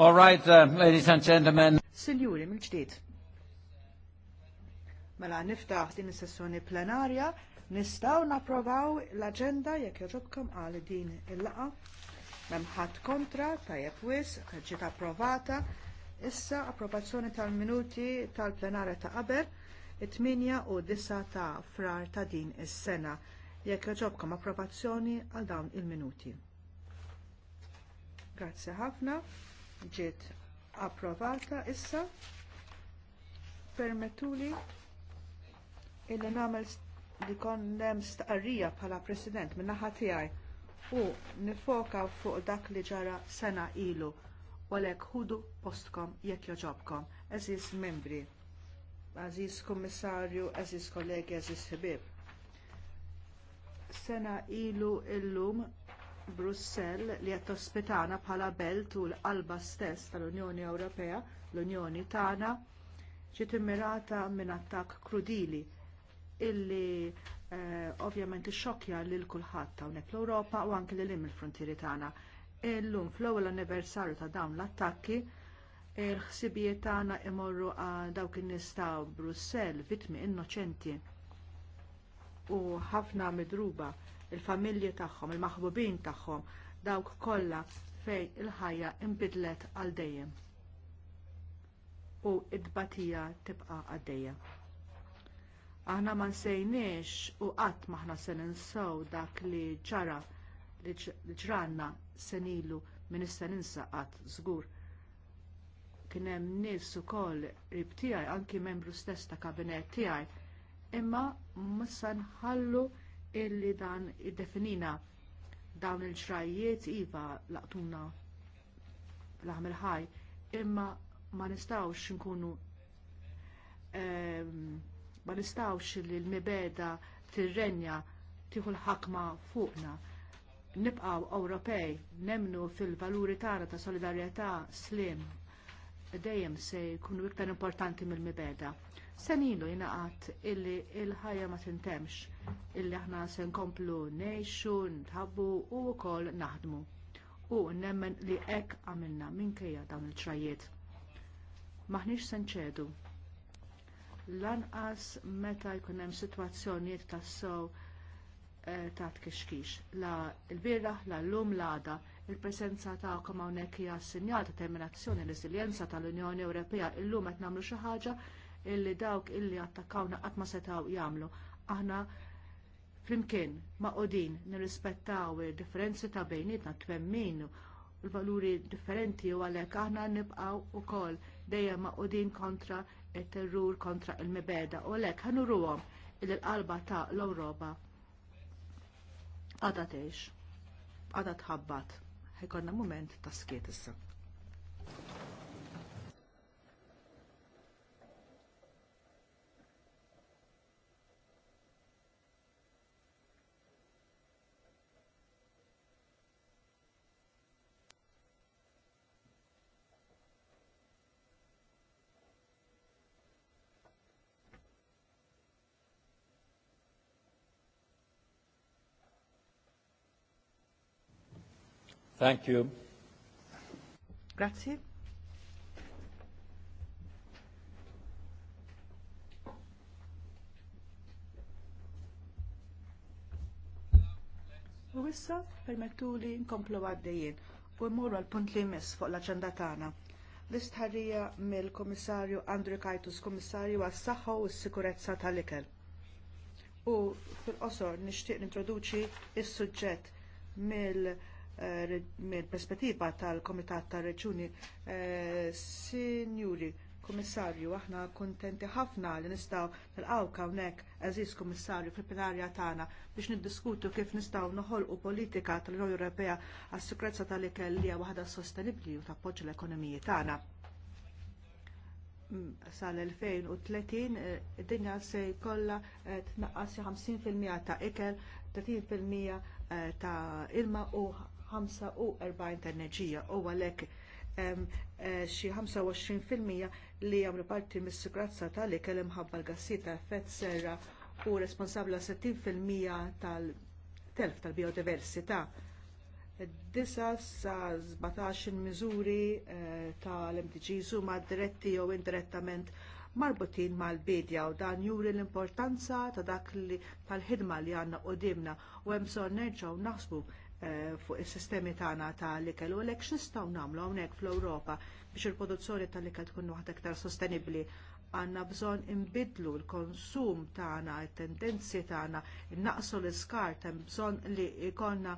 All right, uh, ladies and gentlemen. Sinjuri, mill-ġdid. Mela niftaħ din is-sessjoni plenarja, nistgħu napprovaw l-aġenda jekk jogħġobkom għal din il-laqa. Memħat kontra, tajjeb wis, ġiet approvata. Issa approvazzjoni tal-minuti tal-plenarja ta' qabel, it-8 u 9 ta' frar ta' din is-sena. Jekk jogħġobkom approvazzjoni għal dawn il-minuti. Grazzi ħafna ġiet approvata issa permettuli illi nagħmel li konnem staqarrija bħala president min-naħa tiegħi u nifoka fuq dak li ġara sena ilu u għalhekk ħudu postkom jekk joġobkom. Eżis membri, eżis kummissarju, eżis kollegi, eżis ħbieb. Sena ilu illum Brussell li qed tospitana bħala belt u l-qalba stess tal-Unjoni Ewropea, l-Unjoni tagħna, ġiet immirata minn attakk krudili illi eh, ovvjament ixxokkja lil kulħadd hawnhekk l-Ewropa u anki lil hemm il-frontieri tagħna. Illum fl-ewwel anniversarju ta' dawn l-attakki il-ħsibijiet tagħna imorru għal dawk in-nies ta' Brussell vittmi innoċenti u ħafna midruba il-familji tagħhom, il-maħbubin tagħhom, dawk kollha fejn il-ħajja inbidlet għal dejjem. U id-batija tibqa għaddejja. Aħna ma nsejniex u qatt maħna se ninsaw dak li ġara li ġranna senilu minn issa ninsa qatt żgur. Kien hemm nies ukoll rib tiegħi anki membru stess ta' kabinet tiegħi imma mussa nħallu illi dan iddefinina dawn il-ġrajiet iva laqtuna l-aħmel ħaj imma ma nistawx nkunu ehm, ma nistawx li l-mibeda tirrenja tieħu l-ħakma fuqna nibqaw Ewropej nemnu fil-valuri tagħna ta' solidarjetà slim dejjem se jkunu iktar importanti mill-mibeda. Senilu jingħaqad illi l ħajja ma tintemx, illi aħna se nkomplu ngħixu, nħabbu u wkoll naħdmu. U nemmen li hekk għamilna minkejja dawn il-trajiet. Maħniex se nċedu. Lanqas meta jkun hemm sitwazzjonijiet tas sew eh, ta' tkixkix. La l-bieraħ, la l-lum, l-għada, Il-presenza tagħkom hawnhekk hija sinjal ta' terminazzjoni resiljenza tal-Unjoni Ewropea illum qed nagħmlu xi ħaġa illi dawk illi attakkawna qatt ma setgħu jagħmlu. Aħna flimkien ma' qodin nirrispettaw id-differenzi ta' bejnietna twemmin l-valuri differenti u għalhekk aħna nibqgħu wkoll dejjem ma' qodin kontra t terrur kontra l mibeda u għalhekk ħanuruhom il-qalba ta' l-Ewropa għadha tgħix, għadha tħabbat ħekonna moment ta' skiet issa. Thank you. Grazie. U issa permettu li nkomplu għaddejjien u mmorru għal punt li jmiss fuq l-aċenda tagħna. L-istħarrija mill-Komissarju Andrew Kajtus, Komissarju għas-Saħħa u s-Sikurezza tal-Ikel. U fil-qosor nixtieq nintroduċi is-suġġett mill- mill-perspettiva tal-Komitat tar reġuni eh, Sinjuri Kummissarju, aħna kuntenti ħafna li nistgħu nilqawk hawnhekk eżis Kummissarju fil-plenarja tagħna biex niddiskutu kif nistgħu noħolqu politika tal-Unjoni Ewropea għas-sikurezza tal-ikel li waħda sostenibbli u tappoġġi l-ekonomiji tagħna. Mm, sal-2030 eh, id-dinja se jkollha eh, tnaqqas 50% ta' ikel, 30% ta' ilma u 45 ta' enerġija u għalhekk eh, xi 25% li jagħmlu parti mis-sigrazza tal ikel ħabba l-gassijiet ta' effett serra u responsabbla 60% tal-telf tal-biodiversità. Disa sa 17 miżuri eh, tal-MDGs huma diretti jew indirettament marbutin mal-bidja u dan juri l-importanza ta' dak li tal-ħidma li għandna quddiemna u hemm bżonn nerġgħu naħsbu Eh, fuq is-sistemi tagħna ta' ikel u għalhekk x'nistgħu nagħmlu hawnhekk fl-Ewropa biex il-produzzjoni tal-ikel tkun waħda iktar sostenibbli għandna bżonn inbidlu l-konsum tagħna, it-tendenzi tagħna, innaqsu l-iskart, hemm bżonn li jkollna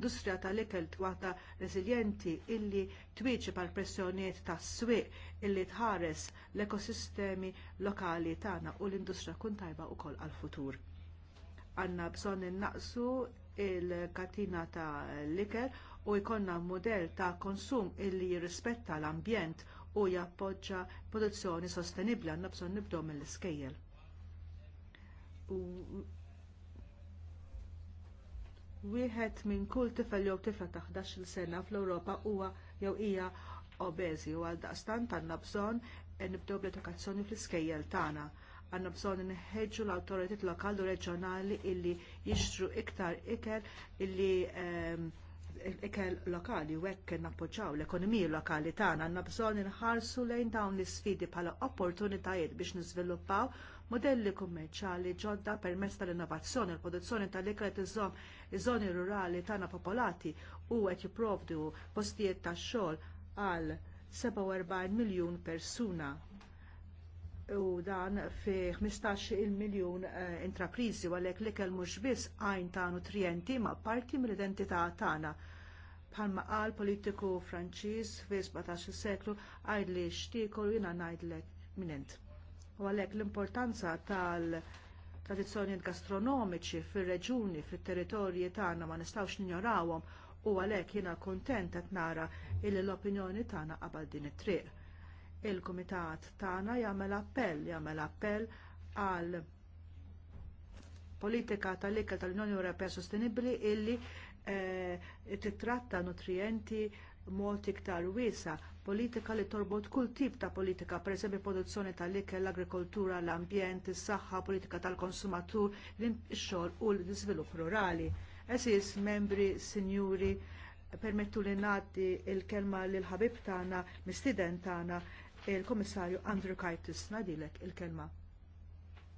industrija tal-ikel waħda reżiljenti illi twieġi għal pressjonijiet tas-swieq illi tħares l-ekosistemi lokali tagħna u l-industrija kun tajba wkoll għall futur Għandna bżonn innaqsu il-katina ta' liker u jkollna mudell ta' konsum illi jirrispetta l-ambjent u jappoġġa produzzjoni sostenibbli għan bżonn nibdew mill-iskejjel. Wieħed minn kull tifel jew tifla ta' 11-il sena fl-Ewropa huwa jew hija obeżi u għaldaqstant għandna bżonn nibdew bl-edukazzjoni fl-iskejjel tagħna għandna bżonn nħeġġu l-awtoritajiet lokali u reġjonali illi jixtru iktar ikel illi ehm, ikel lokali u hekk nappoġġaw l-ekonomiji lokali tagħna għandna bżonn inħarsu lejn dawn l-isfidi bħala opportunitajiet biex niżviluppaw modelli kummerċjali ġodda permezz tal-innovazzjoni, l-produzzjoni tal-ikel qed iż-żoni rurali tagħna popolati u qed jipprovdu postijiet tax-xogħol għal 47 miljun persuna u dan fi 15 il miljun eh, intrapriżi u għalhekk l-ikel mhux biss għajn ta' nutrienti ma' parti mill-identità tagħna. Bħalma qal politiku Franċiż fi 17 seklu għajd li xtiekol jiena ngħidlek minent. U għalhekk l-importanza tal tradizzjoni gastronomiċi fir-reġuni, fit-territorji tagħna ma nistgħux ninjorawhom u għalhekk jiena kuntent qed nara li l-opinjoni tagħna qabel din it-triq il-Kumitat tagħna jagħmel appell, jagħmel appell għal politika tal-ikel tal-Unjoni Ewropea Sostenibbli illi eh, titratta nutrienti mod iktar wiesa, politika li torbot kull tip ta' politika, pereżempju produzzjoni tal-ikel, l-agrikoltura, l-ambjent, is-saħħa, politika tal-konsumatur, l-xogħol u l-iżvilupp rurali. Eżis, membri, sinjuri, permettu li nati il-kelma l-ħabib tagħna, mistiden tagħna, il-Komissarju Andrew Kajtis nadilek il-kelma.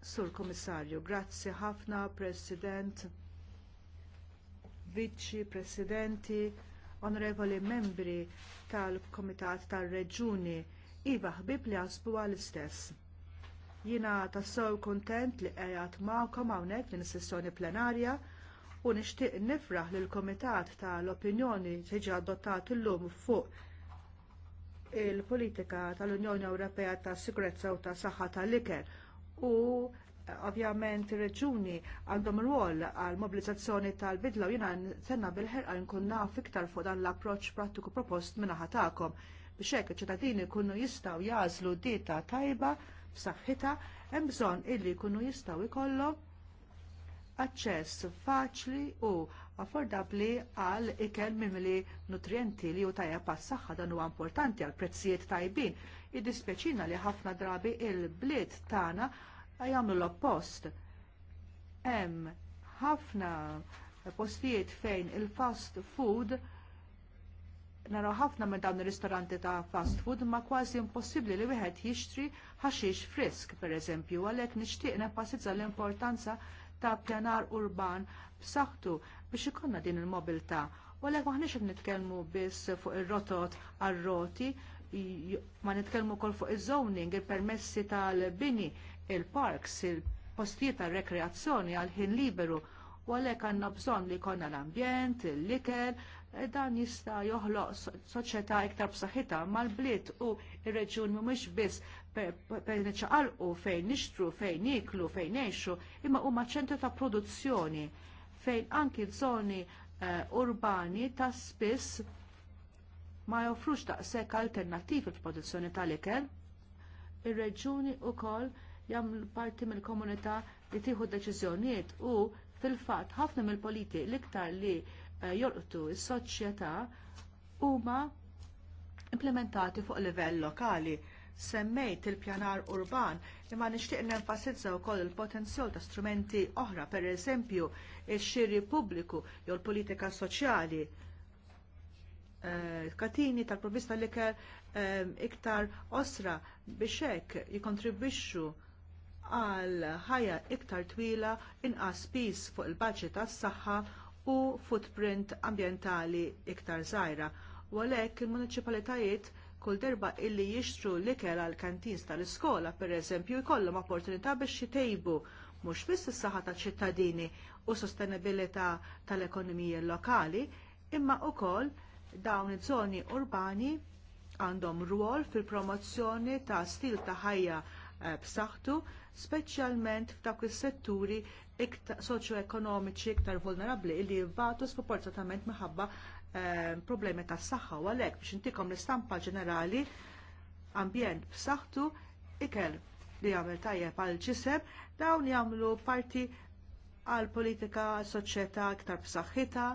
Sur Komissarju, grazzi ħafna, President, Viċi Presidenti, Onorevoli Membri tal-Komitat tal-Reġuni, Iva ħbib li għasbu għal-istess. Jiena tassew kuntent li għajat ma'kom hawnhekk minn sessjoni plenarja u nixtieq nifraħ l kumitat tal opinjoni tiġi adottat illum fuq il-politika tal-Unjoni Ewropea tas Sikurezza u tas Saħħa tal-Iker u eh, ovvjament reġuni għandhom rwol għal mobilizzazzjoni tal-bidla u jina senna bil-ħerqa nkun naf iktar fuq dan l-approċ prattiku propost minna ħatakom biex hekk iċ-ċittadini jkunu jistgħu jażlu dieta tajba b'saħħitha hemm bżonn illi jkunu jistgħu jkollhom aċċess faċli u affordabbli għal ikel mimli nutrienti li hu tajja pas-saħħa dan huwa importanti għal prezzijiet tajbin. Jiddispjaċina li ħafna drabi il-bliet tagħna jagħmlu l-oppost. Hemm ħafna postijiet fejn il-fast food naraw ħafna minn dawn ir-ristoranti ta' fast food ma kważi impossibbli li wieħed jixtri ħaxix frisk, pereżempju, għalhekk nixtieq nefasizza l-importanza ta' pjanar urban b'saħħtu biex ikonna din il-mobilità. U għalhekk maħniex qed nitkellmu biss fuq ir-rotot għar-roti, ma nitkellmu wkoll fuq iż-zoning, il-permessi tal-bini, il-parks, il-postijiet tal-rekreazzjoni għal-ħin liberu. U għalhekk għandna bżonn li jkollna l-ambjent, l likel e dan jista' joħloq soċjetà iktar b'saħħitha mal-bliet u r reġjun mhumiex biss per neċaqalqu fejn nixtru, fejn niklu, fejn neħxu, imma huma ċentru ta' produzzjoni fejn anki zoni uh, urbani ta' spiss ma joffrux daqshekk alternattivi f'produzzjoni produzzjoni tal-ikel. Ir-reġuni wkoll jagħmlu parti mill-komunità li tieħu deċiżjonijiet u fil-fatt ħafna mill-politi l-iktar li uh, jolqtu s-soċjetà huma implementati fuq livell lokali semmejt il-pjanar urban imma nixtieq nenfasizza wkoll il-potenzjal ta' strumenti oħra, pereżempju x-xiri pubbliku jew l-politika soċjali eh, katini tal-provista li kell eh, iktar osra biex hekk jikontribwixxu għal ħajja iktar twila inqas pis fuq il-baċi tas-saħħa u footprint ambjentali iktar żgħira. U għalhekk il-municipalitajiet kull darba illi jixtru l-ikel għal kantins tal-iskola, pereżempju, jkollhom opportunità biex jitejbu mhux biss is-saħħa tal-ċittadini u s sostenibilità tal-ekonomija lokali, imma wkoll dawn iż-żoni urbani għandhom rwol fil-promozzjoni ta' stil ta' ħajja eh, b'saħħtu, speċjalment f'dawk is-setturi soċjoekonomiċi iktar vulnerabbli li jibgħatu sproporzatament minħabba Ehm, problemi tas saħħa u għalhekk biex intikom l-istampa ġenerali ambjent b'saħħtu ikel li jagħmel tajjeb għal ġisem dawn jagħmlu parti għal politika soċjetà iktar b'saħħitha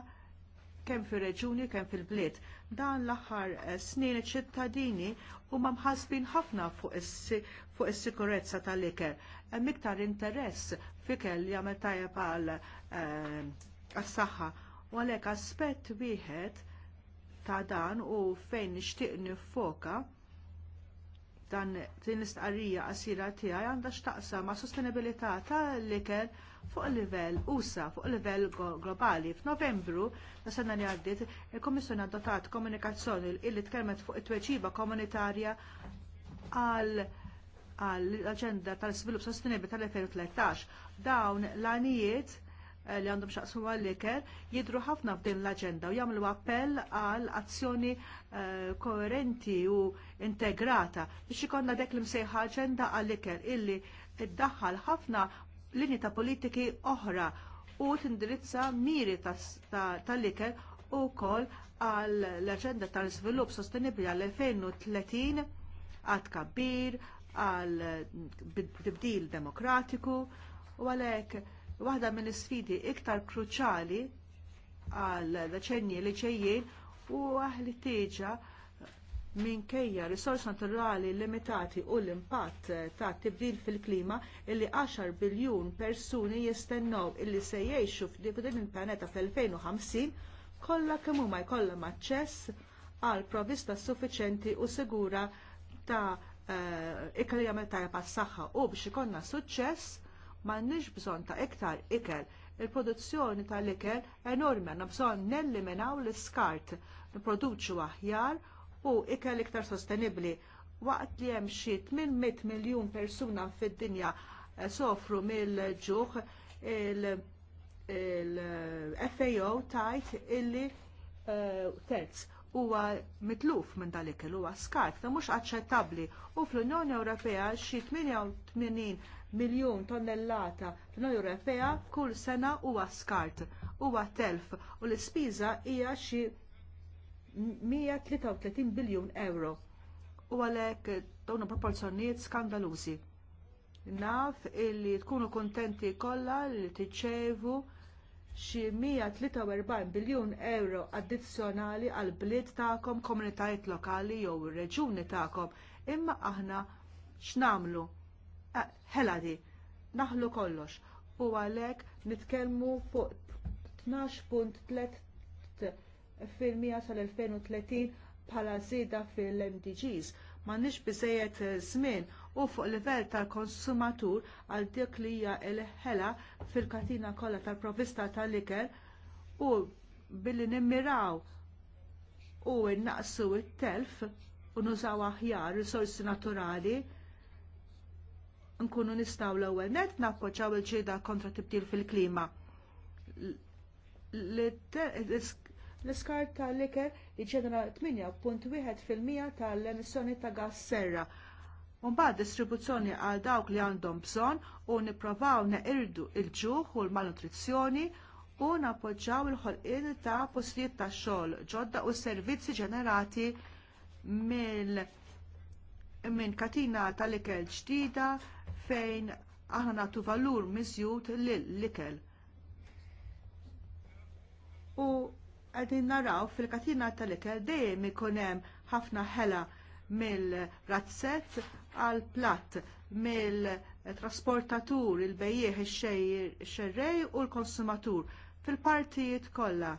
kemm fir-reġuni kemm fil-bliet. Dan l-aħħar eh, snin iċ-ċittadini huma mħassbin ħafna fuq is-sikurezza tal-ikel. Hemm iktar interess fikel li jagħmel tajjeb għal eh, għas-saħħa U għalhekk aspett wieħed ta' dan u fejn nixtieq nifoka dan din l-istqarrija qasira tiegħi għandha x'taqsam ma' sostenibilità tal-ikel fuq livell USA, fuq livell globali. F'Novembru ta' sena li għaddiet, il-Kommissjoni adottat komunikazzjoni illi tkellmet fuq it-tweġiba komunitarja għal għall-Aġenda tal-Svilupp Sostenibli tal-2013. Dawn l-għanijiet Eh, li għandhom xaqsum għall-iker jidru ħafna f'din l-agenda u jagħmlu appell għal azzjoni eh, koerenti u integrata biex ikonna dek li msejħa agenda għall-iker illi iddaħħal ħafna linji ta' politiki oħra u tindirizza miri tal-iker u kol għal l-agenda tal-svilup sostenibli għal-2030 għad kabbir, għal dibdil demokratiku u għalhekk Waħda mill isfidi iktar kruċali għal deċenji li ċejjin u għahli teġa minkejja risors naturali limitati u l-impatt ta' tibdil fil-klima illi 10 biljun persuni jistennew illi se jgħixu f'din il-planeta fl-2050 kollha kemm huma jkollhom aċċess għal provvista suffiċenti u sigura ta' eh, ikelja meta tajba s-saħħa u biex ikollna suċċess m'għandniex bżonn ta' iktar ikel. Il-produzzjoni tal-ikel enormi għandna bżonn nelliminaw l-iskart, nipproduċu aħjar u ikel iktar sostenibbli. Waqt li hemm xi 800 miljun persuna fid-dinja eh, sofru mill-ġuħ il-FAO tajt illi eh, terz huwa mitluf minn dal-ikel huwa skart ta' mhux aċċettabbli u fl-Unjoni Ewropea xi 88 miljun tonnellata tal Ewropea kull sena huwa skart, huwa telf u l-ispiża hija xi 133 biljun euro. U għalhekk dawn proporzjonijiet skandalużi. Naf illi tkunu kuntenti kollha li tiċċevu xi 143 biljun euro addizzjonali għall bliet tagħkom, komunitajiet lokali jew ir-reġuni tagħkom. Imma aħna x'namlu? di, naħlu kollox. U għalhekk nitkellmu fuq 12.3 fil-mija sal-2030 bħala zida fil-MDGs. nix biżejjed żmien eh, u fuq livell tal-konsumatur għal dik li hija il ħela fil-katina kollha tal-provista tal liker u billi nimmiraw u naqsu t telf u nużaw aħjar risorsi naturali nkunu nistgħu l-ewwel net nappoġġaw il-ġieda kontra tibdil fil-klima. L-iskart tal-liker jiġġenera 8.1% tal-emissjoni ta' gas serra. Mbagħad distribuzzjoni għal dawk li għandhom bżonn u nipprovaw neqirdu il-ġuħ u l-malnutrizzjoni u nappoġġaw il-ħolqien ta' postijiet tax xogħol ġodda u s servizzi ġenerati mill minn katina tal-ikel ġdida fejn aħna nagħtu valur miżjud lill-ikel. U qegħdin naraw fil-katina tal-ikel dejjem ikun hemm ħafna ħela mill-razzett għal platt mill-trasportatur il-bejjieħ il xerrej u l-konsumatur fil-partijiet kollha.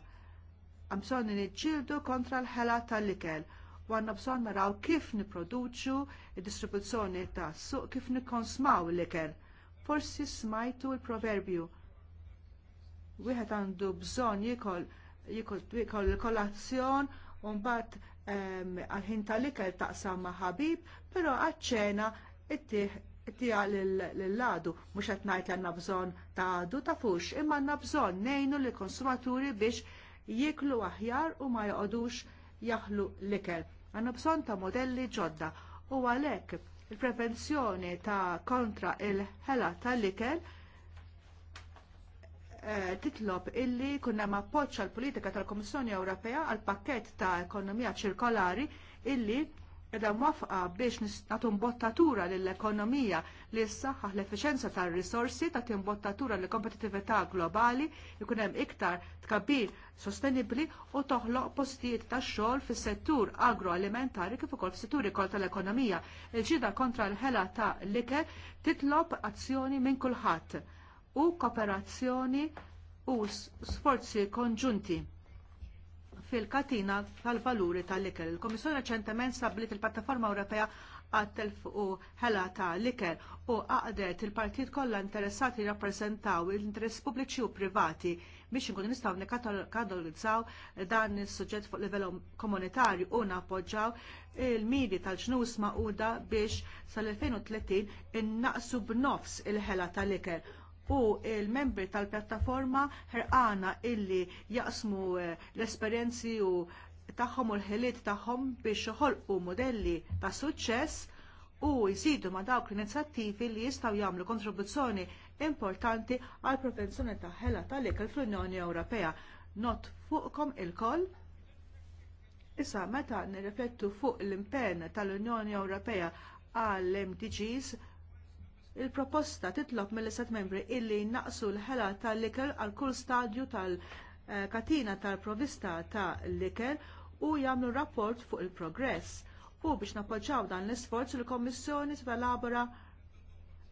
Hemm bżonn niġġieldu kontra l-ħela tal-ikel u għandna bżonn naraw kif nipproduċu id-distribuzzjoni ta' suq kif nikkonsmaw l-ikel. Forsi smajtu l proverbju Wieħed għandu bżonn jikol jikol kolazzjon u mbagħad għalħin ħin tal-ikel taqsam ma' ħabib, però għaċ-ċena ittieħ lill ladu mhux qed ngħid li għandna bżonn ta' għadu ta' fux, imma għandna bżonn ngħinu lill konsumaturi biex jiklu aħjar u ma joqogħdux jaħlu l-ikel. Għandna bżonn ta' modelli ġodda u għalhekk il-prevenzjoni ta' kontra il-ħela tal-ikel eh, titlob illi kunna appoġġ għall politika tal-Komissjoni Ewropea għal pakkett ta' ekonomija ċirkolari illi edha mwafqa biex natu mbottatura l-ekonomija li s saxħa l-efficienza tal risorsi ta' bottatura l kompetitività globali jkun hemm iktar tkabbir sostenibbli u toħloq postijiet ta' xogħol fis-settur agroalimentari kif ukoll fis-settur ikoll tal-ekonomija. Il-ġida kontra l-ħela ta' l ike titlob azzjoni minn kulħadd u kooperazzjoni u sforzi konġunti fil-katina tal-valuri tal-ikel. Il-Komissjoni reċentement stabbilit il-Plattaforma Ewropea għattel u ħela ta' liker u għadet il-partijiet kollha interessati jirrappreżentaw l-interess pubbliċi u privati biex nkun nistgħu nikatalizzaw dan is-suġġett fuq livell komunitarju u nappoġġaw il-miri tal-ġnus maquda biex sal-2030 innaqsu b'nofs il-ħela tal ikel u l membri tal-pjattaforma ħerqana illi jaqsmu eh, l-esperjenzi u tagħhom u l-ħiliet tagħhom biex joħolqu mudelli ta' suċċess u jżidu ma' dawk l-inizjattivi li jistgħu jagħmlu kontribuzzjoni importanti għall prevenzjoni ta' ħela tal-ikel fl-Unjoni Ewropea. Not fuqkom ilkoll. Issa meta nirriflettu fuq l impenn tal-Unjoni Ewropea għall-MDGs il-proposta titlob mill-istat membri illi naqsu l-ħela tal-likel għal kull stadju tal-katina tal-provista tal likel u jagħmlu rapport fuq il-progress. U biex nappoġġaw dan l-isforz il-Kommissjoni twelabora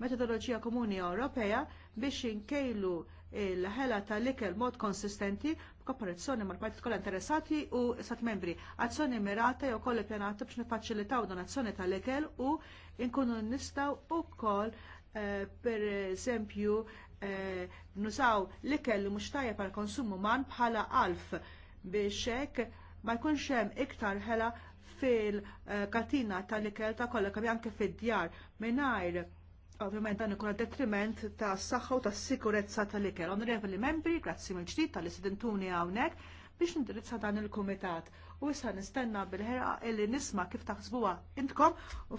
metodoloġija komuni Ewropea biex inkejlu l-ħela tal-ikel mod konsistenti b'kooperazzjoni mal-partit kollha interessati u sat membri. Azzjoni mirata jew kollu pjanata biex nifaċilitaw donazzjoni tal-ikel u nkunu nistgħu wkoll Eh, pereżempju eh, nusaw li kellu mhux tajjeb għal konsum uman bħala alf biex hekk ma jkunx hemm iktar ħela fil-katina tal-ikel ta' kollha kemm anke fid-djar mingħajr ovvjament dan ikun detriment ta' s-saħħa u tas sikurezza tal-ikel. Onorevoli membri, grazzi mill ġdid tal-istudentuni hawnhekk biex nindirizza dan il-kumitat u issa nistenna bil-ħerqa illi nisma kif taħsbuha intkom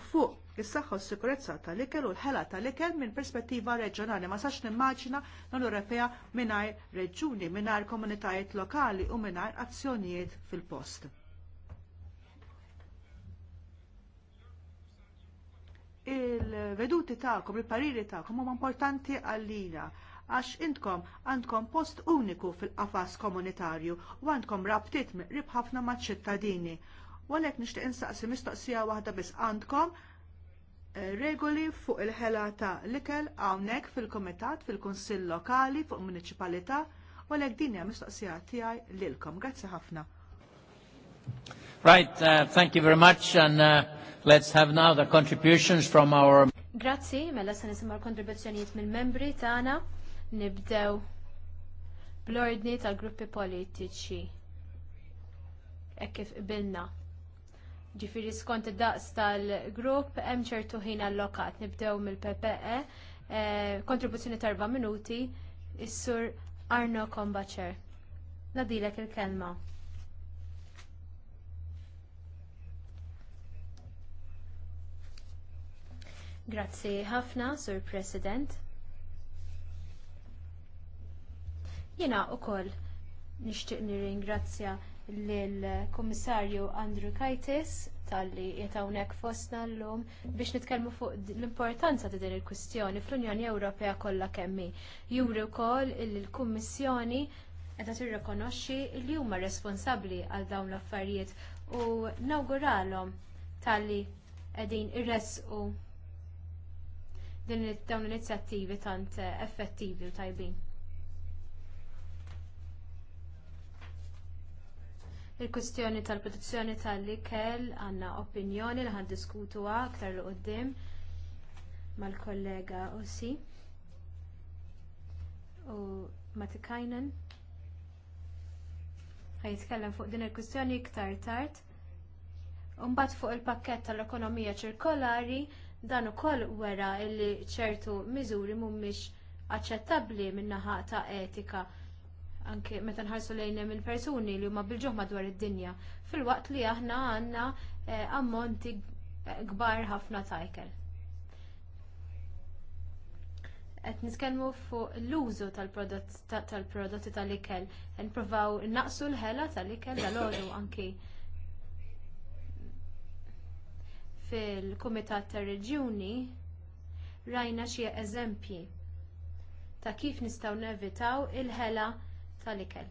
fuq is-saħħa u s-sikurezza tal-ikel u l-ħela tal-ikel minn perspettiva reġjonali. Ma sax nimmaġina l Ewropea mingħajr reġuni, mingħajr komunitajiet lokali u mingħajr azzjonijiet fil-post. il-veduti tagħkom, il-pariri tagħkom huma importanti għallina għax intkom għandkom post uniku fil-qafas komunitarju u għandkom rabtiet miqrib ħafna maċ ċittadini. U għalhekk nixtieq insaqsi mistoqsija waħda biss għandkom eh, regoli fuq il-ħela ta' likel hawnhekk fil-komitat fil-kunsill lokali fuq municipalita u għalhekk din hija mistoqsija tiegħi lilkom. Grazzi ħafna. Right, uh, thank you very much and uh, let's have now the contributions from our Grazzi, mela se nisimgħu l-kontribuzzjonijiet mill-membri tagħna. Nibdew bl-ordni tal-gruppi politiċi. Hekk kif qbilna. Ġifiri skont id-daqs tal-grupp hemm ċertu ħin allokat. Nibdew mill-PPE, eh, kontribuzzjoni ta' minuti, is-sur Arno Kombaċer. Nadilek il-kelma. Grazzi ħafna, Sur President. Jena u koll nishtiq nir-ingrazzja l-Komissarju Andrew Kaitis tal-li jetawnek fosna l-lum biex nitkellmu fuq l-importanza ta' din il-kwistjoni fl-Unjoni Ewropea kollha kemmi. Juri wkoll il-Kummissjoni qed tirrikonoxxi li huma responsabbli għal dawn l-affarijiet u nawguralhom tal-li qegħdin irresqu din dawn l-inizjattivi tant effettivi u tajbin. il kwistjoni tal-produzzjoni tal-ikel għandna opinjoni li għan diskutu aktar l qoddim mal-kollega Ossi u Matikajnen ħajitkellem fuq din il-kwistjoni iktar tard. Umbat fuq il-pakket tal-ekonomija ċirkolari dan ukoll wera li ċertu miżuri mhumiex aċċettabbli min-naħa ta' etika anke meta nħarsu lejn hemm il-persuni li huma bil-ġuħ madwar id-dinja fil-waqt li aħna għandna eh, ammonti kbar ħafna tajkel. Qed nitkellmu fuq l-użu tal-prodotti tal-ikel, nipprovaw naqsu l-ħela tal-ikel dal-għodu anki fil-Kumitat tar-Reġjuni rajna xi eżempji ta' kif nistgħu nevitaw il-ħela tal-ikel.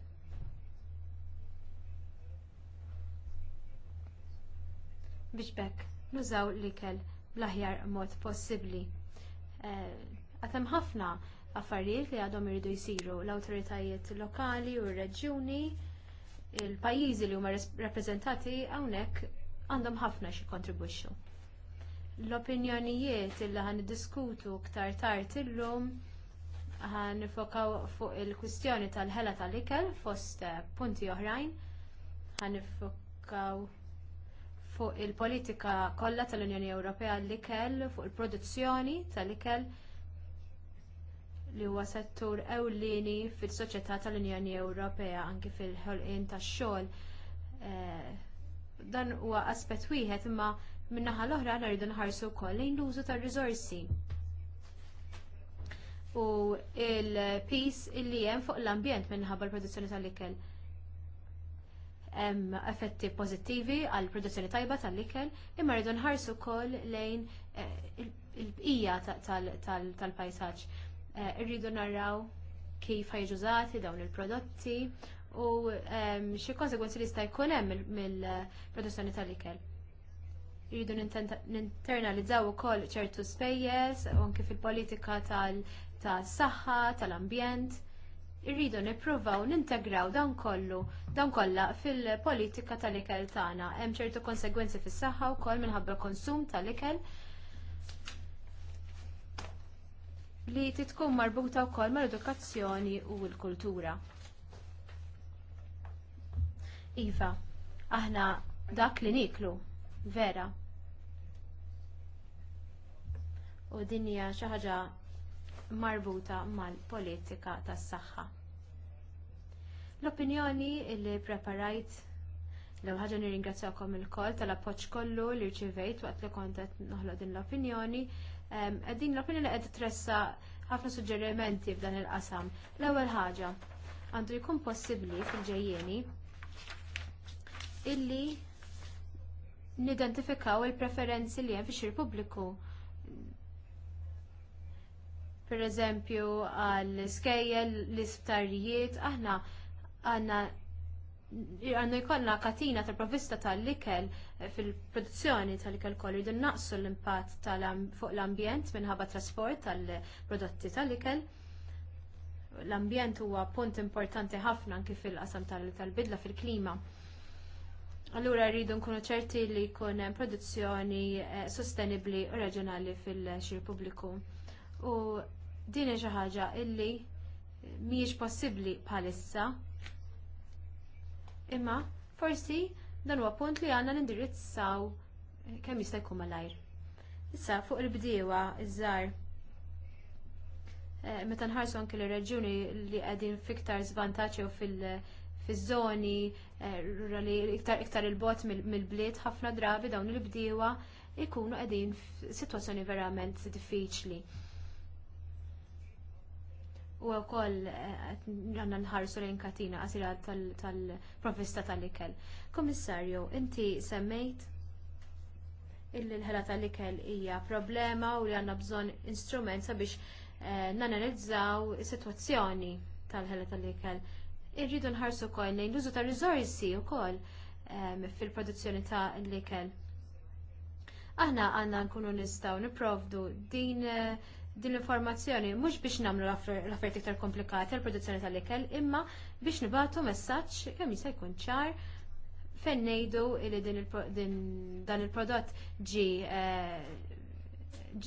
Biex bekk, nużaw l-ikel bl-aħjar mod possibbli. Eh, għatem ħafna affarijiet li għadhom iridu jsiru l awtoritajiet lokali u r reġjuni il pajjiżi li huma rappreżentati hawnhekk għandhom ħafna xi kontribwixxu. L-opinjonijiet illi ħan diskutu ktar tard illum ħan nifokaw fuq il-kwistjoni tal-ħela tal-ikel fost eh, punti oħrajn. Ħan fuq il-politika kollha tal-Unjoni Ewropea l-ikel, fuq il-produzzjoni tal-ikel li huwa settur ewlieni fis-soċjetà tal-Unjoni Ewropea anke fil-ħolqien tax-xogħol. Eh, dan huwa aspett wieħed imma min-naħa l-oħra naridu nħarsu wkoll lejn l-użu tar-riżorsi u il-pis illi hemm fuq l-ambjent minħabba l-produzzjoni tal-ikel. Hemm effetti pożittivi għall produzzjoni tajba tal-ikel, imma rridu nħarsu wkoll lejn eh, il-bqija tal-pajsaġġ. Irridu eh, narraw kif ħajġużati dawn il-prodotti u ehm, xi konsegwenzi li jista' jkun hemm mill-produzzjoni tal-ikel Rridu ninternalizzaw ukoll ċertu spejjeż u kif il politika tal tas-saħħa, tal-ambjent. Irridu nippruvaw nintegraw dan kollu, dan kollha fil-politika tal-ikel tagħna. Hemm ċertu konsegwenzi fis-saħħa wkoll minħabba konsum tal-ikel li titkun marbuta wkoll mal-edukazzjoni u l-kultura. Iva, aħna dak li niklu, vera. U dinja xi ħaġa marbuta mal-politika tas-saħħa. L-opinjoni li preparajt l ħaġa nirringrazzjakom il-koll tal-appoġġ kollu li rċivejt waqt li kont qed noħloq din l-opinjoni. Din l-opinjoni qed tressa ħafna suġġerimenti f'dan il-qasam. L-ewwel ħaġa għandu jkun possibbli fil-ġejjeni illi nidentifikaw il-preferenzi li hemm fix-xir pubbliku per eżempju għal-skejjel, l-isptarijiet, aħna għanna għanna jkollna katina tal provvista tal-likel eh, fil-produzzjoni tal-likel kollu jidun naqsu l-impatt fuq l-ambjent minħabba trasport tal-prodotti tal-likel. L-ambjent huwa punt importanti ħafna anki fil-qasam tal-bidla fil-klima. Allura rridu nkunu ċerti li jkun hemm produzzjoni eh, sostenibbli u reġjonali fil-xir pubbliku. U Din hija xi ħaġa illi mhijiex possibbli bħalissa. Imma forsi dan huwa punt li għandna nindirizzaw kemm jista' jkun malajr. Issa fuq il-bdiewa iż żgħar eh, meta nħarsu anke l-reġjuni li qegħdin fiktar żvantaġġ jew fiż-żoni eh, rurali iktar iktar il-bot mill-bliet ħafna drabi dawn il-bdiewa ikunu qegħdin f'sitwazzjoni verament diffiċli u wkoll eh, għandna nħarsu lejn katina qasira tal-provista tal-ikel. Komissarju, inti semmejt illi l-ħela tal-ikel hija problema u li għandna bżonn instrument sabiex eh, nanalizzaw is-sitwazzjoni tal-ħela tal-ikel. Irridu nħarsu wkoll lejn l-użu tal-rizorsi u wkoll eh, fil-produzzjoni ta' l-ikel. Aħna għandna nkunu nistgħu nipprovdu din din l-informazzjoni mhux biex nagħmlu l-affarijiet iktar komplikati l-produzzjoni tal-ikel, imma biex nibatu messaġġ kemm jista' jkun ċar fejn ngħidu li dan il-prodott eh,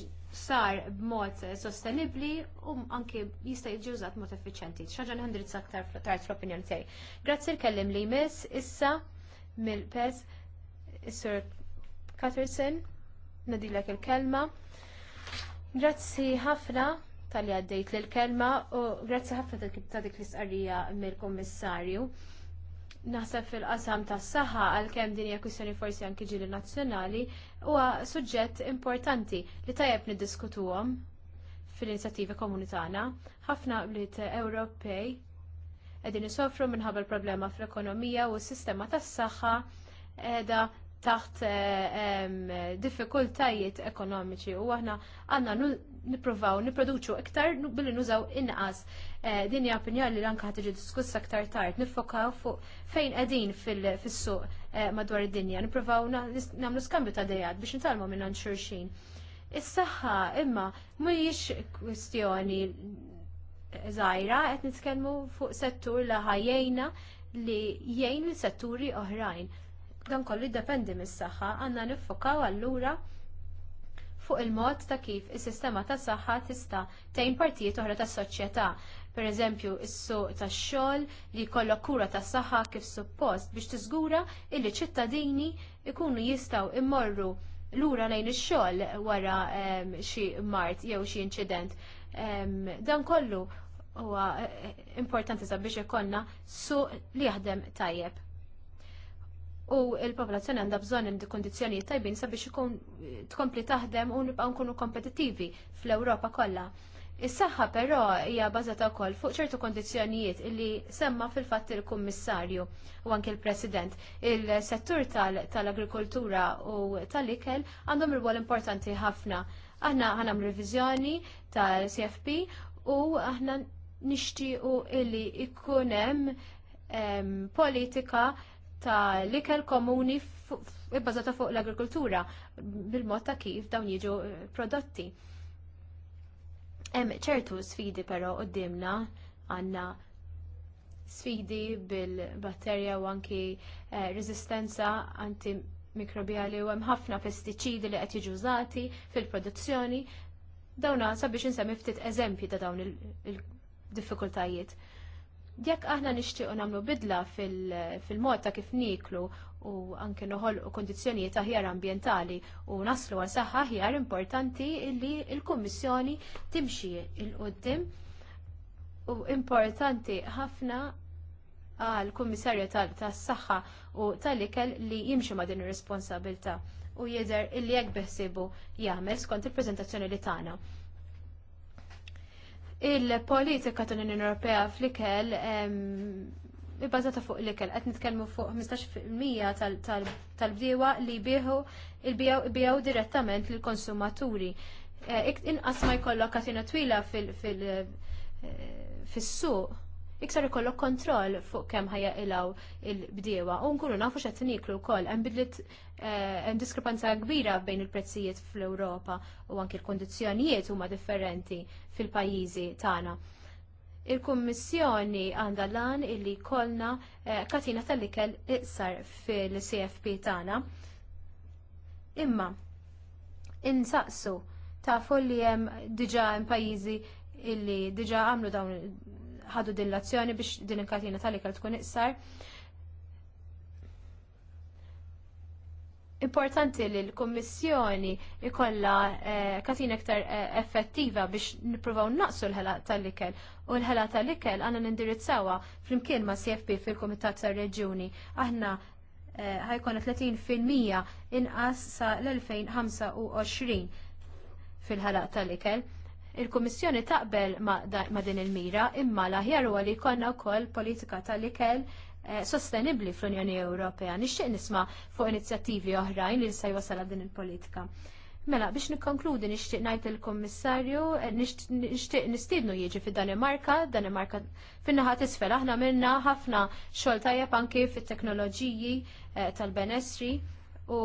ġi sar b'mod sostenibbli u anke jista' jiġi użat mod effiċjenti. Xaġa li aktar tard fl-opinjoni tiegħi. Grazzi kellim li jmiss issa mill-pez is-Sur Catterson nadilek il-kelma. Grazzi ħafna tal-li għaddejt l-kelma u grazzi ħafna ta' dik l-istqarrija mill-Kommissarju. Naħseb fil-qasam tas saħħa għalkemm din hija kwistjoni forsi anki ġili nazzjonali huwa suġġett importanti li tajjeb niddiskutuhom fil-inizjattivi komuni tagħna. Ħafna bliet Ewropej qegħdin isofru minħabba l-problema fl-ekonomija u s-sistema tas-saħħa qiegħda taħt eh, diffikultajiet ekonomiċi u aħna għanna niprofaw niproduċu iktar billi nużaw inqas eh, din hija opinjoni li anke ħatiġi diskussa aktar tard nifokaw fuq fejn qegħdin fis-suq eh, madwar id-dinja niprofaw nagħmlu skambju ta' dejjad biex nitalmu minn xurxin. Is-saħħa imma mhijiex kwistjoni żgħira qed nitkellmu fuq settur li ħajjejna li jgħin l-setturi oħrajn dan kollu jiddependi mis-saħħa għandna niffokaw allura fuq il-mod ta' kif is-sistema tas saħħa tista' tgħin partijiet oħra tas-soċjetà. Pereżempju is-suq tax-xogħol li jkollok kura tas saħħa kif suppost biex tiżgura li ċittadini jkunu jistgħu immorru lura lejn ix-xogħol wara ehm, xi mart jew xi inċident. Ehm, dan kollu huwa eh, eh, importanti sabiex ikollna suq li jaħdem tajjeb u il-popolazzjoni għandha bżonn di kondizzjonijiet tajbin sabiex ikun tkompli taħdem u nibqgħu nkunu kompetittivi fl-Ewropa kollha. Is-saħħa però hija bażata wkoll fuq ċertu kondizzjonijiet li semma fil-fatt il-Kummissarju u anke l-President. Il-settur tal-agrikoltura u tal-ikel għandhom rwol importanti ħafna. Aħna għandhom revizjoni tal-CFP u aħna nixtiequ illi ikun hemm politika ta' l-ikel komuni bbażata fuq l-agrikoltura bil-mod ta' kif dawn jiġu eh, prodotti. Hemm ċertu sfidi però qudiemna għandna sfidi bil-batterja u anki eh, resistenza antimikrobjali u hemm ħafna pestiċidi li qed jiġu użati fil-produzzjoni. Dawna sabiex insemmi ftit eżempji ta' dawn il-diffikultajiet. il diffikultajiet jekk aħna nixtiequ nagħmlu bidla fil-mod ta' kif niklu u anke noħolqu kondizzjonijiet aħjar ambjentali u naslu għal saħħa aħjar importanti li l-Kummissjoni timxi il qudiem u importanti ħafna għal kummissarju tas-saħħa u tal-ikel li jimxi ma' din ir responsabilta u jidher illi jekk beħsibu jagħmel skont il-preżentazzjoni li tagħna. Il-politika tal-Unjoni Ewropea fl-ikel ibbażata fuq l-ikel, qed nitkellmu fuq 15% tal-bdiewa li jbieħu il-bijaw direttament lill konsumaturi eh, Inqas ma jkollok katina twila fil-suq eh, iktar ikollok kontroll fuq kemm ħajja ilaw il-bdiewa u nkunu nafu x'qed niklu wkoll hemm bidlet eh, hemm diskrepanza kbira bejn il-prezzijiet fl-Ewropa u anki l-kondizzjonijiet huma differenti fil-pajjiżi tagħna. Il-Kummissjoni għandha lan illi kollna eh, katina tal-ikel iqsar fil-CFP tagħna. Imma insaqsu tafu li hemm diġà hemm pajjiżi illi diġa għamlu dawn ħadu din l-azzjoni biex din il-katina tal-ikel tkun iqsar. Importanti li l-Kommissjoni ikolla eh, katina iktar eh, effettiva biex nipruvaw naqsu l-ħela tal-ikel u l-ħela tal-ikel għanna nindirizzawa fl-imkien ma' CFP fil-Komitat tal-Reġjuni. Aħna eh, ħajkonna 30% inqas sa l-2025 fil-ħelaq tal-ikel. Il-Kummissjoni taqbel ma' din il-mira imma l-aħjar huwa li jkollna wkoll politika tal-ikel eh, sostenibbli fl-Unjoni Ewropea. Nixtieq nisma' fuq inizjattivi oħrajn li se jwasal din il-politika. Mela, biex nikkonkludi nixtieq ngħid il-Kummissarju, eh, nixtieq nistiednu jiġi fi Danimarka, Danimarka fin-naħa tisfel aħna minna ħafna xogħol tajjeb anke fit-teknoloġiji eh, tal-benessri u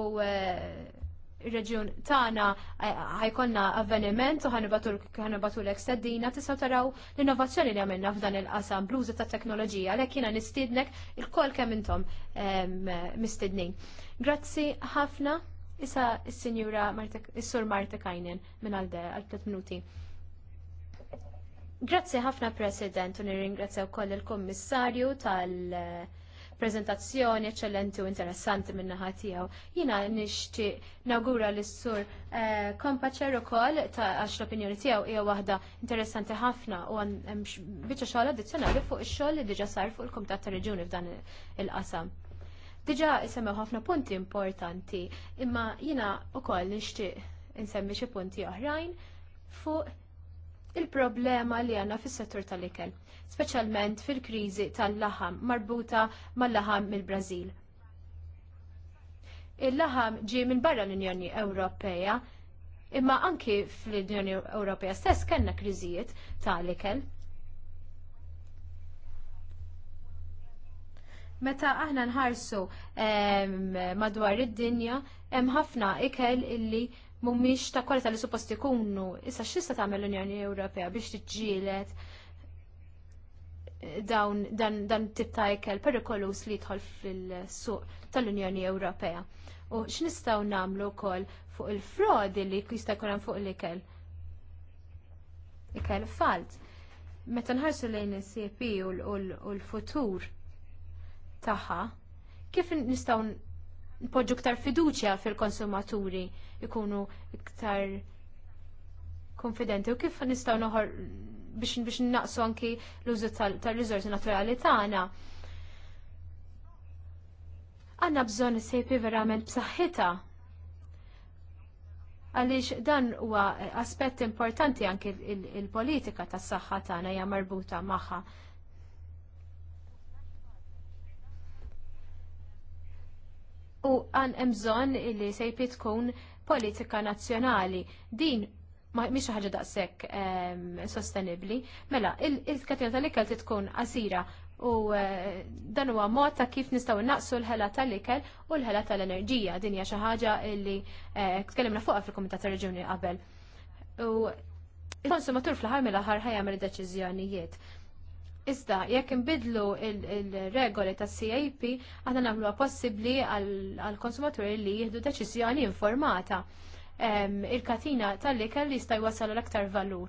reġjun tagħna eh, ħajkolna avveniment u ħanibatu l seddina tista' taraw l-innovazzjoni li għamilna f'dan il-qasam bluża ta' teknoloġija għalhekk jiena nistiednek il-kol kemm intom ehm, mistidnin. Grazzi ħafna isa is-Sinjura is-Sur Marta Kajnen minn għal għal minuti. Grazzi ħafna President u nirringrazzja wkoll il-Kommissarju tal- prezentazzjoni eccellenti u interessanti min-naħa tiegħu. Jiena nixtieq nagura l sur eh, kompaċer ukoll ta' għax l-opinjoni tiegħu hija waħda interessanti ħafna u hemm biċċa xogħol addizzjonali fuq ix-xogħol li diġà sar fuq il-Kumitat ta' Reġuni f'dan il-qasam. Diġà isemmew ħafna punti importanti, imma jiena wkoll nixtieq insemmi xi punti oħrajn fuq il-problema li għandna fis-settur tal-ikel speċjalment fil-kriżi tal-laħam marbuta mal-laħam mill-Brażil. Il-laħam ġie minn barra l-Unjoni Ewropea imma anki fl-Unjoni Ewropea stess kellna kriżijiet tal-ikel. meta aħna nħarsu madwar id-dinja, hemm ħafna ikel illi mhumiex ta' kwalità li suppost ikunu. Issa x'issa tagħmel l-Unjoni Ewropea biex tiġġieled dawn dan, dan tip ta' ikel perikolus li jidħol fil-suq tal-Unjoni Ewropea. U x'nistgħu nagħmlu wkoll fuq il-frodi li jista' jkun hemm fuq l-ikel? Ikel falt. Meta nħarsu lejn is-CP u l-futur tagħha, kif nistgħu npoġġu ktar fiduċja fil-konsumaturi jkunu iktar konfidenti u kif nistgħu biex naqsu anki l-użu tal-rizorsi naturali tagħna. Għanna bżonn is-sejpi verament b'saħħita, għaliex dan huwa aspett importanti anki il-politika tas saħħa tagħna hija marbuta magħha. U għan hemm bżonn li sejpi tkun politika nazzjonali. Din mhix ħaġa daqshekk sostenibbli. Mela, il-katina tal-ikel tkun qasira u eh, dan huwa mod ta' kif nistgħu naqsu l-ħela tal-ikel u l-ħela tal-enerġija. Din hija xi ħaġa li eh, tkellimna fuqha fil-Kumitat tar reġjuni qabel. U il-konsumatur fl-ħar mill-aħħar ħajjagħmel deċiżjonijiet. Iżda, jekk inbidlu il-regoli il tas CAP, għadna nagħmluha possibbli għal-konsumaturi li jieħdu deċiżjoni informata il-katina tal-ikel li jista' jwassal l-aktar valur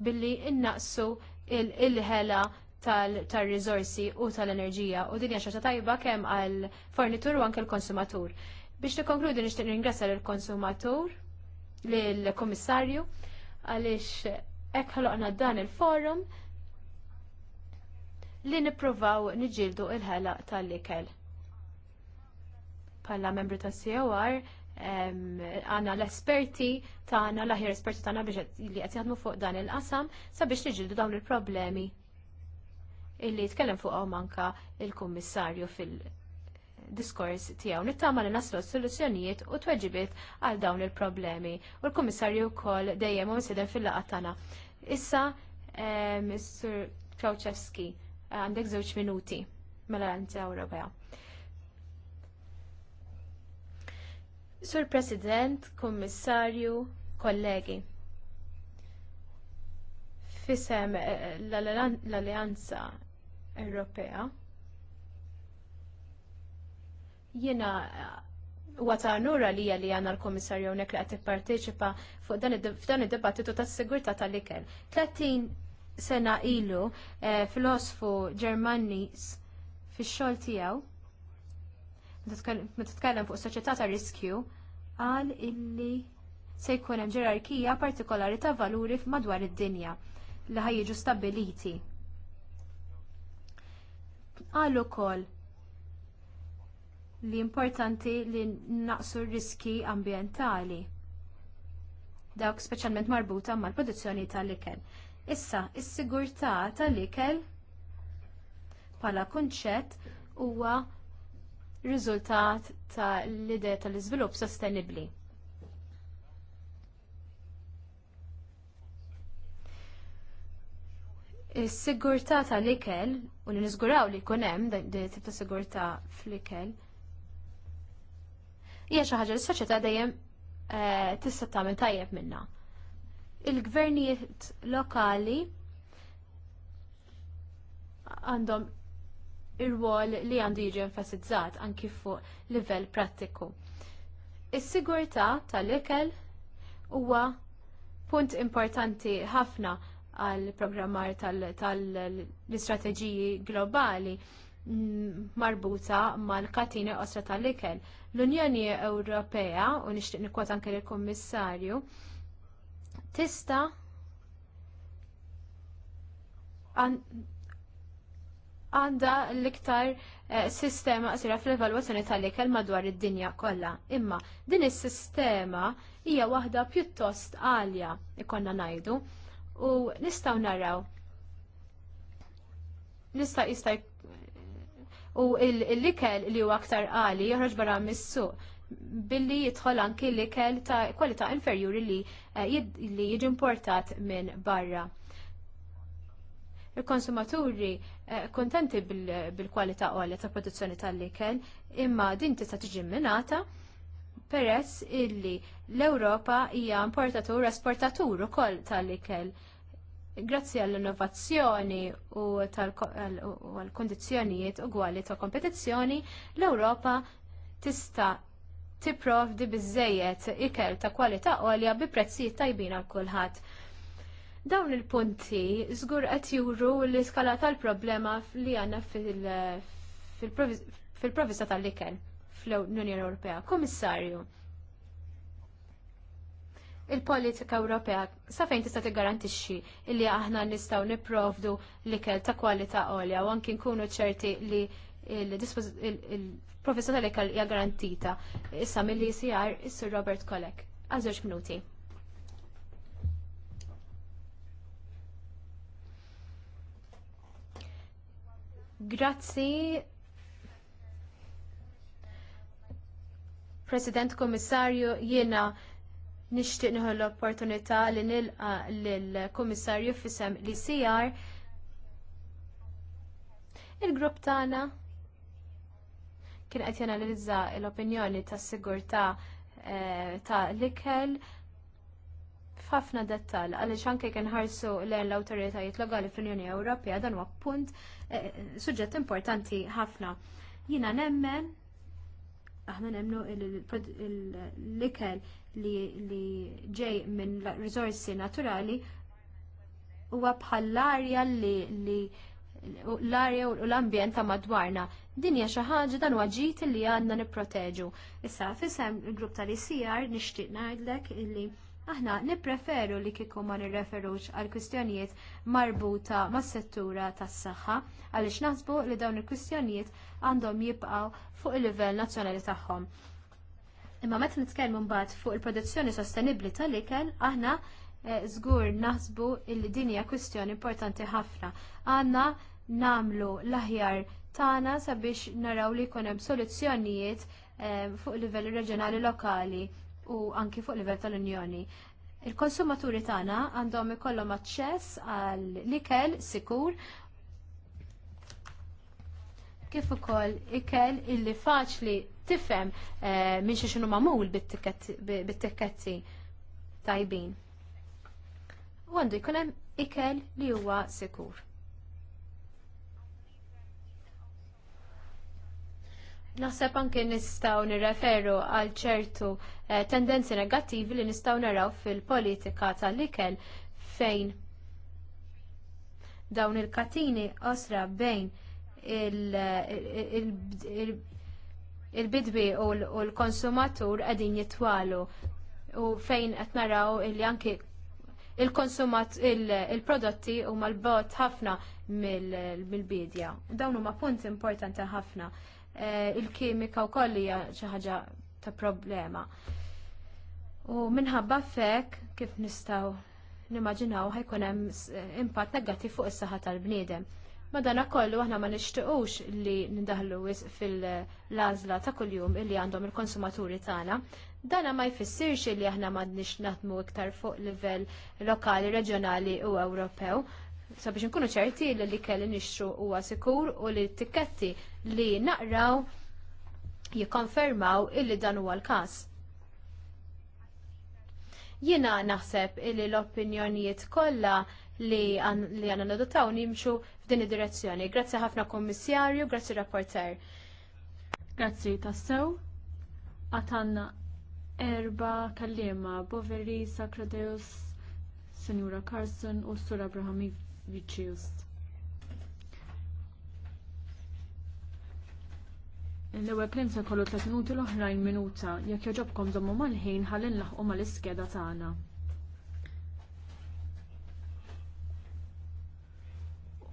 billi innaqsu il-ħela tal-rizorsi u tal-enerġija u dinja xaċa tajba kemm għal fornitur u anke l-konsumatur. Biex nikkonkludi nixtieq ringrazzja lill-konsumatur lill-Kummissarju għaliex hekk ħloqna dan il-forum li nippruvaw niġildu il-ħela tal-ikel. Palla membri tas-COR għanna l-esperti tagħna l-aħjar esperti tagħna biex li qed jaħdmu fuq dan il-qasam sabiex nġildu dawn il-problemi illi jitkellem fuqhom manka il-kummissarju fil-diskors tiegħu. Nittama li naslu soluzzjonijiet u tweġibiet għal dawn il-problemi. U l-kummissarju wkoll dejjem u misiden fil-laqgħa tagħna. Issa Mr. Krauchewski għandek żewġ minuti mela l-Ewropea. Sur President, Kommissarju, kollegi. Fisem eh, eh, l-Alleanza Ewropea. Jiena eh, wata nura li li għana l-komissarju unek li għati parteċipa f'dan id-dibattitu ta' sigurta tal-ikel. 30 sena ilu filosfu ġermannis fi xol tijaw meta tkellem fuq soċjetà ta' riskju, qal illi se jkun hemm ġerarkija partikolari ta' valuri madwar id-dinja li ħajjiġu stabbiliti. Qal ukoll li importanti li naqsu r-riski ambjentali dawk speċjalment marbuta mal-produzzjoni tal-ikel. Issa, is-sigurtà tal-ikel bħala kunċett huwa riżultat ta' l-idea tal-iżvilupp sostenibbli. Is-sigurtà tal-ikel u li niżguraw li jkun hemm din tip ta' sigurtà fl-ikel hija xi ħaġa li s-soċjetà dejjem eh, tista' tagħmel tajjeb minnha. Il-gvernijiet lokali għandhom ir wall li għandu jiġi enfasizzat anki fuq livell prattiku. Is-sigurtà tal-ikel huwa punt importanti ħafna għal programmar tal-istrateġiji globali mm, marbuta mal-katini osra tal-ikel. L-Unjoni Ewropea, u nixtieq nikwot anke l-Kummissarju, tista' għandha l-iktar eh, sistema qasira fl-evalwazzjoni tal-ikel madwar id-dinja kollha. Imma din is-sistema hija waħda pjuttost għalja ikonna ngħidu u nistgħu naraw nista' jista' u l-ikel li huwa aktar għali joħroġ barra mis-suq billi jidħol anki l-ikel ta' kwalità inferjuri eh, li jiġi importat minn barra il-konsumaturi eh, kontenti bil-kwalità għalli ta' produzzjoni tal-ikel, imma din tista' tiġi minata peress illi l-Ewropa hija importatur esportatur ukoll tal-ikel. Grazzi għall-innovazzjoni u għall u għalli ta' kompetizzjoni, l-Ewropa tista' tipprovdi biżżejjed ikel ta' kwalità għalja bi prezzijiet tajbin għal kulħadd Dawn il-punti żgur qed juru l-iskala tal-problema li għandna fil-provista tal-ikel fl-Unjoni Ewropea. Komissarju, il-politika Ewropea sa fejn tista' tiggarantixxi li aħna nistgħu nipprovdu l-ikel ta' kwalità għolja u anki nkunu ċerti li il-professur tal-ikel hija garantita issa mill-ICR is-Sir Robert Kolek. Għal minuti. Grazzi. President Komissarju, jiena nixtieq nieħu l-opportunità li nilqa lill-Kummissarju fisem li sijar il-grupp tagħna kien qed janalizza l-opinjoni tas-sigurtà eh, ta' l-ikel ta f'ħafna dettal għaliex anke kien ħarsu lejn l-awtoritajiet lokali fl-Unjoni Ewropea dan huwa punt eh, eh, suġġett importanti ħafna. Jiena nemmen aħna nemmnu l-ikel li ġej minn riżorsi naturali huwa bħal l-arja li l-arja u l-ambjent ta' madwarna. Din hija xi ħaġa dan huwa ġid li għandna nipproteġu. Issa fisem il-grupp tal-ICR nixtieq ngħidlek illi Aħna nippreferu li kieku ma nirreferux għal kwistjonijiet marbuta mas settura tas-saħħa għaliex naħsbu li dawn il-kwistjonijiet għandhom jibqgħu fuq il-livell nazzjonali tagħhom. Imma meta nitkellmu mbagħad fuq il-produzzjoni sostenibbli tal-ikel, aħna eh, żgur naħsbu li din hija kwistjoni importanti ħafna. Għandna nagħmlu l-aħjar tagħna sabiex naraw li jkun hemm soluzzjonijiet eh, fuq livell reġjonali lokali u anki fuq livell tal-Unjoni. Il-konsumaturi tagħna għandhom ikollhom aċċess għal ikel sikur kif ukoll ikel illi faċli tifhem eh, minn xi xinu magħmul bit-tikketti tajbin. U għandu jkun hemm ikel li huwa sikur. Naħseb anke nistgħu nirreferu għal ċertu eh, tendenzi negattivi li nistgħu naraw fil-politika tal-ikel fejn dawn il-katini osra bejn il-bidwi u l-konsumatur qegħdin jitwalu u fejn qed naraw li anke il-konsumat il-prodotti huma mal bot ħafna mill-bidja. Dawn huma punt importanti ħafna. Eh, il-kimika wkoll hija xi ħaġa ta' problema. U minħabba fek kif nistgħu nimmaġinaw ħajkun hemm eh, impatt negattiv fuq is-saħħa tal-bniedem. Madana kollu aħna ma nixtiequx li nindaħlu fil lażla ta' kuljum illi għandhom il-konsumaturi tagħna. Dana ma jfissirx li aħna ma nix naħdmu iktar fuq livell lokali, reġjonali u Ewropew sabiex nkunu ċerti li li kelli nixtru huwa sikur u li t-tikketti li naqraw jikonfermaw illi dan huwa l-każ. Jiena naħseb illi l-opinjonijiet kollha li għanna nadotaw nimxu f'din id-direzzjoni. Grazzi ħafna kommissarju, grazzi rapporter. Grazzi tassew. Għatanna erba kallima Boveri, Sakradeus, Senjura Carson u Sura Abrahamif reduced. L-ewwel klim se jkollu tliet minuti l-oħrajn minuta jekk jogħġobkom dommu mal-ħin ħalli nlaħqu mal-iskeda tagħna.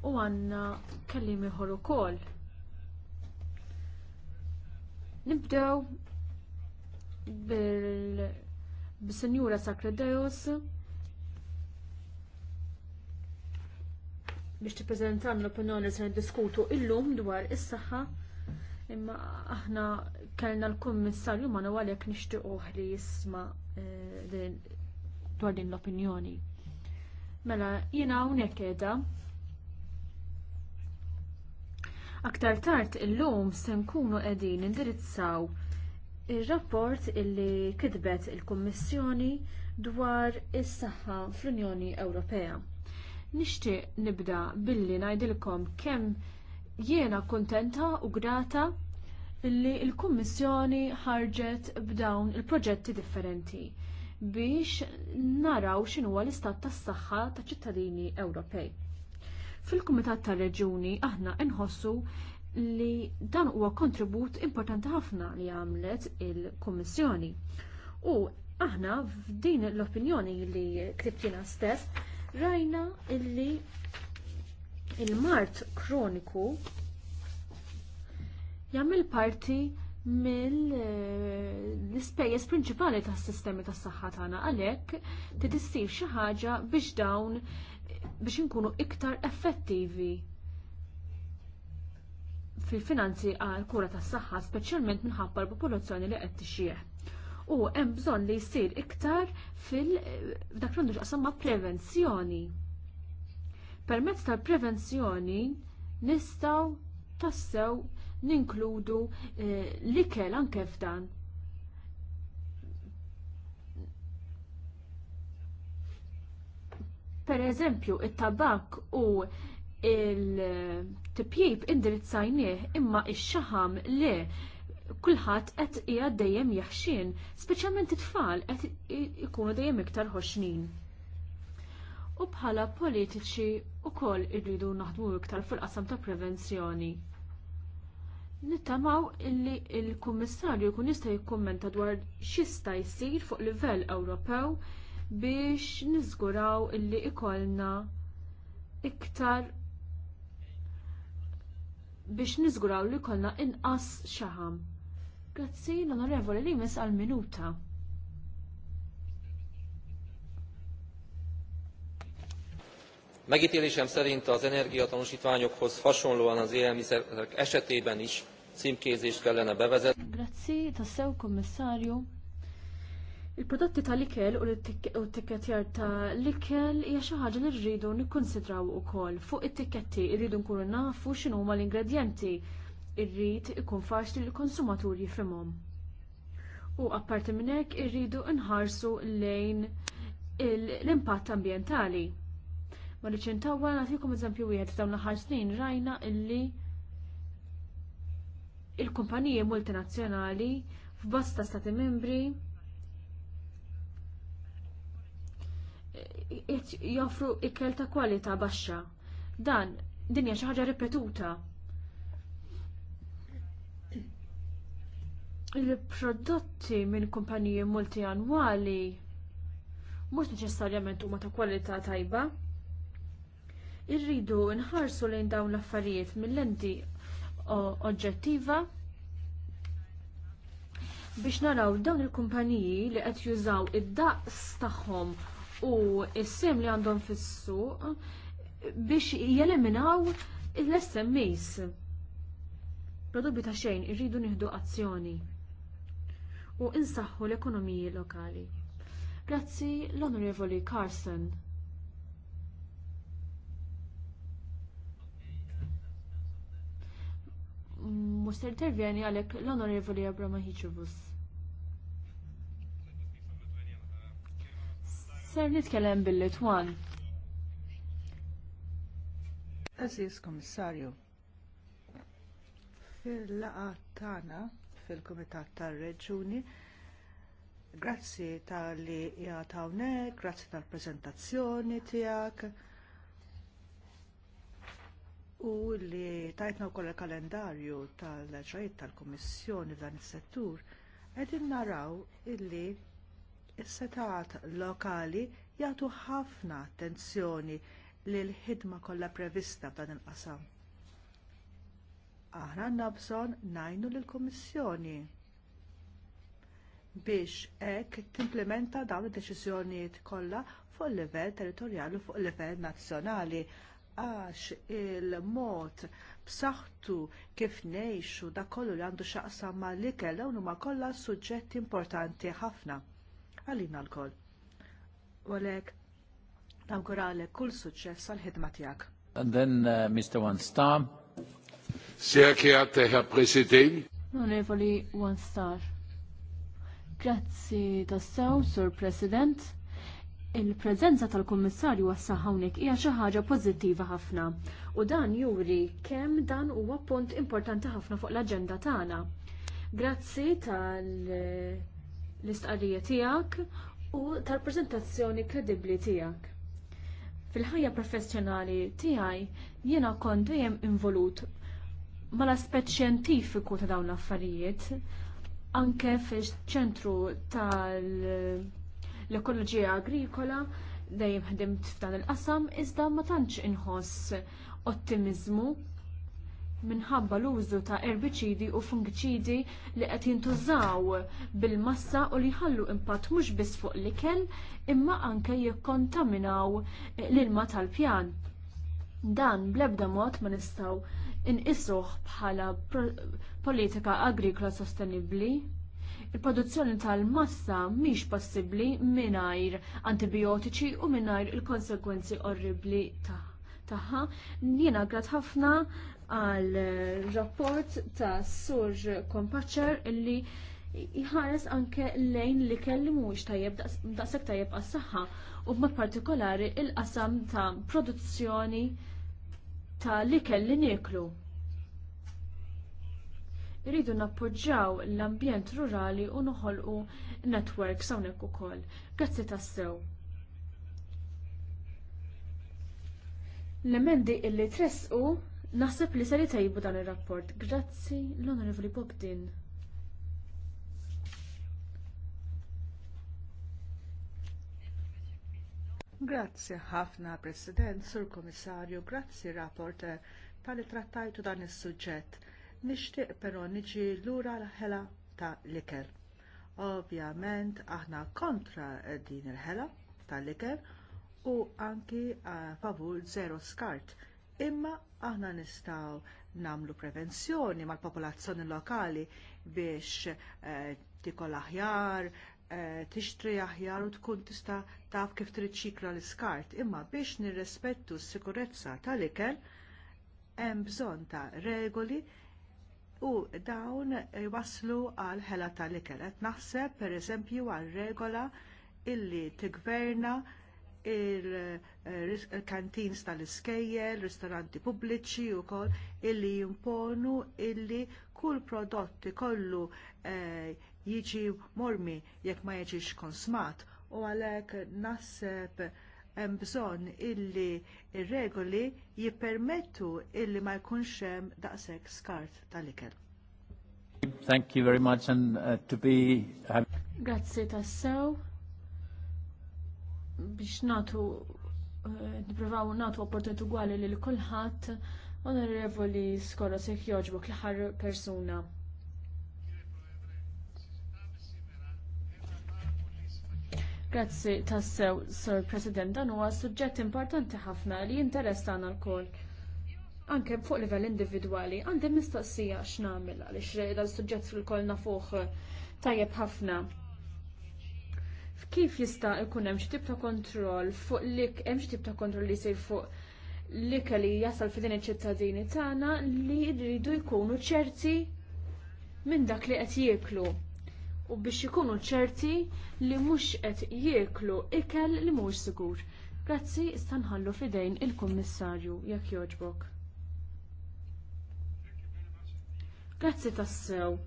U għandna kellim ieħor ukoll. Nibdew bil-Sinjura Sacredeus biex tippreżentan l-opinjoni se niddiskutu illum dwar is-saħħa imma aħna kellna l-kummissarju ma għalhekk nixtiequ li jisma eh, dwar din l-opinjoni. Mela jiena hawnhekk qiegħda. Aktar tard illum se nkunu qegħdin indirizzaw ir-rapport il illi kitbet il-Kummissjoni dwar is-saħħa fl-Unjoni Ewropea. Nixtieq nibda billi ngħidilkom kemm jiena kuntenta u grata li l-Kummissjoni ħarġet b'dawn il-proġetti differenti biex naraw x'inhuwa l-istat tas-saħħa taċ ċittadini Ewropej. Fil-Kumitat tar-Reġuni aħna nħossu li dan huwa kontribut importanti ħafna li għamlet il-Kummissjoni. U aħna f'din l-opinjoni li ktibtina stess rajna illi il-mart kroniku jagħmel parti mill-ispejjeż prinċipali tas-sistemi tas-saħħa tagħna għalhekk trid issir xi ħaġa biex dawn biex inkunu iktar effettivi fil-finanzi għal kura tas-saħħa speċjalment minħabba l-popolazzjoni li qed tixjieħ u hemm bżonn li jsir iktar fil dak l ma' prevenzjoni. Permezz tal-prevenzjoni nistgħu tassew ninkludu eh, l-ikel anke f'dan. Per eżempju, it-tabak u il-tipjib indirizzajnieh imma ix-xaħam le kulħadd qed qiegħed dejjem jaħxin, speċjalment it-tfal qed ikunu dejjem iktar ħoxnin. U bħala politiċi wkoll irridu naħdmu iktar fil-qasam ta' prevenzjoni. Nittamaw illi il-Kummissarju jkun jista' jikkummenta dwar xista jsir fuq livell Ewropew biex niżguraw illi ikollna iktar biex niżguraw li jkollna inqas xaħam. Grazzi l Limes li minuta. Megítélésem szerint az energiatanúsítványokhoz hasonlóan az élelmiszerek esetében is címkézést kellene bevezetni. Grazzi, tassew kommissarju. Il-prodotti tal-ikel u l-tikketjar tal-ikel hija xi ħaġa li rridu nikkonsidraw ukoll. Fuq it-tikketti rridu nkunu nafu x'inhuma l-ingredjenti irrid ikun faċli lill-konsumatur jifhimhom. U apparti minn hekk irridu nħarsu lejn l-impatt ambjentali. Ma liċin ċintawwa nagħtikom eżempju wieħed f'dawn l snin rajna illi il-kumpaniji multinazzjonali f'bosta stati membri joffru ikel ta' kwalità baxxa. Dan dinja xi ħaġa ripetuta il-prodotti minn kumpaniji multianwali mhux neċessarjament huma ta' kwalità tajba. Irridu nħarsu lejn dawn l-affarijiet mill-lenti oġġettiva biex naraw dawn il-kumpaniji li qed jużaw id-daqs tagħhom u s-sim li għandhom fis-suq biex jeliminaw l-SMEs. Produbbi ta' xejn irridu nieħdu azzjoni u insaħħu l-ekonomiji lokali. Grazzi l-Onorevoli Carson. Muster intervjeni għalek l-Onorevoli Abrama Hiċubus. Ser nitkellem bil-Litwan. Aziz Komissarju, fil-laqa tagħna fil-Kumitat tar-Reġuni. Grazzi tal-li jgħatawnek, hawnhekk, grazzi tal-preżentazzjoni tiegħek. U li tajtna wkoll il-kalendarju tal ġajt tal-Kummissjoni f'dan is-settur qegħdin naraw illi il setat lokali jagħtu ħafna attenzjoni l ħidma kollha prevista f'dan il-qasam aħna għandna bżonn ngħinu lill-Kummissjoni biex hekk timplementa dawn id-deċiżjonijiet kollha fuq il-livell territorjali u fuq il-livell nazzjonali għax il-mod b'saħħtu kif ngħixu dak kollu li għandu x'aqsam mal ikel dawn huma kollha suġġetti importanti ħafna għalina lkoll. koll Walek, nawguralek kull suċċess għall ħidma tiegħek. And then uh, Mr. Sehr geehrter Herr Präsident. Onorevoli One Star. Grazzi tassew, Sur President. Il-preżenza tal-Kummissarju għassa hawnhekk hija xi ħaġa pożittiva ħafna u dan juri kemm dan huwa punt importanti ħafna fuq l-aġenda tagħna. Grazzi tal-istqarrija tiegħek u tal-preżentazzjoni kredibbli tiegħek. Fil-ħajja professjonali tiegħi jiena kont dejjem involut mal-aspet xjentifiku ta' dawn l-affarijiet, anke fil-ċentru tal-ekoloġija agrikola dejjem ħdimt f'dan il-qasam iżda ma tantx inħoss ottimiżmu minħabba l-użu ta' erbiċidi u fungiċidi li qed jintużaw bil-massa u li ħallu impatt mhux biss fuq l-ikel imma anke jikkontaminaw l-ilma tal-pjan. Dan bl-ebda mod ma nistgħu inqisuh bħala politika agrikola sostenibbli. Il-produzzjoni tal-massa mhix possibbli mingħajr antibiotiċi u mingħajr il-konsekwenzi orribli tagħha. Jiena grat ħafna għal eh, rapport ta' sur Kompaċer illi jħares anke lejn li kelli mhuwiex tajjeb daqshekk tajjeb għas-saħħa u b'mod partikolari il-qasam ta' produzzjoni ta' li kelli niklu. Iridu nappoġġaw l-ambjent rurali u noħolqu networks hawnhekk ukoll. Grazzi tassew. L-emendi illi tresqu naħseb li seri tajbu dan ir-rapport. Grazzi l-Onorevoli Bobdin. Grazzi ħafna President, Sur Komissarju, grazzi Rapporter tal-li trattajtu dan is-suġġett. Nixtieq però niġi lura l-ħela ta' liker. Ovvjament aħna kontra din il-ħela ta' liker u anki favur zero skart. Imma aħna nistgħu nagħmlu prevenzjoni mal-popolazzjoni lokali biex eh, tikol aħjar, Eh, tixtri aħjar u tkun tista taf kif trid l-iskart, imma biex nirrispettu s-sikurezza tal-ikel hemm bżonn ta' regoli u dawn waslu għal ħela tal-ikel. Qed naħseb pereżempju għal regola illi tigverna il-kantins tal-iskejjel, ristoranti pubbliċi wkoll illi jimponu illi kull prodott ikollu eh, jiġi mormi jekk ma jiġix konsmat u għalhekk naħseb hemm bżonn illi r regoli jippermettu illi ma jkunx hemm daqshekk skart tal-ikel. Thank you very much and uh, to be uh... Grazzi tassew biex natu uh, nipprovaw natu opportunità ugwali lil kulħadd onorevoli skorra se jogħġbok l-ħar persuna. Grazzi tassew, Sir President, dan huwa suġġett importanti ħafna li jinteress tagħna lkoll. Anke fuq livell individwali, għandi mistoqsija x'nagħmel għaliex dal-suġġett fil-koll nafuh eh, tajjeb ħafna. Kif jista' jkun hemm xi tip ta' kontroll fuq lik hemm xi tip ta' kontroll li jsir fuq l-ikel li jasal f'din iċ-ċittadini tagħna li jridu jkunu ċerti minn dak li qed jieklu u biex ikunu ċerti li mhux qed jieklu ikel li mhux sigur. Grazzi issa nħallu fidejn il-Kummissarju jekk jogħġbok. Grazzi tassew.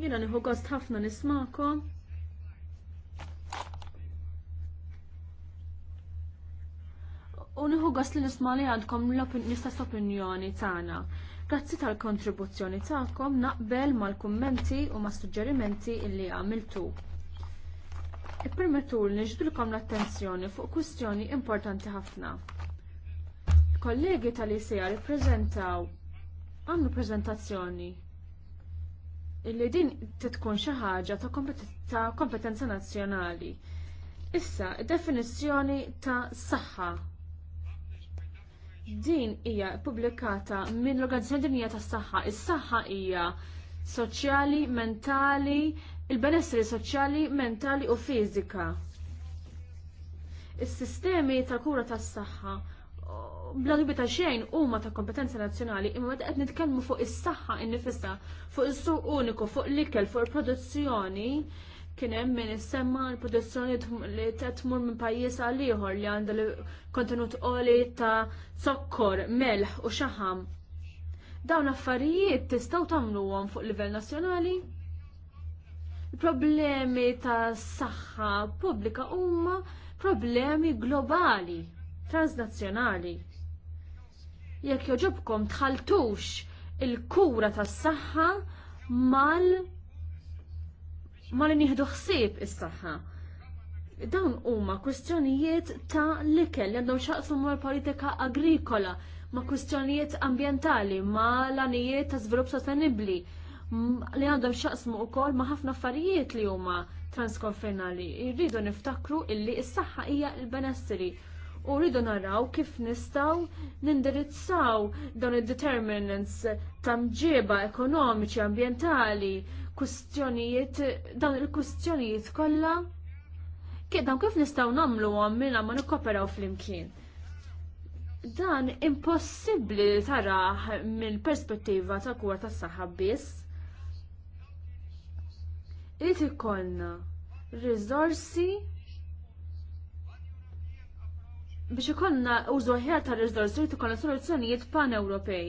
Jiena nieħu gost ħafna nismakom. U nieħu gost li nisma' li għandkom l-istess opinjoni tagħna. Grazzi tal-kontribuzzjoni tagħkom naqbel mal-kummenti u mas-suġġerimenti li għamiltu. Ippermettu li l-attenzjoni fuq kwistjoni importanti ħafna. Kollegi tal-ISEA rippreżentaw għamlu preżentazzjoni li din titkun xi ħaġa ta' kompetenza nazzjonali. Issa, definizzjoni ta' saħħa Din hija pubblikata minn l-Organizzazzjoni Dinjija tas-Saħħa. Is-saħħa hija soċjali, mentali, il-benessri soċjali, mentali u fiżika. Is-sistemi tal-kura tas-saħħa bla dubju ta' xejn huma ta' kompetenza nazzjonali imma meta qed nitkellmu fuq is-saħħa innifisha, fuq is-suq uniku, fuq l-ikel, fuq il-produzzjoni, kien hemm min issemma l-produzzjoni li tmur minn pajjiż għal ieħor li għandu kontenut qoli ta' sokkor, melħ u xaħam. Dawn affarijiet tistgħu tagħmluhom fuq livell nazzjonali? Problemi ta' saħħa pubblika huma problemi globali, transnazzjonali. Jekk joġobkom tħaltux il-kura tas-saħħa mal- ma li nieħdu ħsieb is-saħħa. Dawn huma kwistjonijiet ta' likel li għandhom xaqsu mal politika agrikola, ma' kwistjonijiet ambjentali, ma' l-anijiet ta' żvilupp sostenibbli li għandhom xaqsmu wkoll ma' ħafna affarijiet li huma transkonfinali. Irridu niftakru illi s saħħa hija l-benessri u rridu naraw kif nistgħu nindirizzaw dawn id-determinants ta' mġieba ekonomiċi, ambjentali kustjonijiet, dawn il-kustjonijiet kollha dawn kif nistgħu nagħmlu minna ma nikkoperaw flimkien. Dan impossibbli taraħ mill perspettiva ta' kura tas saħħa biss. Irid ikollna riżorsi biex ikollna użu ħjar ta' riżorsi jrid ikollna soluzzjonijiet pan-Ewropej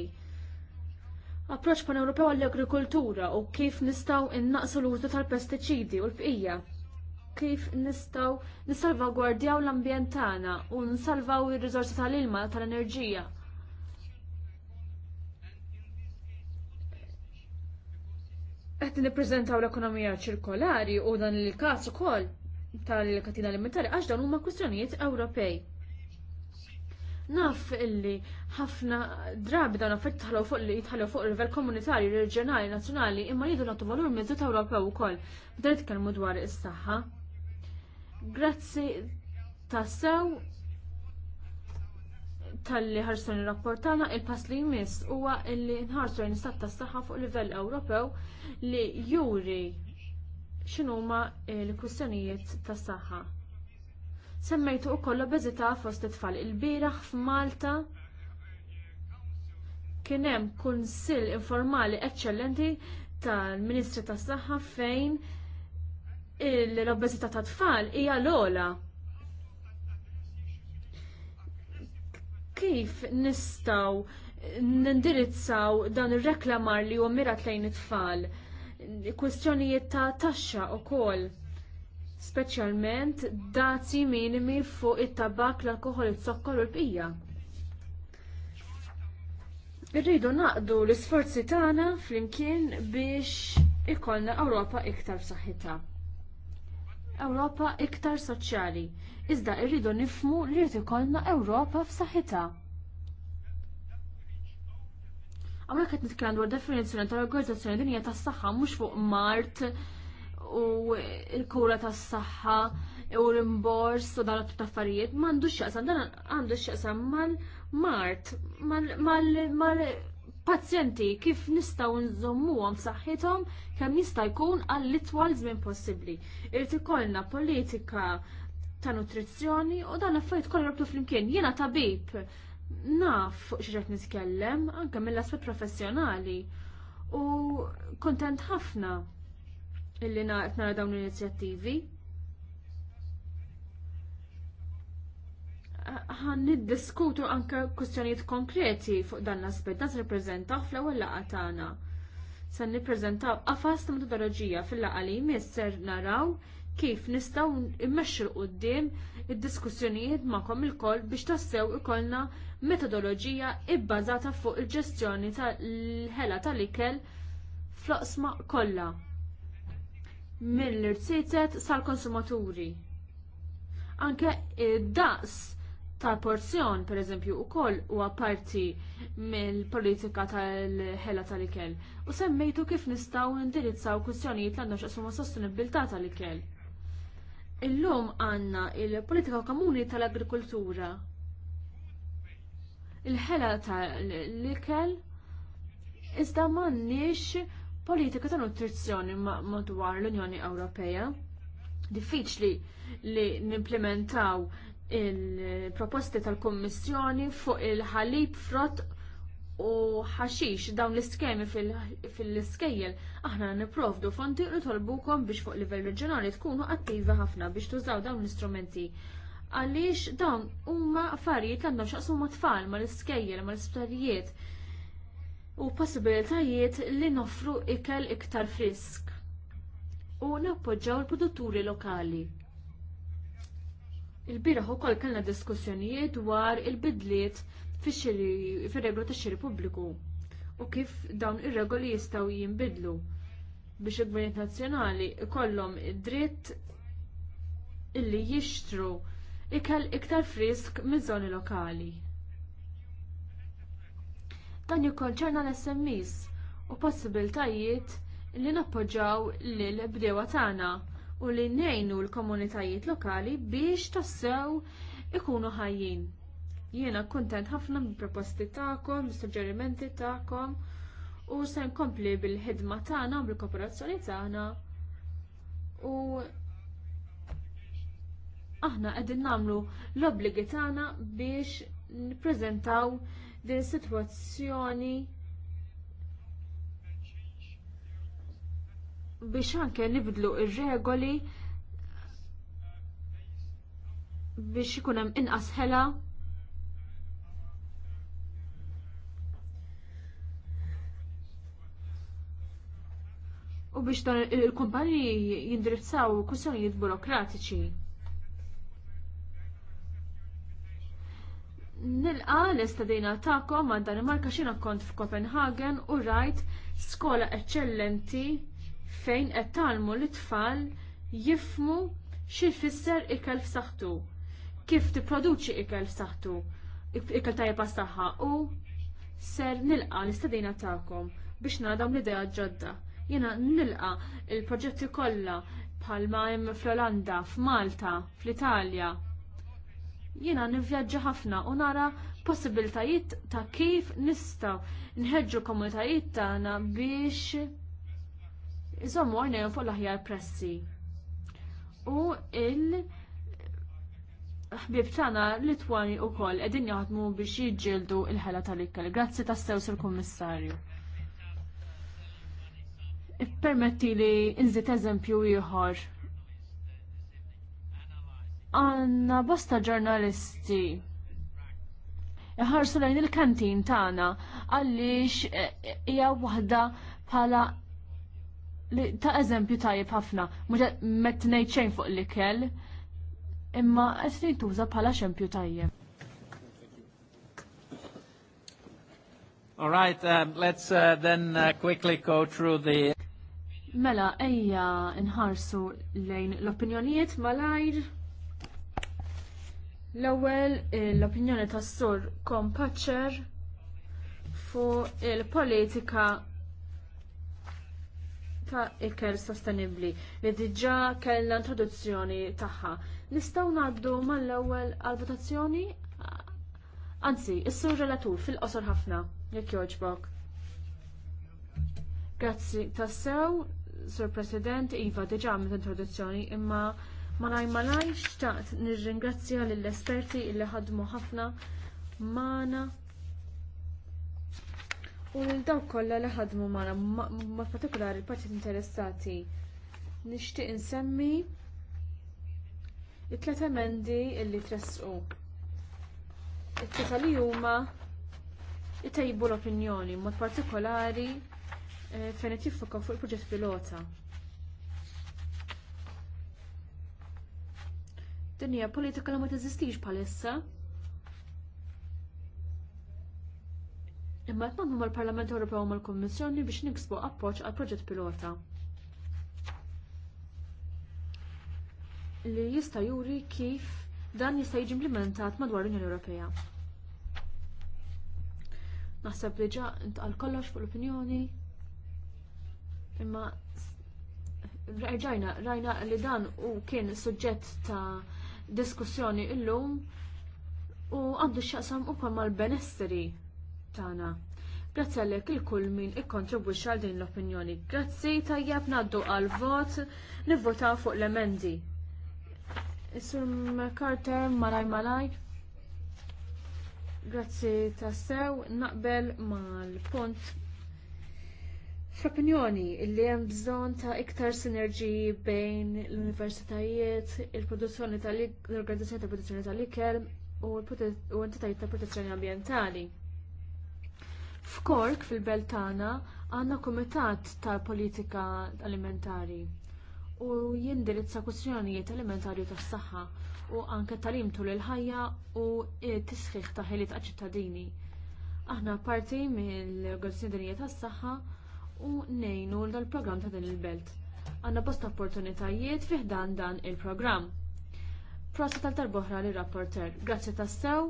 approċ pan-Ewropew għall-agrikoltura u kif nistaw innaqsu l-użu tal-pestiċidi u l-bqija. Kif nistaw nissalvagwardjaw l-ambjent tagħna u nsalvaw ir-riżorsi tal-ilma tal-enerġija. Qed nippreżentaw l-ekonomija ċirkolari u dan il-każ ukoll tal-katina alimentari għax dawn huma kwistjonijiet Ewropej. Naf illi ħafna drabi dawn affett tħallu fuq li jitħallu fuq il-livell komunitarju, reġjonali, nazzjonali, imma jidu nagħtu valur ta' Ewropew ukoll. Bda nitkellmu dwar is-saħħa. Grazzi sew tal-li ħarsun rapportana il-pass li jmiss huwa illi nħarsu l-istat tas-saħħa fuq livell Ewropew li juri x'inhuma l-kwistjonijiet tas-saħħa. Semmejtu wkoll obeżità fost it-tfal il f'Malta kien hemm kunsill informali eċċellenti tal-Ministri tas-Saħħa fejn l-obeżità tat-tfal hija l-ola. Kif nistgħu nindirizzaw dan ir-reklamar li huwa mirat lejn it-tfal? Kwistjonijiet ta' taxxa wkoll speċjalment dazzi minimi fuq it-tabak, l-alkohol, iż-zokkor u l-bqija. Irridu naqdu l-isforzi tagħna flimkien biex ikollna Ewropa iktar b'saħħitha. Ewropa iktar soċjali. Iżda rridu nifmu li rrid ikollna Ewropa f'saħħitha. Hawnhekk qed nitkellem dwar definizzjoni tal-Organizzazzjoni Dinja tas-Saħħa mhux fuq Mart u il-kura tas saħħa u l-imbors u dan ta' affarijiet m'għandux x'jaqsam dan għandu x'jaqsam mal-mart, mal-pazjenti kif nistgħu nżommuhom saħħithom kemm jista' jkun għall-itwal żmien possibbli. Irid ikollna politika ta' nutrizzjoni u dan affarijiet kollha rabtu flimkien. Jiena tabib naf fuq xi qed nitkellem anke mill-aspett professjonali u kontent ħafna illi naqt nara dawn l-inizjattivi. ħan niddiskutu anke kwistjonijiet konkreti fuq dan l-aspett, dan se nippreżentaw fl-ewwel laqa' tagħna. Se nippreżentaw qafas ta' metodoloġija fil laqa li jmiss ser naraw kif nistgħu immexxu quddiem id-diskussjonijiet magħkom ilkoll biex tassew ikollna metodoloġija ibbażata fuq il-ġestjoni tal-ħela tal-ikel fl-oqsma kollha mill-irtizet sal-konsumaturi. Anke id-daqs tal-porzjon, per eżempju, u koll u parti mill-politika tal-ħela tal-ikel. U semmejtu kif nistaw indirizzaw kwistjonijiet l-għandu xaqsuma sostenibilità tal-ikel. Illum għanna il-politika komuni tal-agrikultura. Il-ħela tal-ikel iżda m'għandniex politika ta' nutrizzjoni madwar l-Unjoni Ewropea. Diffiċli li nimplementaw il-proposti tal-Kommissjoni fuq il-ħalib frott u ħaxix dawn l-iskemi fil-iskejjel, aħna niprofdu fondi u tolbukom biex fuq livell reġjonali tkunu attivi ħafna biex tużaw dawn l-istrumenti. Għaliex dawn huma affarijiet għandhom xaqsu ma' tfal, ma' l-iskejjel, ma' l-isptarijiet, u possibilitajiet li noffru ikel iktar frisk u nappoġġaw il-produtturi lokali. il bieraħ ukoll kellna diskussjonijiet dwar il-bidliet fir-reglu tax-xiri pubbliku u kif dawn ir-regoli jistgħu jinbidlu biex il-gvernijiet nazzjonali ikollhom id-dritt illi jixtru ikel iktar frisk miż-żoni lokali. Dan jikkonċerna l-SMEs u possibiltajiet li nappoġġaw lil bdewa tagħna u li ngħinu l-komunitajiet lokali biex tassew ikunu ħajjin. Jiena kuntent ħafna mill-proposti tagħkom, mis-suġġerimenti tagħkom u se nkompli bil-ħidma tagħna u bil-kooperazzjoni tagħna u aħna qegħdin nagħmlu l-obbligi tagħna biex nippreżentaw din is-sitwazzjoni biex anke nibdlu ir-regoli biex ikun hemm inqas ħela u biex dan il-kumpaniji jindirizzaw kwistjonijiet burokratiċi. Nilqa l-istadina ta'kom ma' Danimarka xina kont f'Kopenhagen u rajt skola eccellenti fejn qed talmu l-tfal jifmu xi fisser ikel f'saħħtu, kif tipproduċi ikel f'saħħtu, ikel tajba saħħa u ser nilqa l-istadina ta'kom biex nadam l-idea ġodda. Jena nilqa il-proġetti kollha bħalma hemm fl-Olanda, f'Malta, fl-Italja, Jiena nivvjaġġa ħafna u nara possibiltajiet ta' kif nistaw nħedġu komunitajiet tagħna biex iżommu għajnejhom fuq l-aħjar pressi. U il ħbib tagħna Litwani wkoll qegħdin jaħdmu biex jiġġieldu l ħela tal-ikkel. Grazzi tassew sil-Kummissarju. Ippermetti li nżid eżempju ieħor għanna bosta ġurnalisti iħarsu lejn il-kantin tagħna għaliex eh, eh, hija waħda bħala ta' eżempju tajjeb ħafna, meta ngħid xejn fuq l-ikel, imma qed tuża bħala xempju tajjeb. All right, um, let's uh, then uh, quickly go through the Mela, ejja nħarsu lejn l-opinjonijiet malajr. L-ewwel eh, l-opinjoni tas-sur Kompaċer fuq il-politika ta' ikel sostenibli li diġà kellha introduzzjoni tagħha. Nistgħu ngħaddu mal-ewwel għall votazzjoni Anzi, is-sur relatur fil-qosor ħafna, jekk jogħġbok. Grazzi tassew, Sur President, Iva diġà għamilt introduzzjoni imma Malaj malaj xtaqt nirringrazzja lill esperti illi ħadmu ħafna mana u l-dawk kollha li ħadmu mana ma partikolari partit interessati nixtieq insemmi it-tlet emendi illi tresqu. It-tlieta li huma itejbu l-opinjoni mod partikolari eh, fejn qed jiffokaw fuq il-proġett pilota. Din hija politika li ma teżistix bħalissa. Imma qed mal-Parlament Ewropew u mal-Kummissjoni biex niksbu appoġġ għal proġett pilota. Li jista' juri kif dan jista' jiġi implementat madwar l-Unjoni Ewropea. Naħseb li ġa intqal kollox fuq l-opinjoni imma rajna rajna li dan u kien suġġett ta' diskussjoni illum u għandu xaqsam ukoll mal-benesseri tagħna. Grazzi għalek il-kull min ikkontribwix għal din l-opinjoni. Grazzi tajjeb naddu għal vot nivvota fuq l-emendi. Isum Carter, malaj malaj. Grazzi tassew naqbel mal-punt Fl-opinjoni li hemm bżonn ta' iktar sinerġiji bejn l-universitajiet, il-produzzjoni tal-organizzazzjoni ta' produzzjoni tal-ikel u l entitajiet ta' protezzjoni ambjentali. F'Kork fil-belt tagħna għandna kumitat tal-politika alimentari u jindirizza kwistjonijiet alimentari u tas-saħħa u anke talim tul il-ħajja u t tisħiħ ta' ħiliet ċittadini. Aħna parti mill-organizzazzjoni tas-saħħa u nejnu l-program ta' din il-belt. Għanna bosta opportunitajiet fih dan dan il-program. Prosa tal-tarboħra li rapporter. Grazzi ta' sew,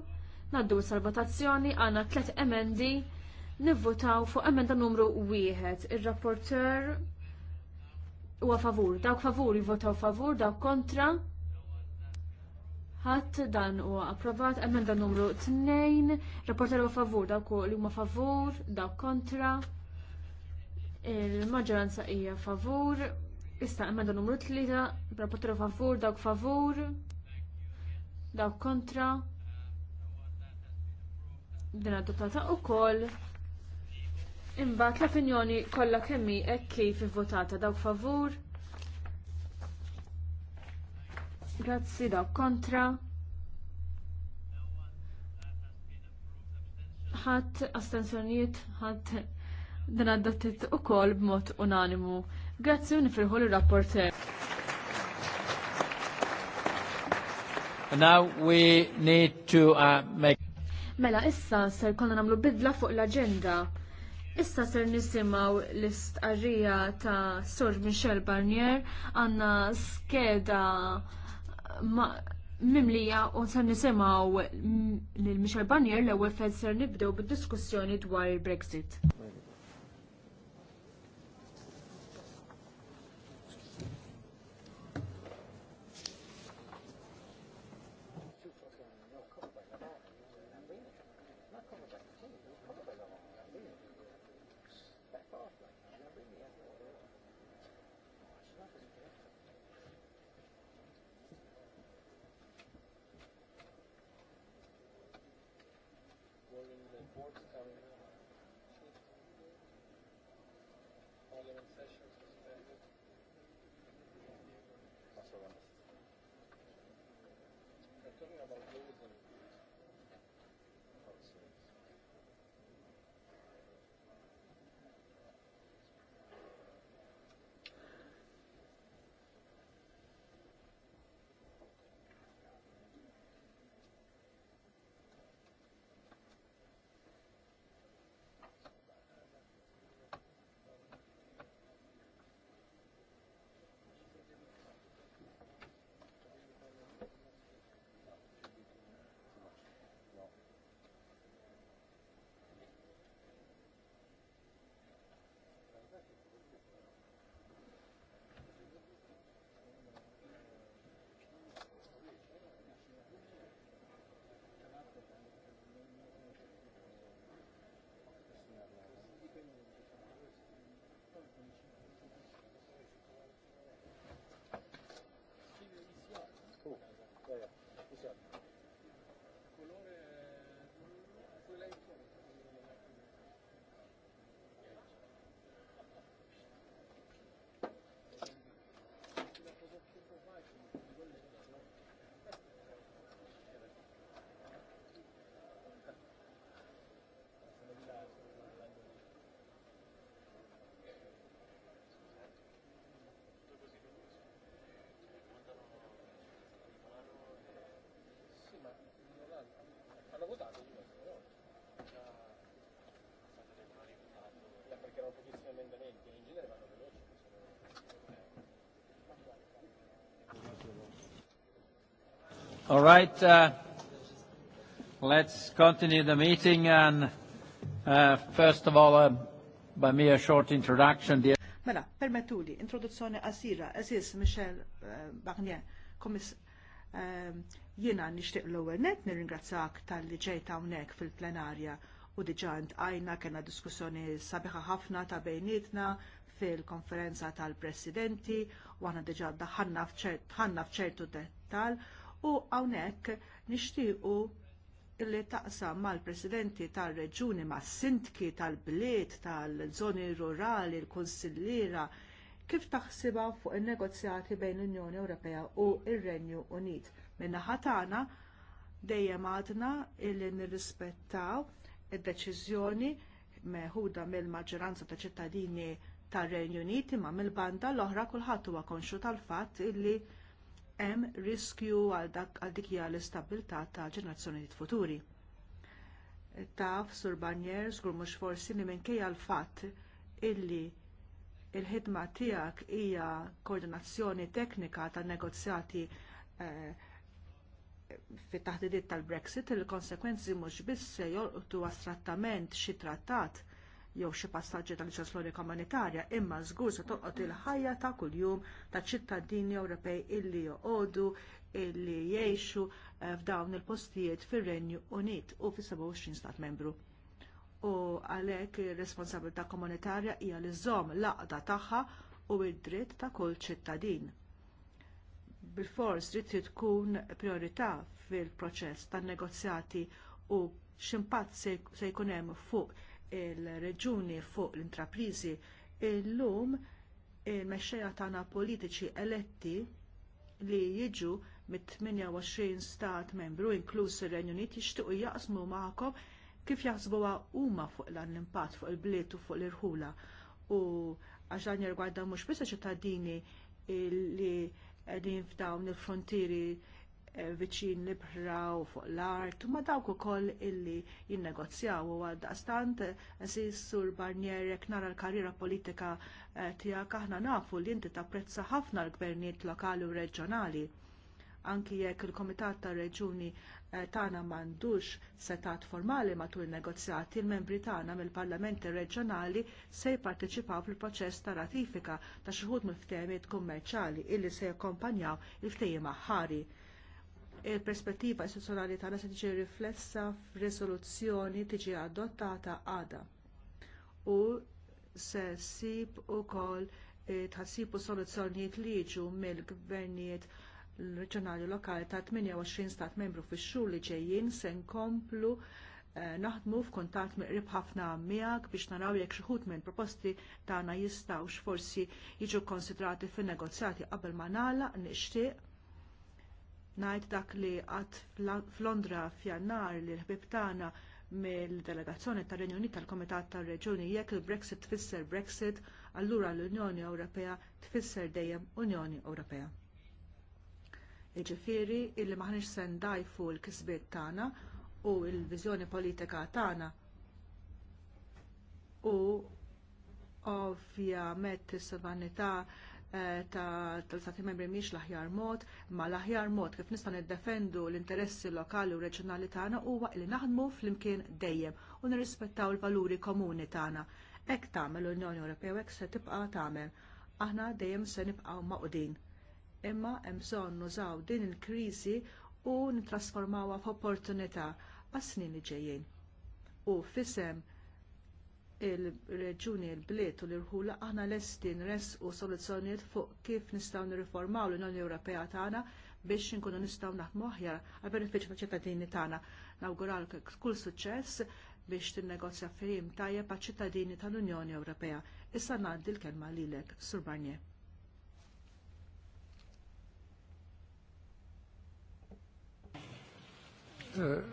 naddu sal-votazzjoni għanna tlet emendi nivvotaw fuq emenda numru 1. Il-rapporter huwa favur. Dawk favur jivvotaw favur, dawk kontra. Ħadd dan huwa approvat emenda numru 2. Rapporter huwa favur, dawk li huma favur, dawk kontra il-maġġoranza hija favur, issa emenda numru 3, rapporter favur, dawk favur, dawk kontra. Din adottata wkoll. Imbagħad l-opinjoni kollha kemm hi hekk kif votata dawk favur. Grazzi dawk kontra. Ħadd astensjonijiet, ħadd Din għaddattit u kol b'mod unanimu. Grazzi u nifirħu l-rapporter. Now we need to uh, make... Mela, issa ser konna namlu bidla fuq l-agenda. Issa ser nisimaw l-istqarrija ta' Sur Michel Barnier għanna skeda mimlija u ser nisimaw l-Michel Barnier l-ewel fed ser nibdew bid-diskussjoni dwar il-Brexit. All right, uh, let's continue the meeting and uh, first of all, uh, by me a short introduction. Dear mela, permettuli, introduzzjoni qasira, eżis Michel uh, Barnier, komis uh, jiena nixtieq l-ewwel net nirringrazzjak tal-li ġejta hawnhekk fil-plenarja u diġà għajna kellna diskussjoni sabiħa ħafna ta' bejnietna fil-konferenza tal-presidenti u aħna diġà daħħalna f'ċertu dettal u hawnhekk nixtiequ li taqsam mal-presidenti tal-reġuni, mas sintki tal-bliet, tal-żoni rurali, l konsillira kif taħsibha fuq in-negozjati bejn l-Unjoni Ewropea u r renju Unit. Min-naħa tagħna dejjem għadna illi nirrispettaw id-deċiżjoni meħuda mill-maġġoranza ta' ċittadini tar-Renju Unit imma mill-banda l-oħra kulħadd huwa konxu tal-fatt illi hemm riskju għal dak għal dik hija l istabbiltà ta' ġenerazzjonijiet futuri. Taf Sur Banjer żgur mhux forsi li minkejja l-fatt illi l il ħidma tiegħek hija koordinazzjoni teknika tan negozjati eh, fit taħdidiet tal-Brexit il-konsekwenzi mhux biss se jolqtu għas trattament xi trattat jew xi passaġġi tal-ġasloni komunitarja, imma żgur se toqgħod il-ħajja ta' kuljum ta' ċittadini Ewropej illi joqogħdu illi jgħixu eh, f'dawn il-postijiet fir-Renju Unit u fis-27 stat membru. U għalhekk ir-responsabilità komunitarja hija li żomm l-aqda tagħha u id-dritt ta' kull ċittadin. Bilfors dritt tkun priorità fil-proċess tan-negozjati u ximpat se jkun hemm fuq il-reġuni fuq l-intraprizi illum il-mexxejja tagħna politiċi eletti li jiġu mit-28 stat membru inkluż ir-Renju Unit jixtiequ jaqsmu magħkom kif jaħsbuha huma fuq l-impatt fuq il-bliet u fuq l-irħula. U għax dan jirgwarda mhux biss ċittadini li qegħdin f'dawn il-frontieri viċin nibħra u fuq l-art, ma dawk ukoll illi jinnegozjaw u għaldaqstant daqstant eh, sur Barnier jekk nara l-karriera politika eh, tiegħek aħna nafu li inti tapprezza ħafna l-gvernijiet lokali u reġjonali. Anki jekk il-Komitat tar Reġuni eh, tagħna m'għandux setat formali matul il-negozjati, il-membri tagħna mill-Parlamenti Reġjonali se jipparteċipaw fil-proċess ta' ratifika ta' xi wħud mill-ftehimiet kummerċjali illi se jakkompanjaw il-ftehim aħħari il-perspettiva istituzzjonali tagħna se tiġi riflessa f'risoluzzjoni tiġi adottata għada u se ssib ukoll eh, tħassib u soluzzjonijiet li jiġu mill-gvernijiet reġjonali lokali ta' 28 stat membru fix-xhur li ġejjin se nkomplu eh, naħdmu f'kuntatt miqrib ħafna miegħek biex naraw jekk xi ħud minn proposti tagħna jistgħux forsi jiġu konsidrati fin-negozjati qabel ma nagħlaq nixtieq ngħid dak li qatt f'Londra f'jannar li l-ħbib tagħna mill-delegazzjoni tar renju Unit tal-Komitat tar reġuni jekk il-Brexit tfisser Brexit, allura l-Unjoni Ewropea tfisser dejjem Unjoni Ewropea. Jiġifieri illi maħniex se ndajfu l-kisbiet tagħna u l-viżjoni politika tagħna u ovvjament is-sovranità Eh, tal sati membri miex l-aħjar mod, ma l-aħjar mod kif nista' niddefendu l-interessi lokali u reġjonali tagħna huwa li naħdmu flimkien dejjem u nirrispettaw il-valuri komuni tagħna. Hekk tagħmel l-Unjoni Ewropea u hekk se tibqa' tagħmel. Aħna dejjem se nibqgħu maqdin. Imma hemm bżonn nużaw din il-kriżi u nittrasformawha f'opportunità għas-snin li ġejjin. U fisem il-reġuni, il-bliet u l-irħula aħna lesti nresqu soluzzjonijiet fuq kif nistgħu nirriformaw l-Unjoni Ewropea tagħna biex inkunu nistgħu naħdmu aħjar għal benefiċċju tal-ċittadini tagħna. Nawguralk kull suċċess biex tinnegozja fehim tajjeb għaċ-ċittadini tal-Unjoni Ewropea. Issa ngħaddi l-kelma lilek, Sur Barnier. Euh,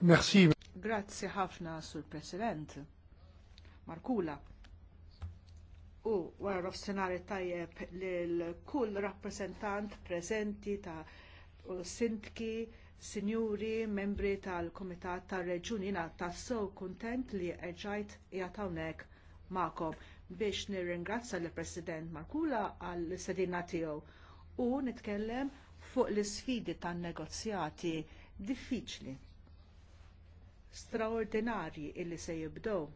merci. Grazzi ħafna sur President. Markula. U wara rofsenari tajjeb lil kull rappresentant preżenti ta' sindki, sinjuri, membri tal kumitat tar reġuni na ta' so kuntent li erġajt jatawnek ma'kom biex nirringrazza lill president Markula għall sedina tiegħu u nitkellem fuq l isfidi tan negozjati diffiċli straordinarji illi se jibdew.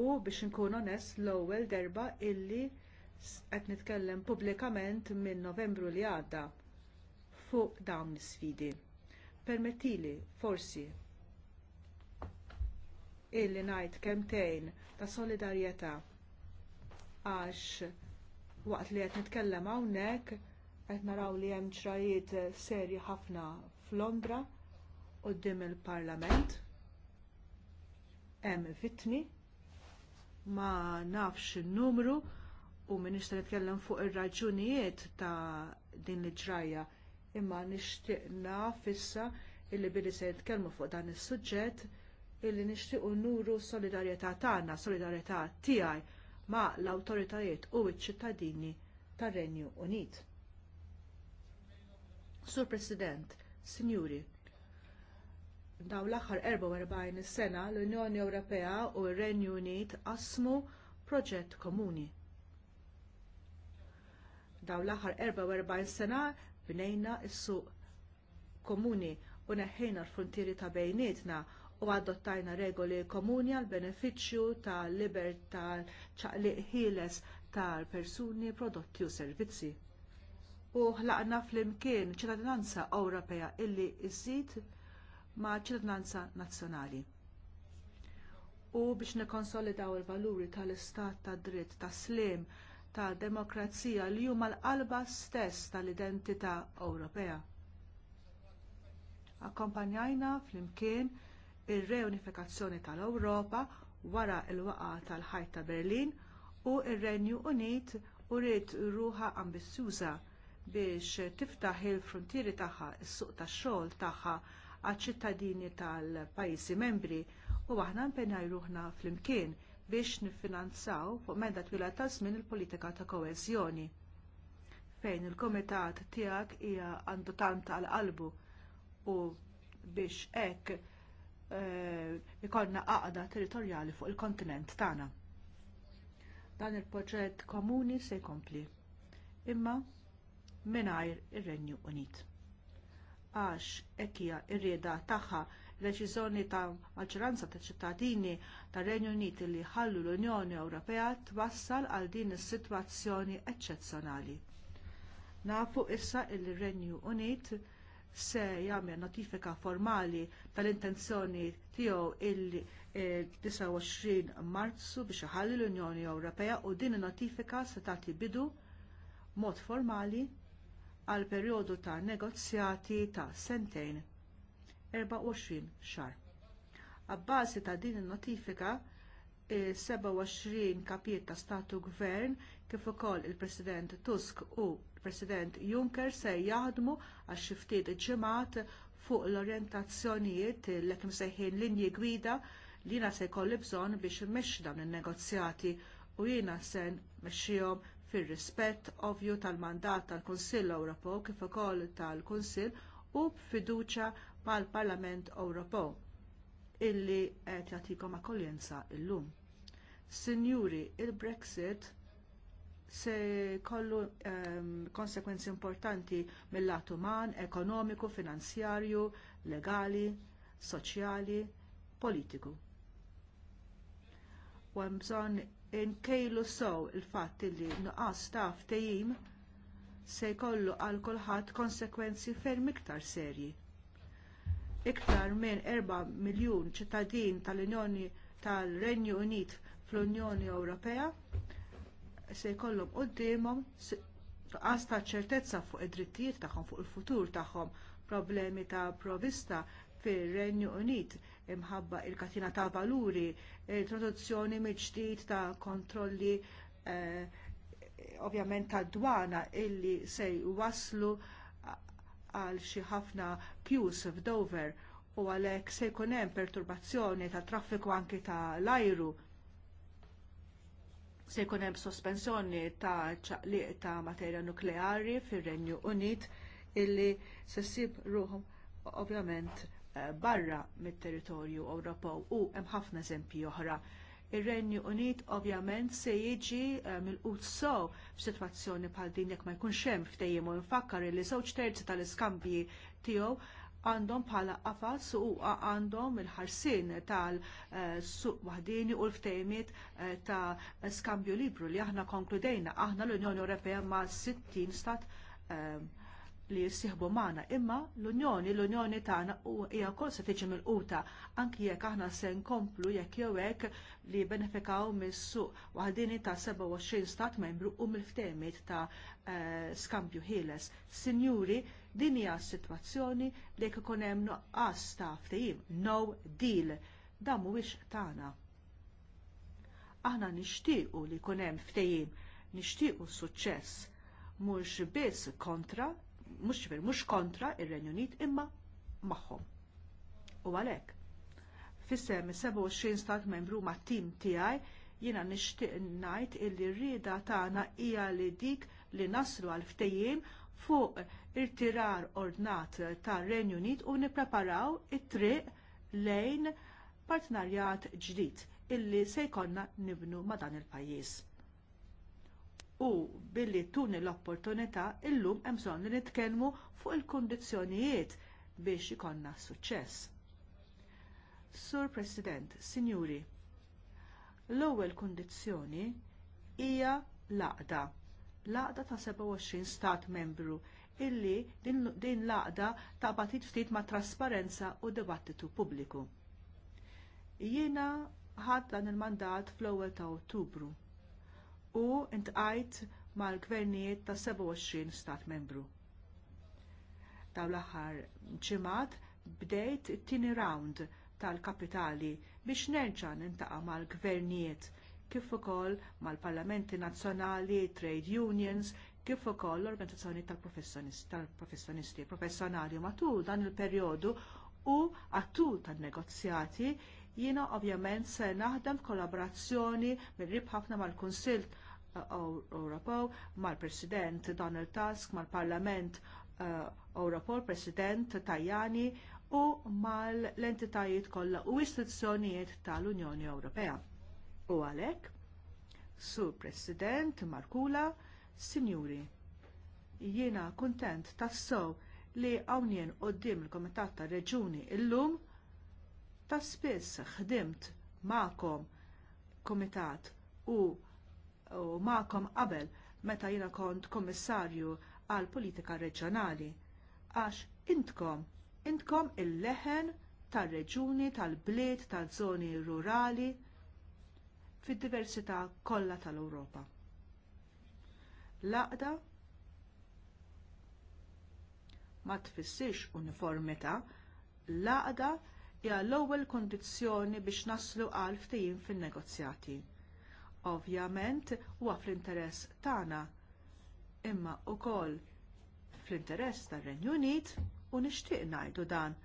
U biex inkun onest l-ewwel darba illi qed nitkellem pubblikament minn Novembru li għadda fuq dawn is-sfidi. Permettili forsi illi ngħid kemtejn ta' solidarjetà għax waqt li qed nitkellem hawnhekk qed naraw li hemm ċrajiet serji ħafna f'Londra quddiem il-Parlament hemm vitni ma nafx in-numru u min nitkellem fuq ir-raġunijiet ta' din l-ġraja imma nixtieq naf issa illi billi se nitkellmu fuq dan is-suġġett illi nixtiequ nuru solidarjetà tagħna, solidarjetà tiegħi ma' l-awtoritajiet u ċ-ċittadini tar-Renju Unit. Sur President, Sinjuri, daw l-aħħar 44 sena l-Unjoni Ewropea u r-Renju Unit qasmu proġett komuni. Dawn l-aħħar 44 sena bnejna s-suq komuni u neħħejna l-frontieri ta' bejnietna u adottajna regoli komuni għall benefiċċju tal libertà ċaqliq ħieles tal-persuni, prodotti u servizzi. U ħlaqna flimkien ċittadinanza Ewropea illi issir ma' ċittadinanza nazzjonali. U biex nikkonsolidaw il-valuri tal-istat tad dritt, tas slim, ta' demokrazija li huma l-qalba stess tal-identità Ewropea. Akkompanjajna flimkien ir-reunifikazzjoni tal-Ewropa wara l waqgħa tal-ħajt ta' Berlin u r renju Unit uriet ruħa ambizzjuża biex tiftaħ il-frontieri tagħha, is-suq tax-xogħol tagħha għaċ-ċittadini tal-pajjiżi membri u aħna mpenjaj ruħna flimkien biex niffinanzaw fuq medda twila ta' żmien il-politika ta' koeżjoni fejn il-komitat tiegħek hija għandu tant għal qalbu u biex hekk eh, ikollna għaqda territorjali fuq il-kontinent tagħna. Dan il-proġett komuni se jkompli imma mingħajr ir-Renju Unit għax hekk hija r-rieda tagħha deċiżjoni ta' maġġoranza ta' ċittadini tar Renju Unit li ħallu l-Unjoni Ewropea twassal għal din is-sitwazzjoni eċċezzjonali. Nafu issa li r Renju Unit se jagħmel notifika formali tal-intenzjoni tiegħu il-29 eh, Marzu biex iħalli l-Unjoni Ewropea u din in-notifika se tagħti bidu mod formali għal perjodu ta' negozjati ta' sentejn 24 xahar. Abbażi ta' din in-notifika il-27 kapijiet ta' statu gvern kif ukoll il-President Tusk u l president Juncker se jaħdmu għal xi ftit ġimgħat fuq l-orientazzjonijiet l-ekim sejħin linji gwida li jiena se jkollu bżonn biex imexxi dawn in-negozjati u jiena se nmexxihom fir-rispett ovvju tal-mandat tal-Kunsill Ewropew kif ukoll tal-Kunsill u b'fiduċja mal-Parlament Ewropew illi qed jagħtikom akkoljenza llum. Sinjuri, il-Brexit se jkollu um, ehm, konsegwenzi importanti mill-lat uman, ekonomiku, finanzjarju, legali, soċjali, politiku. U hemm nkejlu sew il-fatt li nuqqas ta' ftehim se jkollu għal kulħadd konsegwenzi ferm iktar serji. Iktar minn 4 miljun ċittadin tal-Unjoni tal-Renju Unit fl-Unjoni Ewropea se jkollhom quddiemhom nuqqas ta' ċertezza fuq id-drittijiet tagħhom fuq il-futur tagħhom problemi ta' provvista fir-Renju Unit imħabba il katina ta' valuri, il produzzjoni mill ta' kontrolli eh, ovvjament ta' dwana illi se waslu għal xi ħafna pjus f'Dover u għalhekk se jkun hemm perturbazzjoni tat traffiku anki ta' l-ajru se jkun hemm sospensjoni ta' ċaqliq ta' materja nukleari fir-Renju Unit illi se ssib ruhom ovvjament Eh, barra mit-territorju Ewropew u hemm ħafna eżempji oħra. Ir-Renju Unit ovvjament se jiġi eh, mill-qud sew f'sitwazzjoni bħal din jekk ma jkunx hemm ftehim u nfakkar li żewġ terzi tal-iskambji tiegħu għandhom bħala qafas u għandhom il ħarsien tal-suq waħdini u l-ftejmiet eh, ta' skambju libru li aħna konkludejna aħna l-Unjoni Ewropea ma' 60 stat li jissieħbu magħna, imma l-Unjoni, l-Unjoni tagħna hija wkoll se tiġi mill-quta anki jekk aħna se nkomplu jekk jew hekk li benefikaw mis-suq waħdini ta' 27 stat membru u mill-ftehmiet ta' eh, skambju ħieles. Sinjuri, din hija s-sitwazzjoni li jekk ikun hemm nuqqas ta' ftehim, no deal, dan mhuwiex tagħna. Aħna nixtiequ li jkun hemm ftehim, nixtiequ suċċess mhux biss kontra mhux ċifir mhux kontra ir-Renju Unit imma magħhom. U għalhekk fissem 27 stat membru ma' tim tiegħi jiena nixtieq ngħid illi r-rieda tagħna hija li dik li naslu għal ftejjim fuq il-tirar ordnat tar Renju Unit u nippreparaw it-triq lejn partnerjat ġdid illi se jkollna nibnu ma' dan il-pajjiż u billi tuni l-opportunità illum hemm bżonn li nitkellmu fuq il-kundizzjonijiet biex ikonna suċċess. Sur President, Sinjuri, l-ewwel kundizzjoni hija l-għaqda. L-għaqda ta' 27 stat membru illi din, din l-għaqda ta' batit ftit ma' trasparenza u dibattitu pubbliku. Jiena ħadt dan il-mandat fl-ewwel ta' Ottubru u intqajt mal-gvernijiet ta' 27 stat membru. Daw l-aħħar ġimgħat bdejt it-tieni round tal-kapitali biex nerġa' nintaqa' mal-gvernijiet kif ukoll mal-parlamenti nazzjonali, trade unions, kif ukoll l-organizzazzjoni tal-professjonisti professjonali matul dan il-perjodu u għattul tan-negozjati jiena ovvjament se naħdem f'kollaborazzjoni mir-rib ħafna mal kunsilt Ewropew, mal-President Donald Tusk, mal-Parlament Ewropew, eh, President Tajani u mal-entitajiet kollha u istituzzjonijiet tal-Unjoni Ewropea. U għalhekk, Sur President Markula, Sinjuri, jiena kuntent tassew li hawnien quddiem il-Komitat tar Reġuni illum ta' spiss ħdimt ma'kom komitat u u ma'kom qabel meta jiena kont kummissarju għal politika reġjonali għax intkom intkom il-leħen tar-reġuni, tal-bliet, tal-żoni rurali fid-diversità kollha tal-Ewropa. L-għaqda ma tfissirx uniformità, l-għaqda hija l-ewwel kundizzjoni biex naslu għal ftehim fin-negozjati Ovvjament huwa fl-interess tagħna imma wkoll fl-interess tar-Renju Unit u nixtieq ngħidu dan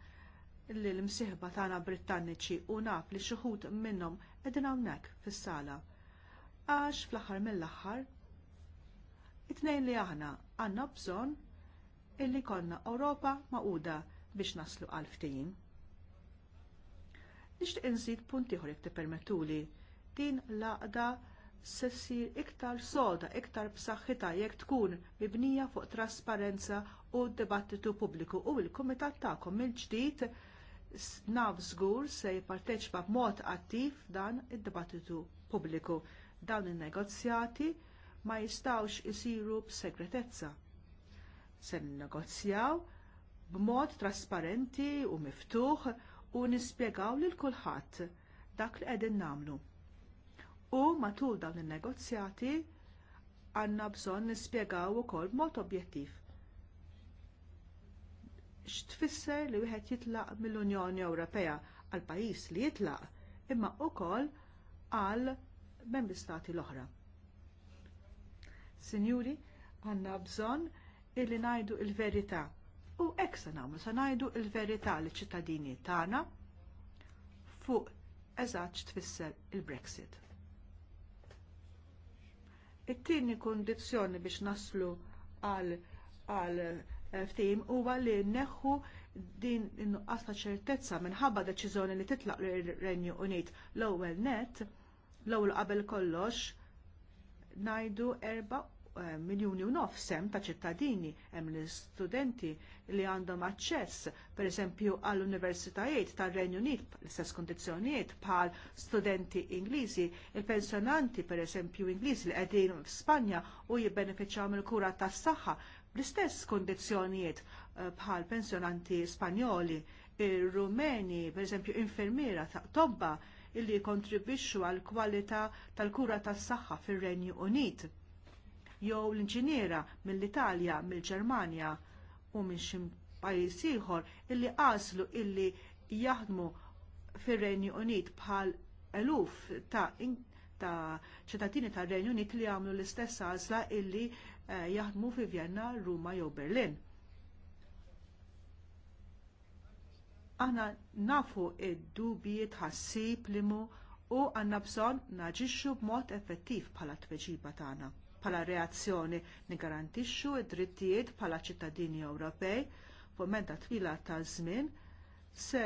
li l-msiħba tagħna Brittanniċi u naf li xi wħud minnhom qegħdin hawnhekk fis-sala. Għax fl-aħħar mill-aħħar it-tnejn li aħna għandna bżonn illi konna Ewropa maquda biex naslu għal ftehim. Nixtieq inżid punt ieħor jekk tippermettuli din l-għaqda se ssir iktar soda, iktar b'saħħitha jekk tkun mibnija fuq trasparenza u dibattitu pubbliku u l-kumitat tagħkom mill-ġdid naf żgur se jipparteċipa b'mod attiv f'dan id-dibattitu pubbliku. Dawn in-negozjati ma jistgħux isiru b'segretezza. Se negozjaw b'mod trasparenti u miftuħ u nispjegaw lil kulħadd dak li qegħdin nagħmlu. U matul dawn in-negozjati għandna bżonn nispjegaw ukoll b'mod objettiv x'tfisser li wieħed jitlaq mill-Unjoni Ewropea għal pajjiż li jitlaq imma wkoll għal membri stati l-oħra. Sinjuri, għandna bżonn illi ngħidu l il verità u hekk se nagħmlu se ngħidu l verità liċ ċittadini tagħna fuq eżatt x'tfisser il-Brexit. It-tieni kundizzjoni biex naslu għal għal eh, ftim huwa li neħħu din innuqqas ta' ċertezza minħabba deċiżjoni li titlaq lir-Renju Unit l-ewwel net l-ewwel qabel kollox ngħidu erba' Eh, miljuni u nofsem ta' ċittadini hemm l-istudenti li għandhom aċċess pereżempju għall universitajiet tar renju Unit l-istess kundizzjonijiet bħal studenti Ingliżi, il-pensjonanti pereżempju Ingliżi li qegħdin f'Spanja u jibbenefiċċjaw mill-kura tas-saħħa bl-istess kundizzjonijiet eh, bħal pensjonanti Spanjoli, ir-Rumeni pereżempju infermiera ta' tobba illi jikkontribwixxu għall kwalità tal-kura tas-saħħa fir-Renju Unit jew l-inġiniera mill-Italja, mill-Ġermanja u minn xi pajjiż ieħor illi qaslu illi jaħdmu fir-Renju Unit bħal eluf ta' ta' ċittadini tar Renju Unit li għamlu l-istess għażla illi eh, jaħdmu fi Vjenna, Ruma jew Berlin. Aħna nafu id-dubji tħassib li mu u għandna bżonn naġixxu b'mod effettiv bħala tweġiba tagħna bħala reazzjoni nigarantixxu id-drittijiet bħala ċittadini Ewropej f'menta twila ta' żmien se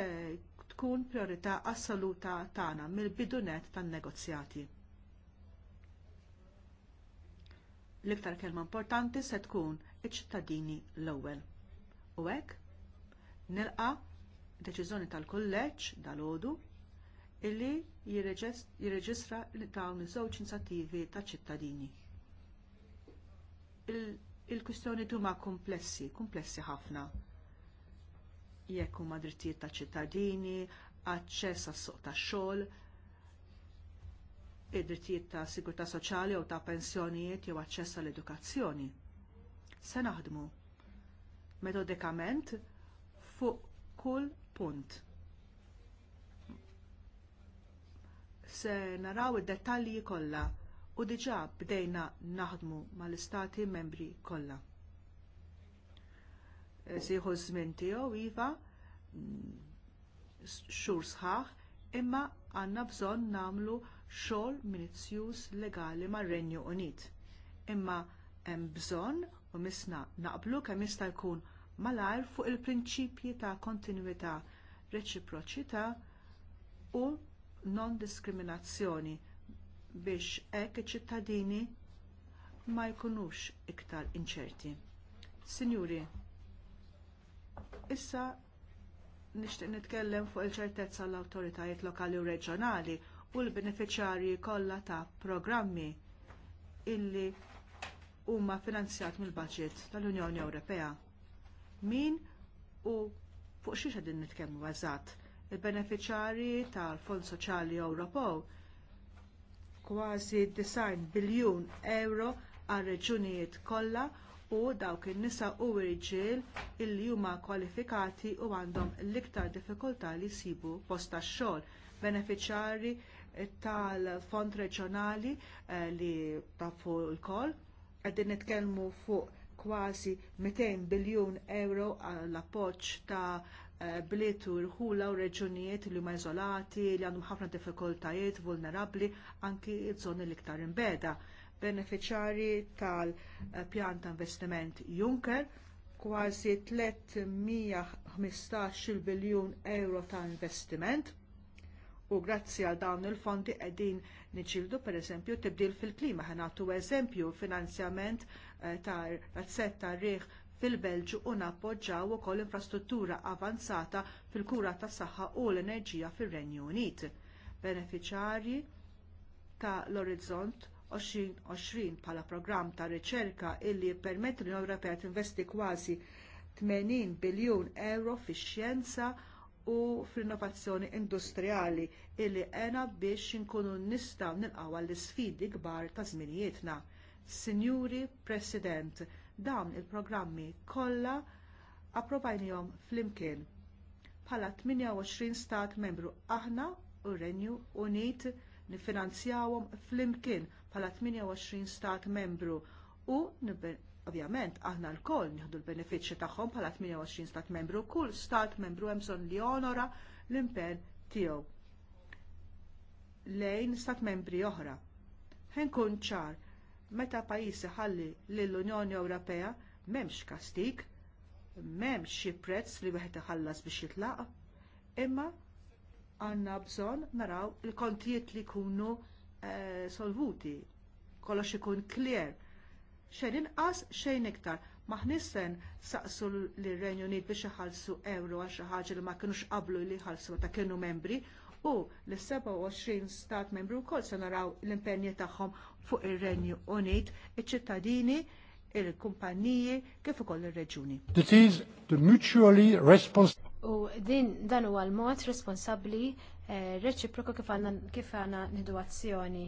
tkun priorità assoluta tagħna mill-bidunet tan-negozjati. L-iktar kelma importanti se tkun iċ-ċittadini l-ewwel. U hekk nilqa deċiżjoni tal-kulleġġ dal-għodu illi jirreġistra dawn iż-żewġ inizjattivi taċ ċittadini il-kustjoni huma komplessi, komplessi ħafna. Jekk huma drittijiet ta' ċittadini, aċċess għas-suq tax-xogħol, id-drittijiet ta' sigurtà soċjali jew ta' pensjonijiet jew aċċess għall edukazzjoni Se naħdmu metodikament fuq kull punt. Se naraw id-dettalji kollha u diġà bdejna naħdmu mal-istati membri kollha. Eh, sieħu żmien tiegħu iva mm, xhur sħaħ imma għandna bżonn nagħmlu xogħol minizzjuż legali mar-Renju Unit. Imma hemm bżonn u misna naqblu kemm jista' jkun malajr fuq il-prinċipji ta' kontinwità, reċiproċità u non-diskriminazzjoni biex hekk iċ-ċittadini ma jkunux iktar inċerti. Sinjuri, issa nixtieq nitkellem fuq il-ċertezza l awtoritajiet lokali u reġjonali u l benefiċjarji kollha ta' programmi illi huma finanzjat mill-baġit tal-Unjoni Ewropea. Min u fuq xi qegħdin nitkellmu eżatt il benefiċjarji tal-Fond Soċjali Ewropew kważi 90 biljun euro għal reġunijiet kollha u dawk in-nisa u r-riġiel illi huma kwalifikati u għandhom l-iktar diffikultà li jsibu post tax-xogħol. Benefiċjarji tal-fond reġjonali eh, li tafu l-koll qegħdin nitkellmu fuq kważi 200 biljun euro għall appoġġ ta' bliet u rħula u reġunijiet li huma iżolati, li għandhom ħafna diffikultajiet, vulnerabbli, anki ż-żoni l-iktar imbeda. Benefiċjarji tal-pjan ta' investiment Juncker, kważi 315 biljun euro ta' investiment u grazzi għal dawn il-fondi qegħdin niġildu pereżempju tibdil fil-klima ħanatu eżempju finanzjament eh, ta' razzetta riħ fil-Belġu u nappoġġaw ukoll infrastruttura avanzata fil-kura tas saħħa u l-enerġija fir-Renju Unit. Benefiċjarji ta' l-Orizzont 2020 bħala programm ta' riċerka illi jippermetti l Ewropea tinvesti kważi 80 biljun euro fix-xjenza u fl-innovazzjoni industrijali illi għena biex inkunu nistgħu nilqgħu għall isfidi kbar ta' żminijietna. Sinjuri President, dawn il-programmi kollha approvajnihom flimkien bħala 28 stat membru aħna u Renju Unit niffinanzjawhom flimkien bħala 28 stat membru u ovvjament aħna lkoll nieħdu l-benefiċċji tagħhom bħala 28 stat membru, kull stat membru hemm bżonn li jonora l-impenn tiegħu lejn stat membri oħra. Ħenkun ċar Meta pajjiżi ħalli lill-Unjoni Ewropea m'hemmx kastik, m'hemmx xi prezz li wieħed iħallas biex jitlaq, imma għandna bżonn naraw il-kontijiet li jkunu eh, solvuti, kollox ikun clear. Xejn inqas, xejn iktar. Maħnissen saqsu l-Renju Unit biex iħallsu euro għal xi ħaġa li ma kinux qablu li ħalsu ta' kienu membri u l-27 stat membru wkoll se naraw l impenni tagħhom fuq ir-Renju Unit, iċ-ċittadini, il-kumpaniji kif ukoll ir-reġuni. This is the mutually responsible U din dan huwa l-mod responsabbli eh, reċiproku kif għandna kif għandna nidu azzjoni.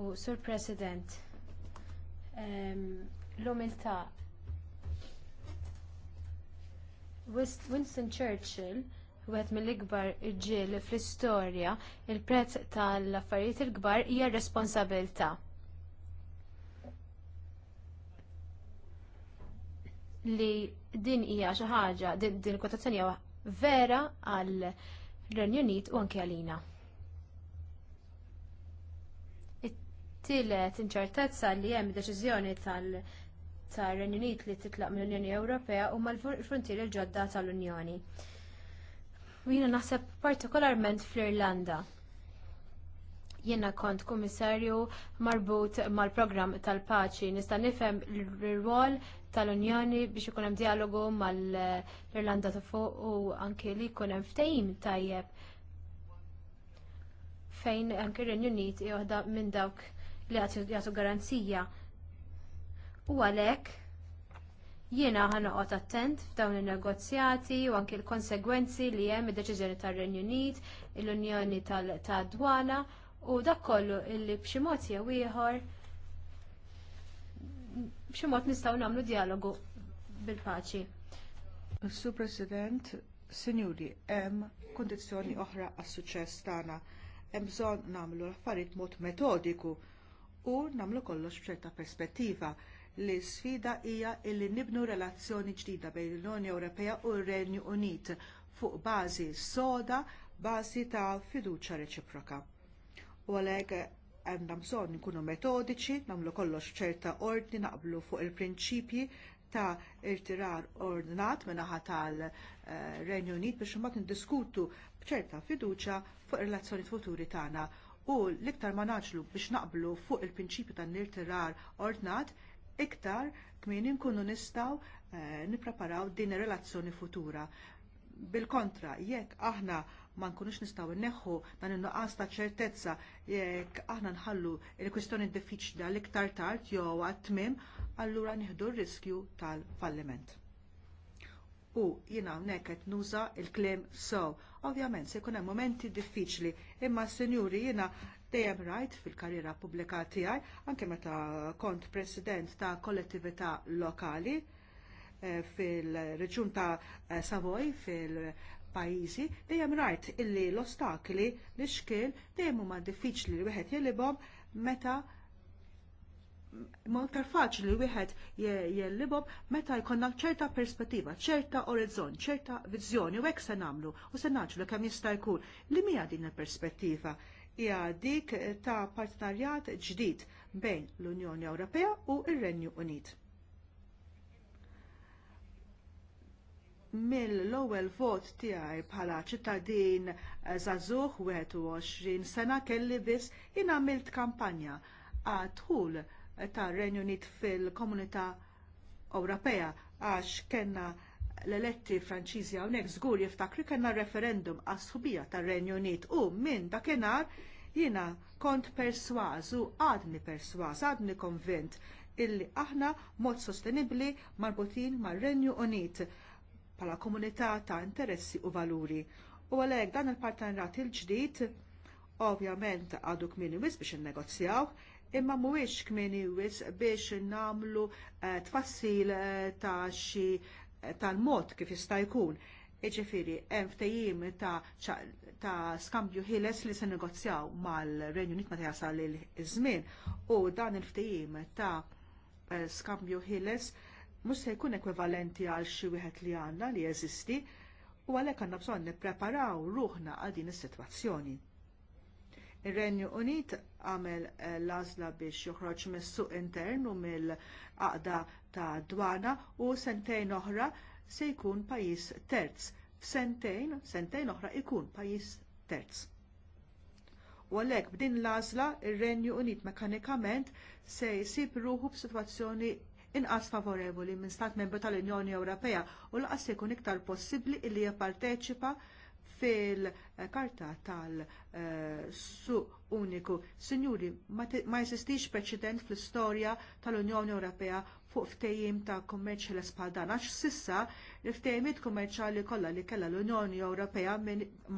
U Sur President, ehm, l-umiltà Winston Churchill wieħed mill-ikbar ġieli fl-istorja, il-prezz tal-affarijiet il-kbar hija r responsabilità. Li din hija xi ħaġa, din il-kotazzjoni hija vera għal renju Unit u anke għalina. It-tielet inċertezza li hemm deċiżjoni tal- tar renju Unit li titlaq mill-Unjoni Ewropea huma l frontieri ġodda tal-Unjoni. U naħseb partikolarment fl-Irlanda. Jiena kont kummissarju marbut mal-programm tal-paċi. Nista' nifhem l-rwol tal-Unjoni biex ikun hemm dialogu mal-Irlanda ta' fuq u anke li jkun hemm ftehim tajjeb fejn anke Renjunit joħda minn dawk li jagħtu garanzija. U għalhekk Jiena noqgħod attent f'dawn in-negozjati u anki l-konsegwenzi li hemm id-deċiżjoni tar-Renju Unit, l-Unjoni tad-Dwana u dak kollu illi b'xi mod jew ieħor b'xi mod nistgħu nagħmlu dialogu bil-paċi. Sur President, Sinjuri, hemm kondizzjoni oħra għas-suċċess tagħna. Hemm bżonn nagħmlu l-affarijiet mod metodiku u nagħmlu kollox b'ċerta perspettiva li sfida hija li nibnu relazzjoni ġdida bejn l-Unjoni Ewropea u r-Renju Unit fuq bażi soda, bażi ta' fiduċja reċiproka. U għalhekk hemm bżonn nkunu metodiċi, nagħmlu kollox ċerta ordni, naqblu fuq il-prinċipji ta' irtirar ordnat min-naħa tal-Renju Unit biex imbagħad niddiskutu bċerta fiduċja fuq ir relazzjoni futuri tagħna u l-iktar ma naġlu biex naqblu fuq il-prinċipju tan-irtirar ordnat iktar kmieni nkunu nistgħu eh, nippreparaw din ir-relazzjoni futura. Bil-kontra, jekk aħna ma nkunux nistgħu neħu dan in-nuqqas ta' ċertezza jekk aħna nħallu il kwistjoni diffiċli l-iktar tard jew għat-tmiem, allura nieħdu r-riskju tal-falliment. U jiena hawnhekk qed nuża l-klem so. Ovvjament se jkun hemm momenti diffiċli, imma sinjuri jiena dejjem rajt fil-karriera pubblika tiegħi anke meta kont president ta' kollettività lokali eh, fil-reġjun ta' eh, Savoy fil-pajjiżi dejjem rajt illi l-ostakli li xkil dejjem huma diffiċli li wieħed jellibhom meta ma faċli li wieħed jellibhom meta jkollna ċerta perspettiva, ċerta orizzont, ċerta viżjoni u hekk se nagħmlu u se naġlu kemm jista' jkun li mija din il-perspettiva hija dik ta' partnerjat ġdid bejn l-Unjoni Ewropea u r-Renju Unit. mill-ewwel vot tiegħi bħala ċittadin żagħżugħ 21 sena kelli biss jien għamilt kampanja għad tħul tar Renju Unit fil-Komunità Ewropea għax kellna l-eletti Franċiżi hawnhekk żgur jiftakru kellna referendum għas tar-Renju Unit u minn dakinhar jiena kont persważu, għadni persważ, għadni konvint illi aħna mod sostenibbli marbutin mar-Renju Unit bħala komunità ta' interessi u valuri. U għalhekk dan il partnerat il-ġdid ovvjament għadu kmieni wis biex innegozjaw, imma mhuwiex kmieni wis biex nagħmlu eh, tfassil eh, ta' xi tal-mod kif jista' jkun. Iġifieri hemm ftehim ta', ta skambju ħieles li se negozjaw mal-Renju Unit meta jasal iż żmien u dan il-ftehim ta' eh, skambju ħieles mhux se jkun ekwivalenti għal xi wieħed li għandna li jeżisti u għalhekk għandna bżonn nippreparaw ruħna għal din is-sitwazzjoni. Ir-Renju Unit għamel eh, l-għażla biex joħroġ mis-suq intern u mill għaqda ta' dwana u sentejn oħra se jkun pajjiż terz. F'sentejn, sentejn oħra jkun pajjiż terz. U għalhekk b'din l-għażla ir-Renju Unit mekanikament se jsib ruħu b'sitwazzjoni inqas favorevoli minn stat membru tal-Unjoni Ewropea u laqas jkun iktar possibbli li jipparteċipa fil-karta tal-suq eh, uniku. Sinjuri, ma jesistix preċedent fl istorja tal-Unjoni Ewropea fuq ftejim ta' kummerċ l espaldan għax sissa l-ftejimiet kummerċali kollha li kellha l-Unjoni Ewropea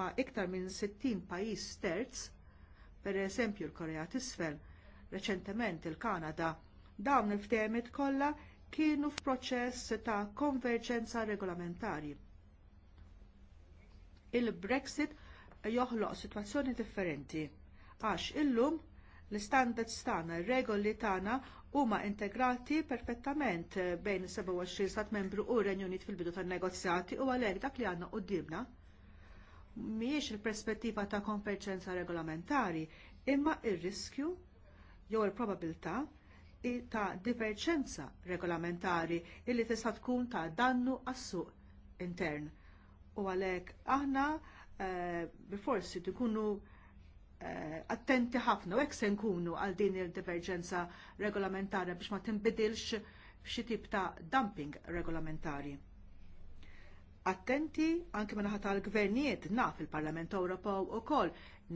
ma' iktar minn 60 pajjiż terz, pereżempju l-Korea t'isfel, reċentement il-Kanada, dawn il-ftejimiet kollha kienu f'proċess ta' konverġenza regolamentari il-Brexit joħloq sitwazzjoni differenti. Għax illum l-standards tagħna, ir-regoli tagħna huma integrati perfettament bejn 27 stat membru u Renju Unit fil-bidu tan-negozjati u għalhekk dak li għandna qudiemna mhijiex il-perspettiva ta' konverġenza regolamentari imma r riskju jew il-probabilità ta' diverġenza regolamentari illi tista' tkun ta' dannu għas-suq intern. U għalhekk aħna eh, forsi tkunu eh, attenti ħafna u hekk se nkunu għal din il-diverġenza regolamentarja biex ma tinbidilx f'xi tip ta' dumping regolamentari. Attenti anke minna ħata l-gvernijiet naf il-Parlament Ewropew ukoll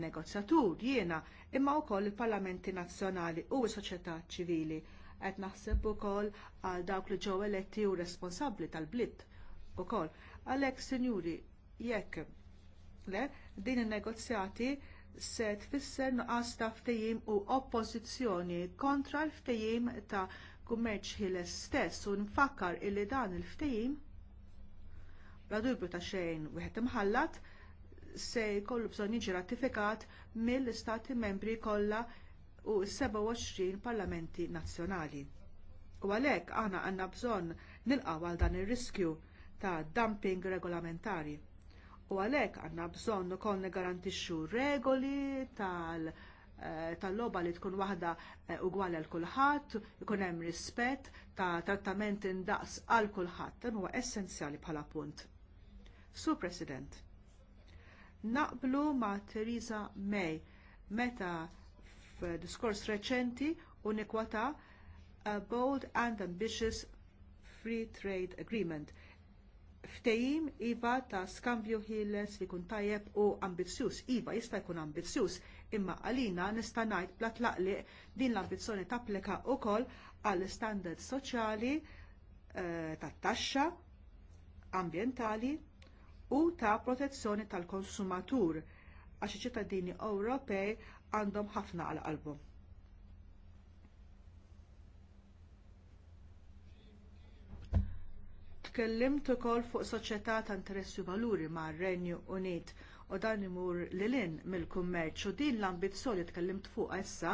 negozjatur jiena imma wkoll il-Parlamenti Nazzjonali u s-soċjetà ċivili qed naħseb ukoll għal dawk li ġew eletti u responsabbli tal-blitt ukoll Għalhekk, sinjuri, jekk le, din in-negozjati se tfisser nuqqas ta' ftehim u oppożizzjoni kontra l-ftehim ta' kummerċ ħieles stess u nfakkar illi dan il-ftehim bla dubju ta' xejn wieħed imħallat se jkollu bżonn jiġi ratifikat mill-istati membri kollha u 27 parlamenti nazzjonali. U għalhekk aħna għandna bżonn nilqaw għal dan ir-riskju ta' dumping regolamentari. U għalhekk għandna bżonn ukoll garantixxu regoli tal- eh, tal-loba li tkun waħda eh, ugwali għal kulħadd, ikun hemm rispett ta' trattament indaqs għal kulħadd, dan huwa essenzjali bħala punt. Sur President, naqblu ma' Theresa May meta f'diskors reċenti unikwata a bold and ambitious free trade agreement ftehim iva ta' skambju ħieles li jkun tajjeb u ambizzjuż. Iva jista' jkun ambizzjuż, imma għalina nista' ngħid bla tlaqli din l-ambizzjoni tapplika wkoll għall standard soċjali eh, tat-taxxa ambjentali u ta' protezzjoni tal-konsumatur għax iċ-ċittadini Ewropej għandhom ħafna għal qalbhom. tkellimt ukoll fuq soċjetà ta' interessi u valuri mar Renju Unit u dan imur lilin mill-kummerċ u din l-ambizzjoni tkellimt fuq issa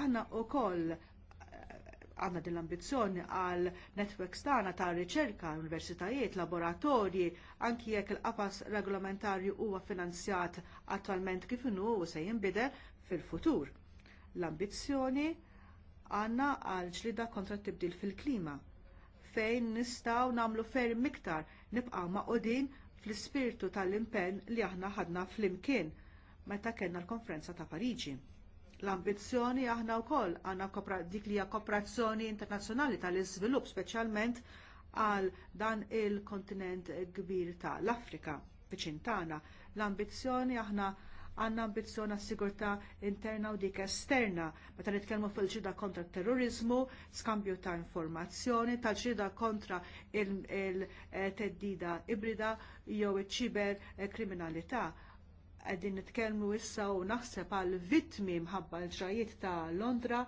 aħna wkoll għandna din l-ambizzjoni għal netwerks tagħna ta' riċerka, universitajiet, laboratorji, anki jekk il-qafas regolamentarju huwa finanzjat attwalment kif inhu u se jinbidel fil-futur. L-ambizzjoni għandna għal ġlida kontra t-tibdil fil-klima fejn nistgħu nagħmlu ferm iktar nibqa' maqudin fl-ispirtu tal-impenn li aħna ħadna flimkien meta kellna l-konferenza ta' Pariġi. L-ambizzjoni aħna wkoll għandna dik li hija kooperazzjoni internazzjonali tal-iżvilupp speċjalment għal dan il-kontinent kbir tal-Afrika viċin tagħna. L-ambizzjoni aħna għandna ambizzjoni għas-sigurtà interna u dik esterna. Meta nitkellmu fil ġida kontra t terrorizmu, skambju ta' informazzjoni, ta' ġida kontra il-teddida eh, ibrida jew iċ-ċiber eh, kriminalità. Qegħdin nitkellmu issa u naħseb għal vittmi mħabba l-ġrajiet ta' Londra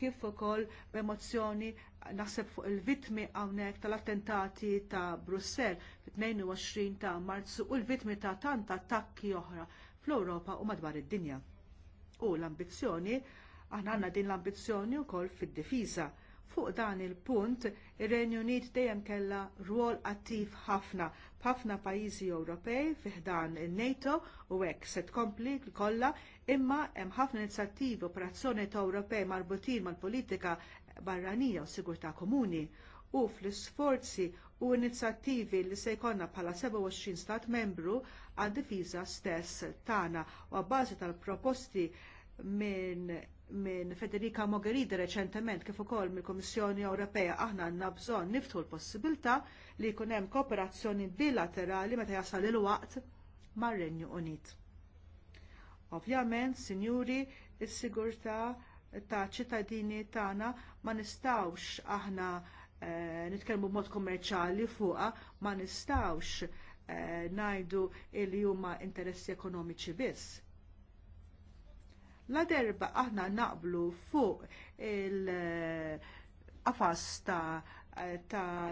kif ukoll b'emozzjoni naħseb fuq il vittmi hawnhekk tal-attentati ta' Brussell fit-22 ta' Marzu u l vittmi ta' tant attakki oħra fl-Ewropa u madwar id-dinja. U l-ambizzjoni, aħna għandna din l-ambizzjoni wkoll fid-difiża. Fuq dan il-punt, ir-Renju Unit dejjem kellha ruol attiv ħafna b'ħafna pajjiżi Ewropej fiħdan il-NATO u hekk se tkompli kollha imma hemm ħafna inizjattivi operazzjoni ta' Ewropej marbutin mal-politika barranija u sigurtà komuni u fl-isforzi u inizjattivi li se jkollna bħala 27 stat membru għad difiża stess tagħna u għabbażi tal-proposti minn min Federica Mogherini reċentement kif ukoll mill-Kummissjoni Ewropea aħna għandna bżonn niftu l-possibilità li jkun hemm kooperazzjoni bilaterali meta jasal il-waqt mar-Renju Unit. Ovvjament, sinjuri, is-sigurtà ta' ċittadini tagħna ma nistgħux aħna Eh, nitkellmu b'mod kummerċjali fuqha ma nistawx eh, ngħidu li huma interessi ekonomiċi biss. La derba aħna naqblu fuq il-qafas ta'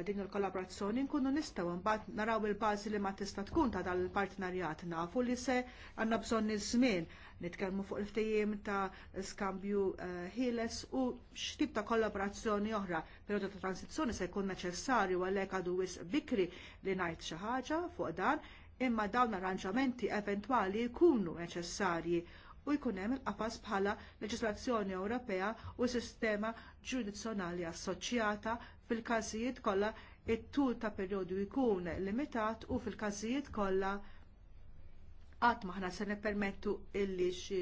din il-kollaborazzjoni nkunu nistgħu mbagħad naraw il-bażi li ma tista' tkun ta' dan il-partnerjat nafu li se għandna bżonn iż-żmien nitkellmu fuq il-ftejjem ta' skambju eh, ħieles u x'tip ta' kollaborazzjoni oħra. Periodu ta' transizzjoni se jkun neċessarju għalhekk għadu wis bikri li ngħid xi ħaġa fuq dan, imma dawn arranġamenti eventwali jkunu neċessarji u jkun hemm il-qafas bħala leġislazzjoni Ewropea u sistema ġudizzjonali assoċjata fil-każijiet kollha it-tul ta' perjodu jkun limitat u fil-każijiet kollha Qatt maħna se nepermettu illi xi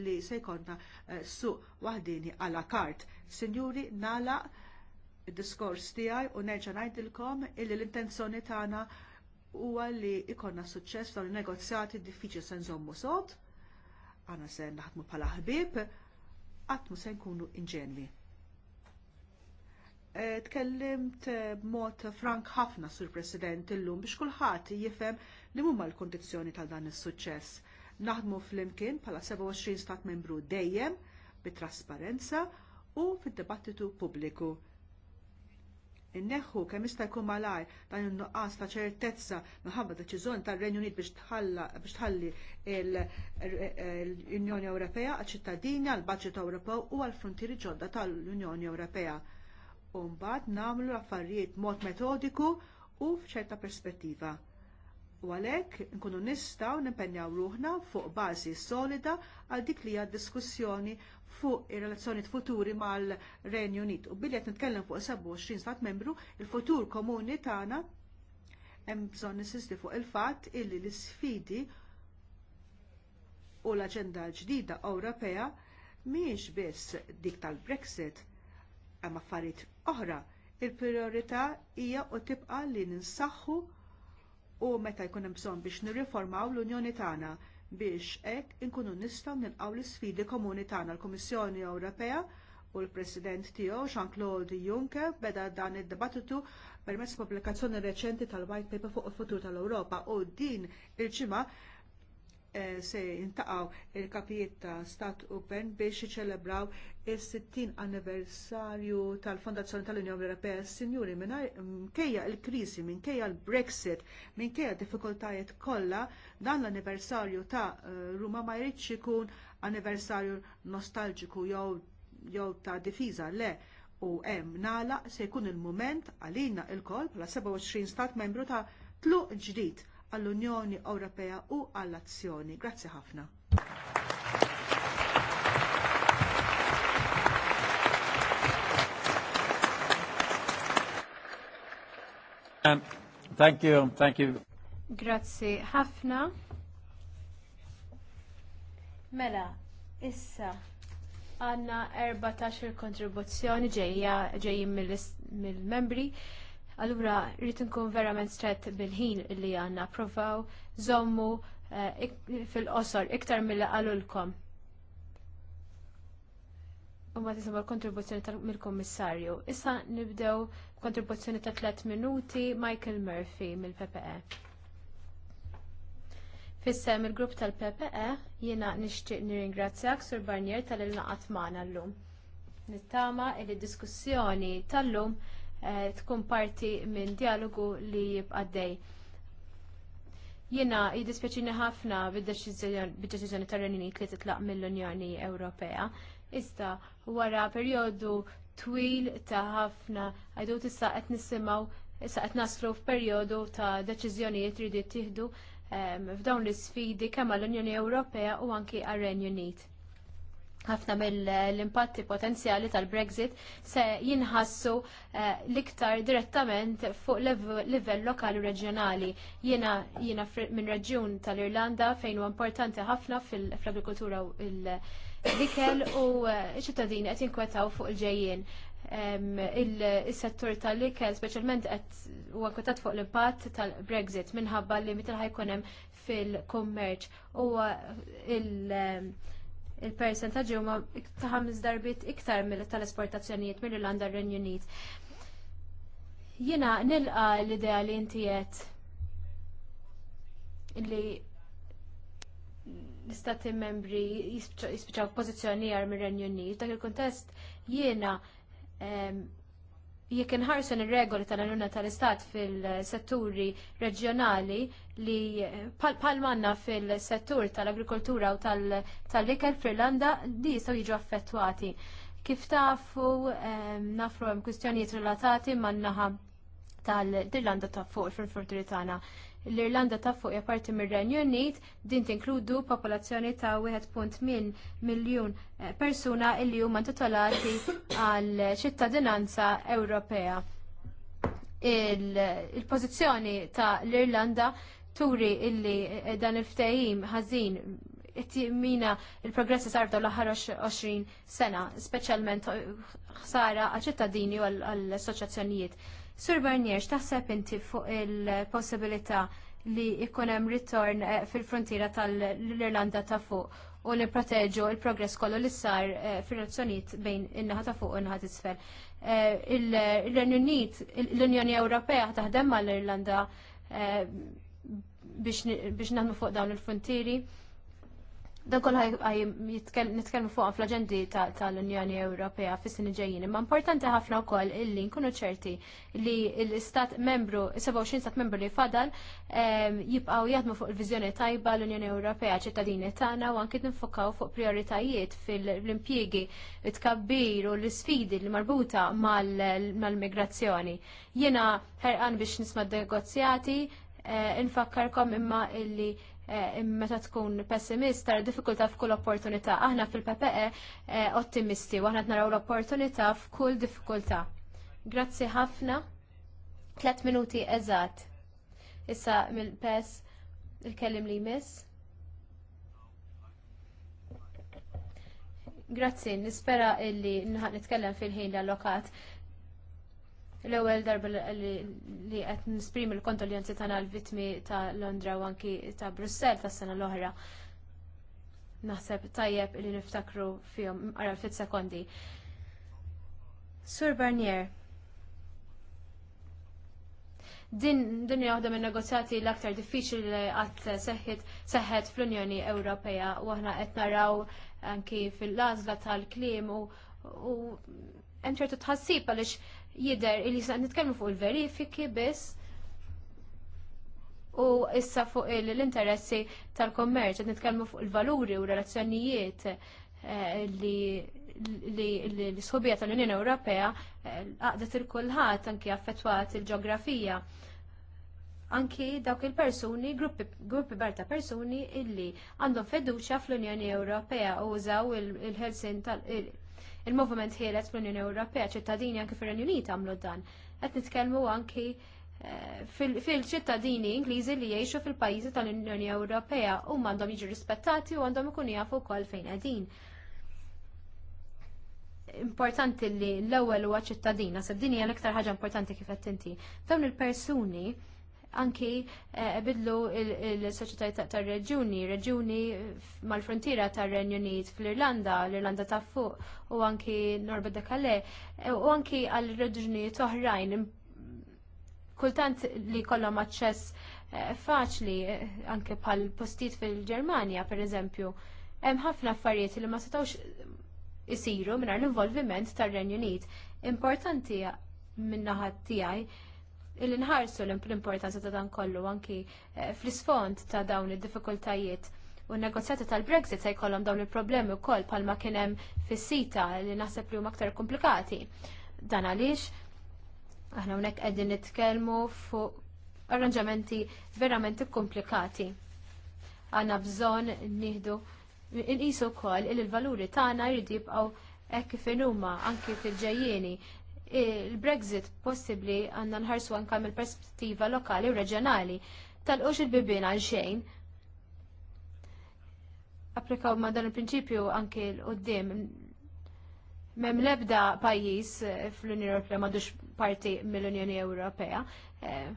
li se jkollna eh, su wahdini għala kart. Sinjuri, nala id diskors tiegħi u nerġa' ngħidilkom illi l-intenzjoni tagħna huwa li ikonna suċċess dawn il negozjati diffiċli se zommu sot, għana se naħdmu bħala ħbieb, qatt mu se nkunu inġenwi. Eh, tkellimt eh, mot frank ħafna sur President illum biex kulħadd jifhem li huma l kundizzjoni tal dan is-suċċess. Naħdmu flimkien bħala 27 stat membru dejjem bit-trasparenza u fid-dibattitu pubbliku. Inneħħu kemm jista' jkun malaj dan in-nuqqas ta' ċertezza minħabba deċiżjoni tar-Renju Unit biex tħalli l-Unjoni Ewropea għaċ-ċittadini għall baġit Ewropew u għall-frontieri ġodda tal-Unjoni Ewropea. U mbagħad nagħmlu affarijiet mod metodiku u f'ċerta perspettiva u għalhekk nkunu nistgħu nimpenjaw ruħna fuq bażi solida għal dik li hija diskussjoni fuq ir-relazzjonijiet futuri mal-Renju Unit. U billi qed nitkellem fuq 27 stat membru, il-futur komuni tagħna hemm bżonn insisti fuq il-fatt illi l-isfidi u l-aġenda ġdida Ewropea mhijiex biss dik tal-Brexit hemm affarijiet oħra. Il-priorità hija u tibqa' li ninsaħħu u meta jkun hemm bżonn biex nirriformaw l-Unjoni tagħna biex hekk inkunu nistgħu nilqgħu l-isfidi komuni tagħna l-Kummissjoni Ewropea u l-President tiegħu Jean-Claude Juncker beda dan id-dibattitu permezz pubblikazzjoni reċenti tal-White Paper fuq il-futur tal-Ewropa u din il-ġimgħa Eh, se jintaqgħu il-kapijiet ta' Stat Open biex jiċċelebraw is-60 anniversarju tal-Fondazzjoni tal-Unjoni Ewropea. Sinjuri, minkejja l kriżi minkejja l-Brexit, minkejja diffikultajiet kollha, dan l-anniversarju ta' eh, Ruma ma jridx ikun anniversarju nostalġiku jew ta' difiża le u hemm nagħlaq se jkun il mument għalina lkoll bħala 27 stat membru ta' tluq ġdid għall-Unjoni Ewropea u għall-azzjoni. Grazzi ħafna. Um, thank you, thank you. Grazzi ħafna. Mela, issa għanna 14 kontribuzzjoni ġejja ġejjin mill-membri. Mil Allura, rrit nkun verament stret bil-ħin li għanna provaw, zommu eh, fil-qosor, iktar mill għalulkom. U ma l kontribuzzjoni mill-kommissarju. Issa nibdew kontribuzzjoni ta' 3 minuti Michael Murphy mill-PPE. Fissem il-grupp tal-PPE jiena nixtieq ingrazzjak Sur Barnier tal-il-naqat maħna l-lum. Nittama il-diskussjoni tal-lum Eh, tkun parti minn dialogu li jibqaddej. Jena jidispeċini ħafna bid-deċizjoni tar renini li titlaq mill-Unjoni Ewropea. Iżda wara perjodu twil ta' ħafna għajdu tista' qed nisimgħu issa qed naslu f'perjodu ta' deċiżjonijiet li jittieħdu ehm, f'dawn l-isfidi kemm għall-Unjoni Ewropea u anki għar-Renju Unit ħafna mill-impatti potenzjali tal-Brexit se jinħassu eh, l-iktar direttament fuq livell lokali u reġjonali. Jiena jiena minn reġjun tal-Irlanda fejn huwa importanti ħafna fl-agrikoltura u l-ikel u eh, ċittadini qed jinkwetaw fuq il-ġejjien. Il-settur tal-ikel speċjalment qed huwa kwetat fuq l-impatt tal-Brexit minħabba li mitil ħajkun hemm fil-kummerċ u il- il-percentaġi huma ta' ħames darbit iktar mill tal-esportazzjonijiet mill-Irlanda r-Renju Unit. Jiena nilqa l-idea li inti qed li l-istati membri jispiċaw pożizzjoni għar mir-Renju Unit, dak il-kuntest jiena jekk inħarsu ir-regoli tal-Unjoni tal-Istat fil-setturi reġjonali li eh, pal manna fil-settur tal-agrikoltura u tal-ikel fil irlanda di jistgħu jiġu affettwati. Kif tafu ehm, nafru hemm kwistjonijiet relatati man-naħa tal-Irlanda ta' fuq fil-forturi tagħna l-Irlanda ta' fuq hija parti mir-Renju Unit din tinkludu popolazzjoni ta' 1.1 miljun eh, persuna li huma titolati għal ċittadinanza Ewropea. Il-pożizzjoni ta' l-Irlanda turi illi eh, dan il-ftehim ħażin mina il-progressi sar l-aħħar 20 sena, speċjalment ħsara għal ċittadini u għall assoċjazzjonijiet Sur Barnier, taħseb inti fuq il-possibilità li ikkunem hemm ritorn eh, fil-frontiera tal-Irlanda ta' fuq u li proteġu il-progress kollu li sar eh, fir razzjoniet bejn in-naħa ta' fuq u in-naħa isfel. Eh, l-Unjoni Ewropea taħdem mal-Irlanda biex naħdmu fuq dawn il-frontieri. Dan kol nitkellmu fuq fl-aġendi tal-Unjoni Ewropea fis sini ġejjin, imma importanti ħafna wkoll illi nkunu ċerti li l-istat membru, 27 stat membru li fadal jibqgħu jaħdmu fuq il-viżjoni tajba l-Unjoni Ewropea ċittadini tagħna u anke nfokaw fuq prioritajiet fil-impjiegi tkabbir u l-isfidi li marbuta mal-migrazzjoni. Jiena ħerqan biex nisma' negozjati, infakkarkom eh, imma illi Eh, meta tkun pessimista, diffikultà f'kull opportunità. Aħna fil-PPE eh, ottimisti u aħna naraw l-opportunità f'kull diffikultà. Grazzi ħafna. Tlet minuti eżat. Issa mill-pes il-kellim li jmiss. Grazzi, nispera illi nħat nitkellem fil-ħin l-allokat l-ewwel darba li qed nisprim il-kondoljanzi tagħna l-vittmi ta' Londra u anki ta' Brussell tas-sena l-oħra. Naħseb tajjeb li niftakru fihom ara fit sekondi. Sur Barnier, din din waħda minn negozjati l-aktar diffiċli li qatt seħħet seħħet fl-Unjoni Ewropea u aħna qed naraw anki fil-għażla tal-kliem u hemm ċertu tħassib għaliex jider il sa' nitkellmu fuq il-verifiki biss u issa fuq l-interessi tal-kommerċ, nitkellmu fuq il-valuri u relazzjonijiet eh, li l-sħobija tal-Unjoni Ewropea għaqdet eh, il kulħadd anki affettwat il-ġeografija. Anki dawk il-persuni, gruppi bar ta' persuni illi għandhom fiduċa fl-Unjoni Ewropea u użaw il-ħelsin tal- il-movement ħielet fl-Unjoni Ewropea, ċittadini anki fir-Renju Unit għamlu dan. Qed nitkellmu anki eh, fil-ċittadini Ingliżi li jgħixu fil-pajjiżi tal-Unjoni Ewropea u għandhom jiġu rispettati u għandhom ikun jafu wkoll fejn qegħdin. Importanti li l-ewwel huwa ċittadina, sebdini hija l-iktar ħaġa importanti kif qed inti. Dawn il-persuni anki eh, bidlu il-soċietajiet tar-reġjuni, reġjuni mal-frontiera tar-Renju Unit fl-Irlanda, l-Irlanda ta' fuq u anki Norba de Calais eh, u anki għal reġjunijiet oħrajn kultant li kollom aċċess eh, faċli anke pal postijiet fil-Ġermanja pereżempju, hemm ħafna affarijiet li ma setgħux isiru mingħajr l-involviment tar-Renju Unit. Importanti minn naħa tiegħi illi nħarsu l-importanza ta' dan kollu anki eh, fl-isfond ta' dawn id-diffikultajiet. U n-negozjati tal-Brexit se jkollhom dawn il-problemi wkoll palma kien hemm fis-sita li naħseb li huma aktar komplikati. Dan għaliex aħna hawnhekk qegħdin nitkellmu fuq arranġamenti verament komplikati. Għandna bżonn nieħdu inqisu wkoll il-valuri tagħna jridu jibqgħu hekk kif huma anke fil-ġejjieni il-Brexit possibbli għandna nħarsu anka mill-perspettiva lokali u reġjonali tal-qux il-bibin għal xejn. Applikaw ma dan il-prinċipju anke l-qoddim. Mem lebda pajis eh, fl-Unjoni Ewropea madux parti mill-Unjoni Ewropea. Eh,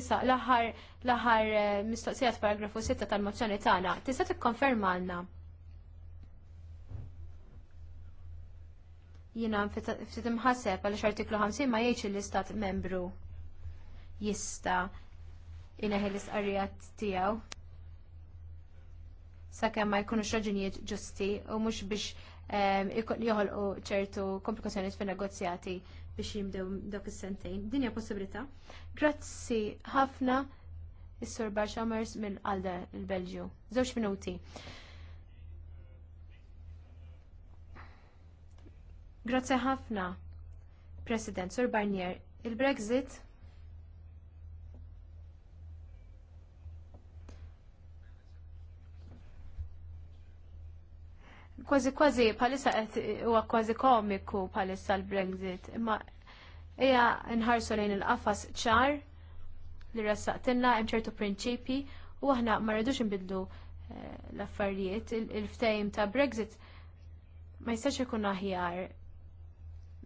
issa, l-aħħar eh, mistoqsija paragrafu 6 tal-mozzjoni tagħna, tista' tikkonfermalna Jina ftit imħasseb għaliex artiklu 50 ma jgħidx l-istat membru jista' ineħi l-isqarrijat tiegħu sakemm ma jkunux raġunijiet ġusti u mhux biex ehm, joħolqu ċertu komplikazzjonijiet fin-negozjati biex jimdew dok is-sentejn. Din hija possibilità. Grazzi ħafna is-Sur Barxamers minn Alda il-Belġju. Żewġ minuti. Grazzi ħafna, President Sur Barnier. Il-Brexit kważi kważi palissa huwa kważi komiku palissa l-Brexit. Imma hija nħarsu lejn il-qafas ċar li ressaqtilna hemm ċertu prinċipi u aħna ma rridux nbidlu eh, l-affarijiet. Il-ftejm ta' Brexit ma jistax ikun aħjar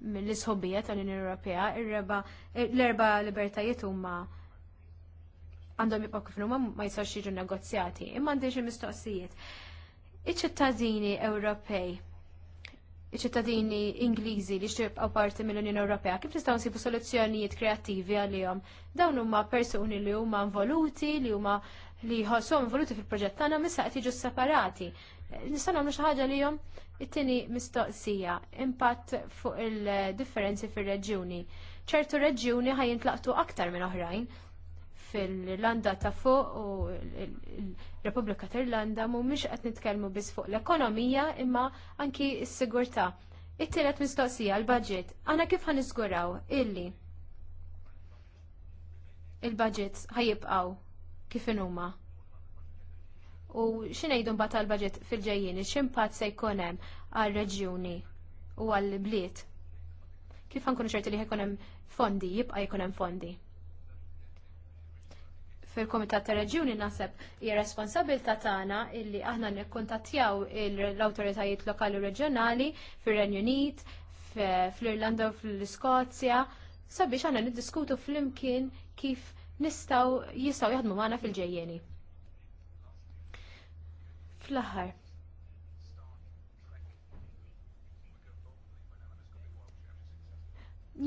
mill isħobijiet tal-Unjoni Ewropea, l-erba libertajiet huma għandhom jibqgħu kif huma ma jistax jiġu negozjati. Imma għandi xi mistoqsijiet. Iċ-ċittadini Ewropej, iċ-ċittadini Ingliżi li xtibqgħu parti mill-Unjoni Ewropea, kif tistgħu nsibu soluzzjonijiet kreattivi għalihom? Dawn huma persuni li huma involuti, li huma li jħossom involuti fil-proġett tagħna minn qed jiġu separati nistanna mux xi ħaġa lihom it-tieni mistoqsija, impatt fuq il-differenzi fir-reġjuni. ċertu reġjuni ħajintlaqtu aktar minn oħrajn fil-Irlanda ta' fuq u l-Repubblika ta' Irlanda mhumiex qed nitkellmu biss fuq l-ekonomija imma anki s-sigurtà. It-tielet mistoqsija l-budget. Għana kif ħaniżguraw illi il-budgets ħajibqaw kif inhuma. U xinejdu mbagħad tal-budget fil-ġejjien, x'impatt se jkun hemm għal-reġjuni u għall-bliet? Kif nkunu ċerti li jkun hemm fondi, jibqa' jkun hemm fondi? fil-Komitat ta' Reġjuni naseb hija ta' tagħna illi aħna nikkuntattjaw l-awtoritajiet lokali u reġjonali fir-Renju Unit, fl-Irlanda u fl-Iskozja sabiex aħna niddiskutu flimkien kif nistgħu jistgħu jaħdmu magħna fil-ġejjeni. Fl-aħħar.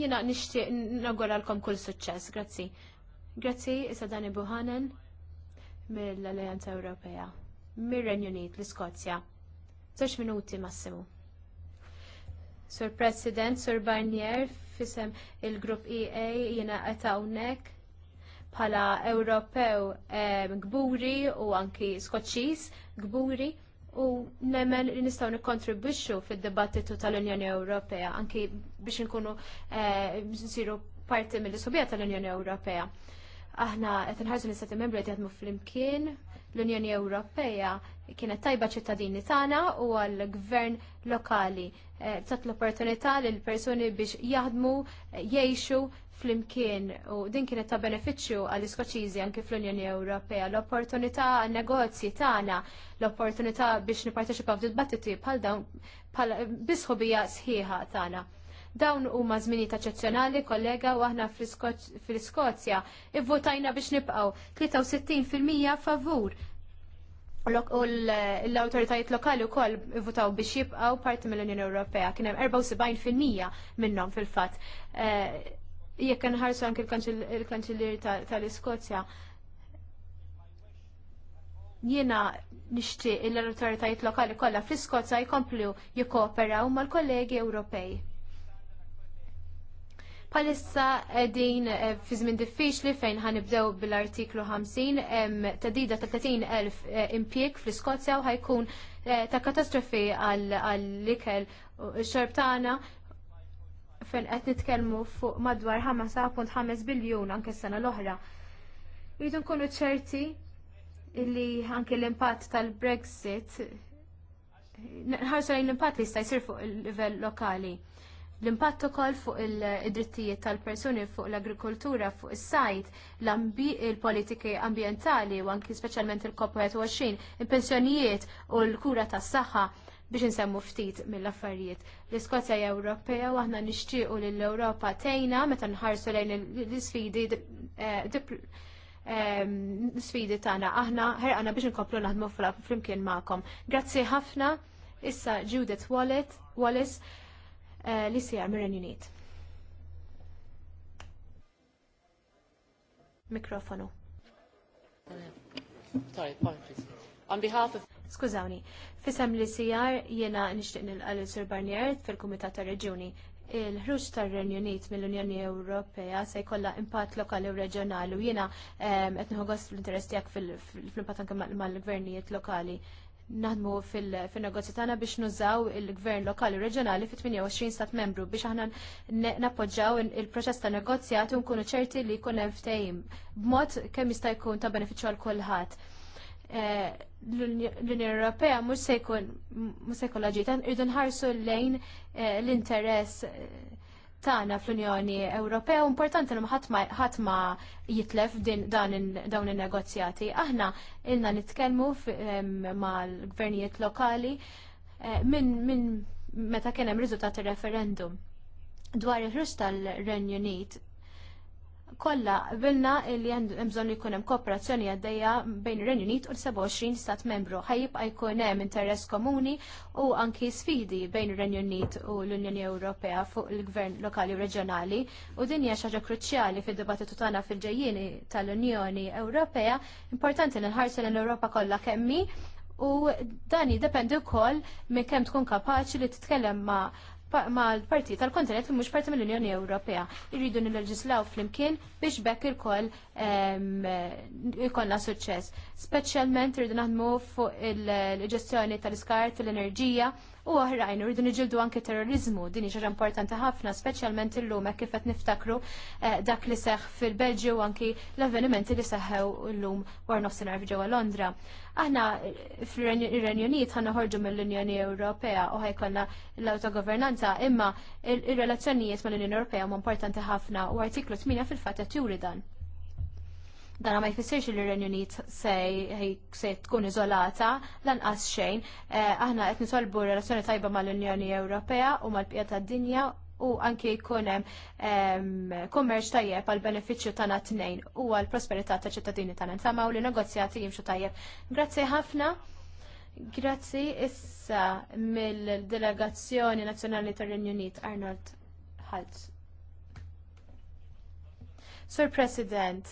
Jiena nixtieq kom kull suċċess, grazzi. Grazzi issa Dani Buhanen mill-Alleanza Ewropea, mir-Renju Unit, l-Iskozja. Żewġ minuti massimu. Sur President, Sur Barnier, fisem il-Grupp EA jiena qed hawnhekk bħala Ewropew eh, gburi u anki Skoċċiż gburi u nemmen li nistgħu nikkontribwixxu fid-dibattitu tal-Unjoni Ewropea anki biex nkunu eh, nsiru parti mill-isubija tal-Unjoni Ewropea. Aħna qed inħarsu l-istati membri qed jaħdmu flimkien l-Unjoni Ewropea kienet tajba ċittadini tagħna u għall-gvern lokali. Eh, Tat l-opportunità lil persuni biex jaħdmu, jgħixu flimkien u din kienet ta' benefiċċju għall iskoċiżi anke fl-Unjoni Ewropea l-opportunità għan negozji tagħna l-opportunità biex nipparteċipaw f'dibattiti bħal dawn bħal bija sħiħa tagħna. Dawn huma żminijiet taċċezzjonali, kollega, u aħna fl-Iskozja ivvotajna biex nibqgħu 63% favur u l-autoritajiet lokali wkoll votaw biex jibqgħu parti mill-Unjoni Ewropea kien hemm 74% minnhom fil-fatt eh, jekk nħarsu anke il-kanċellier tal-Iskozja. Jiena nixtieq l-autoritajiet lokali kollha fl-Iskozja jkomplu jikkooperaw mal-kollegi Ewropej. Palissa din eh, fi żmien diffiċli fejn ħanibdew bil-artiklu 50 hemm tadida ta' 30,000 eh, impjieg fl-Iskozja u ħajkun eh, ta' katastrofi għall-ikel xorb tagħna fejn qed nitkellmu fuq madwar 5.5 biljun anke s-sena l-oħra. Rridu nkunu ċerti li anke l-impatt tal-Brexit ħarġa l-impatt li jista' jsir fuq il-livell lokali. L-impatt ukoll fuq id-drittijiet tal-persuni fuq l-agrikoltura, fuq is-sajt, il-politiki ambjentali u anki speċjalment il-COP21, il-pensjonijiet u l-kura tas-saħħa biex insemmu ftit mill-affarijiet. L-Iskozja Ewropea u aħna nixtiequ li l-Ewropa tejna meta nħarsu lejn l-sfidi eh, sfidi tagħna aħna ħerqana biex inkomplu naħdmu flimkien magħkom. Grazzi ħafna issa Judith Wallet Wallis eh, li sija Mirren Unit. Mikrofonu. On behalf of Skużawni, fisem li sijar jena nishtiq nil Sur Barnier fil-Kumitat ta' Reġuni. Il-ħruġ tar-Renju Unit mill-Unjoni Ewropea se jkollha impatt lokali u reġjonali u jiena qed nħogost fl-interess tiegħek fl-impatt anke mal-gvernijiet lokali naħdmu fil-negozju tagħna biex nużaw il-gvern lokali u reġjonali fi 28 stat membru biex aħna nappoġġaw il-proċess ta' negozjat u nkunu ċerti li jkun hemm ftehim b'mod kemm jista' jkun ta' benefiċċju għal kulħadd l-Unjoni Ewropea mhux se jkun mhux irdu nħarsu lejn eh, l-interess eh, tagħna fl-Unjoni Ewropea u importanti li ħadd ma jitlef dawn in-negozjati. Aħna ilna nitkellmu mal-gvernijiet lokali eh, minn meta kien hemm riżultat ir-referendum dwar il-ħrus tal-Renju Unit kollha bilna li hemm bżonn jkun hemm kooperazzjoni għaddejja bejn ir-Renju Unit u l-27 stat membru. Ħajjibqa' jkun hemm interess komuni u anki sfidi bejn ir-Renju Unit u l-Unjoni Ewropea fuq il-gvern lokali u reġjonali u din hija xi ħaġa kruċjali fid-dibattitu tagħna fil-ġejjieni tal-Unjoni Ewropea. Importanti li nħarsu l-Ewropa kollha kemmi u dan jiddependi wkoll minn kemm tkun kapaċi li titkellem ma' mal-parti tal-kontinent li mhux parti mill-Unjoni Ewropea. Irridu nilleġislaw flimkien biex bekk il ikollna suċċess. Speċjalment irridu naħdmu fuq il-ġestjoni tal-iskart, l-enerġija, u oħrajn irridu niġildu anke terrorizmu. Din xi importanti ħafna, speċjalment illum hekk kif qed niftakru eh, dak li seħħ fil-Belġju u anki l-avvenimenti li seħħew illum war nofsinhar ġewwa Londra. Aħna fir-Renju Unit ħanna ħorġu mill-Unjoni Ewropea u ħajkollna l-autogovernanza imma il relazzjonijiet mal-Unjoni Ewropea huma importanti ħafna u artiklu 8 fil-fatt qed juri dan. Dan ma jfissirx li r-Renju Unit se tkun iżolata lanqas xejn. Eh, aħna qed nisolbu relazzjoni tajba mal-Unjoni Ewropea u mal-bqija tad-dinja u anki jkun hemm kummerċ tajjeb għal benefiċċju tagħna tnejn u għal prosperità taċ ċittadini tagħna nsama u li negozjati jimxu tajjeb. Grazzi ħafna. Grazzi issa mill-Delegazzjoni Nazzjonali tar-Renju Unit Arnold Halt. Sir President,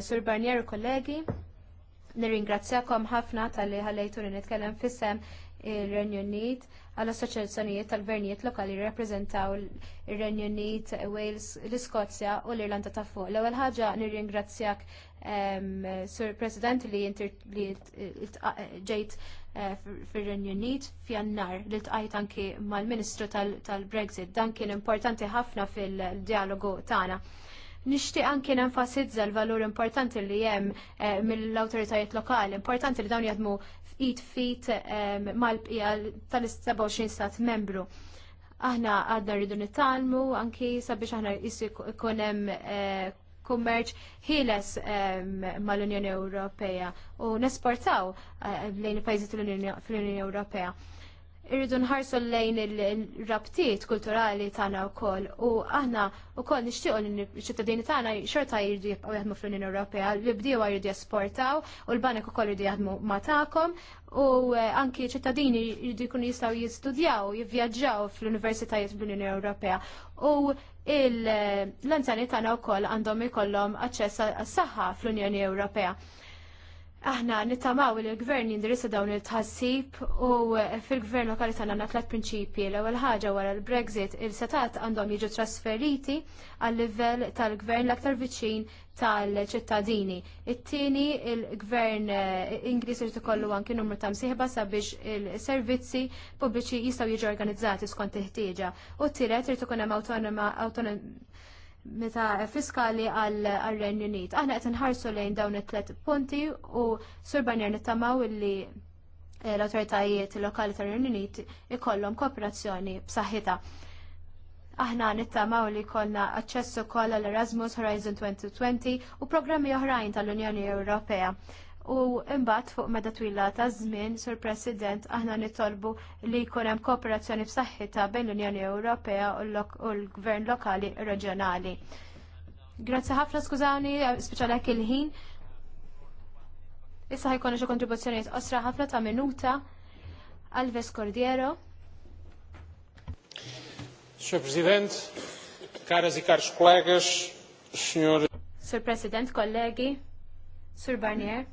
Sur Barnier u kollegi, nirringrazzjakom ħafna tal-li ħallejtu li nitkellem fissem il-Renju Unit għall assoċjazzjonijiet tal-gvernijiet lokali rappresentaw il-Renju Unit, Wales, l-Iskozja u l-Irlanda ta' fuq. L-ewwel ħaġa nirringrazzjak Sur President li ġejt eh, fir-Renju Unit f'Jannar li tqajt anki mal-Ministru tal-Brexit. Dan kien importanti ħafna fil-dialogu tagħna. Nixtieq anke nenfasizza l-valur importanti li hemm eh, mill-awtoritajiet lokali, importanti li dawn jaħdmu f'id fit eh, mal-bqija tal-27 stat membru. Aħna għadna rridu nitalmu anki sabiex aħna jissu ikun hemm eh, kummerċ ħieles mal-Unjoni Ewropea u nesportaw lejn il-pajjiżi fl-Unjoni Ewropea irridu nħarsu lejn il-rabtiet kulturali tagħna wkoll u aħna wkoll nixtiequ li ċittadini tagħna xorta jirdu jibqgħu jaħdmu fl-Unjoni Ewropea, li bdiewa jirdu jesportaw u l-banek ukoll jirdu jaħdmu matakom u eh, anki ċittadini jirdu jkunu jistgħu jistudjaw, jivvjaġġaw fl-universitajiet fl unjoni Ewropea. U eh, l-anzjani tagħna wkoll għandhom ikollhom aċċess għas-saħħa fl-Unjoni Ewropea. Aħna nittamaw il l-gvern jindirissa dawn il-tħassib u fil-gvern lokali tagħna għandna tliet prinċipji. L-ewwel ħaġa wara l-Brexit il-setat għandhom jiġu trasferiti għal livell tal-gvern l-aktar viċin tal-ċittadini. It-tieni il-gvern eh, Ingliż irid ikollu anki numru ta' msieħba sabiex il-servizzi pubbliċi jistgħu jiġu organizzati skont il-ħtieġa. U t-tielet irid ikun hemm meta fiskali għal renju Unit. Aħna qed inħarsu lejn dawn it-tlet punti u Sur Banjer nittamaw illi eh, l-autoritajiet lokali tar renju Unit ikollhom kooperazzjoni b'saħħitha. Aħna nittamaw li kollna aċċessu ukoll għall Erasmus Horizon 2020 u programmi oħrajn tal-Unjoni Ewropea u imbagħad fuq meta twila ta' żmien, Sur President, aħna nitolbu li jkun hemm kooperazzjoni b'saħħitha bejn l-Unjoni Ewropea u l-Gvern lokali reġjonali. Grazzi ħafna skużawni, speċjalek il-ħin. Issa ħajkun xi kontribuzzjonijiet qosra ħafna ta' minuta. Alves Cordiero. Sr. President, caras e caros colegas, Sr. Sr. President, kollegi, Sr. Barnier.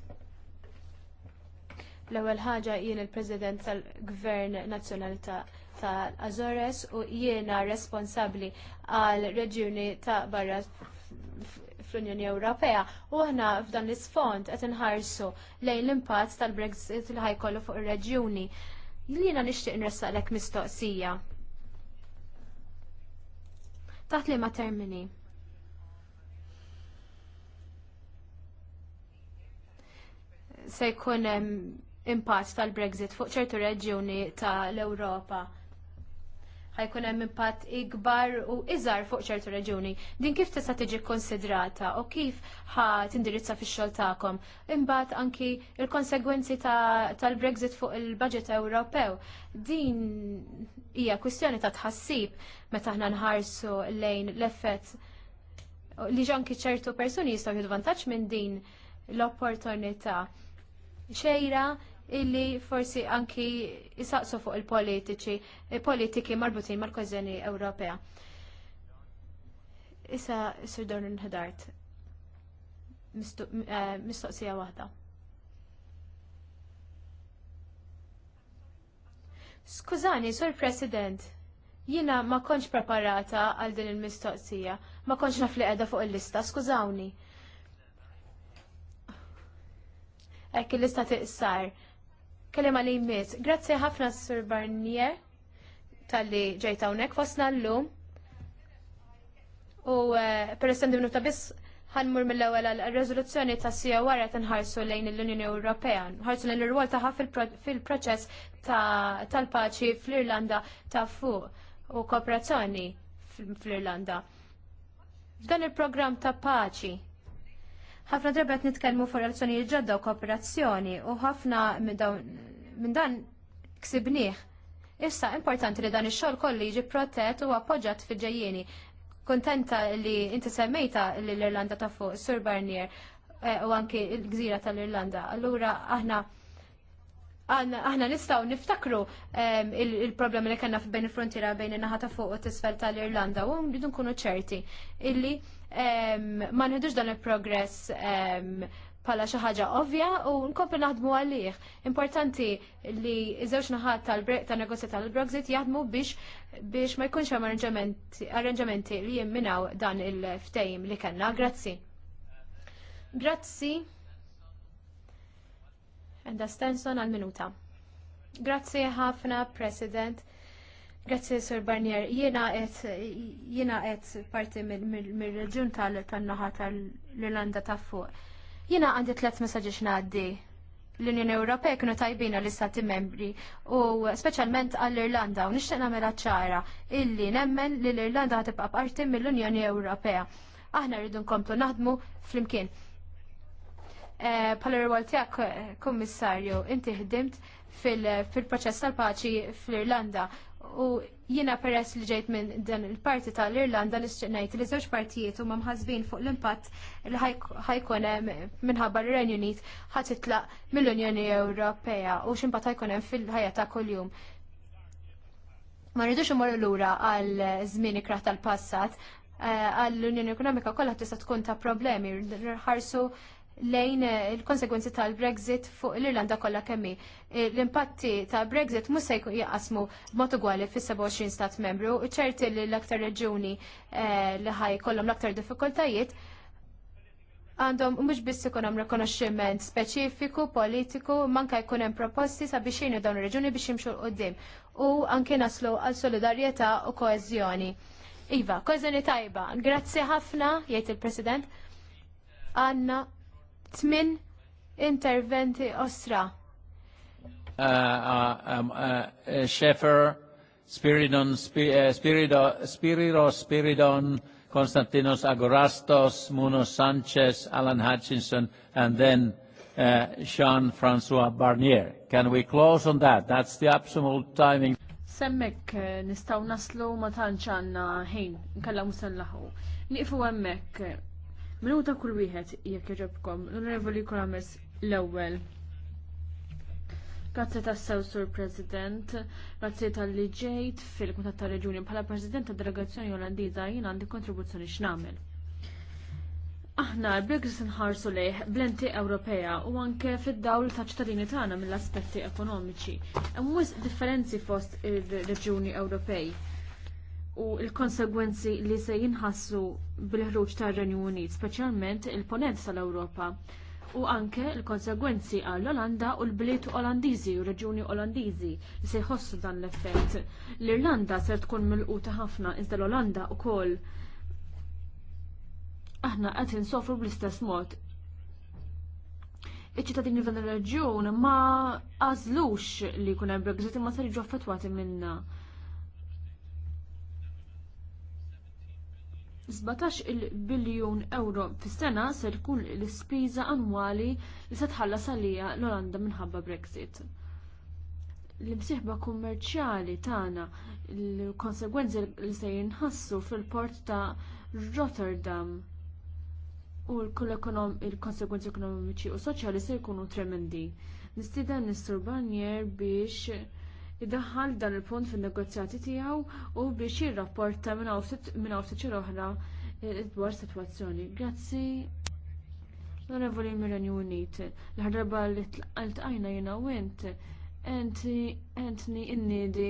L-ewwel ħaġa jien il-President tal-Gvern Nazzjonali tal-Azores u jiena responsabbli għal reġjuni ta' barra fl-Unjoni Ewropea u aħna f'dan l-isfond qed inħarsu lejn l-impatt tal-Brexit li ħajkollu fuq ir-reġjuni. Jiena nixtieq nressaqlek mistoqsija. Taħt li ma termini. se jkun hemm impatt tal-Brexit fuq ċertu reġjuni tal-Ewropa ħajkun hemm impatt ikbar u iżgħar fuq ċertu reġuni. Din kif tista' tiġi konsidrata u kif ħa tindirizza fix-xogħol tagħkom. Imbagħad anki il-konsegwenzi tal-Brexit fuq il-budget Ewropew. Din hija kwistjoni ta' tħassib meta aħna nħarsu lejn l-effett li ġanki ċertu persuni jistgħu jidvantaġġ minn din l-opportunità xejra illi forsi anki jisaqsu fuq il-politiċi, politiki marbutin mal-kozzjoni Ewropea. Issa, Sir Dornan Hedart, eh, mistoqsija wahda. Skużani, Sir President, jina ma konċ preparata għal din il-mistoqsija, ma konċ naf li għedha fuq il-lista, skużawni. Ekk il-lista tiqsar Kellem għalli jmiss. Grazzi ħafna Sur Barnier tal-li ġejta unek fosna l-lum. U eh, per essendi minuta biss ħanmur mill-ewwel għal-rezoluzzjoni ta' sija wara tinħarsu lejn l-Unjoni Ewropea. ħarsu lejn l rwol tagħha fil-proċess tal-paċi fl-Irlanda ta' fuq u kooperazzjoni fl-Irlanda. Dan il-programm ta' paċi ħafna drabi nitkellmu fuq relazzjonijiet ġodda u kooperazzjoni u ħafna minn dan ksibnieh. Issa importanti li dan ix-xogħol kollu jiġi protett u appoġġjat fil-ġejjieni. Kontenta li inti semmejta l-Irlanda ta' fuq Sur Barnier eh, u anki l-gżira tal-Irlanda. Allura aħna aħna nistaw niftakru ehm, il-problemi li kena bejn il frontira bejn in-naħa ta' fuq u t-isfel tal-Irlanda u rridu nkunu ċerti illi ma nħedux dan il-progress pala xi ħaġa ovvja u nkompli naħdmu għalih. Importanti li iż-żewġ naħat tal negozja tal-Brexit jaħdmu biex biex ma jkunx hemm arranġamenti li jimminaw dan il-ftejm li kellna. Grazzi. Grazzi. Enda Stenson għal-minuta. Grazzi ħafna, President. Grazie, Sir Barnier. Jiena qed parti mir-reġjun tal-naħa tal-Irlanda ta' fuq. Jiena għandi tliet messaġġi x'ngħaddi. L-Unjoni Ewropea kienu tajbina l-Istati membri u speċjalment għall-Irlanda u nixtieq nagħmilha ċara illi nemmen li l-Irlanda ħatibqa' parti mill-Unjoni Ewropea. Aħna rridu nkomplu naħdmu flimkien. Pala eh, rwol tiegħek, eh, Kummissarju, inti ħdimt fil-proċess tal-paċi fl-Irlanda U jiena peress li ġejt minn dan il-parti tal-Irlanda li li żewġ partijiet huma mħazbin fuq l-impatt li ħajkun minnħabba minħabba l-Renju Unit ħatitla mill-Unjoni Ewropea u ximpat ħajkun hemm fil-ħajja ta' kuljum. Ma rridux imorru lura għal żmien kraħ tal-passat, eh, għall-Unjoni Ekonomika kollha tista' tkun ta' problemi, ħarsu lejn eh, il-konsegwenzi tal-Brexit fuq l-Irlanda kollha kemmi. Eh, l-impatti tal-Brexit mhux se jaqasmu b'mod ugwali fis-27 stat membru, ċerti li l-aktar reġuni eh, li ħaj kollhom l-aktar diffikultajiet għandhom mhux biss ikun hemm rikonoxximent speċifiku, politiku, manka jkun hemm proposti sabiex jgħinu dawn ir-reġuni biex jimxu l qudiem u anke naslu għal solidarjetà u koeżjoni. Iva, koeżjoni tajba. Grazzi ħafna, jgħid il-President. Anna tmin interventi osra. Uh, uh, um, uh, Shefer, Spiridon, Spir Spirido, Spiridon, Konstantinos Agorastos, Muno Sanchez, Alan Hutchinson, and then uh, Jean-François Barnier. Can we close on that? That's the absolute timing. Semmek nistaw naslu ma tanċanna ħin, nkalla musan laħu. Niqfu hemmhekk Minuta kull wieħed jekk iġobkom. L-Onorevoli Kolames l-ewwel. Grazzi sew sur President, grazzi tal-li ġejt fil kuntat ta' Reġuni bħala President tad Delegazzjoni Olandiża jien għandi kontribuzzjoni x'namel. Aħna l-Brexit nħarsu lejh blenti Ewropea u anke fid-dawl ta' ċittadini tagħna mill-aspetti ekonomiċi. Hemm differenzi fost ir-reġuni Ewropej u l-konsegwenzi li se jinħassu bil-ħruġ tar renju Unit, speċjalment il-ponent tal-Ewropa, u anke l-konsegwenzi għall-Olanda u l-bliet Olandiżi u reġuni Olandiżi li se jħossu dan l-effett. L-Irlanda ser tkun milquta ħafna iżda l-Olanda wkoll. Aħna qed insofru bl-istess mod. Iċ-ċittadini f'dan ir-reġjun ma għażlux li jkun hemm Brexit imma ser jiġu affettwati minnha 17 biljun euro fis-sena se tkun l-ispiża annwali li se tħallas għalija l-Olanda minħabba Brexit. L-imsieħba kummerċjali tagħna l-konsegwenzi li se jinħassu fil-port ta' Rotterdam u l-konsegwenzi ekonomiċi u soċjali se jkunu tremendi. Nistieden Nistur Barnier biex jiddaħħal dan il-punt fin-negozjati tiegħu u biex jirrapporta minn hawn sitt id eh, dwar situazzjoni. Grazzi l-Onorevoli Mirani Unit. L-ħarba li tqajna jiena u int Anthony innidi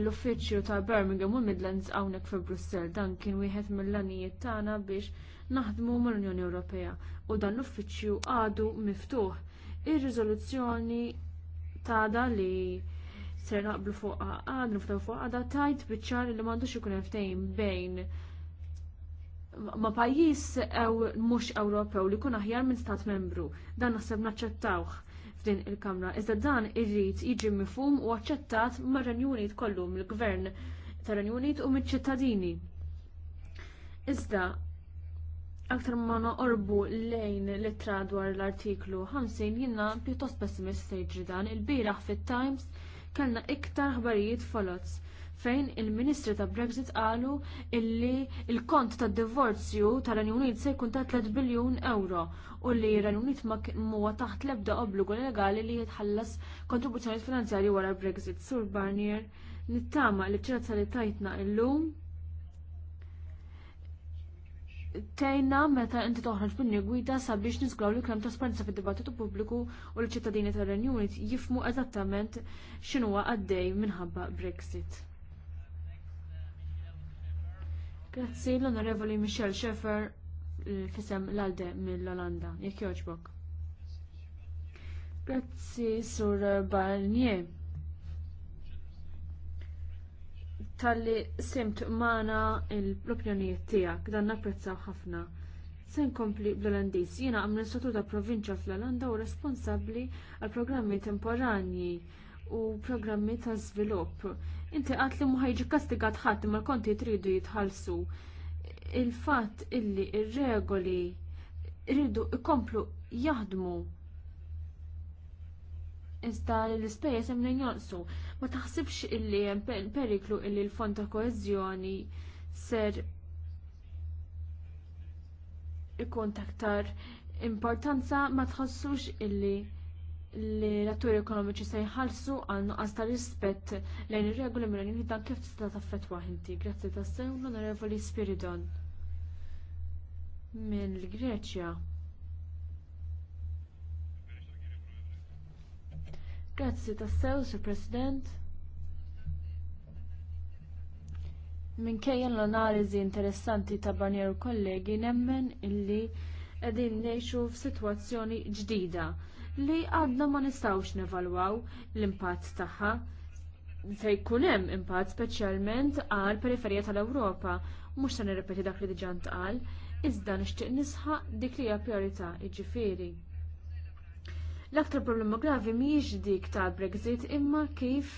l-uffiċċju ta' Birmingham u Midlands hawnhekk fi Brussell dan kien wieħed mill-lanijiet tagħna biex naħdmu mal-Unjoni Ewropea u dan l-uffiċċju għadu miftuħ. Ir-riżoluzzjoni ta' li ser naqblu fuq għad, niftaw fuq għada tajt bitċar li mandu ikun ftejn bejn ma pajis ew mux Ewropew li kun aħjar minn stat membru. Dan naħseb naċċettawh f'din il-Kamra. Iżda dan irrid jiġi mifhum u aċċettat mar-Renju Unit kollu mill-Gvern tar-Renju Unit u mill-ċittadini. Iżda aktar ma noqorbu lejn litra dwar l-artiklu 50 jiena pjuttost pessimist se dan il-bieraħ fit-Times kellna iktar ħbarijiet folots fejn il-Ministri ta' Brexit qalu illi il-kont tad divorzju tal-Renju Unit se jkun ta' 3 biljun euro u li r-Renju Unit ma huwa taħt l-ebda obbligu legali li jitħallas kontribuzzjoni finanzjarji wara Brexit. Sur Barnier, nittama li ċirat li tajtna llum tejna meta inti toħroġ minni gwida sabiex nisgraw li kemm trasparenza fid-dibattitu pubbliku u l-ċittadini tal-Renju Unit jifmu eżattament x'inhuwa għaddej minħabba Brexit. Grazzi l-Onorevoli Michel Schaeffer eh, fisem l-Alde mill-Olanda. Jekk joġbok. Grazzi, Sur Barnier. tal-li simt maħna l opinjoniet tiegħek, dan napprezzaw ħafna. Se nkompli bl olandis jiena amministratur ta' provinċja fl-Olanda u responsabbli għal programmi temporanji u programmi ta' żvilupp. Inti qatt li ħajġi kastigat ħadd ma konti tridu jitħallsu. Il-fatt illi ir-regoli rridu ikomplu jaħdmu iżda l-ispejjeż hemm lejn jonqsu. Ma taħsibx illi hemm periklu illi l-fond ta' koeżjoni ser ikun taktar importanza ma tħassux illi li l-atturi ekonomiċi se jħallsu għal għasta ta' rispett lejn ir-regoli mill dan kif tista' taffettwa inti. Grazzi tassew l-Onorevoli Spiridon l greċja Grazzi tassew, Sir President. Minkejja l-analiżi interessanti ta' Barnier u kollegi nemmen illi qegħdin f f'sitwazzjoni ġdida li għadna ma nistgħux nevalwaw l-impatt tagħha se jkun hemm impatt speċjalment għal periferija tal-Ewropa, mhux ta nirrepeti dak li diġà għal iżda nixtieq nisħaq dik li hija priorità jiġifieri L-aktar problema gravi mhijiex dik tal-Brexit imma kif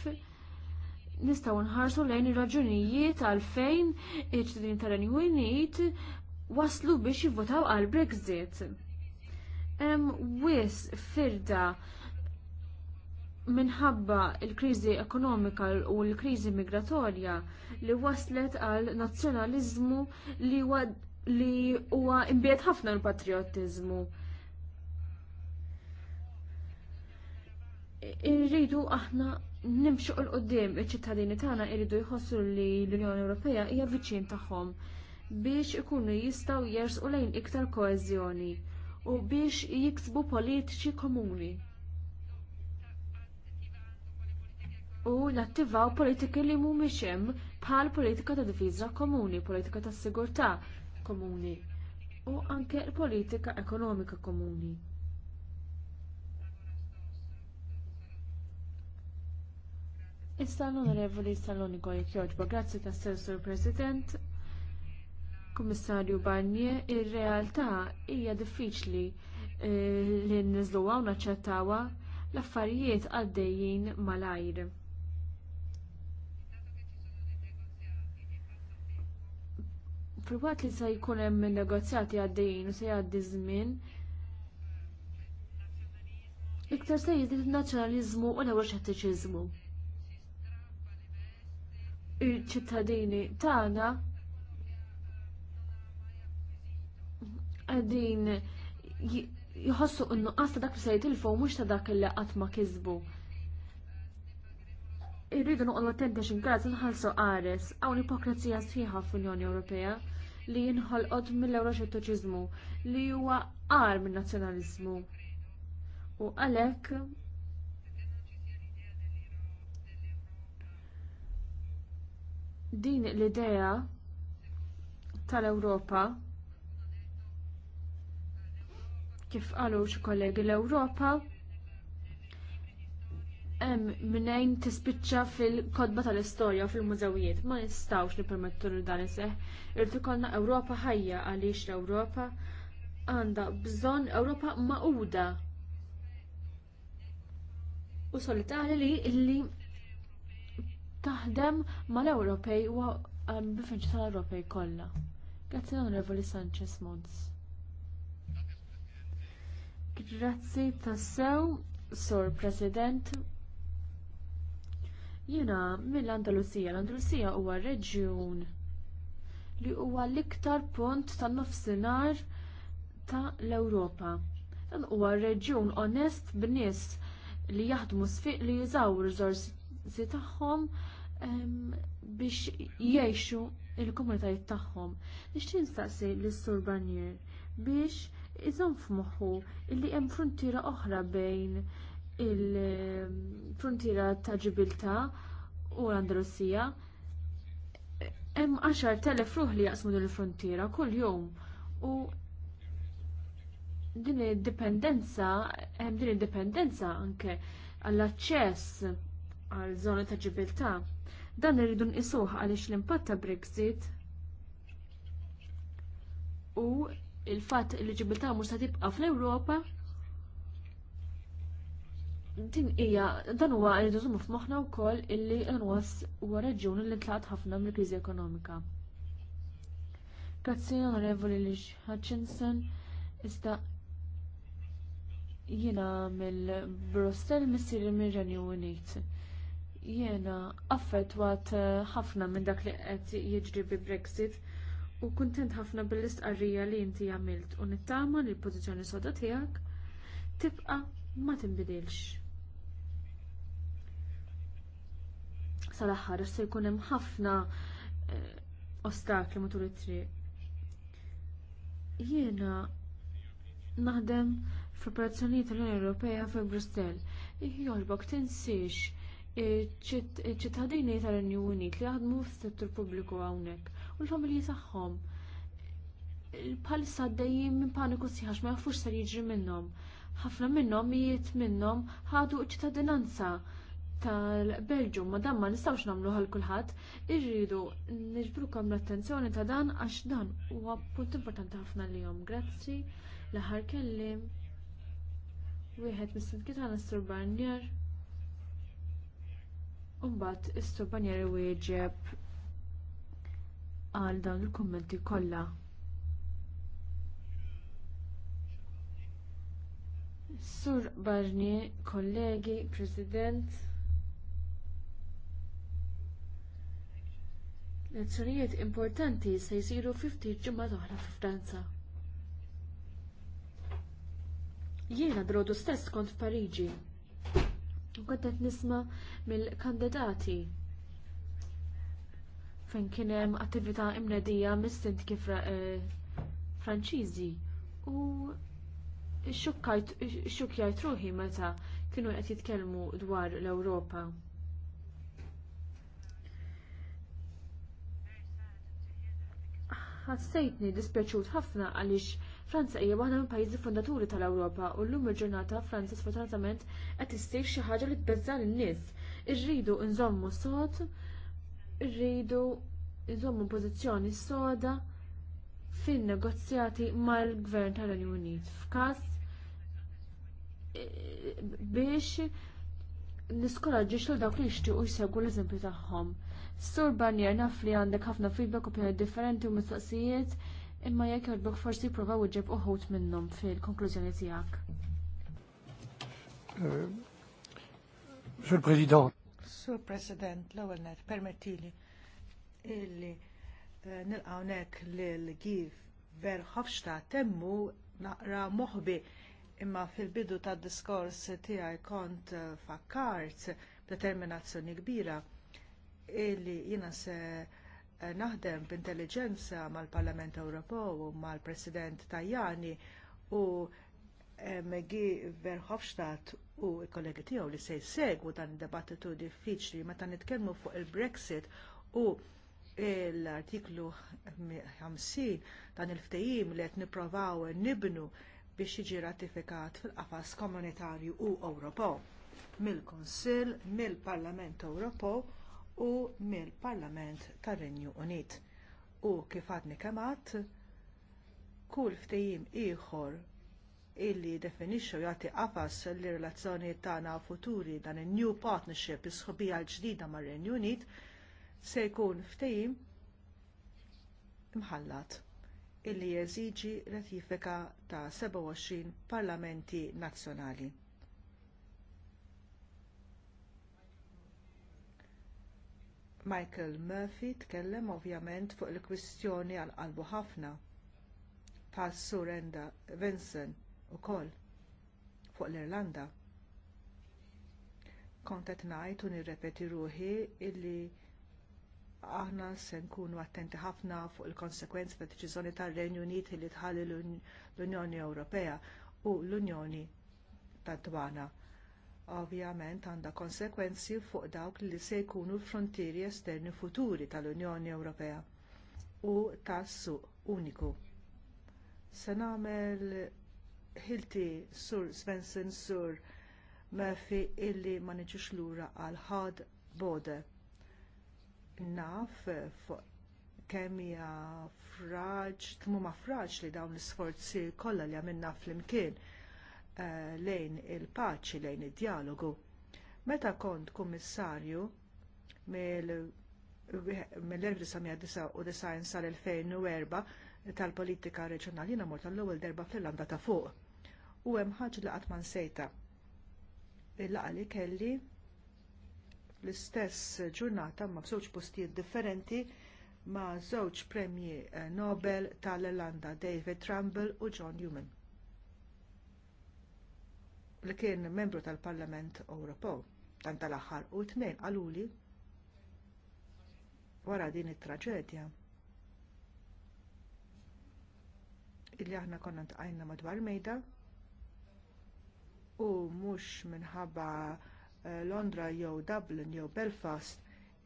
nistgħu nħarsu lejn ir-raġunijiet għalfejn iċ-ċittadin tal-Renju Unit waslu biex jivvotaw għal Brexit. Hemm wis firda minħabba l-kriżi ekonomika u l-kriżi migratorja li waslet għal nazzjonaliżmu li huwa imbiet ħafna l-patriotizmu. irridu aħna nimxu l qoddim iċ-ċittadini tagħna irridu jħossu li l-Unjoni Ewropea hija viċin tagħhom biex ikunu jistgħu jersqu lejn iktar koeżjoni u biex jiksbu politiċi komuni. U nattivaw politiki li mhumiex hemm bħal politika ta' diviża komuni, politika tas sigurtà komuni u anke politika ekonomika komuni. Issa l-Onorevoli Saloni Gojek grazzi ta' Sur President, Kummissarju Barnier, ir-realtà hija diffiċli eh, li nniżluha u naċċettawha l-affarijiet għaddejjin malajr. Fil-waqt li se jkun hemm negozjati għaddejjin u se jgħaddi żmien, iktar se n nazzjonaliżmu u l-ewwel il-ċittadini tagħna għadin jħossu n-nuqqas ta' dak li se jitilfu mhux ta' dak li qatt ma kisbu. Irridu noqgħodu attenti x'inkrazz inħallsu qares hawn ipokrazija sħiħa fl-Unjoni Ewropea li jinħolqod mill-Euroxettoċiżmu li huwa qar min-nazzjonaliżmu. U għalhekk Din l-idea tal-Ewropa kif qalu xi kollegi l-Ewropa hemm minejn tispiċċa fil-kodba tal-istorja u fil-mużewijiet. Ma nistgħux nippermettu li dan iseħħ. Irid ikollna Ewropa ħajja għaliex l-Ewropa għandha bżonn Ewropa maquda u solitari li illi taħdem mal-Ewropej u um, bifinċi tal-Ewropej kollha. Grazzi l Revoli Sanchez Mons. Grazzi tassew, Sur President. Jiena mill-Andalusija. L-Andalusija huwa reġjun li huwa l-iktar punt tan-nofsinhar ta' l-Ewropa. Dan huwa reġjun onest b'nies li jaħdmu sfiq li jużaw riżorsi mezzi tagħhom biex jgħixu l komunitajiet tagħhom. Nixtieq nistaqsi lis surbanier Barnier biex iżomm f'moħħu li hemm frontiera oħra bejn il-frontiera ta' Ġibilta u l-Andalusija. Hemm 10,000 ruħ li jaqsmu din il-frontiera kuljum u din id-dipendenza, hemm din id-dipendenza anke għall-aċċess għal żona ta' ġibilta, dan irridu nqisuh għaliex l-impatt ta' Brexit u il-fatt li ġibilta mhux se tibqa' fl-Ewropa din hija dan huwa rridu żommu f'moħħna wkoll illi nwas huwa reġjun li tlaqat ħafna mill-kriżi ekonomika. Grazzi onorevoli Lish Hutchinson, iżda jiena mill-Brussell missieri mir-Renju Unit. Jiena affettwat eh, ħafna minn dak li qed jiġri bi Brexit u kuntent ħafna bil-istqarrija li inti għamilt u nittama li l-pożizzjoni soda tiegħek tibqa ma tinbidilx. Sal-aħħar se jkun hemm ħafna eh, ostakli matul it-triq. Jiena naħdem f'operazzjonijiet tal-Unjoni Ewropea fi Brussell. Jolbok tinsiex ċittadini tal-Renju Unit li f settur pubbliku hawnhekk u l-familji tagħhom d għaddejjin minn paniku siħax ma jaffux ser jiġri minnhom. Ħafna minnhom jiet minnhom ħadu ċittadinanza tal-Belġu ma damma nistawx nistgħux nagħmlu għal kulħadd, irridu niġbrukom l-attenzjoni ta' dan għax dan huwa punt importanti ħafna lihom. Grazzi l-aħħar kellim wieħed mis-sidki tagħna Sur Barnier. Umbat, istu banjer wieġeb għal dawn il-kommenti kollha. Sur Barni, kollegi, President, Lezzjonijiet importanti se jsiru 50 ġimgħa oħra fi Franza. Jiena drodu stess kont f'Pariġi Kontet nisma mill-kandidati fejn kien hemm attività imnedija mis-sint kif eh, Franċiżi u xukjajt ruħi meta kienu qed jitkellmu dwar l-Ewropa. Ħassejtni dispjaċut ħafna għaliex Franza hija waħda mill-pajjiżi fondaturi tal-Ewropa u llum il-ġurnata Franza sfortunatament qed issir xi ħaġa li tbeżżan in-nies. Irridu nżommu sod, irridu nżommu pożizzjoni soda fin-negozjati mal-Gvern tal-Renju Unit f'każ e, biex niskoraġġix lil dawk li jixtiequ jsegwu l-eżempju tagħhom. Sur Barnier naf li għandek ħafna feedback u opinjoni differenti u mistoqsijiet imma jekk jorbok forsi provaw iġib uħut minnhom fil-konklużjoni tiegħek. Eh, Sur President. Sur President, l-ewwel net permettili illi eh, nilqgħu nek lil Giv Verhofstadt temmu naqra moħbi imma fil-bidu tad diskors tiegħi kont eh, fakkart b'determinazzjoni kbira illi jiena se naħdem b'intelliġenza mal-Parlament Ewropew u mal-President Tajani u Megi Verhofstadt u l kollegi tiegħu li se jsegwu dan id-dibattitu diffiċli meta nitkellmu fuq il-Brexit u l-artiklu 50 dan il-ftehim li qed nipprovaw nibnu biex jiġi ratifikat fil-qafas komunitarju u Ewropew mill-Kunsill, mill-Parlament Ewropew u mill-Parlament tar-Renju Unit. U kif għadni kemat, kull ftehim ieħor illi definixxu jagħti qafas lir relazzjoni tagħna futuri dan in-new partnership is-sħobija l-ġdida mar-Renju Unit se jkun ftehim imħallat illi jeżiġi ratifika ta' 27 parlamenti nazzjonali. Michael Murphy tkellem ovvjament fuq il-kwistjoni għal qalbu ħafna bħal Surenda Vincent ukoll fuq l-Irlanda. Kont qed ngħid u nirrepeti ruħi illi aħna se nkunu attenti ħafna fuq il-konsekwenzi tad deċiżjoni tar-Renju Unit li tħalli l-Unjoni Ewropea u l-Unjoni tad-Dwana ovvjament għandha konsegwenzi fuq dawk li se jkunu l-frontieri esterni futuri tal-Unjoni Ewropea u tas-suq uniku. Se nagħmel ħilti sur Svensson sur Murphy illi ma niġux lura għal hard bode. Naf fuq kemm hija fraġ, tmu ma fraġ li dawn l-isforzi kollha li għamilna flimkien Eh, lejn il-paċi, lejn id il dialogu Meta kont kummissarju mill-1999 sal-2004 tal-politika reġjonali jiena mort tal-ewwel darba fl-Irlanda ta' fuq. U hemm ħaġa li qatt ma Il-laqa li kelli l-istess ġurnata ma' żewġ postijiet differenti ma' żewġ premji eh, Nobel tal-Irlanda David Trumbull u John Newman li kien membru tal-Parlament Ewropew tant tal-aħħar u tnejn qaluli wara din it-traġedja illi aħna konna ntqajna madwar mejda u mhux minħabba eh, Londra jew Dublin jew Belfast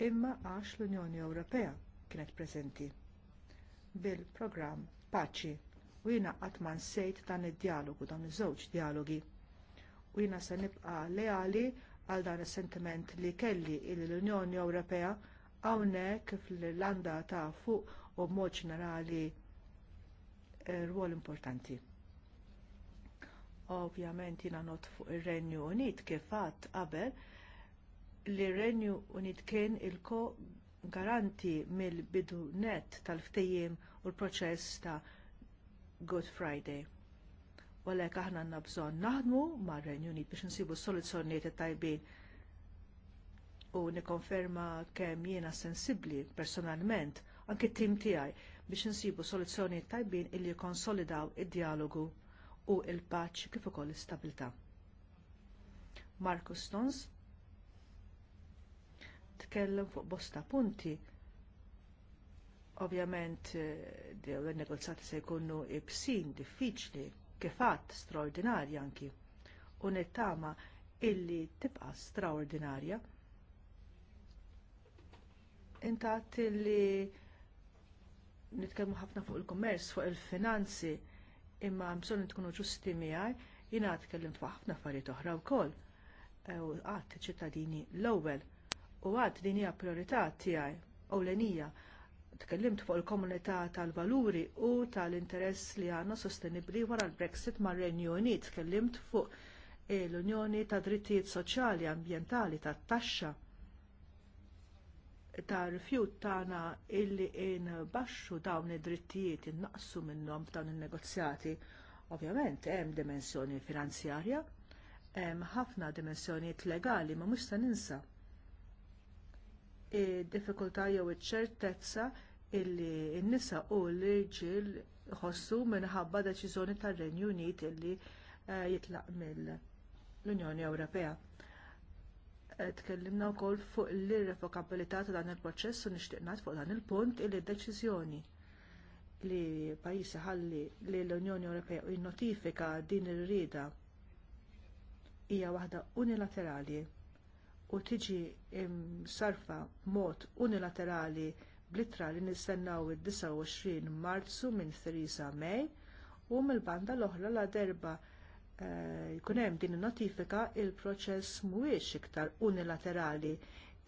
imma għax l-Unjoni Ewropea kienet preżenti bil-programm Paċi u jina għatman ma nsejt dan id-dialogu dawn iż-żewġ dialogi u jiena se nibqa leali għal dan is-sentiment li kelli li l-Unjoni Ewropea hawnhekk fl-Irlanda ta' fuq u b'mod ġenerali eh, rwol importanti. Ovvjament jiena not fuq ir-Renju Unit kif għadd qabel li r-Renju Unit kien il-ko garanti mill-bidu net tal-ftejjim u l-proċess ta' Good Friday u għalhekk aħna għandna bżonn naħdmu mar-Renju Unit biex insibu soluzzjonijiet tajbin u nikkonferma kemm jiena sensibbli personalment anki t tim tiegħi biex insibu soluzzjonijiet tajbin illi jikkonsolidaw id-dialogu u l paċ kif ukoll l-istabilità. Marcus Stons tkellem fuq bosta punti ovvjament eh, dew il-negozjati se jkunu ibsin diffiċli kifat straordinarja anki u nittama illi tibqa straordinarja. Intat illi nitkellmu ħafna fuq il kommers fuq il-finanzi, imma bżonn tkunu ġusti miegħi, jiena tkellimt fuq ħafna affarijiet oħra wkoll. E, u għad ċittadini l-ewwel u dinija din hija priorità tiegħi enija tkellimt fuq il-komunità tal-valuri u tal-interess li għandna sostenibbli wara l-Brexit mar renju Unit tkellimt fuq l-Unjoni tad Drittijiet Soċjali Ambjentali tat-Taxxa ta' rifjut tagħna illi baxxu dawn id-drittijiet innaqsu minnhom f'dawn in-negozjati. Ovvjament hemm dimensjoni finanzjarja, hemm ħafna dimensjonijiet legali ma mhux se ninsa. Id-diffikultà jew iċ-ċertezza illi n-nisa u l-irġil ħossu minħabba deċiżjoni tar-Renju Unit illi eh, jitlaq mill-Unjoni Ewropea. Eh, tkellimna wkoll fuq l-irrevokabilità ta' dan il-proċess u nixtieq nixtieqnat fuq dan il-punt illi d-deċiżjoni li pajjiżi ħalli li l-Unjoni Ewropea jinnotifika din ir-rieda hija waħda unilaterali u tiġi sarfa b'mod unilaterali blitra li nistennaw id-29 Marzu minn Theresa May u mill-banda l-oħra la derba eh, jkun hemm din in-notifika il-proċess mhuwiex iktar unilaterali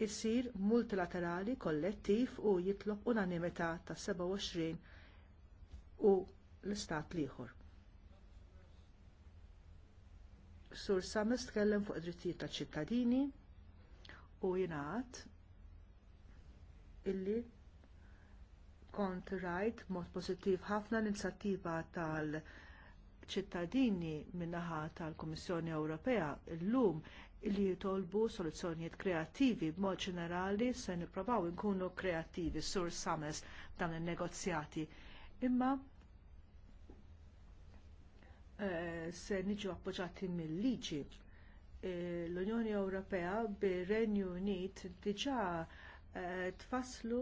isir multilaterali kollettiv u jitlob unanimità ta' 27 u l-istat l-ieħor. Sur Samis tkellem fuq id-drittijiet taċ ċittadini u jingħad illi kont rajt mod pożittiv ħafna l-inizjattiva tal-ċittadini min-naħa tal-Kummissjoni Ewropea llum li jitolbu soluzzjonijiet kreattivi b'mod ġenerali se nipprovaw inkunu kreattivi sur sames dan in-negozjati. Imma eh, se niġu appoġġati mill-liġi. Eh, L-Unjoni Ewropea bir-Renju Unit diġà eh, tfasslu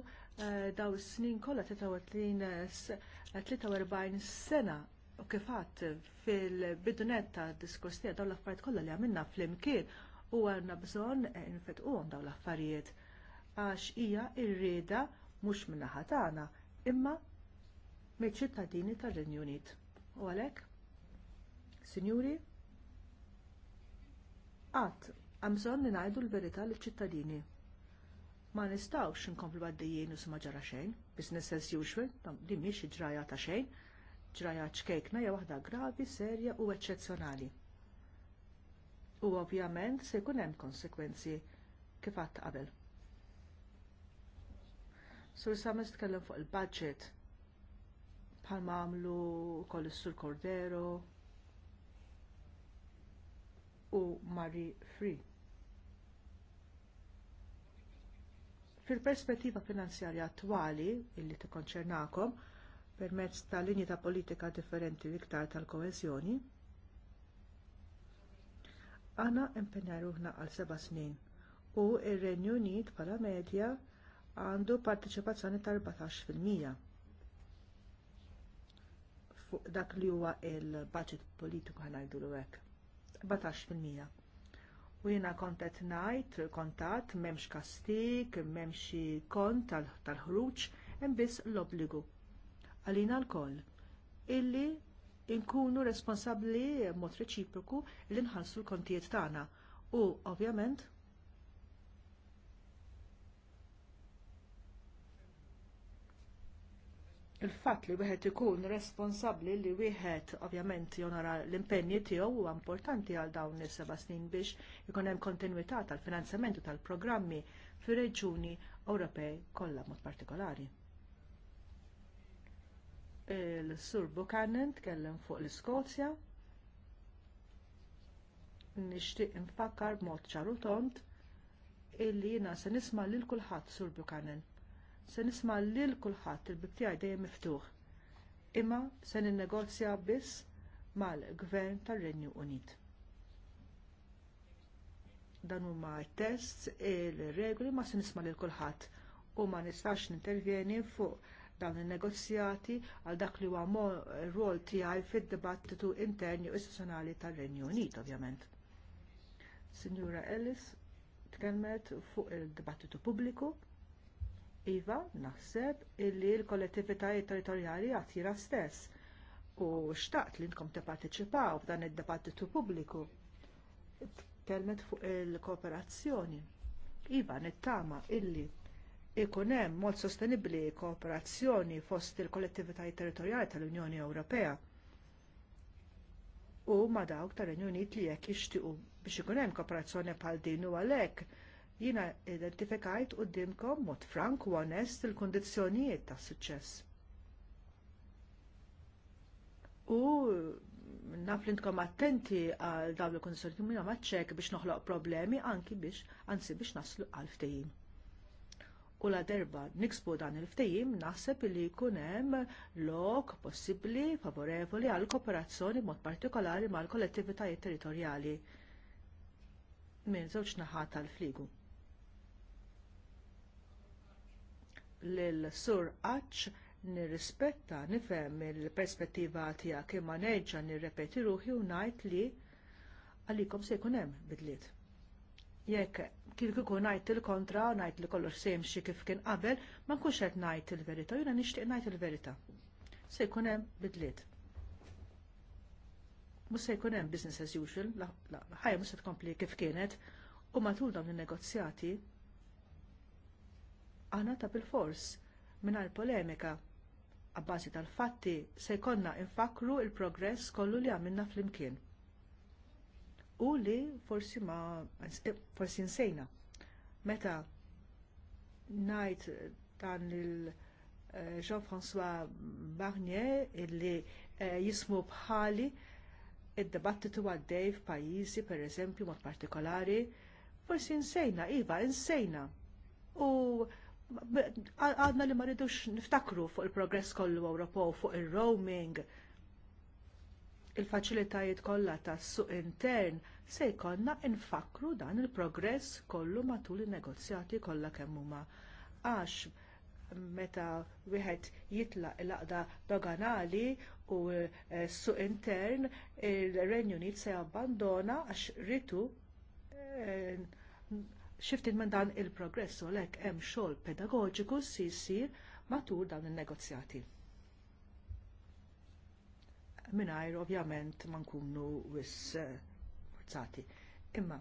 daw is-snin kollha 43 sena u kif kifat fil bidunetta ta' diskors dawn l-affarijiet kollha li għamilna flimkien u għandna bżonn infetquhom dawn l-affarijiet għax hija rrieda mhux min-naħa tagħna imma mill-ċittadini tar-Renju Unit. U għalhekk, Sinjuri, għadd hemm bżonn li ngħidu l-verità liċ-ċittadini ma nistawx nkomplu għaddijin u sma ġara xejn, business as usual, din miex ġraja ta' xejn, ġraja ċkejkna hija waħda gravi, serja u eċċezzjonali. U ovvjament se jkun hemm konsekwenzi kif għadt qabel. Sur Samis tkellem fuq il-budget bħal għamlu koll sur Cordero u Marie Free. Fil-perspettiva finanzjarja attwali, illi tikkonċernakom, permezz ta' linji ta' politika differenti iktar tal-koezjoni, għana impenjaruħna għal seba snin u r renju Unit bħala medja għandu partiċipazzjoni ta' 14% fuq dak li huwa il-budget politiku hekk. l fil 14%. U jina kontet najt, kontat, memx kastik, memx kont tal-ħruċ, hemm biss l-obligu. Għalina l-koll, illi inkunu responsabli mod reċiproku li nħallsu l-kontijiet tagħna. U ovvjament il-fatt li wieħed ikun responsabbli li wieħed ovvjament jonora l-impenni tiegħu huwa importanti għal dawn is-seba' snin biex ikun hemm kontinwità tal-finanzjamentu tal-programmi fir-reġjuni Ewropej kollha mod partikolari. Il-Sur Buchanan tkellem fuq l-Iskozja. Nixtieq infakkar b'mod ċarutont illi jiena se nisma' lil kulħadd Sur Buchanan se nisma' lil kulħadd il-bib dejjem miftuħ. Imma se ninnegozja biss mal-Gvern tar-Renju Unit. Dan huma t-tests il-regoli ma se nisma' lil kulħadd u ma nistax nintervjeni fuq dawn in-negozjati għal dak li huwa r-rol tiegħi fid-dibattitu interni u istituzzjonali tar-Renju Unit, ovvjament. Sinjura Ellis tkellmet fuq il dibattitu pubbliku Iva, naħseb illi l-kollettivitajiet territorjali għatira stess u xtaqt li nkom teparteċipaw f'dan id-dibattitu pubbliku. tkellmet fuq il-kooperazzjoni. Iva, nittama illi ikun hemm mod sostenibbli kooperazzjoni fost il-kollettivitajiet territorjali tal-Unjoni Ewropea u ma dawk tar-Renju Unit li jekk jixtiequ biex ikun hemm kooperazzjoni bħal din u għalhekk Jiena identifikajt quddiemkom mod frank u onest il kundizzjonijiet tas suċċess. U naf li intkom attenti għal dawn il-kondizjoni minna maċċek biex noħloq problemi anki biex, anzi biex naslu għal ftehim. U la derba niksbu dan il ftejim naħseb li jkun hemm lok possibbli favorevoli għal kooperazzjoni mod partikolari mal kollettivitajiet territorjali minn żewġ naħat tal-fligu. l-sur għaċ nirrispetta nifhem il-perspettiva tiegħek imma nerġa' nirrepeti ruħi u ngħid li għalikom se jkun hemm bidliet. Jekk kif ikun ngħid il-kontra, ngħid li kollox se jimxi kif kien qabel, ma nkunx qed ngħid il-verità, jiena nixtieq ngħid il-verità. Se jkun hemm bidliet. Mhux se jkun hemm business as usual, ħajja mhux se tkompli kif kienet, u matul dawn in-negozjati aħna ta' bilfors mingħajr polemika. Abbażi tal-fatti se jkollna infakru l progress kollu li għamilna flimkien. U li forsi ma forsi nsejna. Meta ngħid dan il- eh, Jean-François Barnier illi eh, jismu bħali id-debattitu għaddej f'pajjiżi pereżempju mod partikolari, forsi insejna, iva, insejna. U għadna li ma niftakru fuq il-progress kollu Ewropew fuq il-roaming, il-faċilitajiet kollha tas-suq intern se jkollna infakru dan il-progress kollu matul in-negozjati kollha kemm huma. Għax meta wieħed jitlaq il-aqda doganali u s-suq eh, intern il-Renju Unit se jabbandona għax ritu eh, xiftit minn dan il-progress u lek hemm xogħol pedagoġiku si jsir matul dawn in-negozjati. Mingħajr ovvjament ma nkunu wis eh, forzati. Imma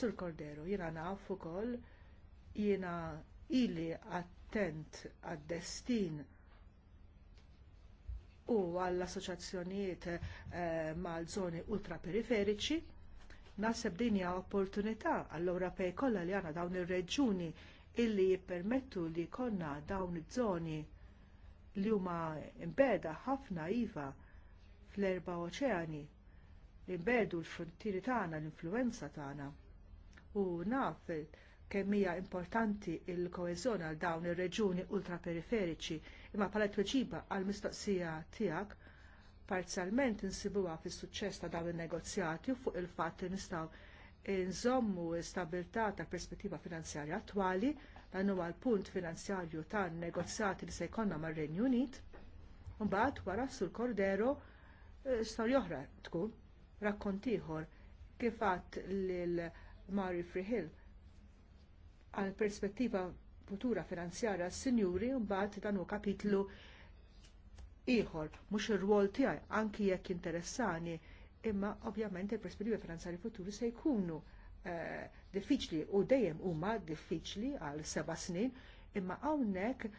Sur Cordero jiena naf ukoll jiena ili attent għad-destin u għall-assoċjazzjonijiet eh, mal-żoni ultraperiferiċi Naħseb din hija opportunità għall-Ewropej kollha li għandna dawn ir-reġuni illi jippermettu li jkollna dawn iż-żoni li huma mbeda ħafna iva fl-erba oċeani li mbedu l-frontieri tagħna l-influenza tagħna. U naf kemm hija importanti l koeżjoni għal dawn ir-reġuni ultraperiferiċi imma bħala tweġiba għall mistoqsija tiegħek parzialment insibuha fis-suċċess ta' dawn in-negozjati fuq il-fatt li nistgħu nżommu stabilità tal perspettiva finanzjarja attwali dan huwa l-punt finanzjarju tan negozjati li se jkollna mar-Renju Unit. Mbagħad wara sur Cordero eh, storja oħra tkun rakkont ieħor kif għadd lil Mari Frihill għal perspettiva futura finanzjarja s-sinjuri mbagħad dan hu kapitlu ieħor mhux ir-rwol tiegħi anki jekk interessani, imma ovvjament il-perspettivi finanzjari futuri se jkunu eh, diffiċli u dejjem huma diffiċli għal seba' snin, imma hawnhekk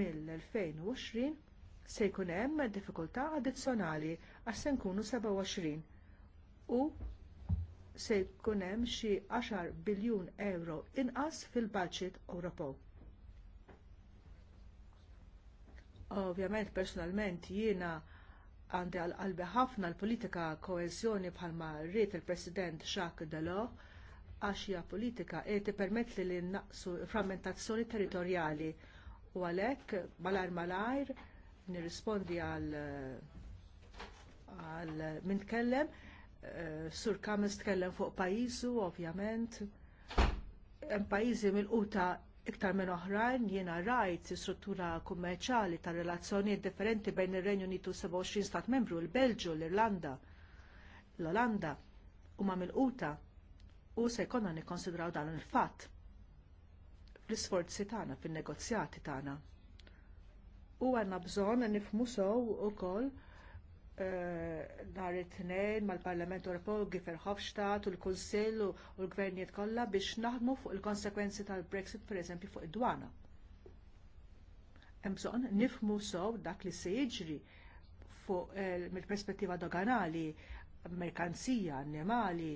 mill-2020 se jkun hemm diffikultà addizzjonali għax se nkunu 27 u se jkun hemm xi 10 biljun euro inqas fil-budget Ewropew. Ovvjament personalment jiena għandi għal qalbi ħafna l-politika koeżjoni bħalma rrid il-President Jacques Delors għax hija politika e tippermettli li naqsu frammentazzjoni territorjali u għalhekk malajr malajr nirrispondi għal għal min tkellem eh, Sur Kamis tkellem fuq pajjiżu ovvjament hemm pajjiżi mill iktar minn oħrajn jiena rajt struttura kummerċjali tar relazzjonijiet differenti bejn ir-Renju Unitu 27 stat membru, il-Belġu, l-Irlanda, l-Olanda huma milquta u se jkollna nikkonsidraw dan il-fatt fl-isforzi tagħna fin-negozjati tagħna. U għandna bżonn nifhmu sew ukoll Eh, nhar it-tnejn mal-Parlament Ewropew Gifer Hofstadt u l-Kunsill u l-Gvernijiet kollha biex naħdmu fuq il-konsekwenzi tal-Brexit pereżempju fuq id-dwana. Hemm bżonn nifhmu sew dak li se jiġri fuq eh, mill-perspettiva doganali, merkanzija, annimali,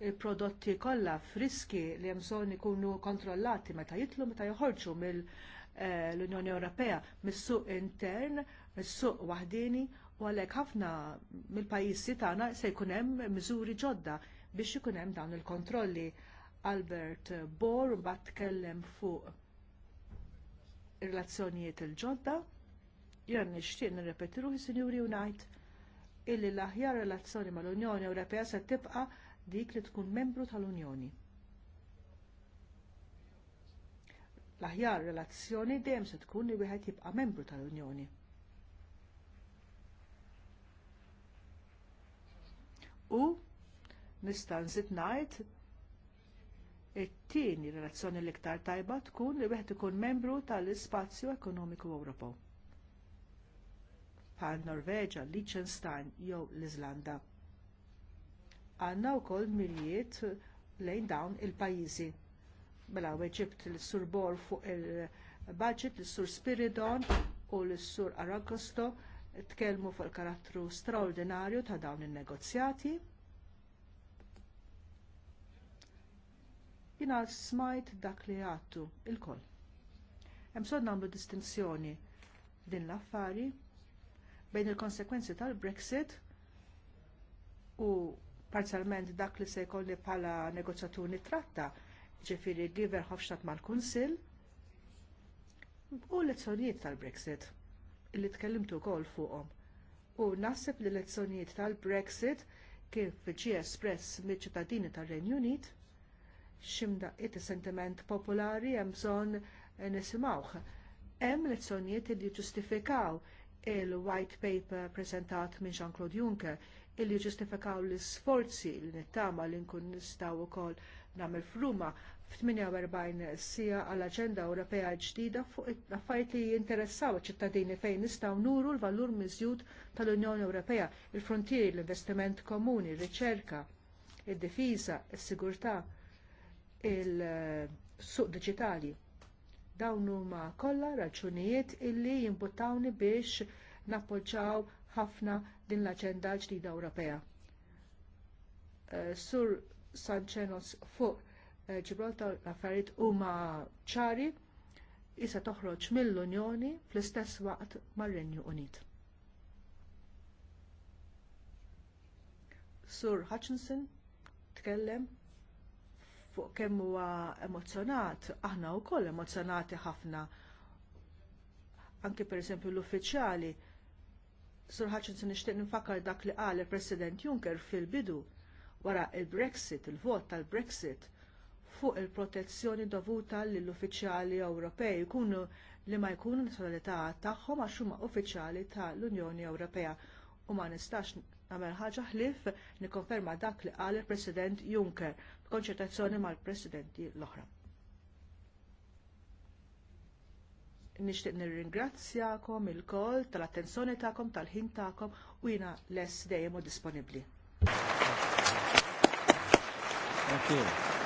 il-prodotti kollha friski li hemm bżonn ikunu kontrollati meta jitlu meta joħorġu mill-Unjoni eh, Ewropea mis-suq intern, mis-suq waħdini u għalhekk ħafna mill-pajjiżi tagħna se jkun hemm miżuri ġodda biex ikun hemm dawn il-kontrolli. Albert Bor mbagħad tkellem fuq ir relazzjonijiet il-ġodda. Jien nixtieq nirrepeti ruħi sinjuri u ngħid illi l-aħjar relazzjoni mal-Unjoni Ewropea se tibqa' dik li tkun membru tal-Unjoni. L-aħjar relazzjoni dejjem se tkun li wieħed jibqa' membru tal-Unjoni. u nista' nżid ngħid it-tieni relazzjoni l-iktar tajba tkun li wieħed ikun membru tal-Ispazju Ekonomiku Ewropew. Bħal Norveġa, Liechtenstein jew l-Iżlanda. Għandna wkoll milijiet lejn dawn il-pajjiżi. Mela weġibt l-Sur Bor fuq il-Budget, l-Sur Spiridon u l-Sur Aragosto tkellmu fuq il-karattru straordinarju ta' dawn in-negozjati. Jina smajt dak li għattu il-koll. Emsod namlu distinzjoni din l-affari bejn il-konsekwenzi tal-Brexit u parzialment dak li se jkolli bħala negozjatur nitratta ġifiri Giver Hofstadt mal-Kunsil u l-lezzjonijiet tal-Brexit li tkellimtu wkoll fuqhom. U naħseb li l-elezzjonijiet tal-Brexit kif ġie espress mill-ċittadini tar-Renju Unit ximda it sentiment popolari hemm bżonn nisimgħuh. Hemm lezzjonijiet li ġustifikaw il-white paper preżentat minn Jean-Claude Juncker illi ġustifikaw l isforzi li nittama li nkun nistgħu wkoll nagħmel fruma f'48 sija għall aġenda Ewropea ġdida fuq affarijiet li jinteressaw iċ-ċittadini fejn nistgħu nuru l-valur miżjud tal-Unjoni Ewropea, il-frontieri, l-investiment komuni, ir-riċerka, id-difiża, is-sigurtà, il-suq diġitali. Dawn huma kollha raġunijiet illi jinbuttawni biex nappoġġaw ħafna din l-aġenda ġdida Ewropea. Eh, Sur Sanchenos fuq Ġibraltar eh, l-affarijiet huma ċari issa toħroġ mill-Unjoni fl-istess waqt mar-Renju Unit. Sur Hutchinson tkellem fuq kemm huwa emozzjonat, aħna wkoll emozzjonati ħafna. Anki pereżempju l-uffiċjali Sur Hutchinson nixtieq nfakkar dak li qal il-President Juncker fil-bidu wara il-Brexit, il-vot tal-Brexit fuq il-protezzjoni dovuta lill-uffiċjali Ewropej jkunu li ma jkunu nazzjonalità tagħhom għax huma uffiċjali tal-Unjoni Ewropea u ma nistax nagħmel ħaġa ħlief nikkonferma dak li qal il-President Juncker b'konċertazzjoni mal-Presidenti l-oħra. Nixtieq nirringrazzjakom ilkoll tal-attenzjoni tagħkom, tal-ħin tagħkom u jiena lest dejjem u disponibbli. Thank you.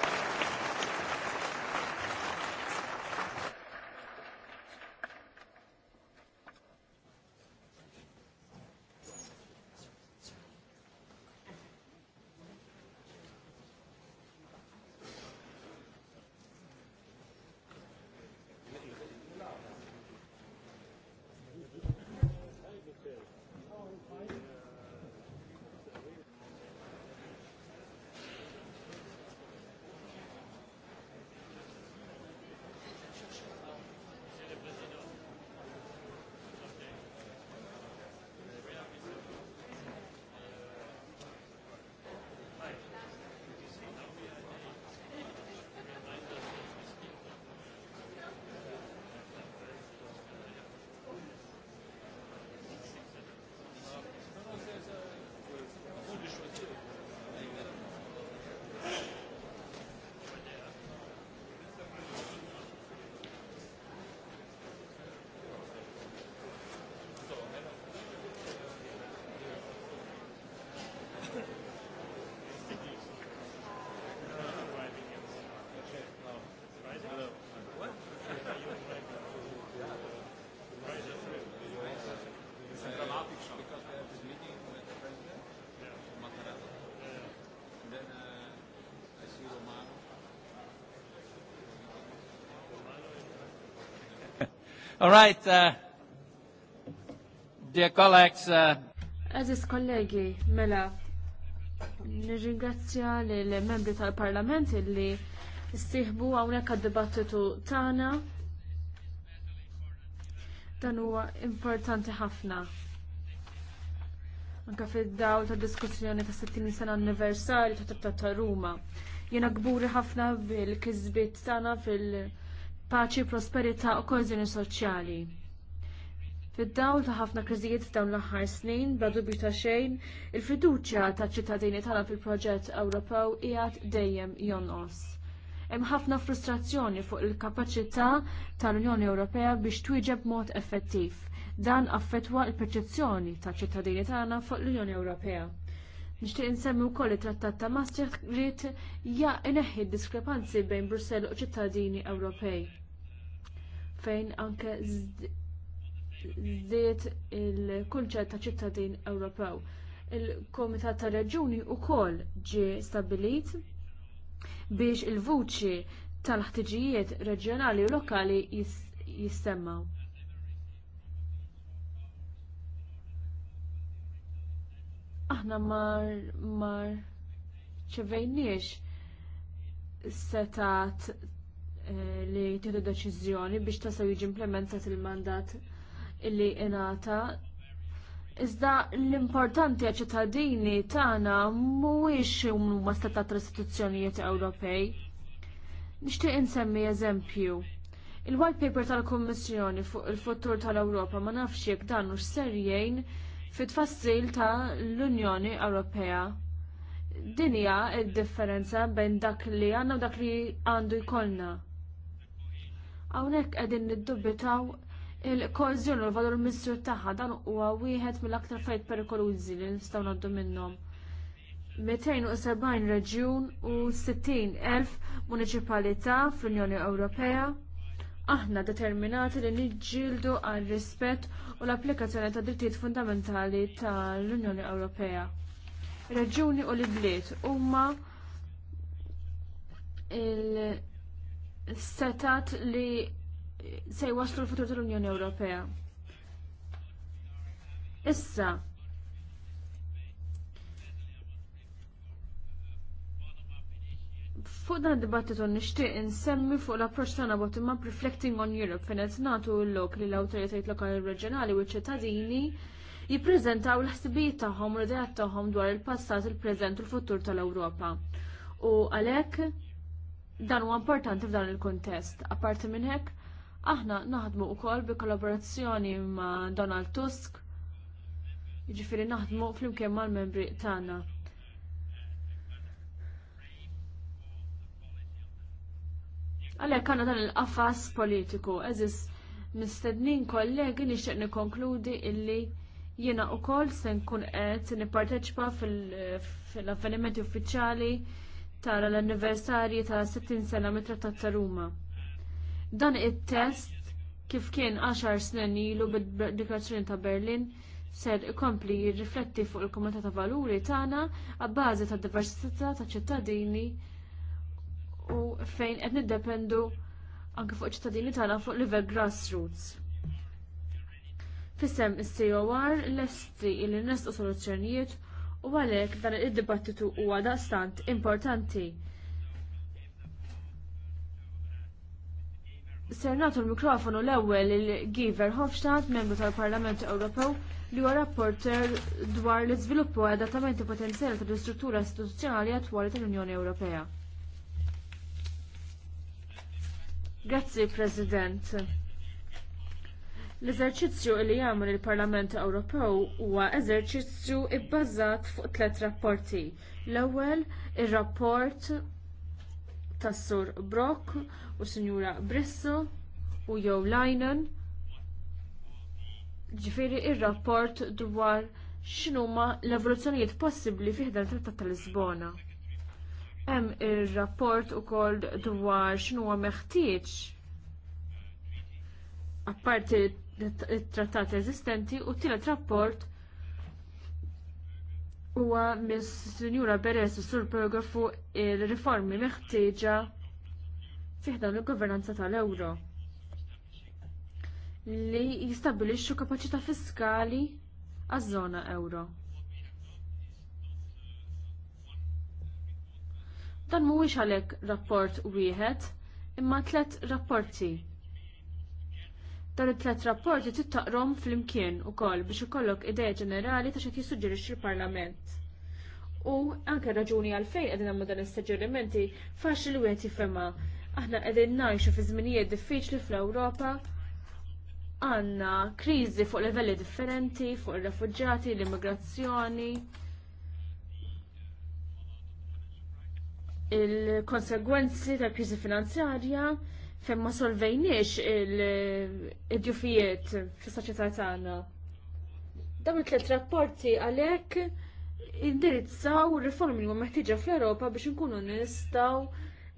All right, uh, dear colleagues. Uh, Aziz kollegi, mela, nirringrazzja l-membri tal-parlament li istihbu għawnek għad-dibattitu tana. Dan huwa importanti ħafna. Anka fid-dawl ta' diskussjoni ta' 60 sena anniversarju ta' Trattat ta' Ruma. Jena gburi ħafna bil-kizbit tana fil- paċi, prosperità u koeżjoni soċjali. Fid-dawl ta' ħafna kriżijiet f'dawn l-aħħar snin, bla dubju ta' xejn, il-fiduċja taċ ċittadini tagħna fil-proġett Ewropew qiegħed dejjem jonqos. Hemm ħafna frustrazzjoni fuq il-kapaċità tal-Unjoni Ewropea biex twieġeb mod effettiv. Dan affettwa l-perċezzjoni taċ ċittadini tagħna fuq l-Unjoni Ewropea Nixtieq insemmi wkoll it-Trattat ta' Maastricht rrid ja ineħħi diskrepanzi bejn Brussell u ċittadini Ewropej. Fejn anke żdiet il-kunċett ta' ċittadin Ewropew. Il-Komitat ta' Reġuni wkoll ġie stabbilit biex il-vuċi tal-ħtiġijiet reġjonali u lokali Jis aħna mar mar ċevejniex setat eh, li tieħdu deċiżjoni biex tasal jiġi implementat il-mandat illi ingħata. Iżda l-importanti għaċ-ċittadini tagħna mhuwiex huma setat l-istituzzjonijiet Ewropej. Nixtieq insemmi eżempju. Il-white paper tal-Kummissjoni fuq il-futur tal-Ewropa ma nafx jekk dan mhux ser jgħin fit-tfassil ta' l-Unjoni Ewropea. Din hija d differenza bejn dak li għandna u dak li għandu jkollna. Hawnhekk qegħdin niddubitaw il-kożjoni u l-valur miżjur tagħha dan huwa wieħed mill-aktar fejt perikolużi li nistgħu ngħaddu minnhom. 270 reġjun u 60 elf municipalità fl-Unjoni Ewropea aħna determinati li niġġieldu għal rispett u l-applikazzjoni ta' drittijiet fundamentali tal-Unjoni Ewropea. Raġuni u l-bliet huma il-setat li se jwaslu l-futur tal-Unjoni Ewropea. Issa, Fuq dan dibattitu nixtieq insemmi fuq l-approċċ tagħna bottom up reflecting on Europe fejn qed nagħtu l-lok li l-awtoritajiet lokali reġjonali u ċittadini jippreżentaw l-ħsibijiet tagħhom u l-idejat tagħhom dwar il-passat, il-preżent u l-futur tal-Ewropa. U għalhekk dan huwa importanti f'dan il-kuntest. Apparti minn hekk, aħna naħdmu wkoll bi kollaborazzjoni ma' Donald Tusk, jiġifieri naħdmu flimkien mal-membri tagħna Għalhekk għandna dan il-qafas politiku, eżis mistednin kollegi nixtieq nikkonkludi illi jiena wkoll se nkun qed nipparteċipa fil-avvenimenti uffiċjali tara l-anniversarji ta' 60 sena mit ta' Taruma. Dan it-test kif kien 10 snin ilu bid-Dikrazzjoni ta' Berlin ser ikompli jirrifletti fuq il komunità ta' Valuri tagħna għabbażi ta' diversità ta' ċittadini u fejn qed niddependu anke fuq ċittadini tagħna fuq livell grassroots. Fissem is-COR lesti li nestqu soluzzjonijiet u għalhekk dan id-dibattitu huwa daqstant importanti. Ser nagħtu l-mikrofonu l-ewwel il-Giver Hofstadt, membru tal-Parlament Ewropew, li huwa rapporter dwar l-iżviluppu u adattamenti potenzjali tal-istruttura istituzzjonali attwali tal-Unjoni Ewropea. Grazzi, President. L-eżerċizzju li jagħmel il-Parlament Ewropew huwa eżerċizzju bbażat fuq tliet rapporti. L-ewwel ir-rapport tas-Sur Brock u Sinjura Brisso u jew Linen. Ġifieri ir-rapport dwar x'inhuma l-evoluzzjonijiet possibbli fih dan trattat tal-Lisbona. ta' lisbona lisbona Hemm ir-rapport ukoll dwar huwa meħtieġ apparti it trattati eżistenti u tielet rapport huwa mis Sinjura Beres u Sur pergrafu fuq il-riformi meħtieġa fiħdan il-governanza tal-Ewro li jistabilixxu kapaċità fiskali għaż-żona euro. Dan mhuwiex għalhekk rapport wieħed, imma tliet rapporti. Dan it-tlet rapporti tittaqrom flimkien ukoll biex ikollok idea ġenerali ta' xi jissuġġerixxi l-Parlament. U anke raġuni għalfejn qegħdin nagħmlu dan is-suġġerimenti faċli li wieħed jifhemha. Aħna qegħdin ngħixu fi żminijiet diffiċli fl-Ewropa għandna kriżi fuq livelli differenti, fuq ir-refuġġati, l-immigrazzjoni, il-konsegwenzi tal-kriżi finanzjarja fejn ma solvejniex il-djufijiet fis-soċjetà tagħna. Dawn it-tliet rapporti għalhekk indirizzaw riformi li huma meħtieġa fl-Ewropa biex inkunu nistgħu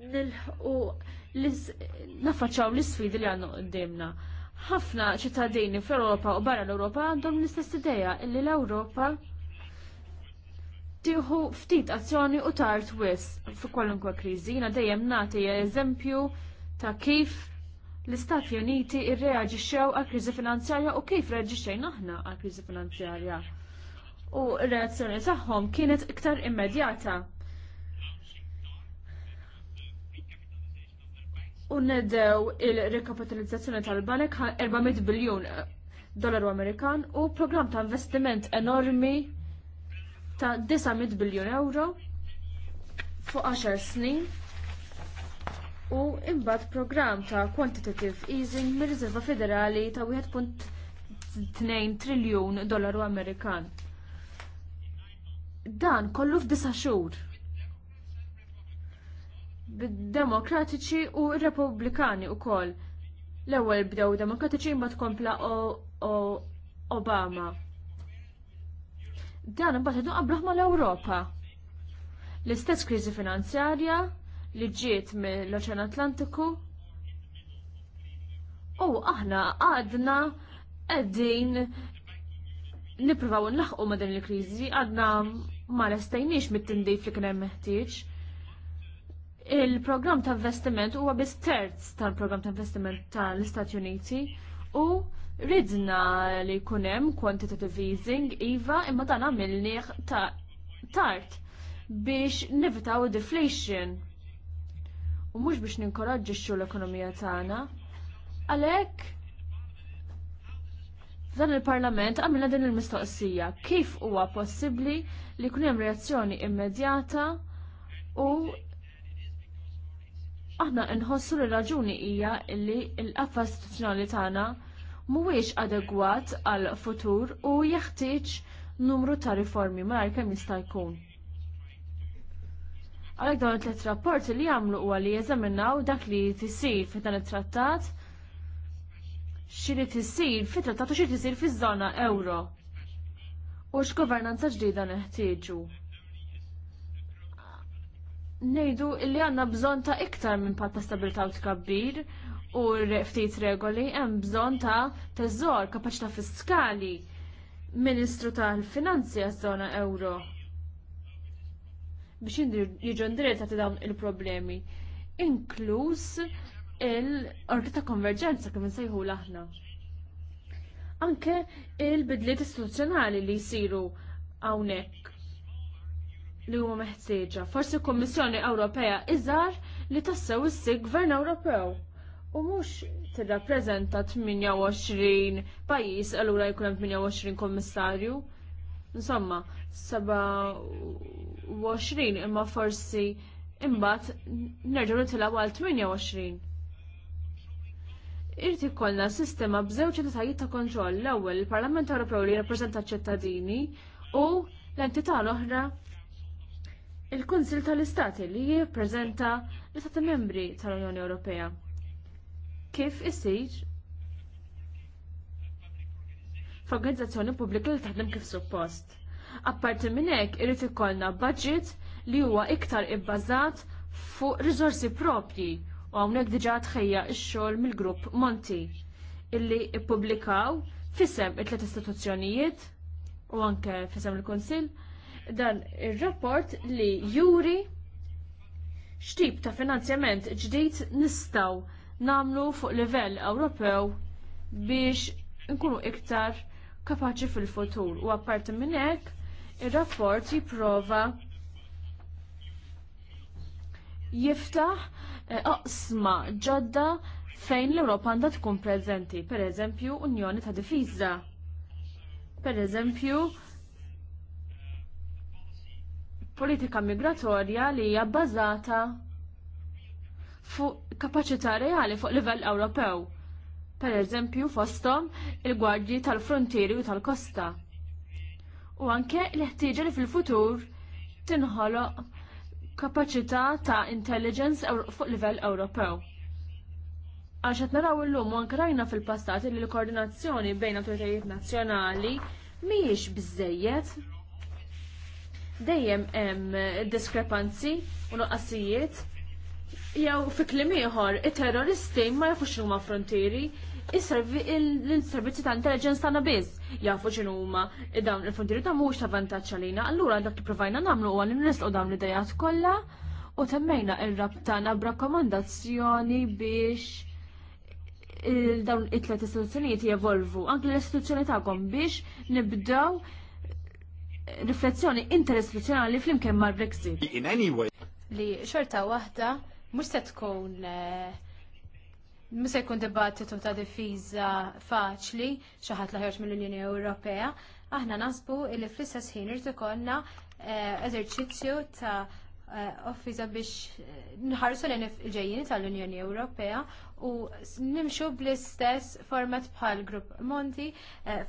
nilħqu nafaċċaw l-isfidi li għandna qudiemna. Ħafna ċittadini fl-Ewropa u barra l-Ewropa għandhom l-istess idea illi l-Ewropa tieħu ftit azzjoni u tard wis fi kwalunkwa kriżi. Jiena dejjem nati eżempju ta' kif l-Istati Uniti irreaġixxew għal kriżi finanzjarja u kif reaġixxejn aħna għal kriżi finanzjarja. U r-reazzjoni tagħhom kienet iktar immedjata. u nedew il-rekapitalizzazzjoni tal-banek 400 biljun dollaru Amerikan u program ta' investiment enormi ta' 900 biljun euro fuq 10 snin u imbagħad programm ta' quantitative easing mir-Riserva Federali ta' 1.2 triljun dollaru Amerikan. Dan kollu f'disa' xhur demokratiċi u republikani u koll. L-ewel bdew demokratiċi imma tkompla Obama dan imbagħad idu qabluh mal-Ewropa. L-istess kriżi finanzjarja li ġiet mill-Oċean Atlantiku u aħna għadna qegħdin nippruvaw nlaħqu ma' din il-kriżi għadna ma restajniex mit-tindif li kien hemm meħtieġ. Il-programm ta' investiment huwa biss terz tal-programm ta' investiment tal-Istati Uniti u Ridna li kunem quantitative easing, iva, imma dan għamilniħ ta' tart biex nevitaw deflation. U mux biex ninkoraġġixxu l-ekonomija tagħna. Għalhekk dan il-Parlament għamilna din il-mistoqsija kif huwa possibbli li kun hemm reazzjoni immedjata u aħna nħossu li raġuni hija li l-qafas istituzzjonali tagħna mhuwiex adegwat għal futur u jeħtieġ numru ta' riformi malar kemm jista' jkun. Għalhekk dawn it-tliet rapporti li jagħmlu huwa li jeżaminaw dak li tisir fi dan it-trattat xiri tisir fi trattat u xiri tisir fi żona euro. U x'governanza ġdida neħtieġu nejdu li għanna bżon ta' iktar minn pat ta' stabilta' u tkabbir u ftit regoli hemm bżonn ta' teżor kapaċità fiskali Ministru tal-Finanzi għaz żona euro biex jiġu ta' dawn il-problemi, inkluż il-orti ta' konverġenza kif insejħu l-aħna. Anke il-bidliet istituzzjonali li jsiru hawnhekk li huma meħtieġa. Forsi l-Kummissjoni Ewropea iżgħar li tassew issi Gvern Ewropew u mhux tirrappreżenta 28 pajjiż allura jkun 28 kommissarju. Insomma, 27 imma forsi imbagħad nerġgħu nitilgħu għal 28. Irti kollna sistema b'żewġ entitajiet ta' kontroll l-ewwel il-Parlament Ewropew li jirrappreżenta ċittadini u l-entità l-oħra il-Kunsil tal-Istati li jippreżenta l-Istati membri tal-Unjoni Ewropea kif isir f'organizzazzjoni pubblika li taħdem kif suppost. Apparti minn hekk irid ikollna budget li huwa iktar ibbażat fuq riżorsi propji u hawnhekk diġà tħejja x-xogħol mill-grupp Monti illi ippubblikaw fisem it-tliet istituzzjonijiet u anke fisem il-Kunsill dan ir-rapport li juri x'tip ta' finanzjament ġdid nistgħu namlu fuq livell Ewropew biex nkunu iktar kapaċi fil-futur. U apparti minn hekk, ir-rapport jipprova jiftaħ eh, oqsma ġodda fejn l-Ewropa għandha tkun preżenti, pereżempju Unjoni ta' Difiża. Pereżempju politika migratorja li hija bbażata fuq kapaċità reali fuq livell Ewropew. Per eżempju fosthom il-gwardji tal-frontieri u tal-kosta. U anke l-ħtieġa li fil-futur tinħoloq kapaċità ta' intelligence fuq livell Ewropew. Għax qed naraw illum anke rajna fil-passat li l-koordinazzjoni bejn awtoritajiet nazzjonali mhijiex biżejjed dejjem hemm diskrepanzi u noqqasijiet Jew fi kliem ieħor, it-terroristi ma jafux huma frontieri, il-servizzi ta' intelligence tagħna biss jafu x'inhu huma dawn il-frontieri ta' mhux ta' vantaġġ għalina. Allura dak li provajna nagħmlu huwa li nresqu dawn l-idejat kollha u temmejna ir tagħna b'rakkomandazzjoni biex dawn it-tlet istituzzjonijiet jevolvu, anke l-istituzzjoni tagħkom biex nibdew riflessjoni interistituzzjonali flimkien mal-Brexit. In any way. Li xorta waħda mhux se tkun eh, mhux se jkun dibattitu ta' difiża faċli xi ħadd laħerġ mill-Unjoni Ewropea, aħna nasbu li fl-istess ħin irid konna eh, eżerċizzju ta' eh, offiza biex nħarsu l il-ġejjini tal-Unjoni Ewropea u nimxu bl-istess format bħal Grupp Monti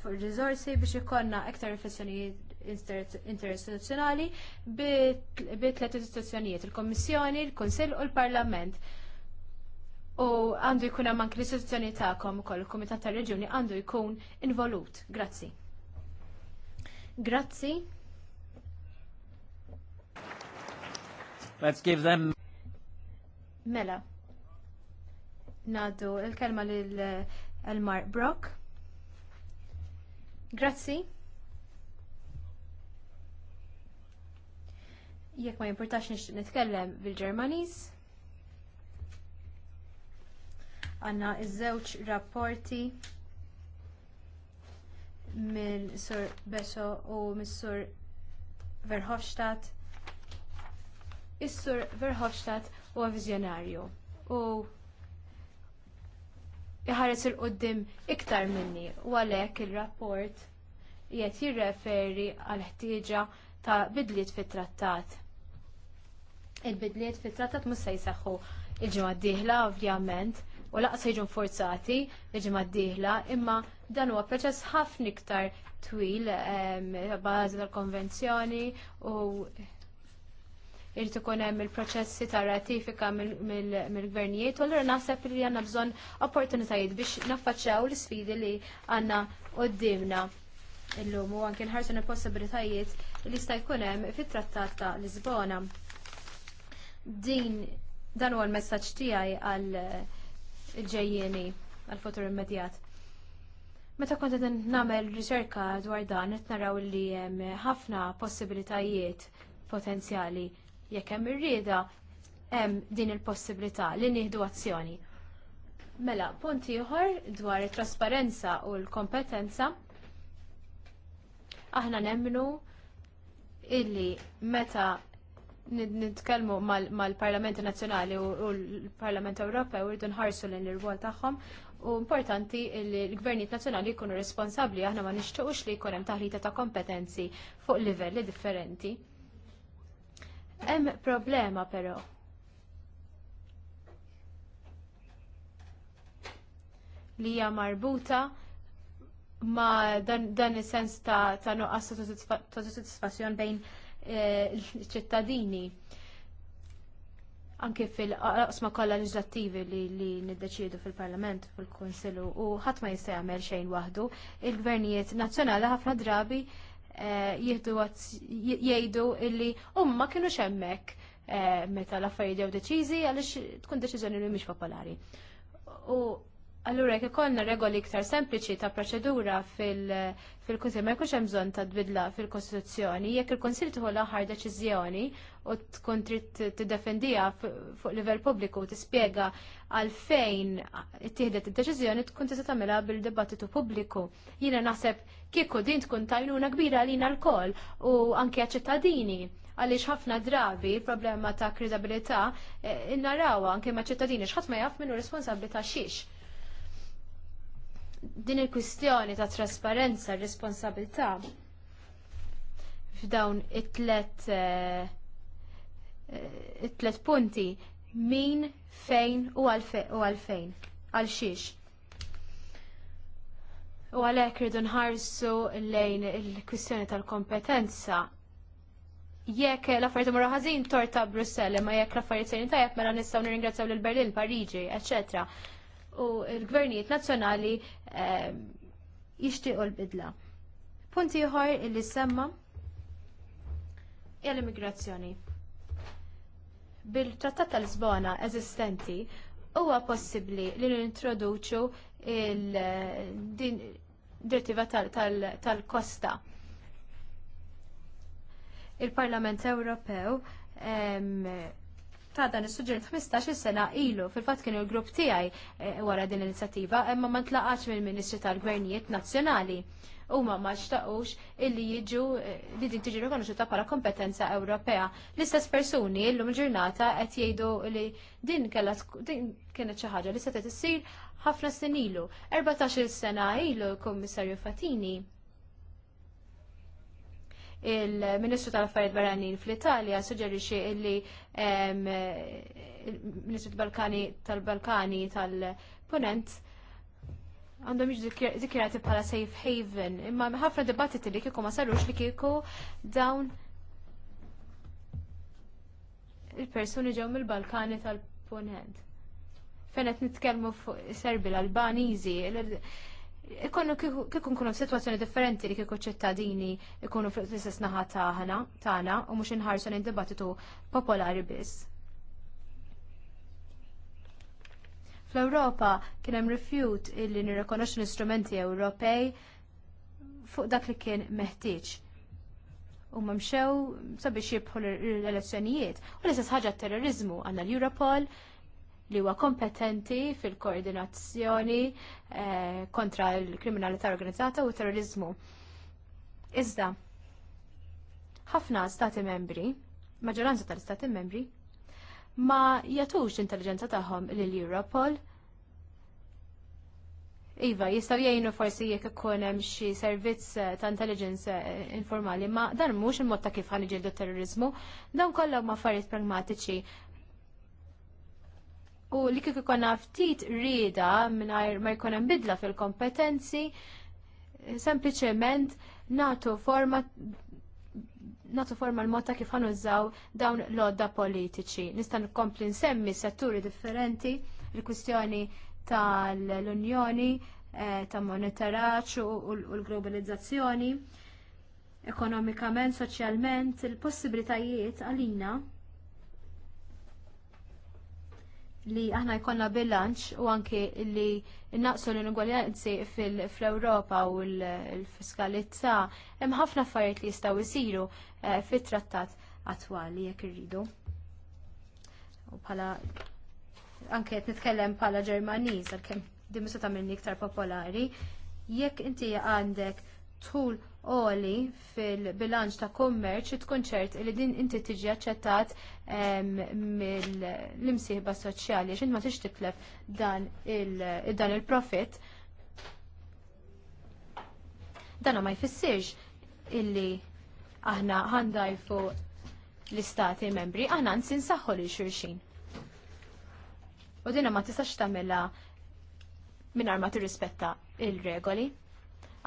fuq risorsi biex ikonna iktar riflessjonijiet interistituzzjonali bi tlet istituzzjonijiet, il-Kommissjoni, il kunsill u l-Parlament. U għandu jkun hemm anke l-istituzzjoni tagħkom ukoll il-Kumitat tar-Reġjuni għandu jkun involut. Grazzi. Grazzi. Let's give them Mela. Nadu il-kelma lil Elmar Brock. Grazzi. jekk ma jimportax nixtieq nitkellem bil-Ġermaniż. Għanna iż-żewġ rapporti minn sur Beso u minn sur Verhofstadt. Is-Sur Verhofstadt huwa viżjonarju u iħares il qoddim iktar minni u għalhekk ir rapport jgħet jirreferi għal ħtieġa ta' bidliet fit-trattat. Il-bidliet fit-trattat mhux se il-ġimgħa d-dieħla ovvjament u laqsa jiġu forzati il-ġimgħa d-dieħla, imma dan huwa proċess ħafna iktar twil bażi tal-konvenzjoni u irrid ikun hemm il-proċessi ta' ratifika mill-gvernijiet u allura naħseb li għandna bżonn opportunitajiet biex naffaċċjaw l-isfidi li għandna qudiemna illum u anke nħarsu l-possibilitajiet li jista' jkun hemm fit-Trattat ta' Lisbona. Din dan huwa l-messaġġ tiegħi għal eh, ġejjieni għal futur immedjat. Meta kont qed nagħmel riċerka dwar dan qed naraw li hemm ħafna possibilitajiet potenzjali jekk hemm ir-rieda hemm din il-possibilità li nieħdu azzjoni. Mela, punt ieħor dwar it-trasparenza u l-kompetenza Aħna nemmnu illi meta nitkellmu mal-Parlamenti Nazzjonali u l-Parlament Ewropew irdu nħarsu lejn ir-rwol tagħhom u importanti li l-gvernijiet nazzjonali jkunu responsabbli aħna ma nixtiequx li jkun hemm taħlita ta' kompetenzi fuq livelli differenti. Hemm problema però. Li hija marbuta ma dan, dan il-sens ta', ta nuqqas ta' soddisfazzjon bejn eh, il-ċittadini. Anke fil-qasma kollha leġislattivi li, li niddeċiedu fil-Parlament, fil-Konsilu, u ħadd ma jista' jagħmel xejn waħdu, il-gvernijiet nazzjonali ħafna drabi eh, jieħdu jgħidu illi umma kienu xemmek eh, meta l-affarijiet jew deċiżi għaliex tkun deċiżjoni li mhix popolari. U Allura, jek ikollna regoli iktar sempliċi ta' proċedura fil-Kunsil, ma jkunx hemm bżonn ta' tbidla fil-Kostituzzjoni, jekk il-Kunsil tieħu l-aħħar deċiżjoni u tkun trid tiddefendiha fuq livell pubbliku u tispjega għalfejn ittieħdet id-deċiżjoni tkun tista' tagħmilha bil-dibattitu pubbliku. Jiena naħseb kieku din tkun tajnuna kbira għalina l-koll u anke ċittadini għaliex ħafna drabi problema ta' kredibilità eh, narawa anke ma' ċittadini x'ħadd ma jaf minnu ta' xiex din il-kwistjoni ta' trasparenza, responsabilità f'dawn it-tlet eh, it-tlet punti min, fejn u għalfejn, għal xiex. U għalhekk rridu nħarsu lejn il-kwistjoni tal-kompetenza jekk l-affarijiet imorru ħażin torta Brussell, ma jekk l-affarijiet sejrin tajjeb mela nistgħu nirringrazzjaw lil Berlin, Pariġi, eċċetera u l-gvernijiet nazzjonali ehm, jixtiequ l-bidla. Punt ieħor illi semma hija l-immigrazzjoni. Bil-Trattat tal-Lisbona eżistenti huwa possibbli li nintroduċu il-din direttiva tal-kosta. Il-Parlament Ewropew ehm, ta' dan is-suġġer 15 sena ilu. Fil-fatt kienu l-grupp tiegħi eh, wara din l-inizjattiva, imma ma ntlaqax mill-Ministri tal-Gvernijiet Nazzjonali. Huma ma xtaqux illi jiġu eh, li din tiġi rikonoxuta bħala kompetenza Ewropea. L-istess persuni llum il-ġurnata qed jgħidu li din kellha din kienet xi ħaġa li setgħet issir ħafna snin ilu. 14-il sena ilu, Kummissarju Fatini, il-Ministru tal-Affarijiet Barranin fl-Italja suġġerixxi li il-Ministru tal-Balkani tal-Balkani tal-Punent għandhom jiġu zikirati bħala safe haven, imma ħafna dibattiti li kieku ma sarux li kieku dawn il-persuni ġew mill-Balkani tal-Punent. Fejn qed nitkellmu fuq Serbi l albanizi ikonu kiku nkunu situazzjoni differenti li kiku ċittadini ikunu fl-istess naħa taħna, taħna, u mux inħarsu l dibattitu popolari biss. Fl-Europa kien hemm rifjut illi nirrikonoxxu l-istrumenti Ewropej fuq dak li kien meħtieġ. U mxew sabiex jibħu l-elezzjonijiet. U l-istess ħaġa terrorizmu għandna l-Europol, li huwa kompetenti fil-koordinazzjoni eh, kontra l-kriminalità organizzata u terrorizmu. Iżda, ħafna stati membri, maġġoranza tal-stati membri, ma jatux intelligenza tagħhom lil Europol. Iva, jistaw jgħinu forsi jekk ikun hemm xi servizz ta' intelligence eh, informali, ma dan mhux il-mod ta' kif ħaniġildu terrorizmu, dawn kollha ma' affarijiet pragmatiċi U li kif ikon ftit rida mingħajr ma jkun hemm bidla fil-kompetenzi, sempliċement nagħtu forma natu forma l motta kif ħanużaw dawn l-odda politiċi. Nista' nkompli nsemmi setturi differenti, il-kwistjoni tal-Unjoni, eh, ta' monitoraġġ u l-globalizzazzjoni, ekonomikament, soċjalment, il-possibilitajiet għalina li aħna jkollna bilanċ u anke li naqsu l-inugwaljanzi fil-Europa u l-fiskalità hemm ħafna affarijiet li jistgħu jsiru eh, fit-trattat attwali jekk irridu. U bħala anke qed nitkellem bħala Ġermaniż għalkemm din se tagħmilni iktar popolari, jekk inti għandek tul għoli fil-bilanċ ta' kummerċ tkunċert li din inti tiġi aċċettat mill-imsieħba soċjali x'int ma tix titlef dan il-profit. Dan ma jfissirx illi aħna għandajfu l-istati membri, aħna nsin saħħu li xurxin. U dina ma tistax tamela minn ma tirrispetta il-regoli.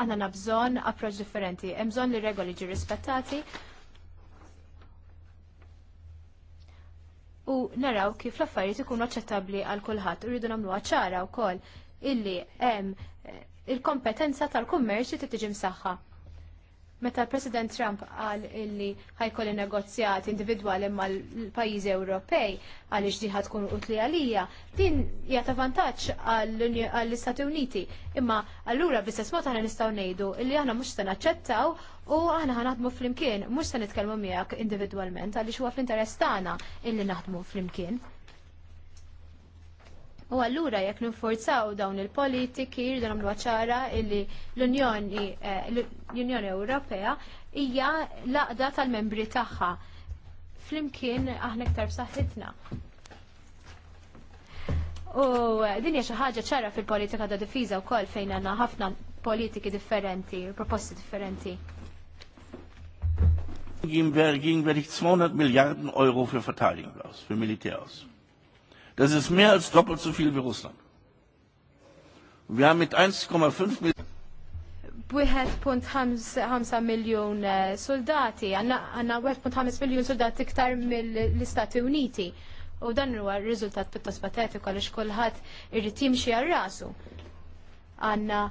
Aħna nabżon approċ differenti. Hemm bżonn li regoli ġi rispettati u naraw kif l-affarijiet ikunu aċċettabbli għal kulħadd. Irridu nagħmluha ċara wkoll illi hemm eh, il-kompetenza tal-kummerċ li tiġi msaħħa. Meta President Trump qal illi ħajkolli negozjat individwali mal pajjiżi Ewropej għaliex diħa tkun utli għalija, din jata vantaġġ għall-Istati Uniti. Imma allura bistess mot aħna nistgħu ngħidu illi aħna mhux se naċċettaw u aħna ħanaħdmu flimkien, mhux se nitkellmu miegħek individwalment għaliex huwa fl-interess tagħna illi naħdmu flimkien. U allura jekk ninforzaw dawn il-politiki, jridu nagħmlu ċara illi l-Unjoni eh, l-Unjoni Ewropea hija laqda tal-membri tagħha. Flimkien aħna iktar b'saħħitna. U eh, din hija xi ħaġa ċara fil-politika ta' difiża wkoll fejn għandna ħafna politiki differenti, proposti differenti. Geben wir, gegen wir 200 Milliarden Euro für Verteidigung aus, für Militär aus. Das ist mehr als doppelt so viel wie Russland. Und wir haben mit 1,5 Millionen. Bwihet punt ħamsa miljon eh, soldati, għanna punt 1.5 miljon soldati iktar mill-Istati Uniti. U dan huwa r-riżultat pittos patetik għaliex kulħadd irrid jimxi għal rasu. Għanna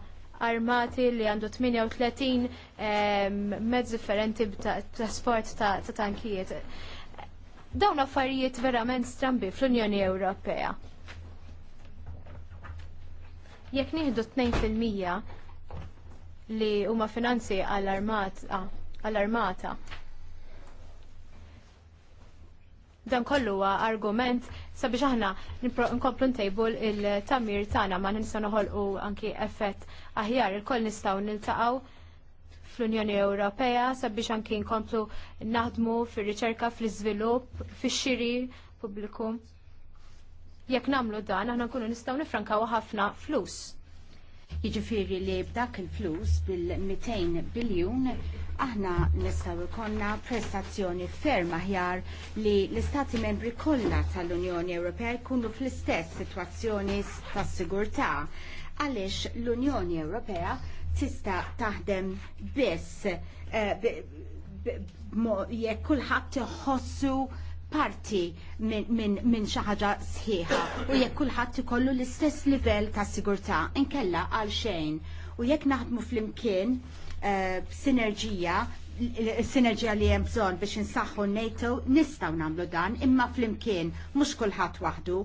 armati li għandu 38 eh, mezz differenti ta' sport ta' tankijiet. Dawn affarijiet verament strambi fl-Unjoni Ewropea. Jekk nieħdu 2% li huma finanzi għall-armata, dan kollu huwa argument sabiex aħna nkomplu ntejbu il-tamir tagħna ma ninsa noħolqu anki effett aħjar il-koll nistgħu niltaqgħu fl-Unjoni Ewropea sabiex anki nkomplu naħdmu fir-riċerka, fl-iżvilupp, fix-xiri pubbliku. Jekk nagħmlu dan aħna nkunu nistgħu nifrankaw ħafna flus. Jiġifieri li b'dak il-flus bil-200 biljun aħna nistgħu jkollna prestazzjoni ferm aħjar li l-Istati membri kollha tal-Unjoni Ewropea jkunu fl-istess sitwazzjoni tas-sigurtà għaliex l-Unjoni Ewropea tista' taħdem biss eh, jekk kulħadd iħossu parti minn xi ħaġa sħiħa u jekk kulħadd ikollu l-istess livell ta' sigurtà inkella għal xejn u jekk naħdmu flimkien eh, b'sinerġija sinerġija li hemm bżonn biex insaħħu NATO nistgħu nagħmlu dan imma flimkien mhux kulħadd waħdu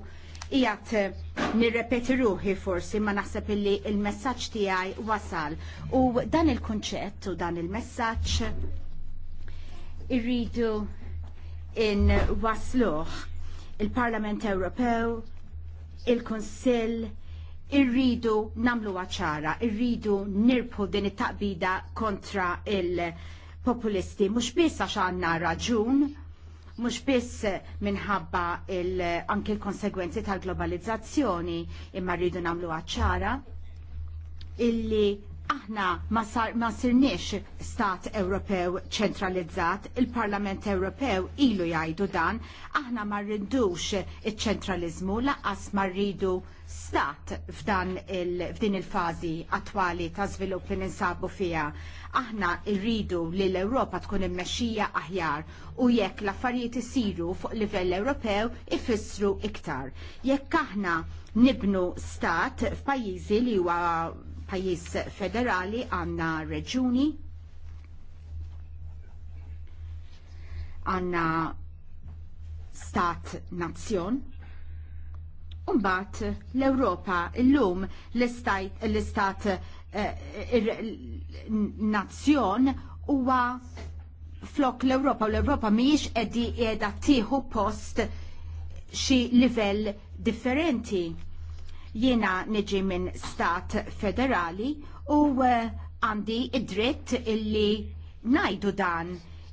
Ijat eh, nirrepeti ruħi forsi ma naħseb illi il-messagġ tiegħi wasal. U dan il-kunċett u dan il-messagġ irridu in wasluħ il-Parlament Ewropew, il-Konsill, irridu namlu għaċara, irridu nirpu din it-taqbida kontra il-populisti, mux biss għax għanna raġun, mhux biss minħabba anke l-konsegwenzi tal-globalizzazzjoni imma rridu nagħmlu ċara illi Aħna ma sirniex stat Ewropew ċentralizzat, il-Parlament Ewropew ilu jgħidu dan, aħna ma rridux iċ-ċentralizmu laqas ma rridu stat f'dan f'din il-fazi attwali ta' żvilupp li ninsabu fiha. Aħna rridu li l-Ewropa tkun immexxija aħjar u jekk l-affarijiet isiru fuq livell Ewropew ifissru iktar. Jekk aħna nibnu stat f'pajjiżi li huwa pajjiż federali għandna reġuni għandna stat nazzjon Umbat l-Europa l-lum l-istat eh, nazzjon huwa flok l-Europa u l-Europa miex eddi edha tieħu post xi livell differenti Jiena niġi minn stat federali u uh, għandi id-dritt illi najdu dan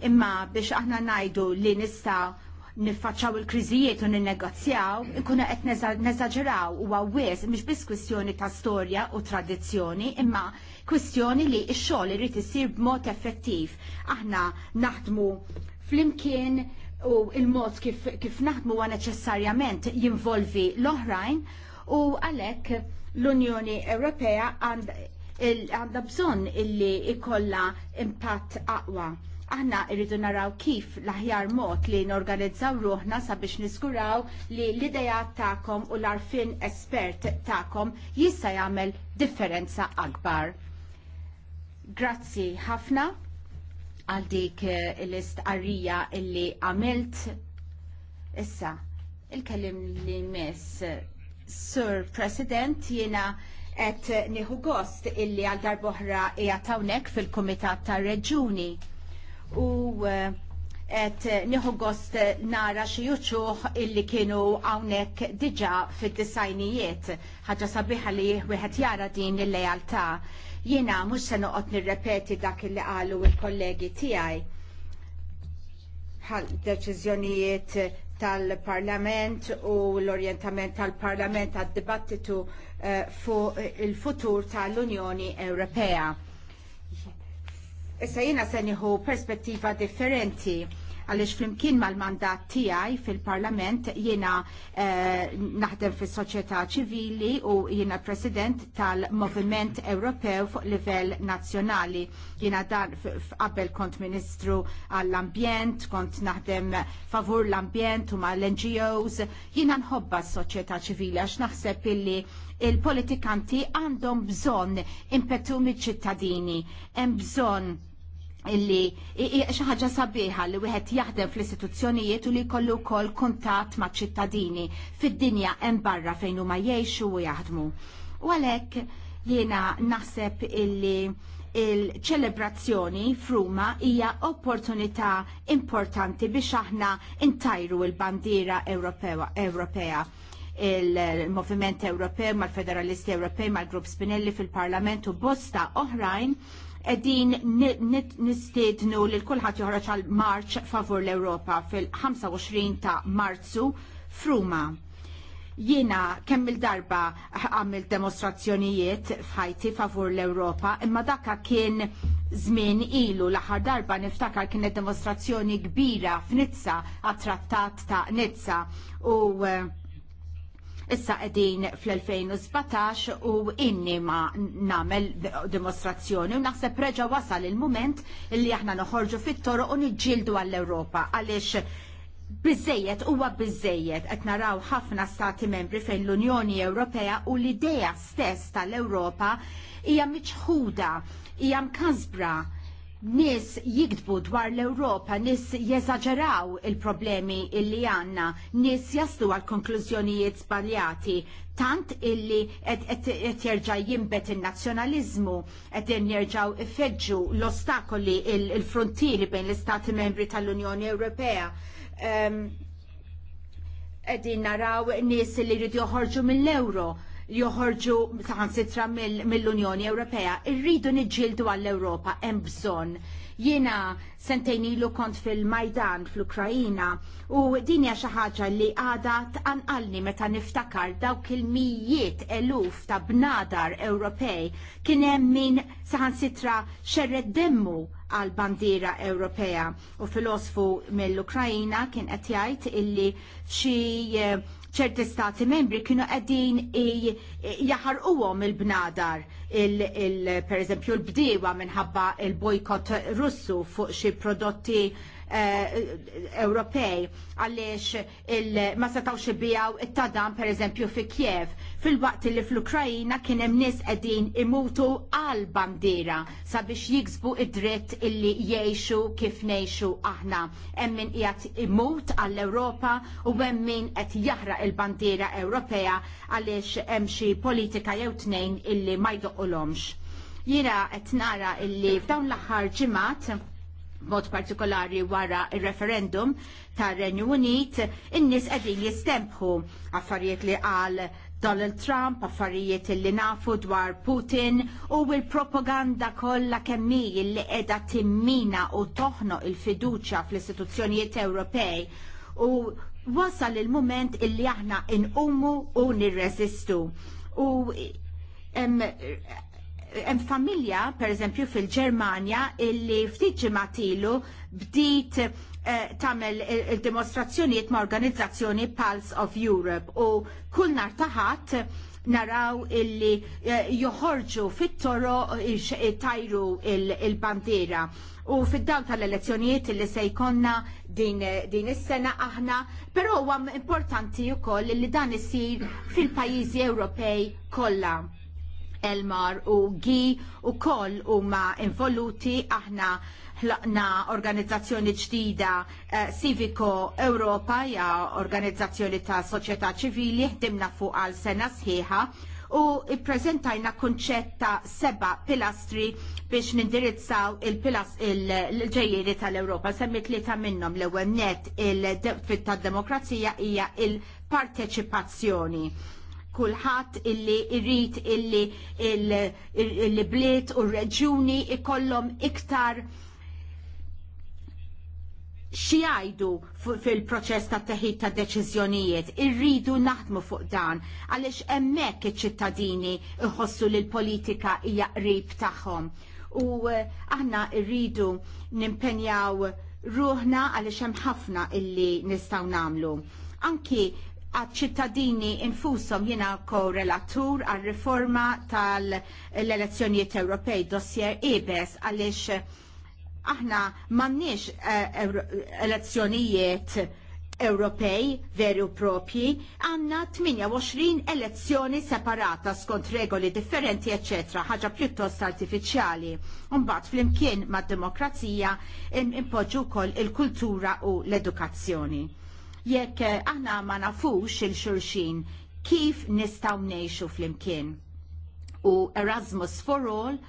imma biex aħna najdu li nista' niffaċċaw il-kriżijiet u ninnegozjaw, ikunu qed neżaġeraw u għawis mhix biss kwistjoni ta' storja u tradizzjoni, imma kwistjoni li x-xogħol irid isir b'mod effettiv. Aħna naħdmu flimkien u il-mod kif, kif naħdmu huwa neċessarjament jinvolvi l-oħrajn u għalhekk l-Unjoni Ewropea għandha bżonn illi ikolla impatt aqwa. Aħna irridu naraw kif l-aħjar mod li norganizzaw ruħna sabiex niskuraw li l ideja tagħkom u l-arfin espert tagħkom jista' jagħmel differenza akbar. Grazzi ħafna għal dik eh, l-istqarrija illi għamilt issa il-kellim li mess Sir President, jiena et nieħu gost illi għal darboħra qiegħed hawnhekk fil-Kumitat tar-Reġuni. U et eh, nieħu gost nara xi illi kienu hawnhekk diġà fid-disajnijiet. Ħaġa sabiħa li wieħed jara din il-lejaltà. Jiena mhux se noqgħod nirrepeti dak illi qalu il-kollegi tiegħi ħal deċiżjonijiet tal-Parlament u l-orientament tal-Parlament għad-dibattitu eh, fu il-futur tal-Unjoni Ewropea. Issa jina se nieħu perspettiva differenti għaliex flimkien mal-mandat tiegħi fil-Parlament jiena eh, naħdem fis-soċjetà ċivili u jiena President tal-Moviment Ewropew fuq livell nazzjonali. Jiena dan qabel kont Ministru għall-Ambjent, kont naħdem favur l-ambjent u mal-NGOs, jiena nħobba s-soċjetà ċivili għax naħseb illi il-politikanti għandhom bżonn impetu mill-ċittadini, hemm bżonn illi xaħġa sabiħa li wieħed jaħdem fl-istituzzjonijiet u li jkollu wkoll kuntatt ma' ċittadini fid-dinja hemm barra fejn huma jgħixu u jaħdmu. U għalhekk jiena naħseb illi il-ċelebrazzjoni fruma hija opportunità importanti biex aħna intajru il-bandiera Ewropea il-Moviment Ewropew mal-Federalisti Ewropej mal-Grupp Spinelli fil-Parlament u bosta oħrajn Eddin nistednu li l-kulħat joħroġ għal marċ favur l-Europa fil-25 ta' marzu fruma. Jiena kemm il-darba għamil demonstrazzjonijiet fħajti favur l-Europa, imma dakka kien żmien ilu l-aħħar darba niftakar kienet demonstrazzjoni kbira f'Nizza għat-trattat ta' Nizza u eh, Issa qegħdin fl-2017 u inni ma nagħmel dimostrazzjoni u naħseb reġa wasal il-mument li aħna noħorġu fit-toroq u niġġieldu għall-Ewropa għaliex Bizzejiet huwa bizzejiet qed naraw ħafna stati membri fejn l-Unjoni Ewropea u l-idea stess tal-Ewropa hija miċħuda, hija mkasbra Nis jikdbu dwar l-Europa, nis jeżagġeraw il-problemi illi għanna, nis jaslu għal konklużjonijiet sbaljati, tant illi qed jerġa' jimbet in-nazzjonaliżmu, qed jerġgħu ifeġġu l-ostakoli il-frontieri bejn l-Istati membri tal-Unjoni Ewropea. Ehm, qegħdin naraw nies li jridu joħorġu mill-Euro joħorġu sitra mill-Unjoni Ewropea. Irridu niġġieldu għall-Ewropa, hemm bżonn. Jiena sentejn ilu kont fil-Majdan fl-Ukrajina u din hija xi ħaġa li għada tqanqalni meta niftakar dawk il-mijiet eluf ta' bnadar Ewropej kien hemm min saħansitra xerred demmu għal bandiera Ewropea u filosfu mill-Ukrajina kien qed jgħid illi xi eh, ċerti stati membri kienu qegħdin jaħarquhom il-bnadar per eżempju l-bdiewa minħabba il-bojkot Russu fuq xi prodotti eh, Ewropej għaliex ma setawx bijaw it-tadam per eżempju fi Kiev fil-waqt li fl-Ukrajina kien hemm nies qegħdin imutu għal bandiera sabiex jiksbu id-dritt illi jgħixu kif ngħixu aħna. Hemm min qiegħed imut għall-Ewropa u hemm min qed jaħraq il-bandiera Ewropea għaliex hemm xi politika jew tnejn illi ma jdoqolhomx. Jiena qed nara illi f'dawn l-aħħar ġimgħat mod partikolari wara il-referendum tar renju Unit, in-nies qegħdin jistempħu affarijiet li qal Donald Trump, affarijiet illi nafu dwar Putin u il-propaganda kollha kemmi li qiegħda timmina u toħno il-fiduċja fl-istituzzjonijiet Ewropej u wasal il-moment illi aħna inqumu u nirreżistu. U hemm familja, per eżempju, fil-Ġermanja illi ftit ġimatilu bdiet Eh, tamel eh, il-dimostrazzjoniet ma' organizzazzjoni Pulse of Europe u kull nar taħat naraw illi eh, joħorġu fit-toro tajru il-bandiera. U fid-daw tal-elezzjonijiet illi se jkonna din, is-sena aħna, però huwa importanti wkoll li dan isir fil-pajjiżi Ewropej kollha. Elmar u Gi u koll huma involuti aħna ħlaqna organizzazzjoni ġdida eh, Civico Europa, ja organizzazzjoni ta' soċjetà ċivili, ħdimna fuq għal sena sħiħa u ippreżentajna kunċett ta' seba' pilastri biex nindirizzaw il-ġejjeri il tal-Ewropa. Semmi tlieta minnhom l-ewwel net il-fit tad-demokrazija hija il-parteċipazzjoni kulħadd illi irrid illi il-bliet u r-reġuni ikollhom iktar xi jgħidu fil-proċess ta' teħid ta' deċiżjonijiet, irridu naħdmu fuq dan għaliex hemmhekk iċ-ċittadini iħossu li l-politika hija qrib tagħhom. U eh, aħna rridu nimpenjaw ruħna għaliex hemm ħafna illi nistgħu nagħmlu. Anki għad-ċittadini infushom jiena korrelatur għal-riforma tal-elezzjonijiet Ewropej dossier EBES għaliex Aħna m'għandniex eh, elezzjonijiet Ewropej veru propji għanna 28 elezzjoni separata skont regoli differenti ecc. ħaġa pjuttost artifiċjali. Umbat fl-imkien ma' demokrazija impoġu kol il-kultura u l-edukazzjoni. Jekk eh, aħna ma nafux il-xurxin kif nistaw nejxu fl-imkien. U Erasmus for All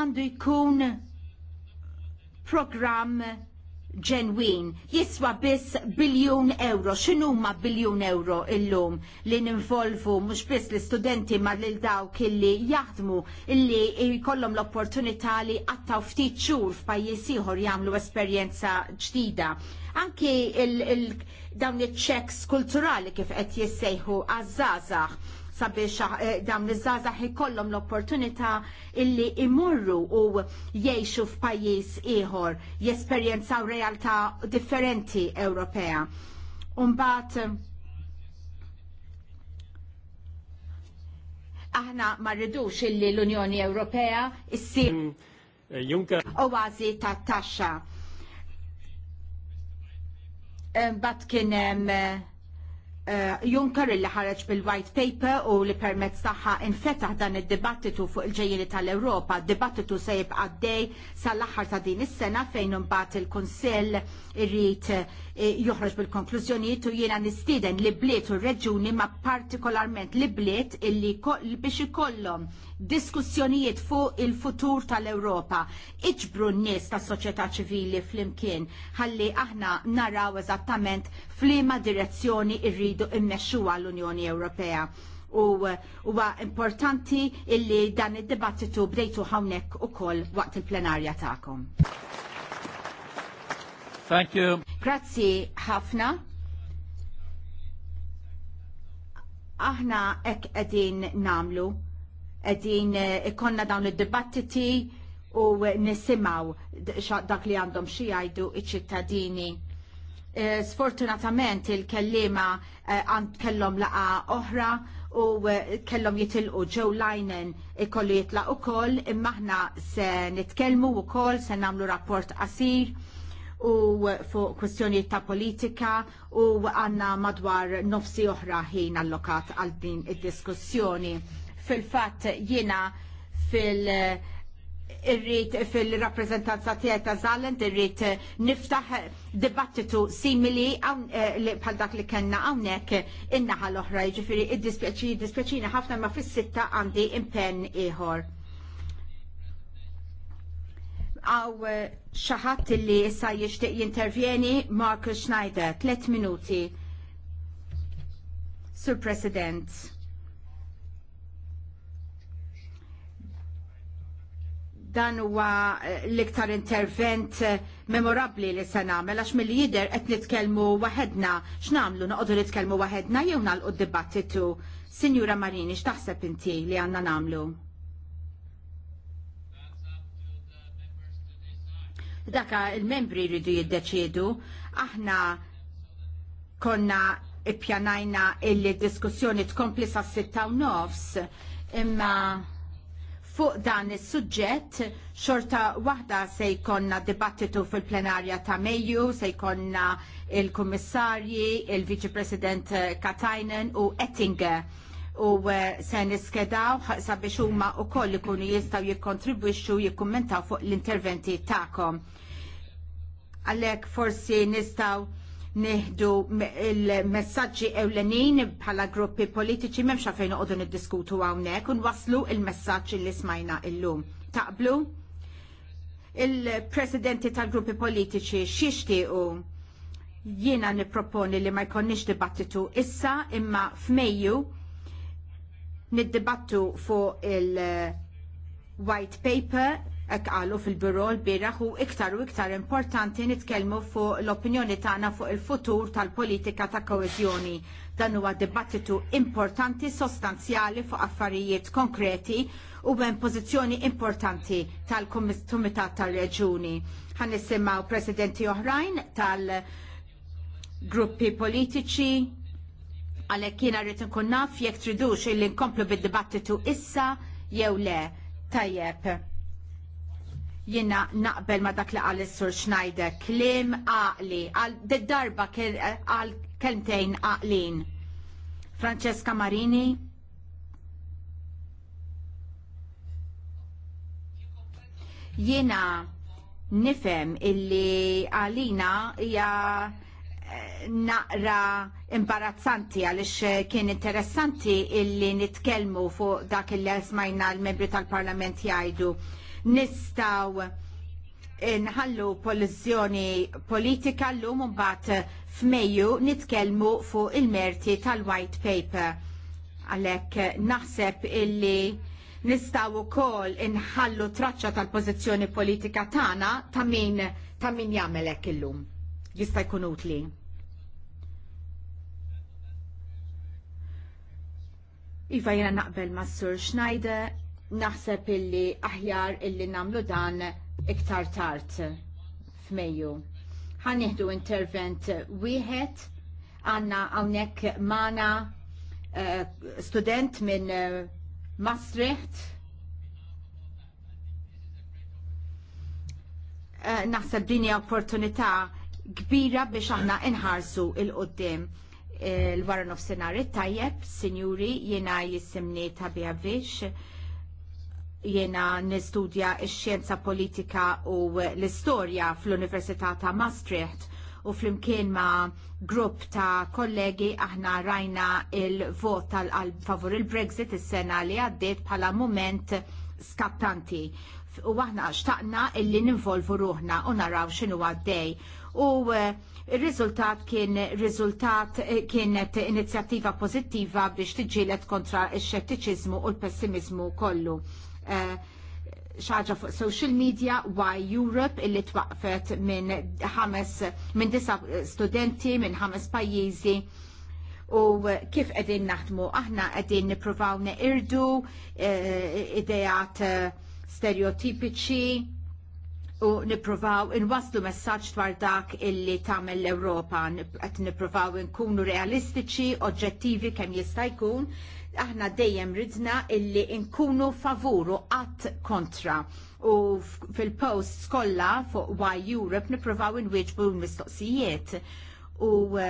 għandu jkun program ġenwin jiswa biss biljun euro. X'inhu ma biljun euro illum li ninvolvu mhux biss l-istudenti ma lil dawk illi jaħdmu illi jkollhom l-opportunità li għattaw ftit xhur f'pajjiż ieħor jagħmlu esperjenza ġdida. Anki dawn iċ-checks kulturali kif qed jissejħu għaż-żgħażagħ sabiex eh, dawn iż-żgħażagħ ikollhom l-opportunità illi imorru u jgħixu f'pajjiż ieħor, jesperjenzaw realtà differenti Ewropea. Umbagħad aħna ma rridux illi l-Unjoni Ewropea issir mm. eh, oazi ta' taxxa. Eh, Bat kien hemm Eh, Junker li ħareġ bil-White Paper u li permezz tagħha infetaħ dan id-dibattitu fuq il-ġejjeni tal-Ewropa, dibattitu se jibqa' dej sal-aħħar ta' din is-sena fejn imbagħad il-Kunsill irrid Eh, joħroġ bil-konklużjonijiet u jiena nistieden li bliet u reġuni ma partikolarment li bliet illi biex ikollhom diskussjonijiet fuq il-futur tal-Ewropa. Iġbru n-nies tas-soċjetà ċivili flimkien ħalli aħna naraw eżattament f'liema direzzjoni rridu immexxuha l-Unjoni Ewropea u eh, huwa importanti illi dan id-dibattitu bdejtu hawnhekk ukoll waqt il-plenarja tagħkom. Thank you. Grazzi ħafna. Aħna ek edin namlu, edin eh, ikonna dawn id-dibattiti u nisimaw dak li għandhom xi jgħidu iċ-ċittadini. Eh, sfortunatament il-kellima eh, għand kellhom laqa oħra u kellhom jitilqu ġew lajnen ikollu jitlaq ukoll imma aħna se nitkellmu wkoll se nagħmlu rapport qasir u fuq kwestjoni ta' politika u għanna madwar nofsi oħra ħin allokat għal din id-diskussjoni. Fil-fatt jiena fil- irrit fil-rappresentanza tiegħi ta' Zalent irrid niftaħ dibattitu simili eh, bħal dak li kellna hawnhekk in-naħa l-oħra jiġifieri id-dispjaċini ħafna ma fis-sitta għandi impenn ieħor għaw xaħat li issa jishtiq jintervjeni Marco Schneider, tlet minuti. Sur President. Dan huwa eh, l-iktar intervent eh, memorabli li se nagħmel għax milli jidher qed nitkellmu waħedna. X'namlu noqogħdu nitkellmu waħedna jew nagħlqu d-dibattitu. Sinjura Marini, x'taħseb inti li għandna nagħmlu? Daka il-membri jridu jiddeċiedu, aħna konna ippjanajna il-diskussjoni tkompli sa' sitta u nofs, imma fuq dan is-suġġett xorta waħda se jkollna dibattitu fil-plenarja ta' Mejju, se jkollna il-Kummissarji, il-Viċi President Katajnen u Ettinger u eh, se niskedaw sabiex huma wkoll ikunu jistgħu jikkontribwixxu jikkummentaw fuq l-interventi tagħkom. Għalhekk forsi nistgħu neħdu il-messagġi ewlenin bħala gruppi politiċi memxa fejn uqdu niddiskutu għawnek un waslu il-messagġi li smajna illum. Taqblu? Il-presidenti tal-gruppi politiċi xiextiqu jiena niproponi li ma jkollniex dibattitu issa imma f'Mejju niddibattu fuq il-white paper ek għalu fil-biro l-biraħ u iktar u iktar importanti nitkelmu fuq l-opinjoni tagħna fuq il-futur tal-politika ta' koezjoni. Dan huwa dibattitu importanti, sostanzjali fuq affarijiet konkreti u ben pożizzjoni importanti tal-Kumitat tal-Reġuni. Ħan nisimgħu presidenti oħrajn tal-gruppi politiċi, Għalhekk jiena rrid nkun naf jekk tridux illi nkomplu bid-dibattitu issa jew le tajjeb. Jiena naqbel ma dak li qal is-Sur Schneider kliem għaqli għal darba għal kelmtejn għaqlin. Francesca Marini Jiena nifhem illi għalina hija naqra imbarazzanti għalix eh, kien interessanti illi nitkelmu fuq dak illi smajna l-membri tal-parlament jgħidu nistaw nħallu polizjoni politika l-lum mbagħad f'Mejju nitkellmu fuq il-merti tal-White Paper. Għalhekk naħseb illi nistaw kol nħallu traċċa tal-pożizzjoni politika tagħna ta' min ta' min jagħmel hekk illum jista' jkun utli. Iva jena naqbel ma' Sur Schneider, naħseb illi aħjar illi namlu dan iktar tard f'Mejju. Ħanieħdu intervent wieħed għanna hawnhekk mana eh, student minn eh, Maastricht. Eh, naħseb dini opportunità kbira biex aħna inħarsu il-qoddim eh, l-wara nofsinhar it-tajjeb, sinjuri, jena jisimni tabija biex, jena nistudja x-xjenza politika u l-istorja fl-Università ta' Maastricht u flimkien ma' grupp ta' kollegi aħna rajna il-vot tal favur il-Brexit is-sena li għaddiet bħala moment skattanti. U aħna xtaqna il-li ninvolvu ruħna u naraw xinu għaddej u eh, il-riżultat kien riżultat eh, kienet inizjattiva pozittiva biex tiġilet kontra il xettiċiżmu u l-pessimizmu kollu. Eh, xaġa fuq social media Why Europe illi twaqfet minn ħames minn disa studenti minn ħames pajjiżi u kif qegħdin naħdmu aħna qegħdin nippruvaw neqirdu ideat idejat stereotipiċi u niprovaw inwaslu messaġġ dwar dak illi tagħmel l-Ewropa qed nippruvaw nkunu realistiċi, oġġettivi kemm jista' jkun, aħna dejjem ridna illi nkunu favuru qatt kontra u fil-post skolla fuq Why Europe niprovaw inwieġbu l-mistoqsijiet u uh,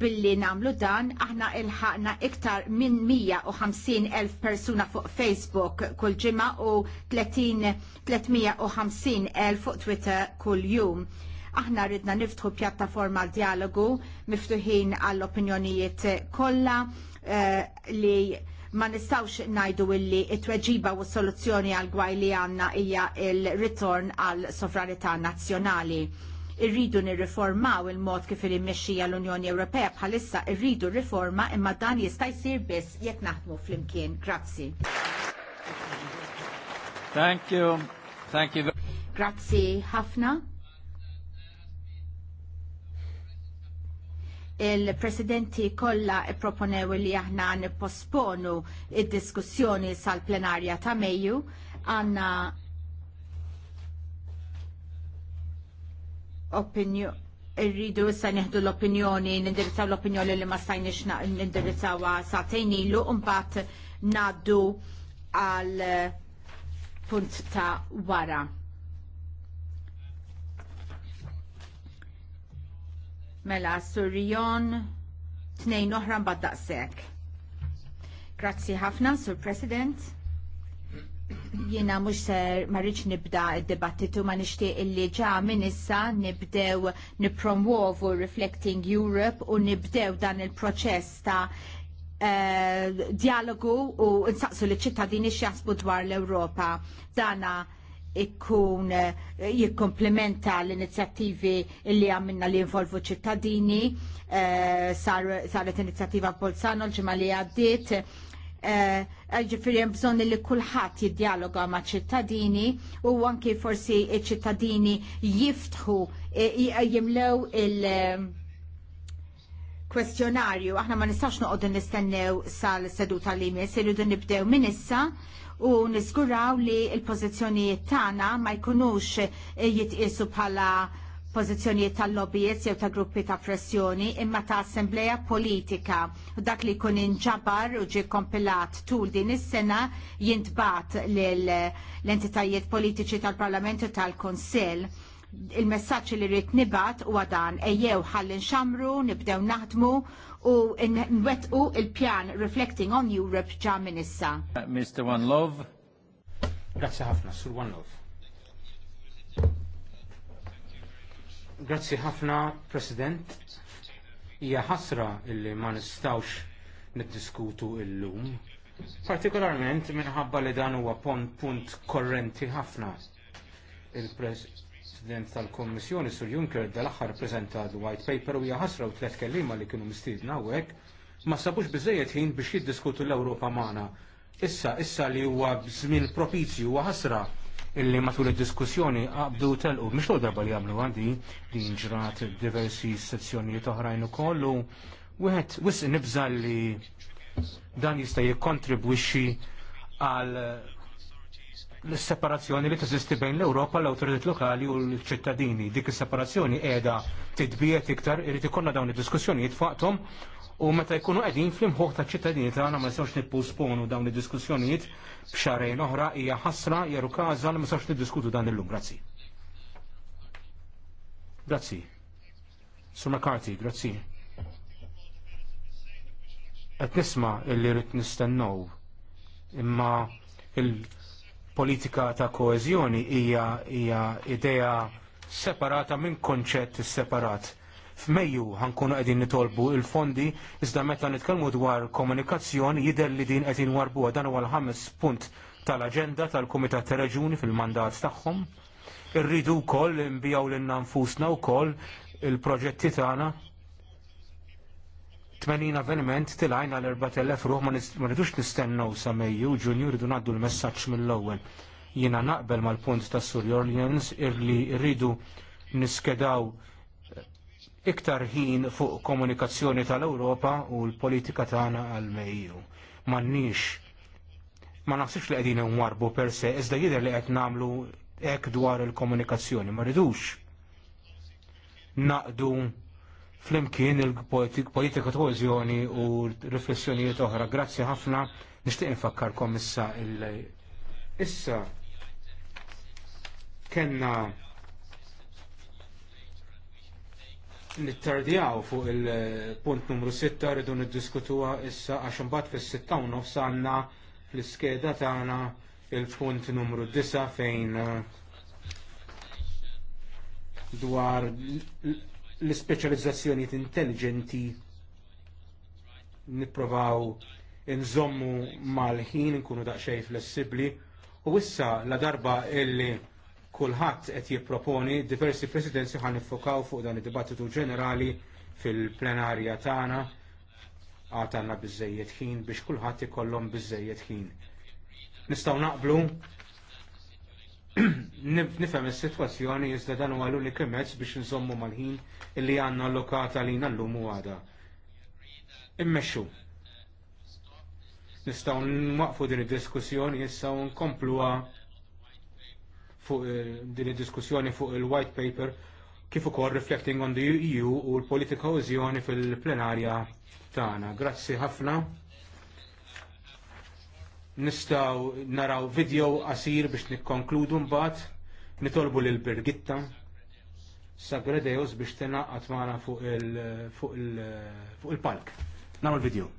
billi namlu dan aħna ilħaqna iktar minn 150 elf persuna fuq Facebook kull ġimma u 350 elf fuq Twitter kull jum. Aħna ridna niftħu pjattaforma dialogu miftuħin għall-opinjonijiet kollha uh, li ma nistawx najdu illi it-tweġiba u s-soluzzjoni għal-gwaj li għanna hija il-ritorn għal sovranità nazzjonali irridu nirriformaw il-mod kif il mexxija l-Unjoni Ewropea bħalissa irridu riforma imma dan jista' jsir biss jekk naħdmu flimkien. Grazzi. Thank you. Thank you. Grazzi ħafna. il-presidenti kolla proponew li aħna nipposponu id-diskussjoni sal-plenarja ta' Mejju għanna opinjoni irridu issa neħdu l-opinjoni, nindirizzaw l-opinjoni li ma stajniex nindirizzawa satejn ilu, mbagħad naddu għal punt ta' wara. Mela, Surjon, tnejn oħra mbagħad daqshekk. Grazzi ħafna, Sur President. Jiena mhux ser marriċ nibda d debattitu ma nixtieq illi ġa minn issa nibdew nipromuovu Reflecting Europe u nibdew dan il-proċess ta' eh, dialogu u nsaqsu li ċittadini x'jasbu dwar l-Ewropa. Dana ikkun eh, jikkomplementa l-inizjattivi li għamminna li involvu ċittadini, eh, saret inizjattiva Bolzano l-ġimma li għaddit, Eh, eh, ġifiri bżon li kullħat jiddialoga ma' ċittadini u anki forsi ċittadini jiftħu eh, jimlew il- kwestjonarju, aħna ma nistax noqogħdu nistennew sal-seduta li mis, irridu nibdew minn issa u nisguraw li l-pożizzjonijiet tagħna ma jkunux jitqisu bħala pożizzjonijiet tal-lobbyiet jew ta' gruppi ta' pressjoni imma ta' assembleja politika u dak li jkun inġabar u ġie kompilat tul din is-sena jintbat l-entitajiet politiċi tal-Parlament u tal-Kunsill il-messaċ li rrit nibat u għadan ejjew ħalli nxamru, nibdew naħdmu u nwetqu il-pjan Reflecting on Europe ġa minissa. Mr. One Love. Grazie ħafna, Sur One Love. Grazzi ħafna, President. Hija ħasra li ma nistawx niddiskutu illum. Partikolarment minħabba li dan huwa punt korrenti ħafna. Il-President tal-Kommissjoni Sur Juncker dal-aħħar preżentat white paper u jaħasra u tlet kelliema li kienu mistiedna hekk. ma sabux biżejjed ħin biex jiddiskutu l-Ewropa magħna. Issa, issa li huwa żmien propizju huwa ħasra illi matul id-diskussjoni qabdu telqu mhix l darba li għamlu għandi li nġrat diversi sezzjonijiet oħrajn ukoll u wieħed wis nibża li dan jista' jikkontribwixxi għal l-separazzjoni li teżisti bejn l-Ewropa, l-autoritet lokali u l-ċittadini. Dik is-separazzjoni qiegħda titbiet iktar irid ikollna dawn id-diskussjonijiet faqthom u meta jkunu qegħdin fl-imħuħ ta' ċittadini tagħna ma s-sawx nippusponu dawn id-diskussjonijiet b'xarejn oħra hija ħasra jeru kaza li ma nistgħux niddiskutu dan illum. Grazzi. Grazzi. Sur McCarthy, grazzi. Qed nisma' illi rrid nistennew imma il-politika ta' koeżjoni hija idea separata minn konċett separat F'Mejju ħankunu qegħdin nitolbu il-fondi iżda meta nitkellmu dwar komunikazzjoni jidher li din qegħdin warbuha dan huwa l-ħames punt tal-aġenda tal-Kumitat ta' Reġuni fil-mandat tagħhom. Irridu wkoll nbijaw lil nfusna wkoll il-proġetti tagħna 80 avveniment tilajna l-4000 ruħ ma rridux nistennew sa Mejju Ġunju rridu ngħaddu l-messaġġ mill-ewwel. Jiena naqbel mal-punt tas Sur Jorlians irli rridu niskedaw iktar ħin fuq komunikazzjoni tal-Ewropa u l-politika tagħna għal-mejju. M'għandniex ma naħsibx li qegħdin nwarbu per se, iżda jidher li qed nagħmlu hekk dwar il-komunikazzjoni, ma rridux naqdu flimkien il-politika koeżjoni u riflessjonijiet oħra. Grazzi ħafna, nixtieq infakkarkom issa il- issa kenna nittardjaw fuq il-punt numru 6 rridu niddiskutuha issa għax imbagħad fis 6 u nofs għandna fl-iskeda tagħna il-punt numru 9 fejn eh, dwar l-ispeċjalizzazzjonijiet intelligenti nipprovaw inżommu mal-ħin nkunu daqsxejn flessibbli u issa la darba illi kulħadd qed jipproponi diversi presidenzi ħan niffokaw fuq dan id-dibattitu ġenerali fil-plenarja tagħna għatanna biżejjed ħin biex kulħadd ikollhom biżejjed ħin. Nistgħu naqblu nifhem is-sitwazzjoni iżda dan huwa l-unik mezz biex nżommu mal-ħin illi għandna allokata lina llum u għada. Immexxu. Nistgħu nwaqfu din id-diskussjoni issa u nkompluha fuq eh, din id-diskussjoni fuq il-white paper kif ukoll reflecting on the EU u l-politika użjoni fil-plenarja tagħna. Grazzi ħafna. Nistgħu naraw video qasir biex nikkonkludu mbagħad nitolbu lil Birgitta Sagredeus biex tingħaqad magħna fuq il-palk. Nagħmel video.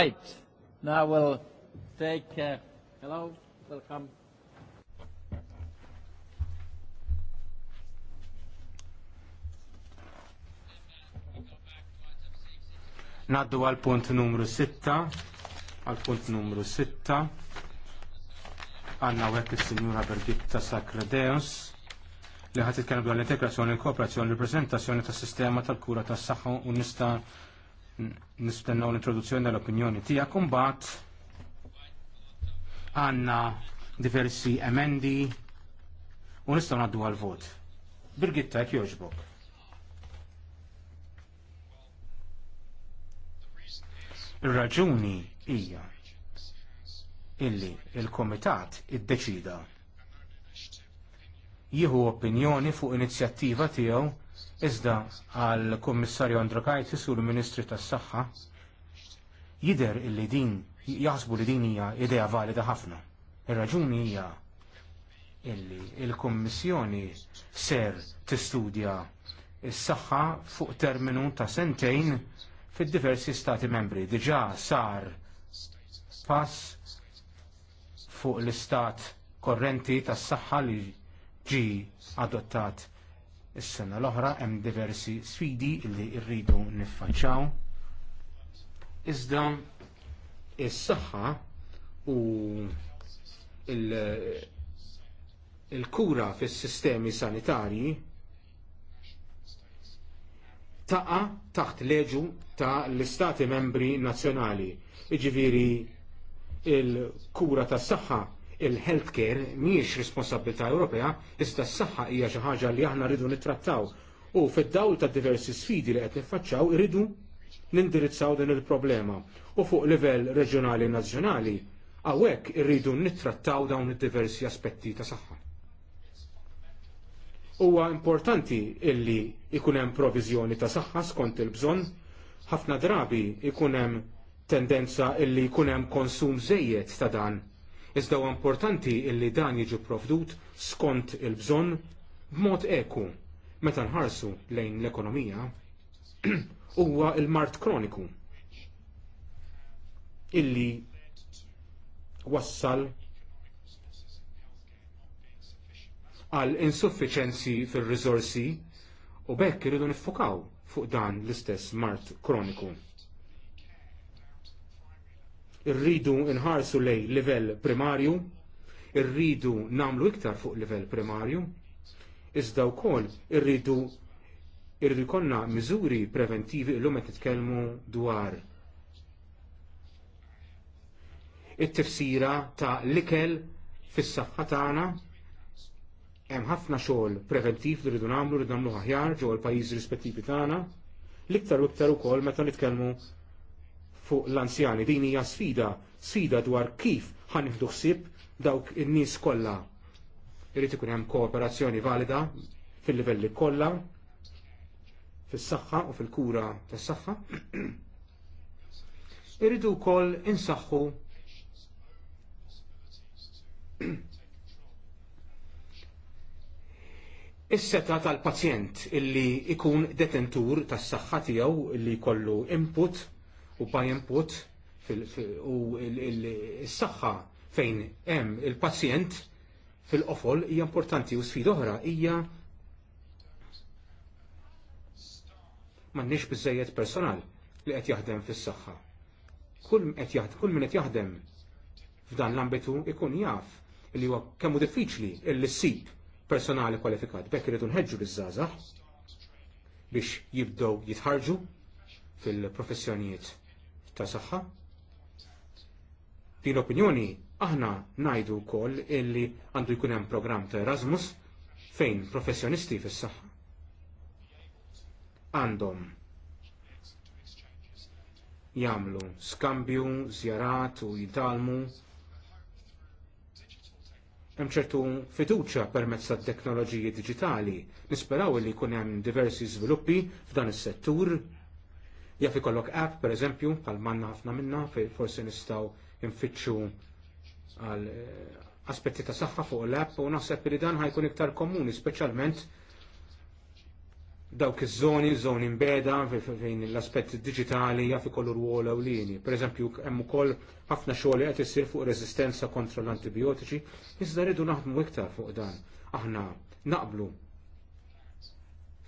right. Now we'll take, uh, hello, welcome. Naddu għal punt numru 6, għal punt numru 6, għanna għek il-Signora Bergitta Sacredeus, li ħat itkellem dwar l-integrazzjoni, kooperazzjoni l-reprezentazzjoni tas-sistema tal-kura tas saxħu u nista' nistennaw l-introduzzjoni l-opinjoni tija kumbat għanna diversi emendi u nistaw għaddu għal-vot. Birgitta, jek joġbok. Il-raġuni hija illi il-komitat id-deċida jieħu opinjoni fuq inizjattiva tiegħu Iżda għal kummissarju Kajt u l-Ministri tas-Saħħa jider illi din jaħsbu li din hija idea valida ħafna. Ir-raġuni hija illi il-Kommissjoni ser tistudja s-saħħa fuq terminu ta' sentejn fid-diversi stati membri. Diġà sar pass fuq l-istat korrenti tas saħħa li ġi adottat Is-sena l-oħra hemm diversi sfidi li rridu niffaċċaw. Iżda is-saħħa u il-kura il kura fis sistemi sanitarji taqa taħt leġu ta' l-istati membri nazzjonali. jiġifieri il-kura tas saħħa il-healthcare mhijiex responsabilità Ewropea, iżda s-saħħa hija xi ħaġa li aħna rridu nittrattaw. U fid-dawl ta' diversi sfidi li qed niffaċċaw irridu nindirizzaw din il-problema. U fuq livell reġjonali nazzjonali, hawnhekk irridu nittrattaw dawn id-diversi aspetti ta' saħħa. Huwa importanti illi ikun hemm proviżjoni ta' saħħa skont il-bżonn, ħafna drabi ikun hemm tendenza illi jkun hemm konsum żejjed ta' dan Iżda huwa importanti illi dan jiġi provdut skont il-bżonn b'mod eku meta nħarsu lejn l-ekonomija huwa il-mart kroniku illi wassal għal insuffiċenzi fir rizorsi u bekk iridu niffukaw fuq dan l-istess mart kroniku irridu nħarsu lej livell primarju, irridu namlu iktar fuq livell primarju, iżda kol irridu irridu konna miżuri preventivi illum qed titkelmu dwar it-tifsira ta' l-ikel fis-safħa tagħna hemm ħafna xogħol preventiv li rridu nagħmlu rridu nagħmlu aħjar ġewwa l-pajjiżi rispettivi tagħna l-iktar u iktar ukoll meta nitkellmu fuq l-anzjani. Din hija sfida, sfida dwar kif ħaniħdu ħsieb dawk in-nies kollha. Irid ikun hemm kooperazzjoni valida fil-livelli kollha, fis-saħħa u fil-kura tas-saħħa. Irridu wkoll insaħħu Is-seta tal-pazjent illi ikun detentur tas-saħħa tiegħu illi jkollu input u buy input u s-saħħa fejn hemm il-pazjent fil-qofol hija importanti u sfida oħra hija m'għandniex biżejjed personal li qed jaħdem fis-saħħa. Kull qed jaħdem, kull min qed jaħdem f'dan l-ambitu ikun jaf li huwa kemm diffiċli li ssib personali kwalifikat bekk iridu nħeġġu biż-żgħażagħ biex jibdew jitħarġu fil-professjonijiet ta' saħħa. Din l-opinjoni aħna ngħidu wkoll illi għandu jkun hemm programm ta' Erasmus fejn professjonisti fis-saħħa għandhom jagħmlu skambju, żjarat u jitalmu hemm ċertu fiduċja permezz tat-teknoloġiji diġitali. Nisperaw li jkun hemm diversi żviluppi f'dan is-settur jaf ikollok app, per eżempju, pal manna ħafna minna, fej forsi nistaw infittxu għal eh, aspetti ta' saħħa fuq l-app u naħseb li dan ħajkun iktar komuni, speċjalment dawk iż-żoni, żoni mbeda fejn l-aspett digitali jaf ikollu rwol ewlieni. Pereżempju hemm ukoll ħafna xogħol qed isir fuq resistenza kontra l-antibiotiċi, iżda rridu naħdmu iktar fuq dan. Aħna naqblu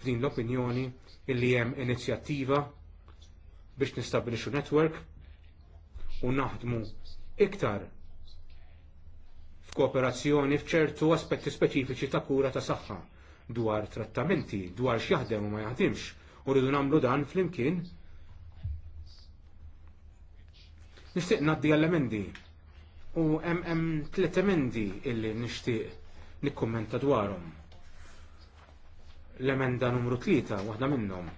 f'din l-opinjoni illi hemm inizjattiva biex nistabilixu network u naħdmu iktar f'kooperazzjoni f'ċertu aspetti speċifiċi ta' kura ta' saħħa dwar trattamenti, dwar x'jaħdem u ma jaħdimx, u rridu nagħmlu dan flimkien. Nixtieq ngħaddi għall-emendi u hemm hemm tliet emendi illi nixtieq nikkummenta dwarhom. L-emenda numru tlieta waħda minnhom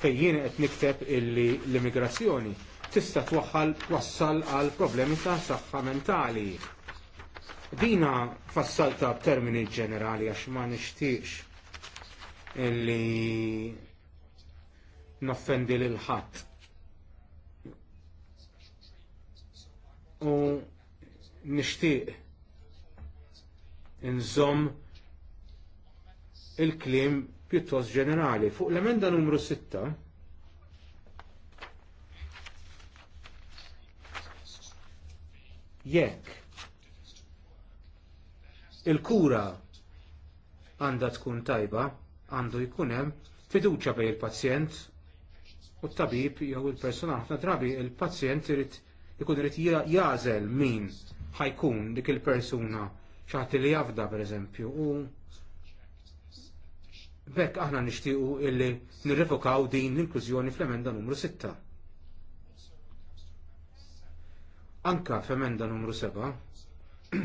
fejjien qed nikteb illi l-immigrazzjoni tista' twaħħal twassal għal problemi ta' saħħa mentali. Dina fassalta b'termini ġenerali għax ma nixtiex illi noffendi lil ħadd. U nixtieq inżomm il kliem pjuttost ġenerali. Fuq l-emenda numru 6, jekk il-kura għandha tkun tajba, għandu jkun hemm fiduċja bejn il-pazjent u t-tabib jew il-persuna ħafna drabi il-pazjent irid ikun irid jażel min ħajkun dik il-persuna xaħti li jafda pereżempju u Bekk aħna nixtiequ illi nirrevokaw din l-inklużjoni fl-emenda numru 6. Anka f'emenda numru 7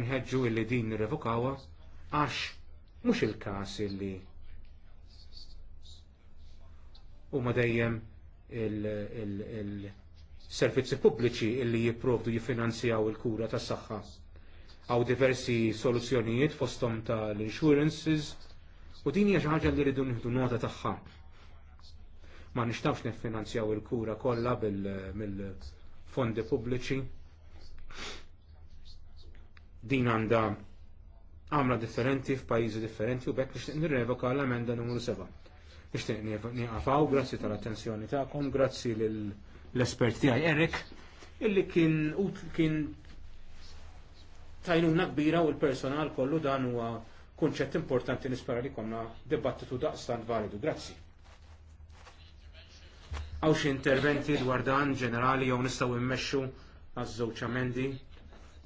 inħedġu illi din nirrevokawa għax mhux il-każ illi huma dejjem il-servizzi pubbliċi illi jipprovdu jiffinanzjaw il-kura tas saħħa Għaw diversi soluzzjonijiet fosthom tal insurances U din hija xi ħaġa li rridu nieħdu nota tagħha. Ma nixtawx niffinanzjaw il-kura kollha mill-fondi pubbliċi. Din għandha għamla differenti f'pajjiżi differenti u bekk nixtieq nirrevoka l-emenda numru 7. Nixtieq nieqafaw, grazzi tal-attenzjoni tagħkom, grazzi l-espert tiegħi Erik, illi kien kien tajnuna kbira u l-personal kollu dan huwa kunċett importanti nispera li konna dibattitu daqstan validu. Grazzi. Għaw xi interventi dwar dan ġenerali jew nistgħu immexxu għaż-żewġ emendi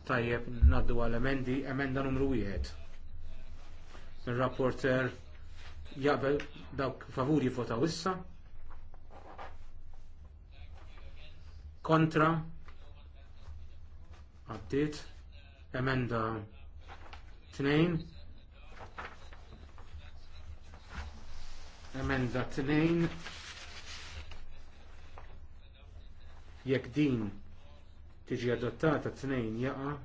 tajjeb naddu għal emendi emenda numru wieħed. Il-rapporter jaqbel dawk favuri vota issa. Kontra għaddiet emenda tnejn Emenda 2. Jekk din tiġi adottata 2 jaqa'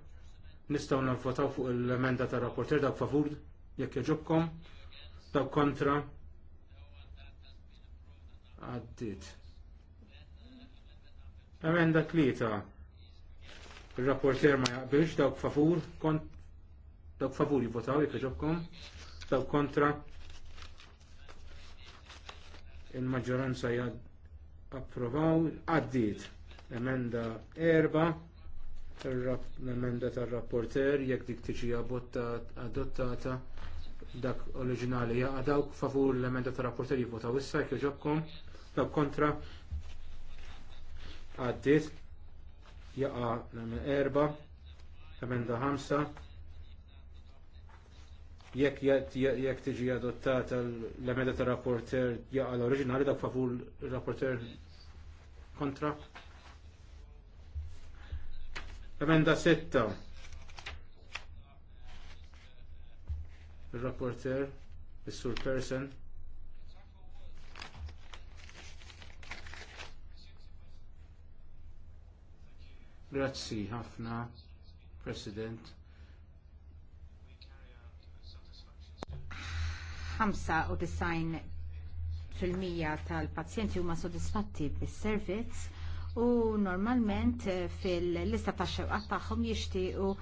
nistgħu nanfotaw fuq l-emenda tar-rapporter dak favur jekk jogħġobkom dak kontra għaddit. Emenda tlieta. Il-rapporter ma jaqbilx dawk favur, kont dawk favur jivotaw jekk ġobkom, dawk kontra il-maġġoranza approvaw għaddiet emenda erba l-emenda tar-rapporter jekk dik tiġi adottata dak oriġinali jaqa favur l-emenda tar-rapporter jivvotaw issa jekk joġobkom dak kontra għaddiet jaqa erba emenda ħamsa jekk jekk tiġi adottata l-emenda ta' rapporter jaqa l-oriġinali dak favur rapporter kontra. Emenda setta. Il-rapporter, il-sur person. Grazzi ħafna, President. 95% tal-pazjenti huma sodisfatti bis-servizz u normalment eh, fil-lista ta' xewqat tagħhom jixtiequ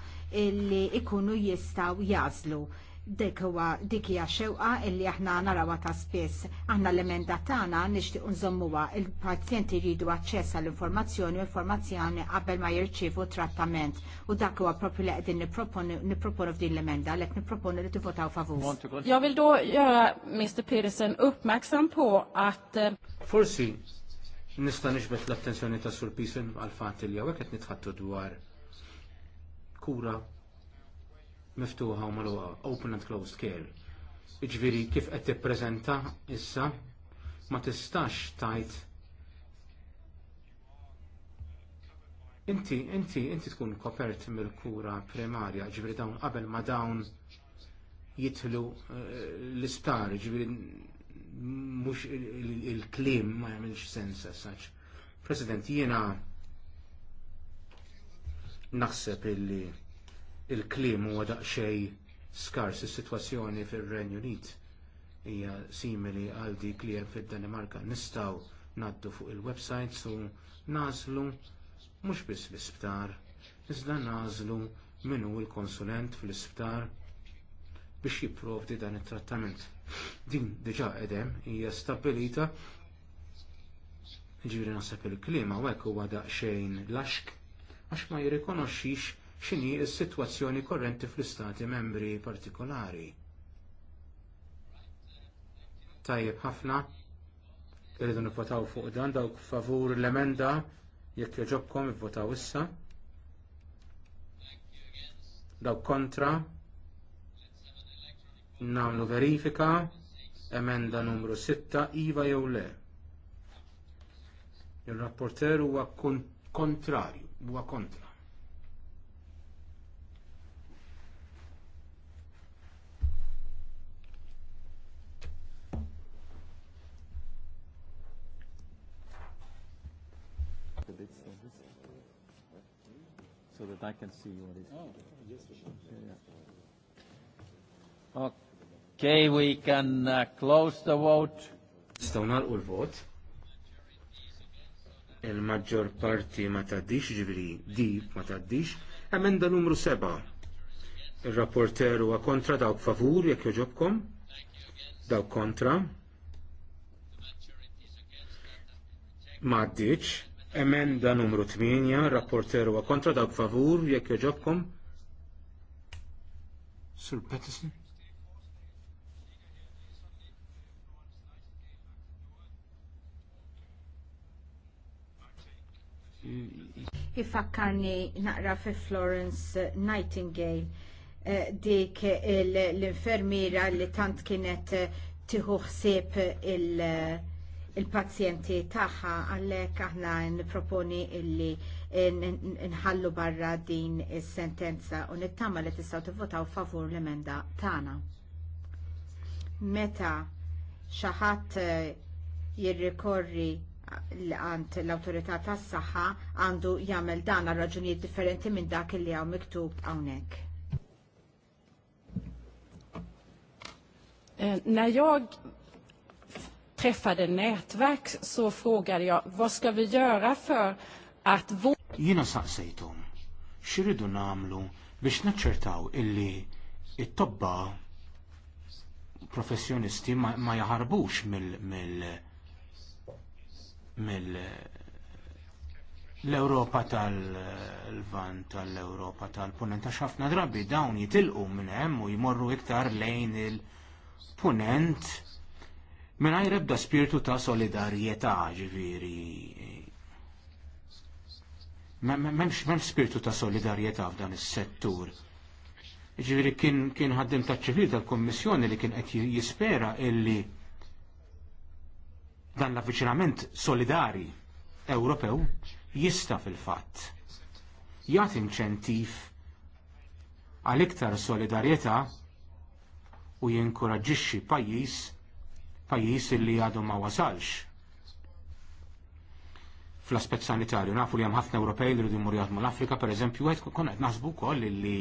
illi ikunu jistgħu jażlu dik huwa dik hija xewqa illi aħna narawha ta' spiss. Aħna l-emenda tagħna nixtieq nżommuha il-pazjenti jridu aċċess għall informazzjoni u informazzjoni qabel ma jirċievu trattament. U dak huwa propri li qegħdin nipproponu f'din l-emenda qed nipproponu li tivvotaw favur. Jag vill då Mr Peterson uppmärksam po att eh, Forsi nista' nixbet l-attenzjoni ta' Sur Pisen għal fatt li hekk qed nitħattu dwar kura miftuħa u maluqa, open and closed care. Iġviri, kif qed tippreżenta issa, ma tistax tajt Inti, inti, inti tkun kopert mill-kura primarja, ġviri dawn qabel ma dawn jitlu eh, l-isptar, ġviri mux il-klim ma jagħmilx sens saċ. President, jiena naħseb illi il-klim huwa daqsxejn skars is-sitwazzjoni fir-Renju Unit hija simili għal dik li hemm fid-Danimarka. Nistgħu ngħaddu fuq il-websites u nażlu mhux biss l-isptar, iżda nażlu min hu l-konsulent fl-isptar biex jipprovdi dan it-trattament. Din diġà qedem hija stabbilita ġiri naħseb il-klima u hekk huwa daqsxejn laxk għax ma jirrikonoxxix x'inhi s-sitwazzjoni korrenti fl-istati membri partikolari. Tajjeb ħafna, irridu nivvotaw fuq dan dawk favur l-emenda jekk joġobkom ivvotaw issa. Dawk kontra nagħmlu verifika emenda numru 6 iva jew le. Il-rapporter huwa kontrarju, huwa kontra. so that I can see what is. Oh, yes, sure. Yeah. Okay, we can uh, close the vote. Stonal ul vot Il-maġġor parti ma taddix, ġivri di ma taddix. Emenda numru 7. Il-rapporter huwa kontra dawk favur jekk joġobkom. Dawk kontra. Ma ddiċ Emenda numru 8, rapporter wa kontra dawk favur, jekk joġobkom. Sir Peterson. Ifakkarni naqra fi Florence Nightingale eh, dik l-infermiera li tant kienet eh, tiħu ħsieb il- il-pazjenti tagħha għalhekk aħna nipproponi illi nħallu barra din is-sentenza u nittama li tistgħu tivvotaw favur l-emenda tagħna. Meta xi ħadd eh, jirrikorri għand l-autorità tas-saħħa għandu jagħmel dan għal raġunijiet differenti minn dak li hawn miktub hawnhekk. Eh, När jag träffade nätverk så frågade jag vad ska vi göra för att vår... Jina saqsejtum, xiridu namlu biex naċċertaw illi it-tobba professjonisti ma, jaħarbux mill mill mill l-Europa tal van tal-Europa tal-Punent, għax ħafna drabi dawn jitilqu minn hemm u jmorru iktar lejn il-Punent mingħajr ebda spiritu ta' solidarjetà ġifieri. M'hemmx spiritu ta' solidarjetà f'dan is-settur. Ġiviri kien kien ħaddim taċ-ċivil tal-Kummissjoni li kien qed jispera illi dan l-avviċinament solidari Ewropew jista fil-fatt jagħti inċentiv għal iktar solidarjetà u jinkoraġġixxi pajjiż pajis li għadu ma wasalx fl-aspet sanitarju. Nafu li hemm ħafna Ewropej li rridu jmur jaħdmu l-Afrika, pereżempju, qed kon qed naħsbu wkoll li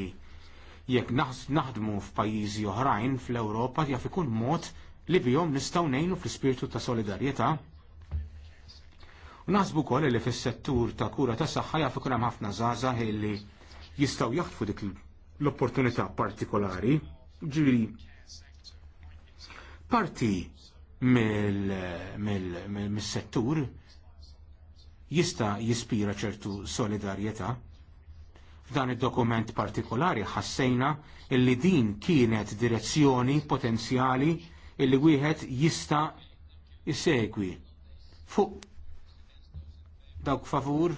jekk naħdmu f'pajjiżi oħrajn fl-Ewropa jaf ikun mod li bihom nistgħu ngħinu fl-ispirtu ta' solidarjetà. U naħsbu wkoll li fis-settur ta' kura ta' saħħa jaf ikun hemm ħafna żgħażagħ li jistgħu jaħtfu dik l-opportunità partikolari. Ġiri, parti mill-settur jista jispira ċertu solidarjetà. F'dan id-dokument partikolari ħassejna illi din kienet direzzjoni potenzjali illi wieħed jista jsegwi. Fuq dawk favur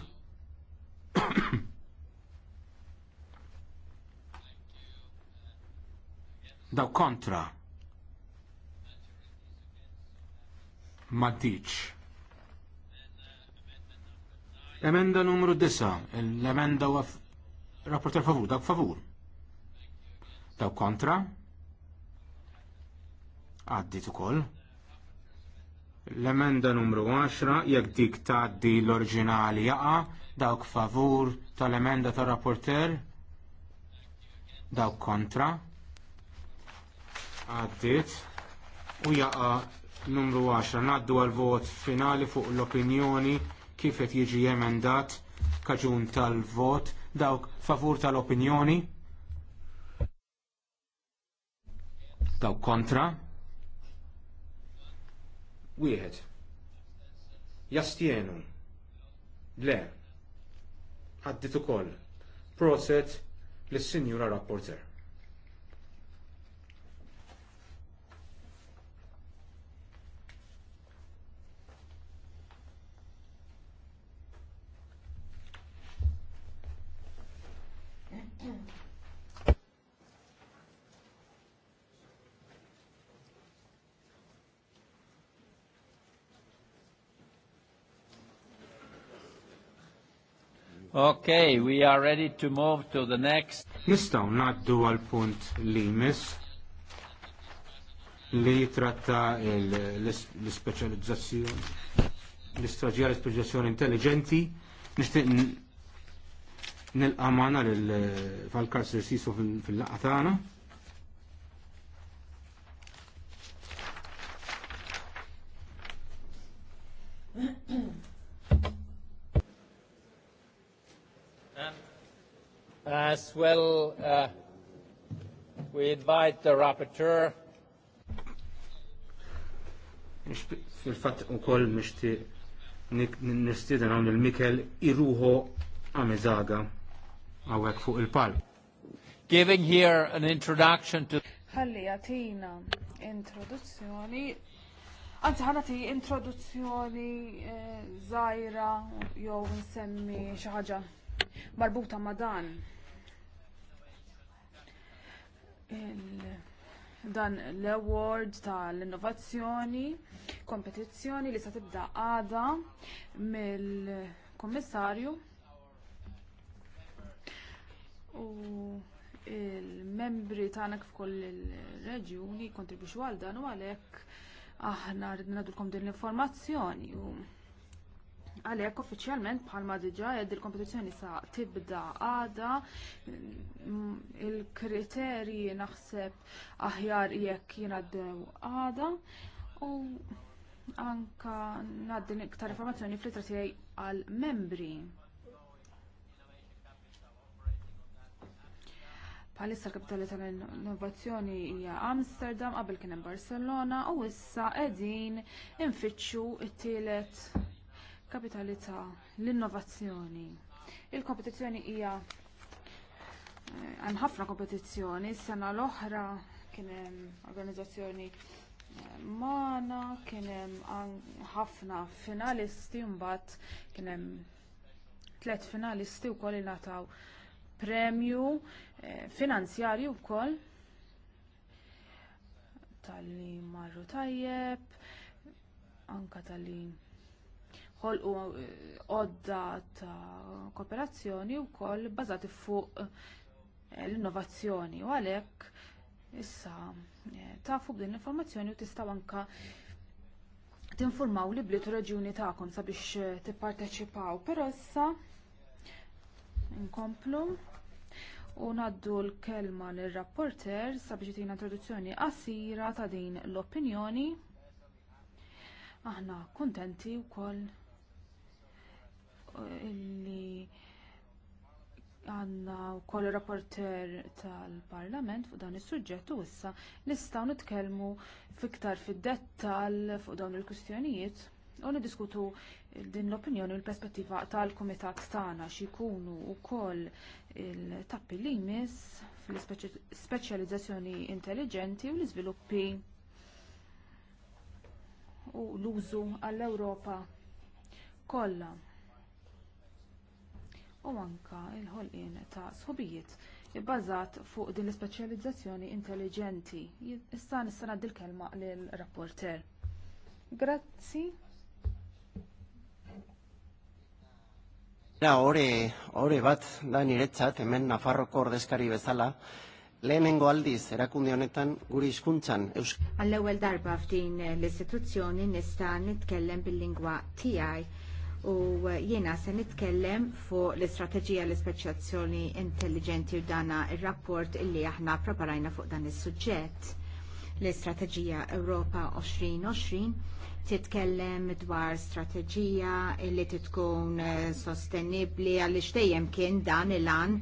dawk kontra maddiċ. Emenda numru 9, l-emenda u rapporter favur, dak favur. Daw kontra. tu ukoll. L-emenda numru 10, jekk dik tgħaddi l orġinali jaqa, dawk favur tal-emenda tar-rapporter, dawk kontra. Għaddit u jaqa numru 10 naddu għal vot finali fuq l-opinjoni kif qed jiġi emendat kaġun tal-vot dawk favur tal-opinjoni dawk kontra wieħed jastienu le għaddit ukoll proset lis-sinjura rapporter Okay, we are ready to move to the next. Nistaw naddu għal punt li mis li tratta l-specializzazzjoni, l-istraġija l-specializzazzjoni intelligenti. Nishtiq nil-amana l-Falkar Sirsiso fil-laqatana. Fil As well, uh, we invite the rapporteur. Fil-fat u koll mishti nistidan għan il-Mikel iruħo għamizaga għawek fuq il-pal. Giving here an introduction to... Ħalli għatina introduzzjoni Għanzi ħanati introduzzjoni e, eh, zaħira jew nsemmi xi ħaġa marbuta ma' dan dan l-award tal-innovazzjoni, kompetizzjoni li se tibda għada mill-kommissarju u il-membri tagħna kif koll il-reġjuni kontribwixxu għal dan u għalhekk aħna rridna nadulkom din l-informazzjoni u Għalhekk uffiċjalment bħalma diġà għed il-kompetizzjoni sa tibda għada il-kriterji naħseb aħjar jekk jingħaddew għada u anka naddin iktar informazzjoni fl tiegħi għal membri Palissa l-kapitali tal-innovazzjoni hija Amsterdam, qabel kien hemm Barcelona u issa qegħdin infittxu t tielet kapitalità, l-innovazzjoni. Il-kompetizzjoni hija eh, hemm ħafna kompetizzjoni, sena l-oħra kien hemm organizzazzjoni eh, Mana kien hemm ħafna finalisti mbagħad kien hemm tliet finalisti wkoll ingħataw premju eh, finanzjarju wkoll tal-li marru tajjeb anka tal-li ħolqu eh, għodda ta' kooperazzjoni wkoll bbażati fuq eh, l-innovazzjoni u għalhekk issa eh, tafu b'din l-informazzjoni u tistgħu anke tinformaw li bliet u reġjuni tagħkom sabiex tipparteċipaw. Però issa nkomplu u ngħaddu l-kelma lir-rapporter sabiex tina introduzzjoni qasira ta' din l-opinjoni aħna kuntenti wkoll illi għanna wkoll rapporter tal-parlament fuq dan is-suġġett u issa nistgħu nitkellmu fiktar fid-dettall fuq dawn il-kwistjonijiet u niddiskutu din l-opinjoni u l-perspettiva tal-kumitat tana x'ikunu u wkoll il-tappi li jmiss fl-speċjalizzazzjoni intelligenti u l-iżviluppi u l-użu għall-Ewropa kollha u anke l-ħolqien ta' sħubijiet bbażat fuq din l-ispeċjalizzazzjoni intelligenti. Issa nista' ngħaddi l-kelma lill-rapporter. Grazzi. Ja, ore, ore bat da niretzat hemen Nafarroko ordezkari bezala lehenengo aldiz erakunde honetan guri hizkuntzan Għall-ewwel darba f'din l-istituzzjoni nista' nitkellem bil-lingwa TI u eh, jiena se nitkellem fuq l-istrateġija l-ispeċjazzjoni intelligenti u dana il-rapport illi aħna preparajna fuq dan is-suġġett. L-istrateġija Ewropa 2020 titkellem dwar strateġija illi titkun eh, sostenibbli għaliex dejjem kien dan il-an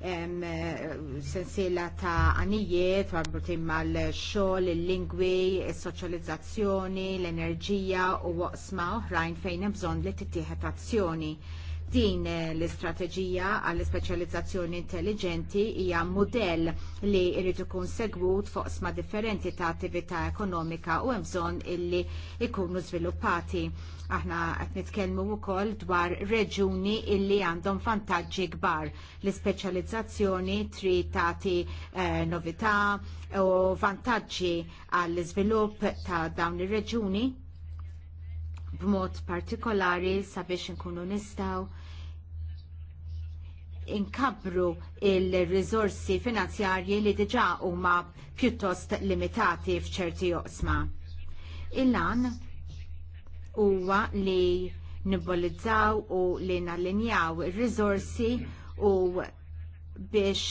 sensiela ta' għanijiet, imma mal-xol, il-lingwi, il-soċjalizzazzjoni, l-enerġija u waqsma oħrajn fejn hemm bżonn li tittieħed azzjoni. Din eh, l-istrateġija għall ispeċjalizzazzjoni intelligenti hija mudell li jrid ikun segwut fuq differenti ta' attività ekonomika u hemm bżonn illi ikunu żviluppati Aħna qed nitkellmu wkoll dwar reġuni illi għandhom vantaġġi kbar. L-ispeċjalizzazzjoni tri tagħti eh, novità u vantaġġi għall-iżvilupp ta' dawn ir-reġuni b'mod partikolari sabiex inkunu nistgħu inkabru il-rizorsi finanzjarji li diġa huma pjuttost limitati f'ċerti oqsma. Il-lan huwa li nibbolizzaw u li nallinjaw ir rizorsi u biex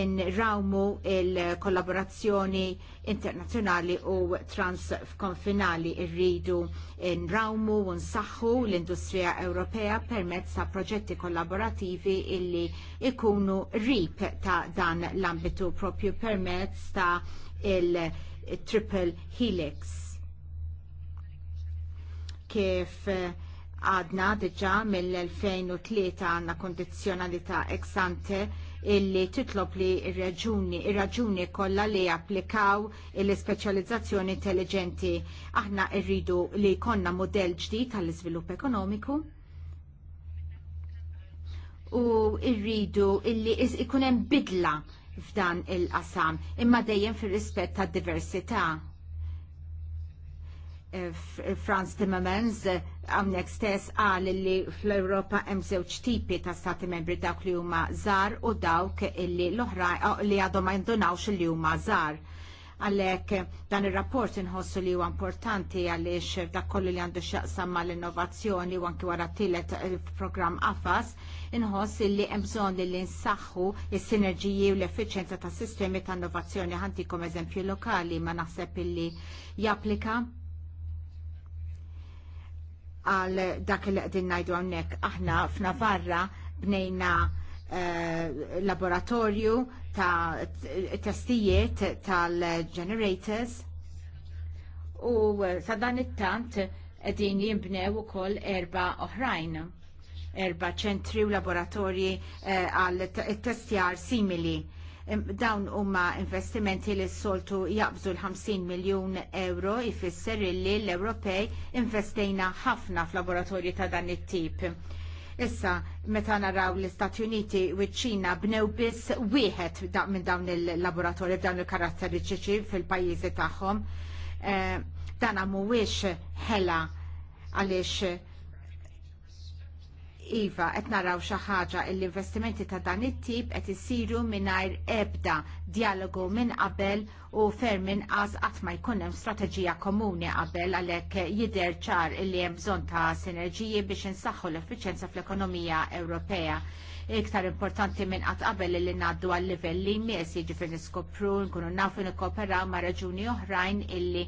inrawmu il-kollaborazzjoni internazzjonali u transkonfinali irridu nrawmu u nsaħħu l-industrija Ewropea permezz ta' proġetti kollaborativi illi ikunu rip ta' dan l-ambitu propju permezz ta' il-triple helix kif eh, għadna diġa mill-2003 għanna kondizjonalità ex ante illi titlob li ir-raġuni, ir-raġuni kollha li applikaw l-ispeċjalizzazzjoni intelligenti. Aħna rridu li konna model ġdid tal-iżvilupp ekonomiku u rridu illi ikunem hemm bidla f'dan il-qasam imma dejjem fir-rispett tad-diversità Franz Timmermans eh, għamnek stess għal li fl-Europa hemm żewġ tipi ta' stati membri dawk li huma zar u dawk illi l-oħrajn eh, li għadhom ma jindunawx li huma zar. Għalhekk eh, dan ir-rapport inħossu li huwa importanti għaliex dak kollu li għandu x'jaqsam mal-innovazzjoni u anki wara tielet programm AFAS inħoss illi hemm bżonn li nsaħħu s-sinerġiji u l-effiċjenza tas sistemi ta' innovazzjoni ħantikom eżempju lokali ma naħseb illi japplika għal dak li qegħdin ngħidu hawnhekk aħna f'Navarra bnejna eh, laboratorju ta' testijiet tal-generators u eh, sa' dan it-tant qegħdin jinbnew ukoll erba' oħrajn erba' ċentri u laboratorji eh, għal testjar simili dawn huma investimenti li s-soltu jaqbżu l-50 miljun euro ifisser illi l-Ewropej investejna ħafna f'laboratorji ta' dan it-tip. Issa, meta naraw l-Istati Uniti u ċ-Ċina bnew biss wieħed minn dawn il-laboratorji b'dawn il-karatteristiċi fil-pajjiżi tagħhom. Eh, dan mhuwiex ħela għaliex Iva, qed naraw xi ħaġa l-investimenti ta' dan it-tip qed isiru mingħajr ebda dialogu minn qabel u ferm inqas qatt ma jkun hemm strateġija komuni qabel għalhekk jidher ċar li hemm bżonn ta' sinerġiji biex insaħħu l-effiċjenza fl-ekonomija Ewropea iktar importanti minn qatt qabel li ngħaddu għal livell li jmiss jiġifier niskopru nkunu nafu nikkooperaw ma' raġuni oħrajn illi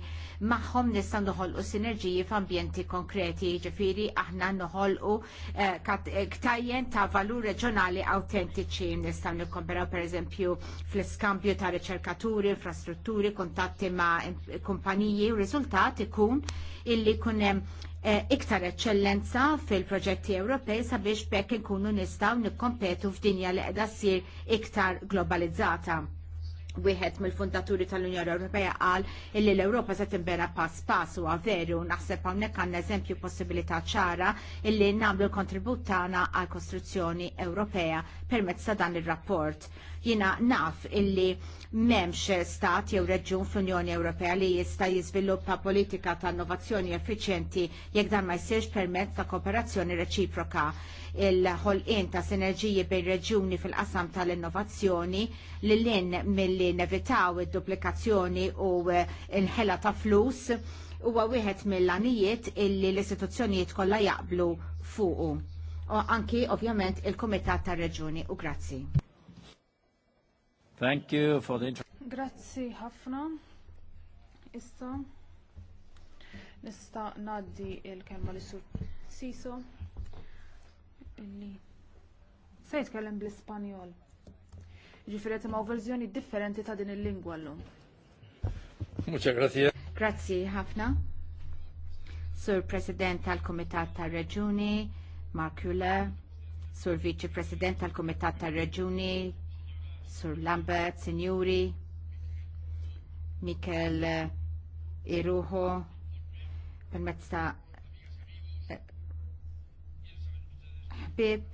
magħhom nista' noħolqu sinerġiji f'ambjenti konkreti, jiġifieri aħna noħolqu eh, eh, ktajjen ta' valur reġjonali awtentiċi nistgħu nikkomperaw pereżempju fl-iskambju ta' riċerkaturi, infrastrutturi, kuntatti ma' kumpaniji u riżultat ikun illi kunem Eh, iktar eċċellenza fil-proġetti Ewropej sabiex bekk inkunu nistgħu nikkompetu f'dinja li qiegħda ssir iktar globalizzata. Wieħed mill-fundaturi tal-Unjoni Ewropea qal illi l-Ewropa se tinbera pass pass u veru naħseb hawnhekk għandna eżempju possibilità ċara illi nagħmlu l-kontribut tagħna għall kostruzzjoni Ewropea permezz ta' dan ir-rapport. Jiena naf illi M'hemmx stat jew reġjun fl-Unjoni Ewropea li jista' jiżviluppa politika ta' innovazzjoni effiċjenti jekk dan ma jsirx permezz ta' kooperazzjoni reċiproka il-ħolqien ta' sinerġiji bejn reġjuni fil-qasam tal-innovazzjoni li l-in mill-li nevitaw id-duplikazzjoni u l-ħela ta' flus huwa wieħed mill-anijiet illi l-istituzzjonijiet kollha jaqblu fuqu. Anki ovvjament il-Kumitat tar-Reġuni u grazzi. Thank you for the Grazzi ħafna. Issa nista' ngħaddi il-kelma li sur Siso illi se jitkellem bl-Ispanjol. Ġifieri imgħu verżjoni differenti ta' din il-lingwa llum. Muċa grazie. Grazzi ħafna. Sur President tal kumitat tar reġuni Mark Sur Viċi President tal kumitat tar reġuni Sur Lambert, Signori, Mikel eh, Iruho, permezz ta' eh, ħbib,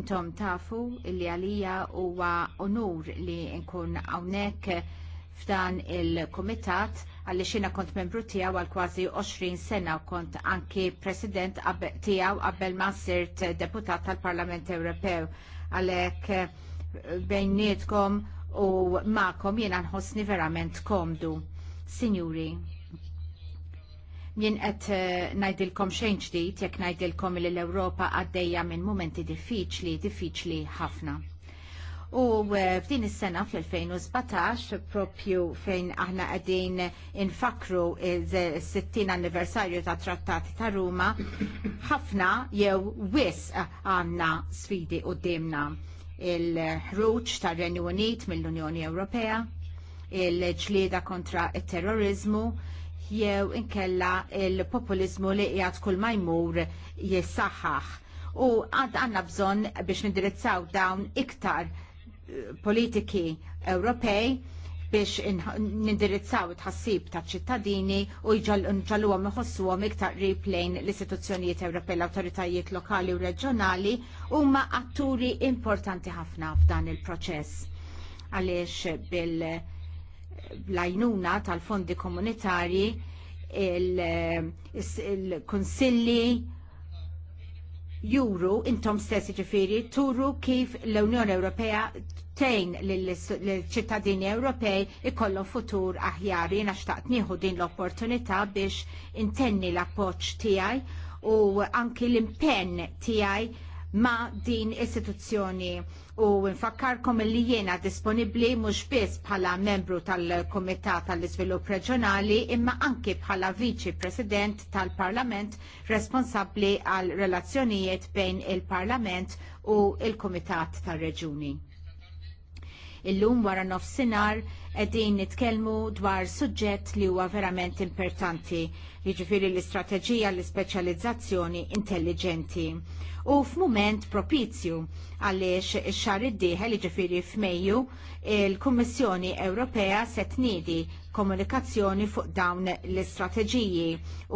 intom tafu illi għalija huwa onur li nkun hawnhekk f'dan il-komitat għalli xina kont membru tijaw għal kważi 20 sena u kont anki president tijaw qabel ma sirt deputat tal-Parlament Ewropew għalek bejnietkom u ma'kom jiena nħossni verament komdu. Sinjuri, jien qed eh, ngħidilkom xejn ġdid jekk ngħidilkom li l-Ewropa għaddejja minn mumenti diffiċli, diffiċli ħafna. U eh, f'din is-sena fl-2017 propju fejn aħna qegħdin infakru il-60 anniversarju ta' Trattati ta' Ruma, ħafna jew wis għandna sfidi qudiemna il-ħruġ tar-Renju Unit mill-Unjoni Ewropea, il-ġlieda kontra il-terrorizmu, jew inkella il-populizmu li qiegħed kull ma jmur U U għandna bżonn biex nindirizzaw dawn iktar eh, politiki Ewropej biex nindirizzaw it-ħassib ta' ċittadini u jġalluhom iħossuhom iktar riplejn l-istituzzjonijiet Ewropej, l-awtoritajiet lokali u reġjonali huma atturi importanti ħafna f'dan il-proċess. Għaliex bil-lajnuna tal-fondi komunitarji il-konsilli juru intom stessi ġifiri turu kif l-Unjoni Ewropea tejn l-ċittadini Ewropej ikollhom futur aħjar. Jiena xtaqt nieħu din l-opportunità biex intenni l-appoġġ tiegħi u anki l-impenn tiegħi ma' din istituzzjoni u nfakkarkom li jiena disponibbli mhux biss bħala membru tal-Kumitat tal-Iżvilupp Reġjonali imma anki bħala Viċi President tal-Parlament responsabbli għal relazzjonijiet bejn il-Parlament u il-Kumitat tar-Reġuni. Illum wara nofsinhar qegħdin nitkellmu dwar suġġett li huwa verament importanti, jiġifieri l-istrateġija l-ispeċjalizzazzjoni intelligenti. U f'mument propizju għaliex ix-xahar id-dieħel jiġifieri f'Mejju il-Kummissjoni Ewropea se tniedi komunikazzjoni fuq dawn l-istrateġiji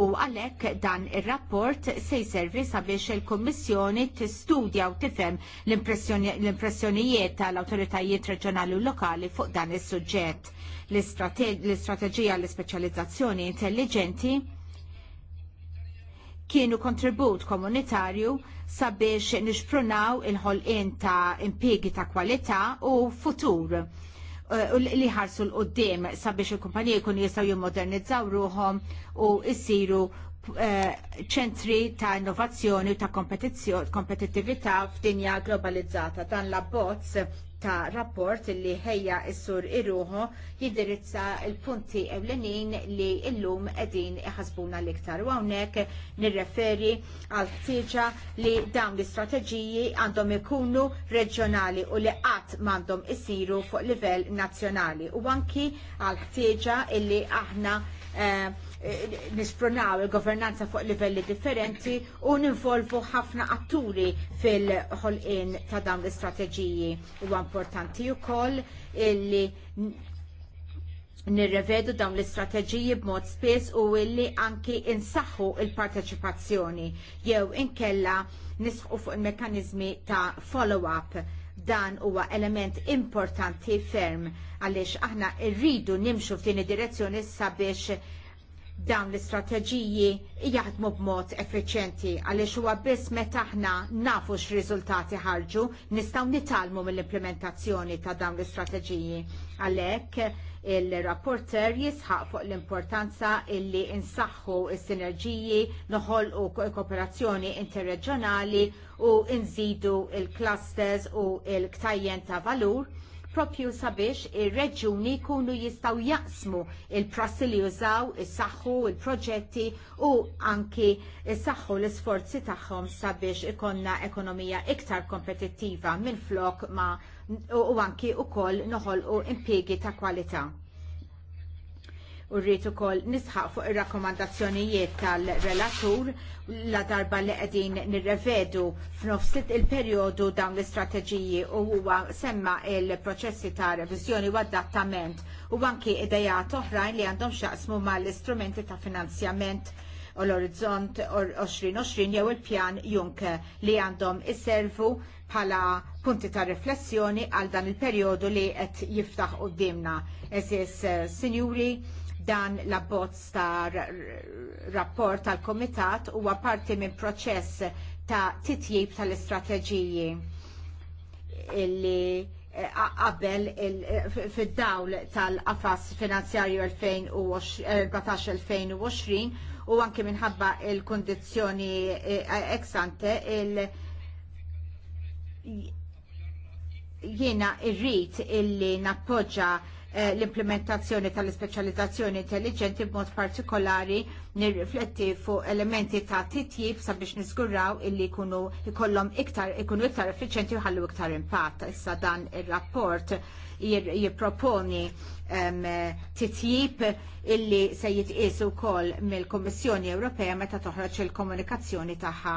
u għalhekk dan ir-rapport se jservi sabiex il-Kummissjoni tistudja u tifhem l-impressjonijiet tal-awtoritajiet reġjonali u lokali fuq dan is-suġġett. L-istrateġija l-ispeċjalizzazzjoni intelligenti kienu kontribut komunitarju sabiex nixprunaw il ħolqien ta' impiegi ta' kwalità u futur li ħarsu l-qoddim sabiex il-kumpanija jkun jistaw jimmodernizzaw ruħom u jisiru eh, ċentri ta' innovazzjoni u ta' kompetittività f'dinja globalizzata. Dan l-abbozz ta' rapport li ħejja s-sur iruħu jidirizza il-punti ewlenin li illum edin iħasbuna l-iktar. U għawnek nirreferi għal ħtieġa li dawn l-istrateġiji għandhom ikunu reġjonali u li qatt m'għandhom isiru fuq livell nazzjonali. U anki għal ħtieġa illi aħna eh, Eh, nispronaw il-governanza fuq livelli differenti u ninvolvu ħafna atturi fil-ħolqin ta' dawn l-istrateġiji. Huwa importanti wkoll illi nirrevedu dawn l-istrateġiji b'mod spiss u illi anki insaħħu il-parteċipazzjoni jew inkella nisħu fuq il-mekanizmi ta' follow-up dan huwa element importanti ferm għaliex aħna rridu nimxu f'din id-direzzjoni sabiex dawn l-istrateġiji jaħdmu b'mod effiċjenti għaliex huwa biss meta aħna nafu x'riżultati ħarġu nistgħu nitalmu mill-implementazzjoni ta' dawn l-istrateġiji. Għalhekk il-rapporter jisħaq fuq l-importanza illi insaħħu s-sinerġiji, noħolqu kooperazzjoni interreġjonali u nżidu il-clusters u l-ktajjen ta' valur propju sabiex ir-reġuni jkunu jistgħu jaqsmu il-prassi li jużaw, isaħħu il-proġetti u anki isaħħu l-isforzi tagħhom sabiex ikonna ekonomija iktar kompetittiva minn flok ma u anki u koll noħol u impiegi ta' kwalità u rrid ukoll nisħaq fuq ir-rakkomandazzjonijiet tal-relatur la darba li qegħdin nirrevedu f'nofsit il-perjodu dawn l-istrateġiji u huwa semma il-proċessi ta' reviżjoni u adattament u anki idejat oħrajn li għandhom x'jaqsmu mal-istrumenti ta' finanzjament u l-Orizzont 2020 jew il-pjan Junk li għandhom isservu bħala punti ta' riflessjoni għal dan il-perjodu li qed jiftaħ dimna. Eżis, eh, sinjuri, Dan l-abbozz ta' rapport tal-Komitat huwa parti minn proċess ta' titjib tal-istrateġiji illi eh, qabel eh, fid-dawl tal-qafas finanzjarju 2014-2020 eh, u anke minħabba il-kondizjoni ex-ante il jiena irrit illi nappoġġa Eh, l-implementazzjoni tal-ispeċjalizzazzjoni intelligenti b'mod partikolari nirrifletti fuq elementi ta' titjib sabiex nisguraw illi kunu ikollhom iktar ikunu iktar effiċenti u ħallu iktar impatt. Issa dan ir-rapport jipproponi titjib illi se jitqisu wkoll mill-Kummissjoni Ewropea meta toħroġ il-komunikazzjoni tagħha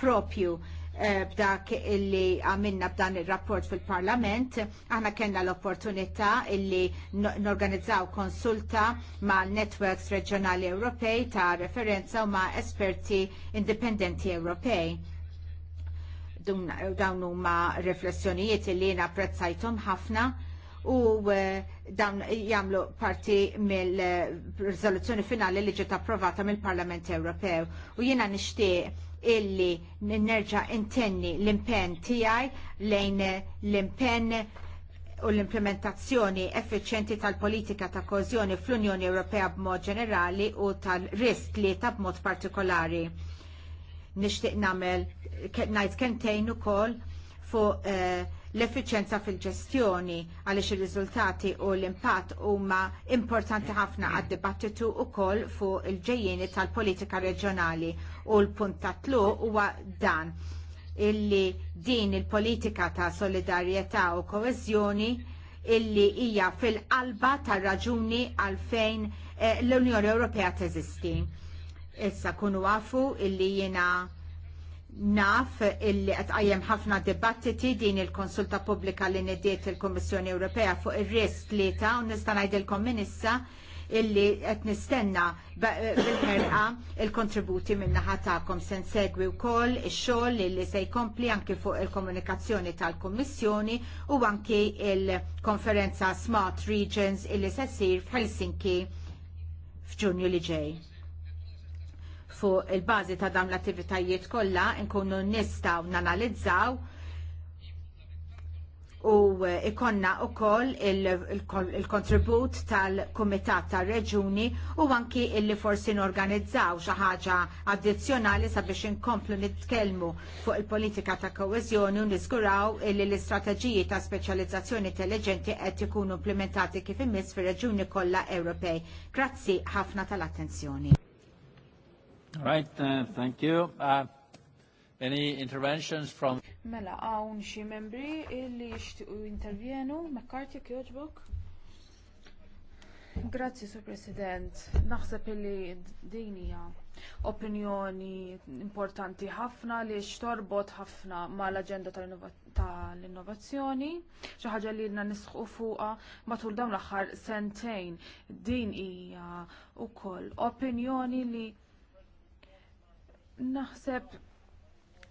propju Eh, b'dak illi għamilna b'dan il-rapport fil-parlament, aħna kena l-opportunità illi n-organizzaw konsulta ma' networks reġjonali Ewropej ta' referenza u ma' esperti indipendenti Ewropej. Dawn huma riflessjonijiet illi jiena apprezzajthom ħafna u eh, dawn jagħmlu parti mill-riżoluzzjoni eh, finali li ġiet approvata mill-Parlament Ewropew. U jiena nixtieq illi nerġa' intenni l-impenn tiegħi lejn l-impenn u l-implementazzjoni effiċjenti tal-politika ta' kożjoni fl-Unjoni Ewropea b'mod ġenerali u tal-risk li ta' b'mod partikolari. Nixtieq nagħmel ngħid kentejn ukoll fuq uh, l-effiċenza fil-ġestjoni għaliex ir-riżultati u l-impatt huma importanti ħafna għad-dibattitu wkoll fuq il ġejjini tal-politika reġjonali u l-punt ta' tluq huwa dan illi din il-politika ta' solidarjetà u koeżjoni illi hija fil-qalba tar raġuni għalfejn eh, l-Unjoni Ewropea teżisti. Issa kunu għafu illi jiena naf illi qed qajjem ħafna dibattiti din il-konsulta pubblika li nediet il-Kummissjoni Ewropea fuq ir-risk li ta' u nista' ngħidilkom minissa illi qed nistenna bil-ħerqa il-kontributi minn naħa tagħkom se nsegwi wkoll ix-xogħol li se jkompli anke fuq il-komunikazzjoni tal-Kummissjoni u anke il-konferenza Smart Regions illi se ssir f'Helsinki f'Ġunju li ġej fuq il-bażi ta' dawn l-attivitajiet kollha nkunu nistgħu nanalizzaw u eh, ikonna u koll il-kontribut il kontribut tal tal-Reġuni u anki illi forsi norganizzaw xaħġa addizjonali sabiex inkomplu nitkelmu fuq il-politika ta' koezjoni u nizguraw illi l-istrateġiji ta' speċjalizzazzjoni intelligenti qed ikunu implementati kif imiss fir-reġuni kollha Ewropej. Grazzi ħafna tal-attenzjoni. All right, uh, thank you. Uh, any interventions from... Mela, għawn xie membri illi xtiqu intervjenu, McCarthy kjoġbok? Grazzi, Sur President. Naħseb illi dinija opinjoni importanti ħafna li xtorbot ħafna ma l-agenda tal-innovazzjoni, xaħġa ħaġa li lna nisħu fuqha matul dawn l-aħħar sentejn. Din hija wkoll opinjoni li Naħseb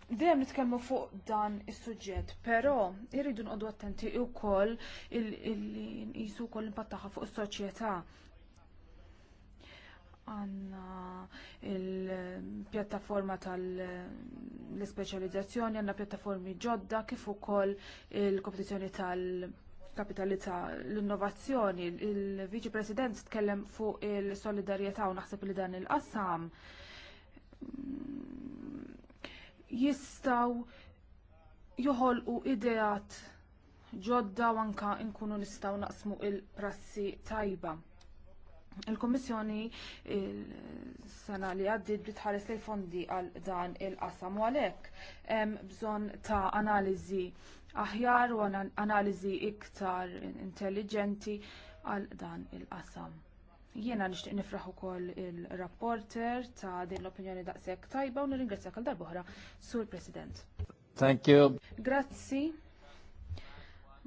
dejjem nitkellmu fuq dan is-suġġett, però irridu nqogħdu attenti wkoll illi nqisu wkoll l-impatt tagħha fuq is-soċjetà. Għanna il-pjattaforma tal specializzazzjoni għanna pjattaformi ġodda kif ukoll il-kompetizzjoni tal- kapitalità l-innovazzjoni, il-Viċi President tkellem fuq il-solidarjetà u naħseb li dan il-qassam jistaw joħolqu ideat ġodda u anka nkunu nistaw naqsmu il-prassi tajba. Il-Kommissjoni il-sena li għaddit bitħares li fondi għal dan il-qasam u għalek bżon ta' analizi aħjar u analizi iktar intelligenti għal dan il-qasam. Jiena nixtieq nifraħu ukoll il-rapporter ta' din l-opinjoni daqshekk tajba u nirringrazzjak għal darbohra, sur President. Thank you. Grazzi.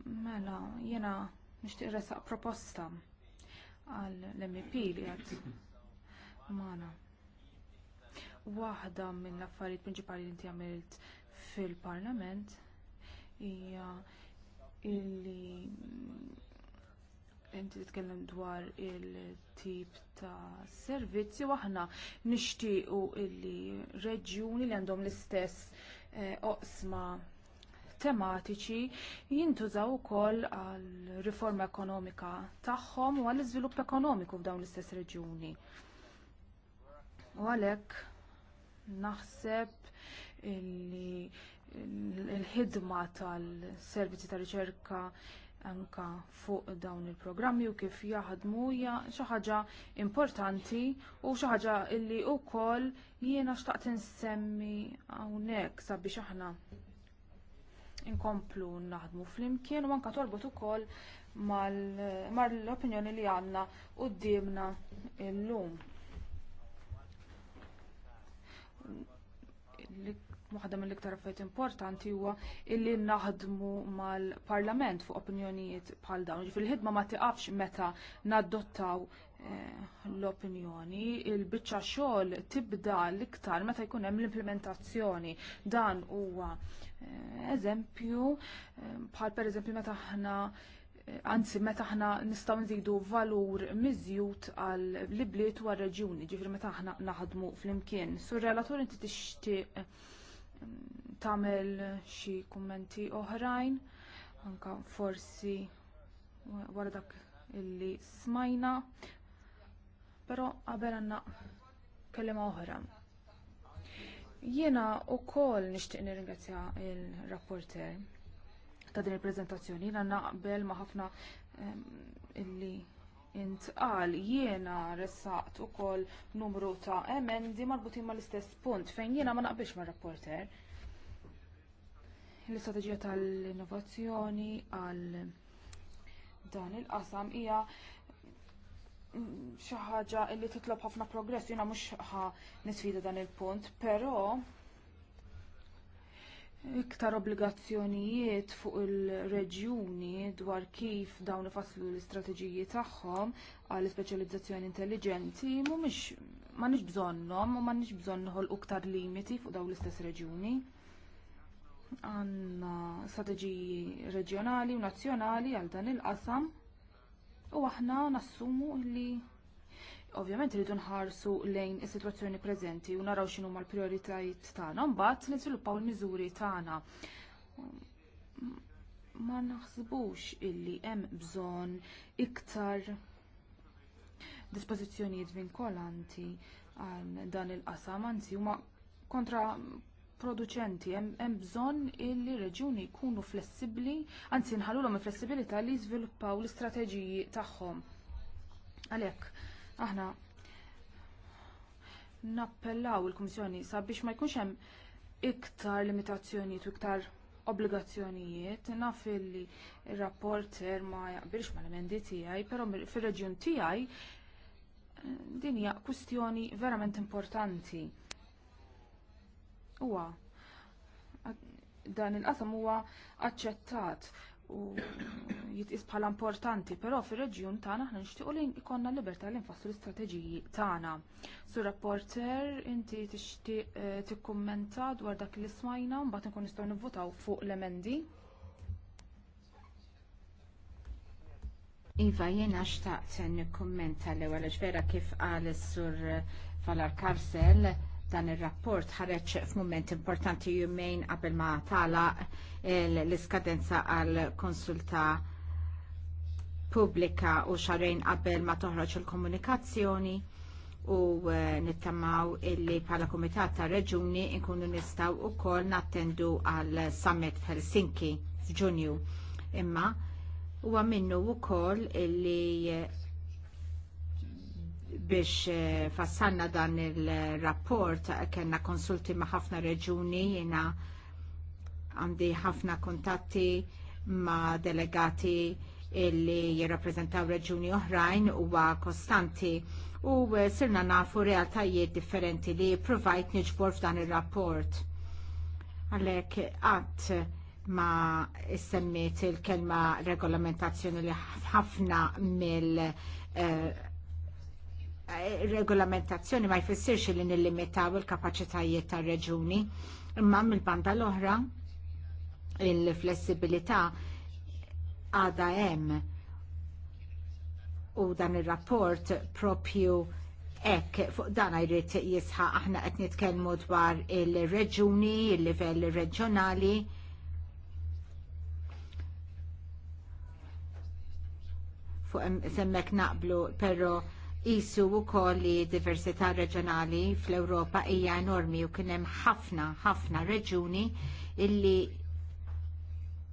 Mela, jiena nixtieq resaq proposta għal l mp li għad mana. Waħda mill-affarijiet prinċipali li inti għamilt fil-Parlament hija illi inti titkellem dwar il-tip ta' servizzi waħna nixtiequ illi reġjuni li għandhom l-istess eh, oqsma tematiċi jintużaw ukoll għal riforma ekonomika tagħhom u għall iżvilupp ekonomiku f'dawn l-istess reġjuni. U għalhekk naħseb li l-ħidma tal-servizzi ta' riċerka anka fuq dawn il-programmi u kif jaħdmu hija xi ħaġa importanti u xi ħaġa illi wkoll jiena xtaqt insemmi hawnhekk sabiex aħna inkomplu naħdmu flimkien u anka torbot ukoll mal-opinjoni li għandna qudiemna llum waħda mill-iktar affarijiet importanti huwa illi naħdmu mal-Parlament fuq opinjonijiet bħal dawn. il ħidma ma tiqafx meta nadottaw eh, l-opinjoni, il-biċċa xogħol tibda l-iktar meta jkun hemm l-implementazzjoni. Dan huwa eh, eżempju eh, bħal pereżempju meta aħna anzi meta aħna nistgħu nżidu valur miżjud għal libliet u għal reġjuni, ġifir meta aħna naħdmu flimkien. Sur relatur inti tixtieq tamel xi kummenti oħrajn, anke forsi wara dak illi smajna, però qabel għandna kelliema oħra. Jiena wkoll nixtieq nirringrazzja l rapporter ta' din il-prezentazzjoni, jiena naqbel ma' ħafna illi intqal jiena ressaqt ukoll numru ta' emendi marbutin mal-istess punt fejn jiena ma naqbilx mar-rapporter. L-istrateġija tal-innovazzjoni għal dan il-qasam hija xi ħaġa li titlob ħafna progress jiena mhux ħa nisfida dan il-punt, però iktar obbligazzjonijiet fuq il-reġjuni dwar kif dawn ifasslu l-istrateġiji tagħhom għall speċjalizzazzjoni intelligenti mhumiex m'għandniex bżonnhom u m'għandniex bżonn noħolqu iktar limiti fuq dawn l-istess reġjuni. Għandna strateġiji reġjonali u nazzjonali għal dan il-qasam u aħna nassumu li Ovvjament rridu nħarsu lejn is-sitwazzjoni preżenti u naraw x'inhu l prijoritajiet tagħna mbagħad niżviluppaw il-miżuri tagħna. Ma naħsbux illi hemm bżonn iktar dispożizzjonijiet vinkolanti għal dan il-qasam anzi huma kontra produċenti hemm bżonn illi reġjuni jkunu flessibbli, anzi nħallulhom il-flessibilità li jiżviluppaw l-istrateġiji tagħhom. Għalhekk, Aħna nappellaw il-Kummissjoni sabiex ma jkunx hemm iktar limitazzjonijiet u iktar obbligazzjonijiet, naf illi il-rapporter ma jaqbilx ma l-emendi tiegħi, però fir reġjun tiegħi din hija kwistjoni verament importanti. Huwa dan il-qasam huwa aċċettat u jitqis bħala importanti, però fir-reġjun tagħna aħna nixtiequ li jkollna libertà li nfasslu l-istrateġiji tagħna. Sur rapporter inti tixtieq eh, tikkummenta dwar dak li smajna mbagħad inkun nistgħu nivvutaw fuq l-emendi. Iva, jiena xtaqt nikkummenta l-ewwel ġvera kif qal sur Falar Karsel dan il-rapport ħareċ f'mument importanti jumejn qabel ma tala l-iskadenza għal konsulta pubblika u xarejn qabel ma toħroġ il-komunikazzjoni u eh, nittamaw illi bħala Kumitat ta' Reġuni nkunu nistaw u kol nattendu għal Summit Helsinki f'Ġunju. Imma huwa minnu wkoll illi biex eh, fassanna dan il-rapport kena konsulti ma' ħafna reġuni jina għandi ħafna kontatti ma' delegati illi jirrappreżentaw reġuni oħrajn huwa kostanti u eh, sirna nafu realtajiet differenti li provajt niġbor f'dan il-rapport. Għalek għat ma semmiet il-kelma regolamentazzjoni li ħafna mill- uh, Eh, regolamentazzjoni ma jfissirx li nillimitaw il-kapacitajiet tar reġuni imma mill-banda l-oħra il-flessibilità għada hemm u dan ir-rapport propju Ek, fuq dan jrid jisħa aħna qed nitkellmu dwar il-reġuni, il-livell reġjonali. Fuq semmek naqblu, però Isu wkoll li diversità reġjonali fl ewropa hija enormi u kien hemm ħafna, ħafna reġuni illi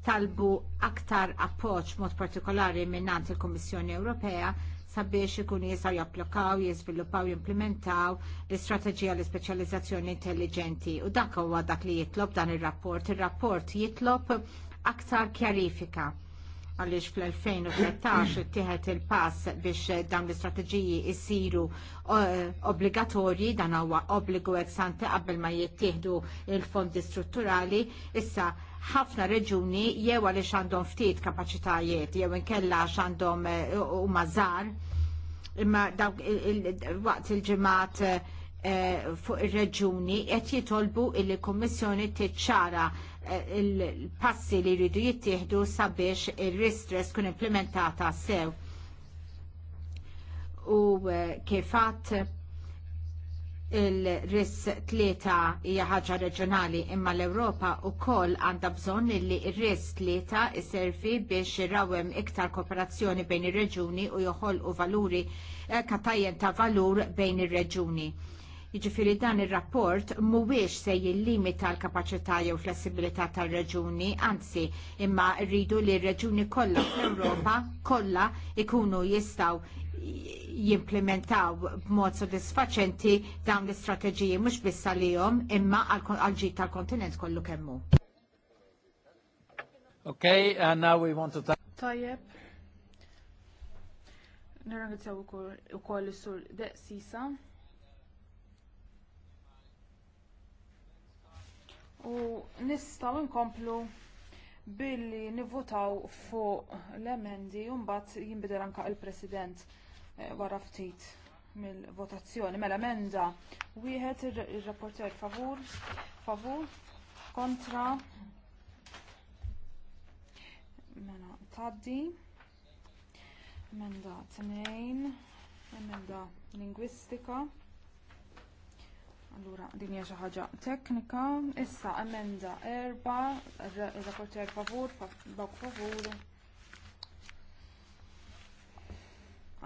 talbu aktar appoġġ mod partikolari minnant il kummissjoni Ewropea sabiex ikunu jisaw japplikaw, jizviluppaw, jimplementaw l-istrateġija l-ispeċjalizzazzjoni intelligenti. U dak huwa dak li jitlob dan ir rapport ir rapport jitlob aktar kjarifika għaliex fl-2013 tieħed il-pass biex dawn l-istrateġiji jisiru obbligatorji dan huwa obbligu ex qabel ma jittieħdu il-fondi strutturali issa ħafna reġuni jew għaliex għandhom ftit kapaċitajiet jew inkella għandhom eh, huma żgħar imma dawk waqt il-ġimgħat eh, fuq ir-reġuni qed jitolbu il-Kummissjoni tiċċara il-passi li jridu jittieħdu sabiex ir-ristress kun implementata sew. U eh, kifat il-ris tlieta hija ħaġa reġjonali imma l-Ewropa wkoll għandha bżonn li r-ris tlieta isservi biex irawem iktar kooperazzjoni bejn ir-reġuni u joħolqu valuri eh, katajjen ta' valur bejn ir-reġuni. Jiġifieri dan ir-rapport mhuwiex se jillimita l-kapaċità jew flessibilità tar-reġuni, anzi, imma rridu li r-reġuni kollha fl-Ewropa kollha ikunu jistgħu jimplementaw b'mod sodisfaċenti dawn l-istrateġiji mhux biss għalihom imma għal-ġid tal-kontinent kollu kemmu. Okay, and now we want to talk. Tajjeb. Nirrangizzaw ukoll is-sur Deq Sisa. u nistgħu nkomplu billi nivvotaw fuq l-emendi u mbagħad jinbidel anke l president eh, wara ftit mill-votazzjoni. Mela emenda wieħed ir-rapporter favur favur kontra mela tgħaddi emenda tnejn emenda lingwistika Allura, din hija xi ħaġa teknika. Issa emenda erba, rapporter favur, dawk favur.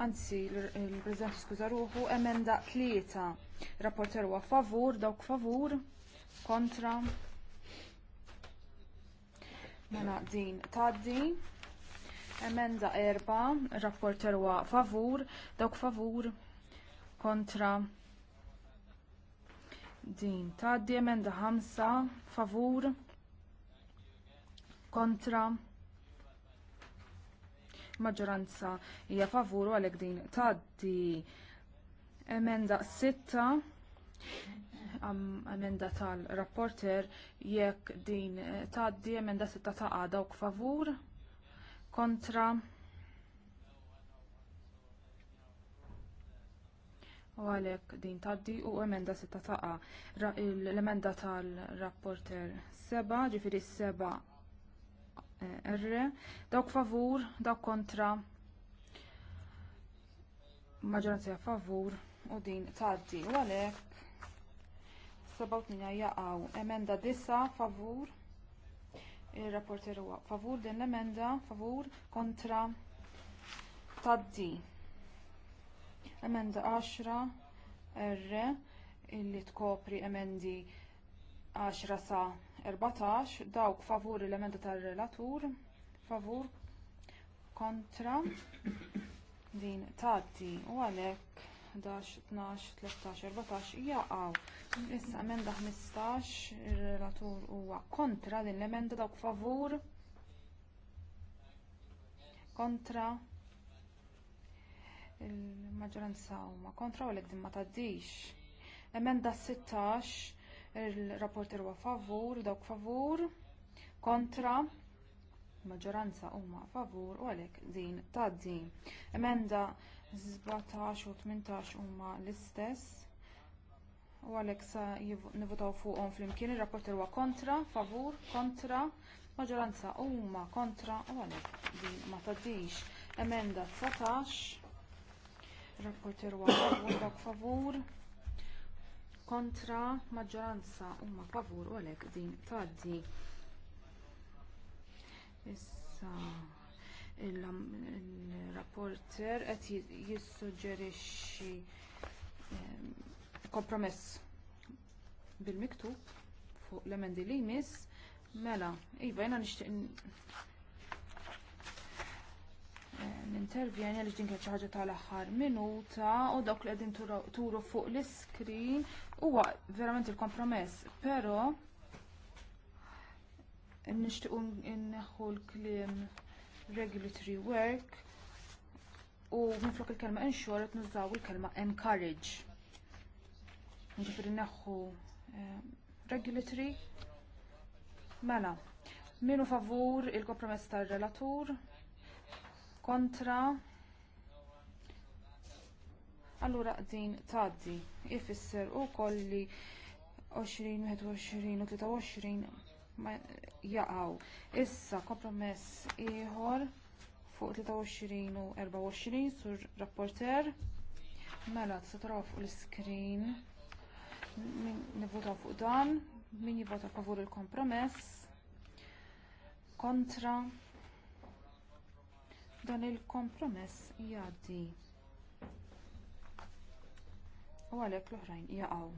Anzi, il-President skuża ruħu, emenda tlieta. Rapporter huwa favur, dawk favur, kontra. Mela din tgħaddi. Emenda erba, rapporter huwa favur, dawk favur, kontra din tgħaddi emenda ħamsa favur kontra maġġoranza hija favur u għalhekk din tgħaddi emenda sitta emenda tal-rapporter jekk din tgħaddi emenda sitta ta' għada u favur kontra u għalhekk din tgħaddi u emenda sitta taqa. L-emenda tal-rapporter seba, ġifiri seba eh, R, dawk favur, dawk kontra, maġġoranza favur u din tgħaddi u għalhekk tnina jaqgħu emenda disa favur ir rapporter huwa favur din l-emenda favur kontra taddi Emenda 10 R illi tkopri emendi 10 sa 14 dawk favur l-emenda tar-relatur favur kontra din tati u għalek 11, 12, 13, 14 jaqaw. Issa emenda 15, il-relatur huwa kontra din l-emenda dawk favur kontra il-maġġoranza huma kontra u l-ekdim ma taddix. Emenda 16, il-rapporter huwa favur, dawk favur, kontra, maġġoranza huma favur u għalhekk din tgħaddi. Emenda 17 u 18 huma l-istess u għalhekk sa fuqom fuqhom flimkien il rapporter huwa kontra, favur, kontra, maġġoranza huma kontra u għalhekk din ma tgħaddix. Emenda 19 Rapporter wara dak favur kontra maġġoranza huma favur u għalhekk din tgħaddi. Issa il-rapporter qed jissuġġerixxi ehm, kompromess bil-miktub fuq l-emendi li jmiss mela, iva jiena nixtieq nintervjeni għalix din kienet ħaġa tal-aħħar minuta u dawk li qegħdin turu fuq l-iskrin huwa verament il-kompromess, però n nneħħu l klim regulatory work u minflok il-kelma ensure qed nużaw il-kelma encourage. n-neħu eh, regulatory mela. Minu favur il-kompromess tar-relatur? kontra allura din tgħaddi Jifisser ukoll li 20, 21 u 23 jaqaw jaqgħu. Issa kompromess ieħor fuq 23 u 24 sur rapporter mela tista' fuq l screen min nivota fuq dan min jivota favur il-kompromess kontra dan il-kompromess jgħaddi. U għalhekk l-oħrajn jaqgħu.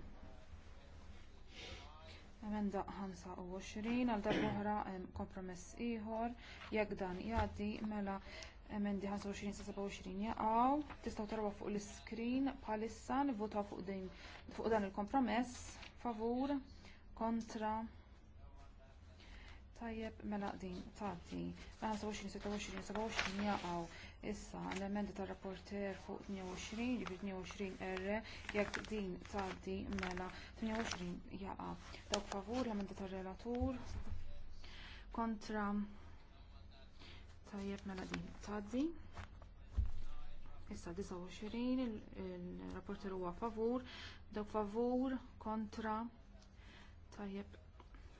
Emenda 25 għal hemm kompromess ieħor jekk dan jgħaddi mela emendi 25 sa 27 jaqgħu. Tistgħu tarwa fuq l-iskrin bħalissa nivvotaw fuq, fuq dan il-kompromess favur kontra Tajjeb, mela din, tati, mela 26, 27 jaqaw, issa l-emendi tar rapporter fuq 28, ġifir 28 R, jekk din tati, mela 28 jaqa. Dawk favur, l-emendi tar relatur, kontra, tajjeb, mela din, tati. Issa 29, il-rapporter huwa favur, dawk favur, kontra, tajjeb,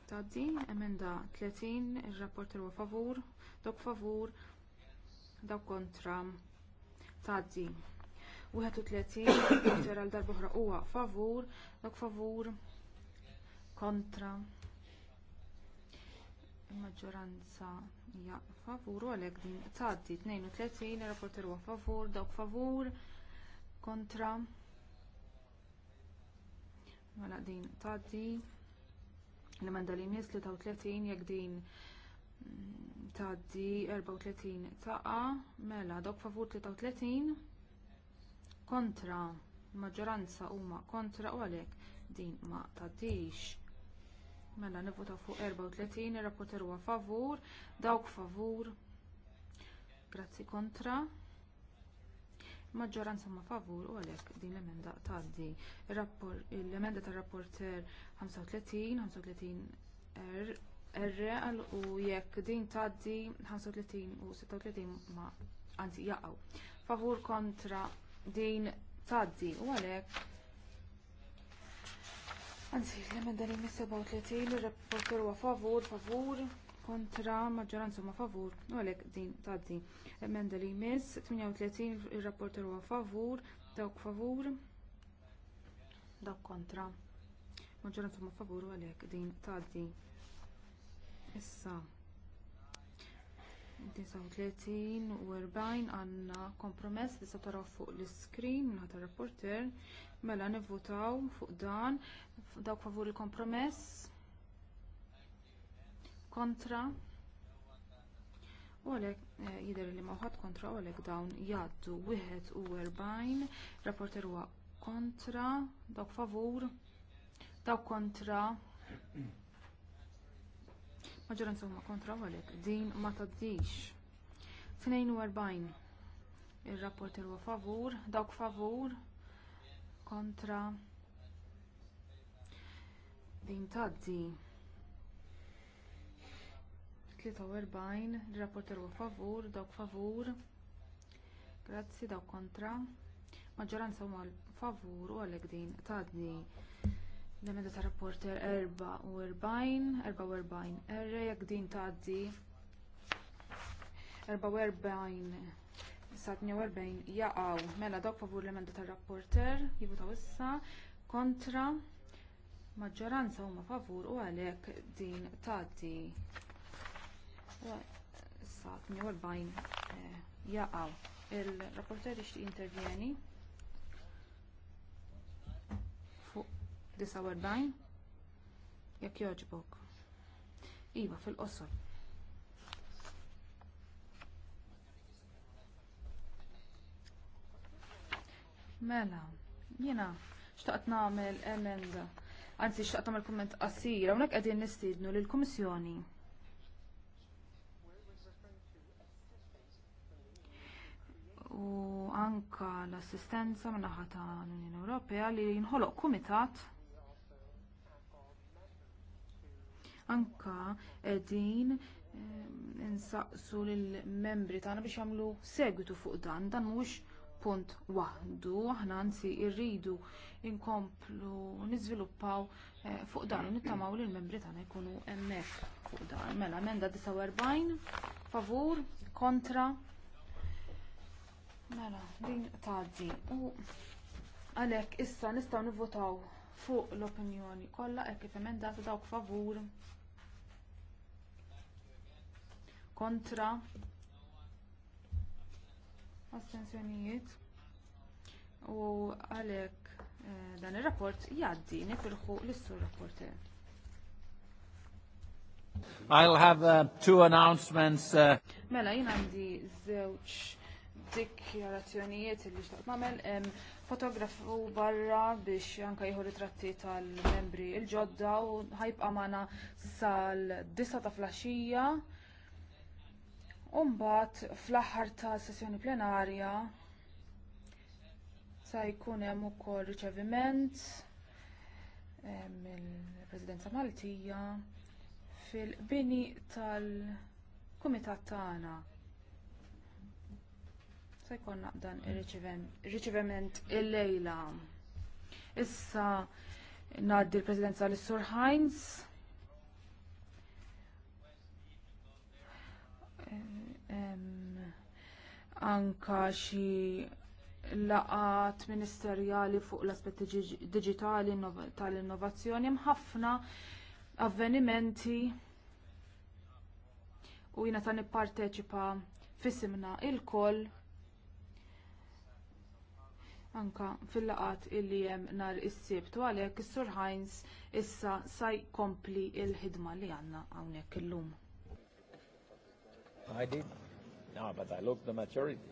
tgħaddi, emenda 30, ir-rapporter huwa favur, dok favur, dawk kontra tgħaddi. 31 rapporter għal darba oħra huwa favur, dawk favur, kontra. maġġoranza hija favur u għalhekk din tgħaddi 32 ir-rapporter huwa favur, dawk favur, kontra. Mela din tgħaddi. Li manda li jmiss 33 jekk din mm, tgħaddi 34 taqa mela dawk favur 33 kontra maġġoranza huma kontra u għalhekk din ma tgħaddix. Mela nivvota fuq 34 ir-rapporter huwa favur, dawk favur. Grazzi kontra maġġoranza ma' favur u għalhekk din l-emenda tgħaddi. L-emenda tar-rapporter 35, 35 r u jekk din tgħaddi 35 u 36 ma' anzi jaqgħu. Favur kontra din tgħaddi u għalhekk Anzi, l-emenda li 37 il-rapporter huwa favur, favur, kontra maġġoranza huma favur u għalhekk din tgħaddi. Emenda li jmiss 38 ir-rapporter huwa favur, dawk favur, dawk kontra. Maġġoranza huma favur u għalhekk din tgħaddi. Issa 39 u 40 għandna kompromess li se taraw fuq l-iskrin mingħata rapporter mela nivvotaw fuq dan dawk favur il-kompromess kontra u għalhekk eh, li maħat kontra u dawn jgħaddu wieħed u 40 rapporter huwa kontra dawk favur dawk kontra maġġoranza huma kontra u din ma u 42 ir-rapporter huwa favur dawk favur kontra din tgħaddi 43, il-rapporter huwa favur, dawk favur, grazzi dawk kontra, maġġoranza huma favur u għalhekk din tgħaddi. L-emenda ta' rapporter 44, 44, erre jekk din tgħaddi 44 sa jaqaw mela dawk favur l-emenda tar-rapporter jivutaw issa kontra maġġoranza huma favur u għalhekk din tgħaddi Sa 48 eh, jaqaw. Il-rapporter ixti intervjeni fuq 49 jekk jogħġbok. Iva fil-qosor. Mela, jiena xtaqt nagħmel emenda, anzi xtaqt nagħmel kumment qasira, hawnhekk qegħdin nistiednu lill-Kummissjoni u anka l-assistenza min-naħa tal unjoni Ewropea li jinħoloq kumitat anka qegħdin eh, insaqsu lill membri tagħna biex jagħmlu segwitu fuq dan dan mhux punt waħdu aħna anzi rridu inkomplu niżviluppaw eh, fuq dan u nittamaw li l-membri tagħna jkunu hemmhekk fuq dan. Mela emenda 49 favur kontra Mela, din tgħaddi. U għalhekk issa nistgħu nivvotaw fuq l-opinjoni kollha hekk kif emendata dawk favur. Kontra. Astensjonijiet. U għalhekk eh, dan ir-rapport jgħaddi nifirħu l-istur rapporter. I'll have uh, two announcements. Uh... Mela, jien għandi żewġ dikjarazzjonijiet li xtaqt namel fotografu barra biex anke jieħu ritratti tal-membri il-ġodda u ħajbqa' magħna sal-disa ta' U Umbat fl-aħħar ta' sessjoni plenarja sa' jkun hemm ukoll riċeviment mill-Presidenza Maltija fil-bini tal-Kumitat tagħna se jkollna dan ir-riċivement il-lejla. Issa ngħaddi l-Presidenza l sur Heinz. Anka xi laqat ministerjali fuq l-aspetti digitali tal-innovazzjoni mħafna avvenimenti u jina ta' nipparteċipa fisimna il-koll anka fil-laqat illi jem nar is-sibt u għalhekk is-Sur Heinz issa sa jkompli il-ħidma li għandna hawnhekk illum. I did. but I the maturity.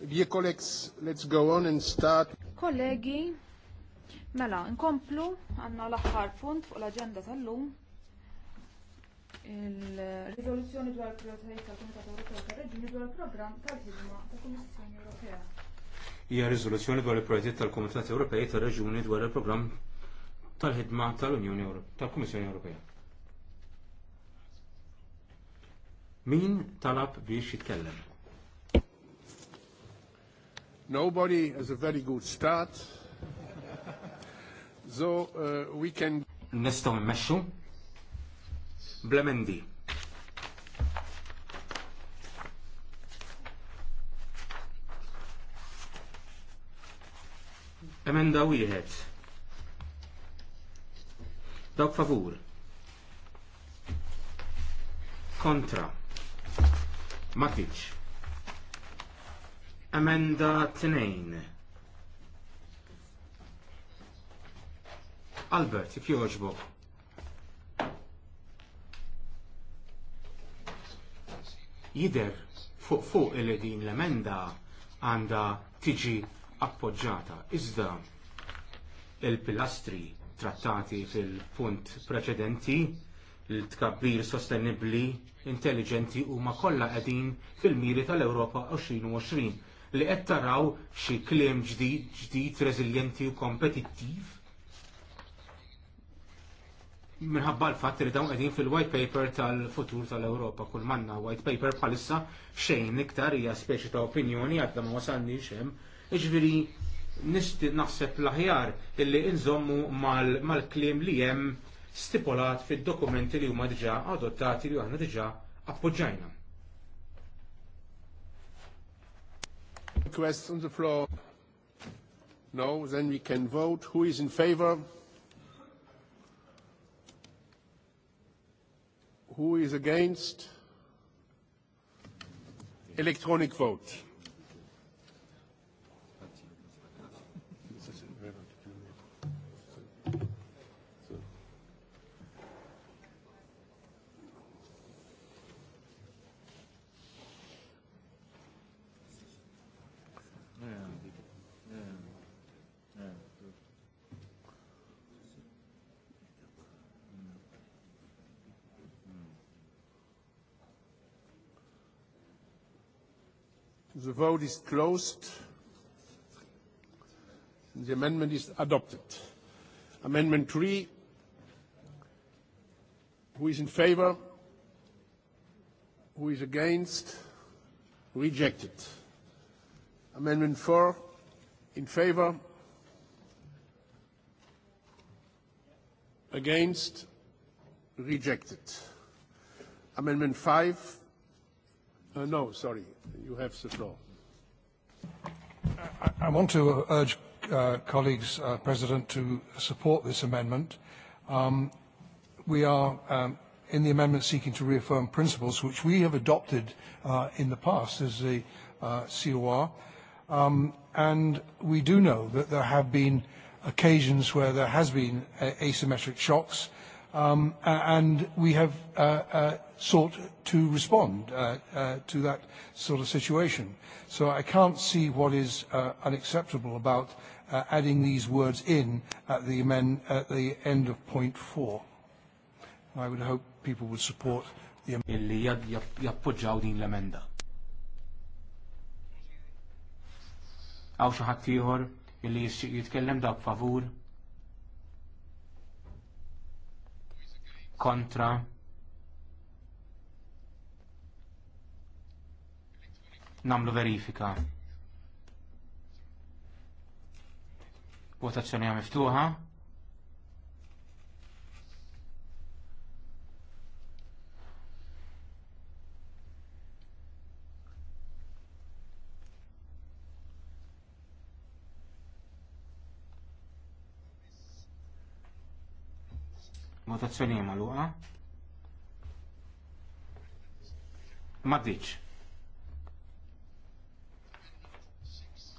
Dear eh colleagues, let's go on and start. Kollegi, mela, nkomplu għanna l-axħar punt fuq l-agenda tal-lum. Il-rizoluzzjoni dwar il prioritajiet tal-Komitat Ewropew tal reġjuni dwar il-programm tal-ħidma tal-Kummissjoni Ewropea. Hija riżoluzzjoni dwar il-prioritajiet tal-Komitat Ewropej tal reġjuni dwar il-programm tal-ħidma tal-Unjoni tal-Kummissjoni Ewropea. Min talab biex jitkellem? Nobody has a very good start. So uh, we can... Nesto immexxu? Blemendi. Emenda wieħed. Dawk favur. Kontra ma kienx. Emenda tnejn. Albert, jek joġbok. Jider fuq fuq il din l-emenda għanda tiġi appoġġata. Iżda il-pilastri trattati fil-punt preċedenti l-tkabbir sostenibbli, intelligenti huma kollha qegħdin fil-miri tal-Ewropa 2020 li qed taraw xi kliem ġdid, reżiljenti u kompetittiv minħabba l-fatt li dawn qegħdin fil-white paper tal-futur tal-Ewropa kull manna white paper bħalissa xejn iktar hija speċi ta' opinjoni għadda ma wasalniex hemm. iġviri nisti naħseb l-aħjar illi inżommu mal-kliem li hemm stipulat fid-dokumenti li huma diġà adottati li għanna diġà appoġġajna. Request on the floor. No, then we can vote. Who is in favor? Who is against? Electronic vote. The vote is closed. The amendment is adopted. Amendment three. Who is in favor? Who is against? Rejected. Amendment four. In favor? Against? Rejected. Amendment five. Uh, no, sorry, you have the floor. I, I want to urge uh, colleagues, uh, President, to support this amendment. Um, we are um, in the amendment seeking to reaffirm principles which we have adopted uh, in the past as the uh, COR. Um, and we do know that there have been occasions where there has been asymmetric shocks uh, Um, and we have uh, uh, sought to respond uh, uh, to that sort of situation. So I can't see what is uh, unacceptable about uh, adding these words in at the, amend, at the end of point four. I would hope people would support the amendment. Għaw xaħat tiħor illi jisċiq jitkellem dak favur. kontra namlu verifika votazzjoni miftuħa Votazzjoni maluqa. Maddiċ.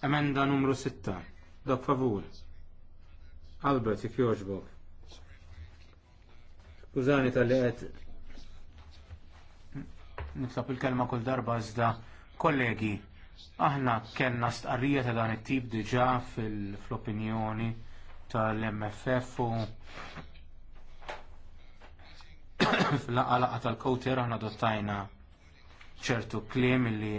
Emenda numru 6. Dak favur. Albert, jek joġbok. Użani tal-li għed. Nitlop il-kelma kull darba zda kollegi. Aħna kellna stqarrija ta' dan it-tip diġà fil-opinjoni tal-MFF u fil-laqqa laqalaqa tal kowter aħna dottajna ċertu kliem li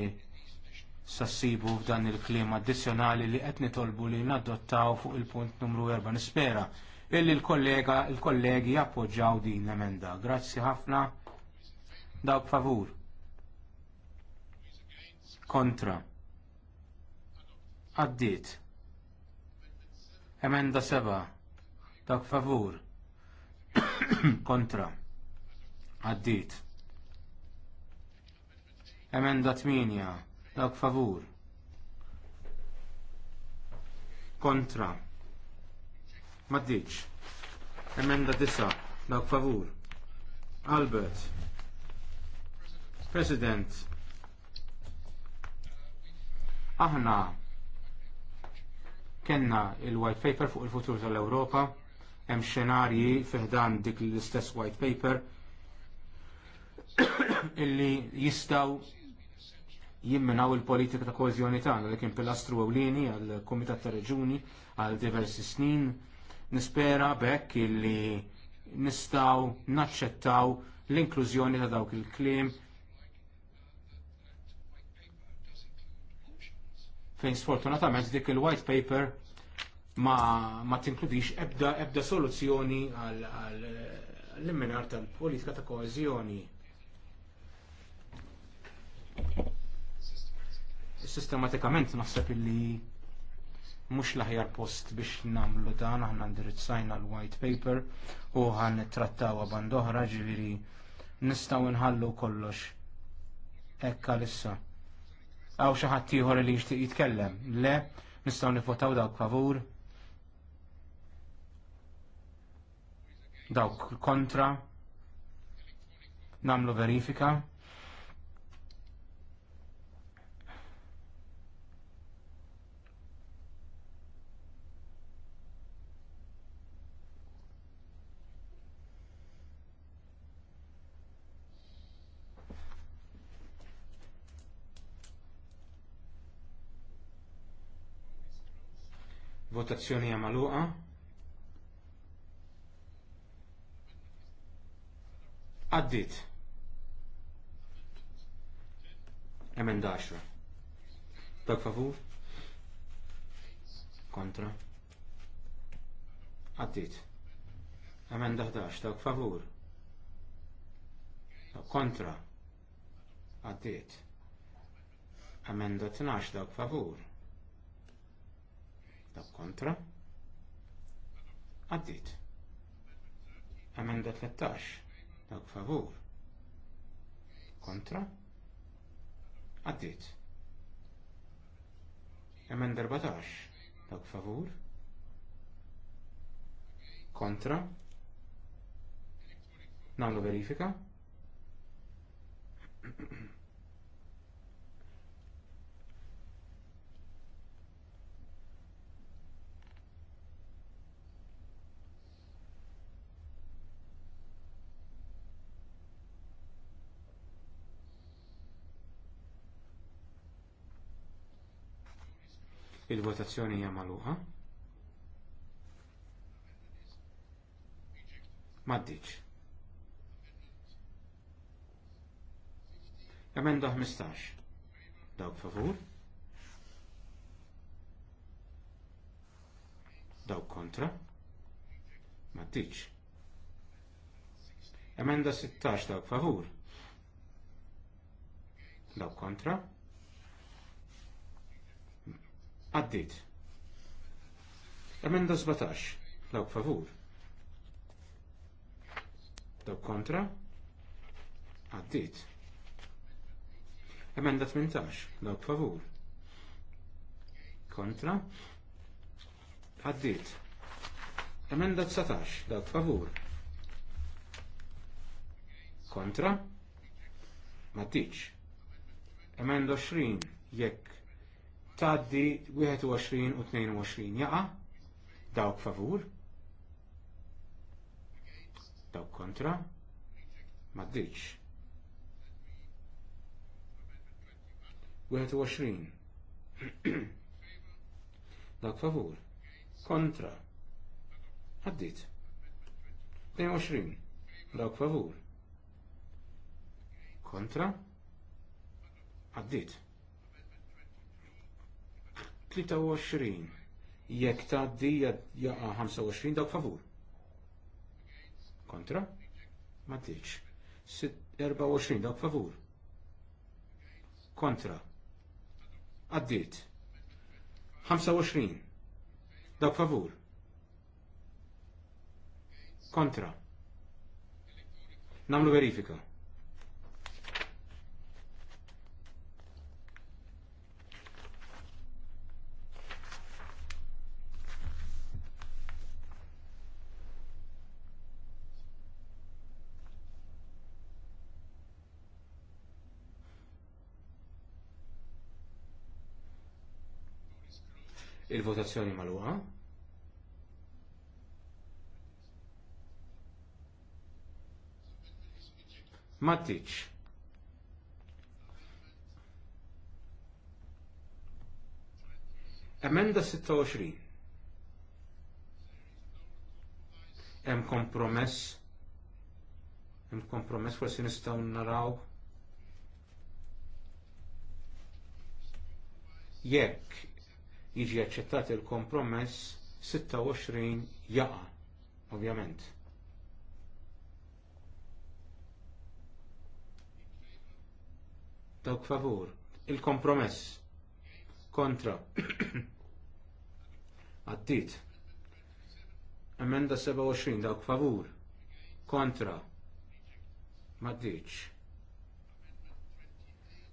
sassibu f'dan il-kliem addizzjonali li qed nitolbu li nadottaw fuq il-punt numru 4. Nispera illi l-kollega, l-kollegi jappoġġaw din l-emenda. Grazzi ħafna. Dawk favur. Kontra. Għaddiet. Emenda seba. Dawk favur. Kontra. Għaddit. Emenda 8. Dawk favur. Kontra. Maddiċ. Emenda 9. Dawk favur. Albert. President. Aħna kenna il-white paper fuq il-futur tal-Europa, hemm xenarji fiħdan dik l-istess white paper illi jistaw jimminaw il-politika ta' kozjoni tagħna li kien pilastru ewlieni għal Kumitat ta' Reġuni għal diversi snin. Nispera bekk illi nistaw naċċettaw l-inklużjoni ta' dawk il-kliem fejn sfortunatament dik il-white paper ma, ma tinkludix ebda, ebda soluzzjoni għall-imminar tal-politika ta' koezjoni. Sistematikament naħseb illi mhux l-aħjar post biex nagħmlu dan aħna ndirizzajna l-white paper u ħan trattawa band oħra ġifieri nistgħu nħallu kollox ekka għalissa. Għaw xi ħadd ieħor li jixtieq jitkellem. Le, nistgħu nifotaw dawk favur. Dawk kontra. Namlu verifika. votazzjoni hija magħluqa. Għaddit. Emenda 10. Dak favur? Kontra. Għaddit. Emenda 11. Dak favur? Kontra. Għaddit. Emenda 12. Dak favur? Dawk kontra. Għaddit. Emenda 13. Dawk favur. Kontra. Għaddit. Emenda 14. Dawk favur. Kontra. Namlu verifika. Il-votazzjoni hija magħluqa. Maddiċ. Emenda 15. Dawk favur. Dawk kontra. Maddiċ. Emenda 16 dawk favur. Dawk kontra. Għaddit. Emenda 17. Dawk favur. Dawk kontra. Għaddit. Emenda 18. Dawk favur. Kontra. Għaddit. Emenda 19. Dawk favur. Kontra. Matiċ. Emenda 20. Jekk taddi 21 u 22 jaqa' dawk favur dawk kontra ma m'għaddiċ. 21 dawk favur kontra għaddit 22 dawk favur kontra għaddit 23. Jekk tgħaddi jaqa' 25 dawk favur. Kontra? Ma tiġ. 24 dawk favur. Kontra. Għaddiet. 25 dawk favur. Kontra. Namlu verifika. Il-votazzjoni magħluqa. Matic. Emenda 26. Hemm kompromess. Hemm kompromess forsi nistgħu naraw. Jekk jiġi aċċettat il-kompromess 26 jaqa, ovvjament. Dawk favur, il-kompromess kontra għaddit. Emenda 27 dawk favur kontra maddiċ.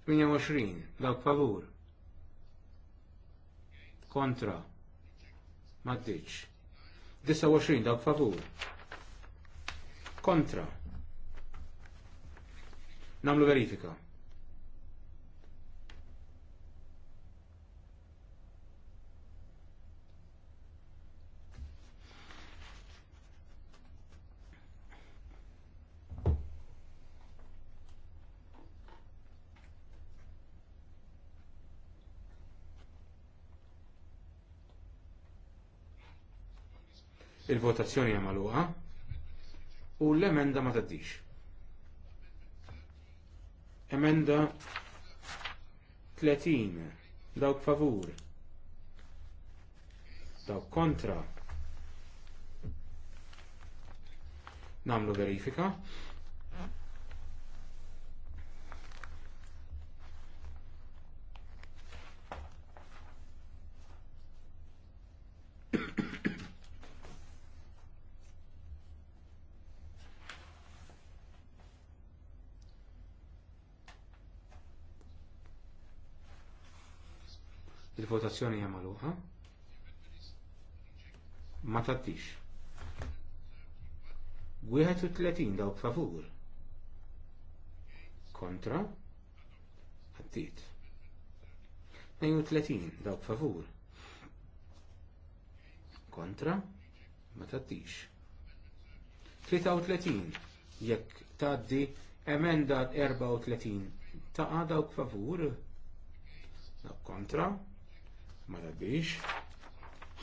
28 dawk favur kontra maddiċ 29 daw favur kontra namlu verifika il-votazzjoni jamaluqa u l-emenda ma taddix. Emenda 30 dawk favur dawk kontra namlu verifika votazzjoni hija magħluqa. Ma tattix. 31 dawk favur. Kontra. Għaddit. 32 dawk favur. Kontra. Ma tattix. 33 jekk taddi emenda 34 ta' dawk favur. Dawk kontra ma taddix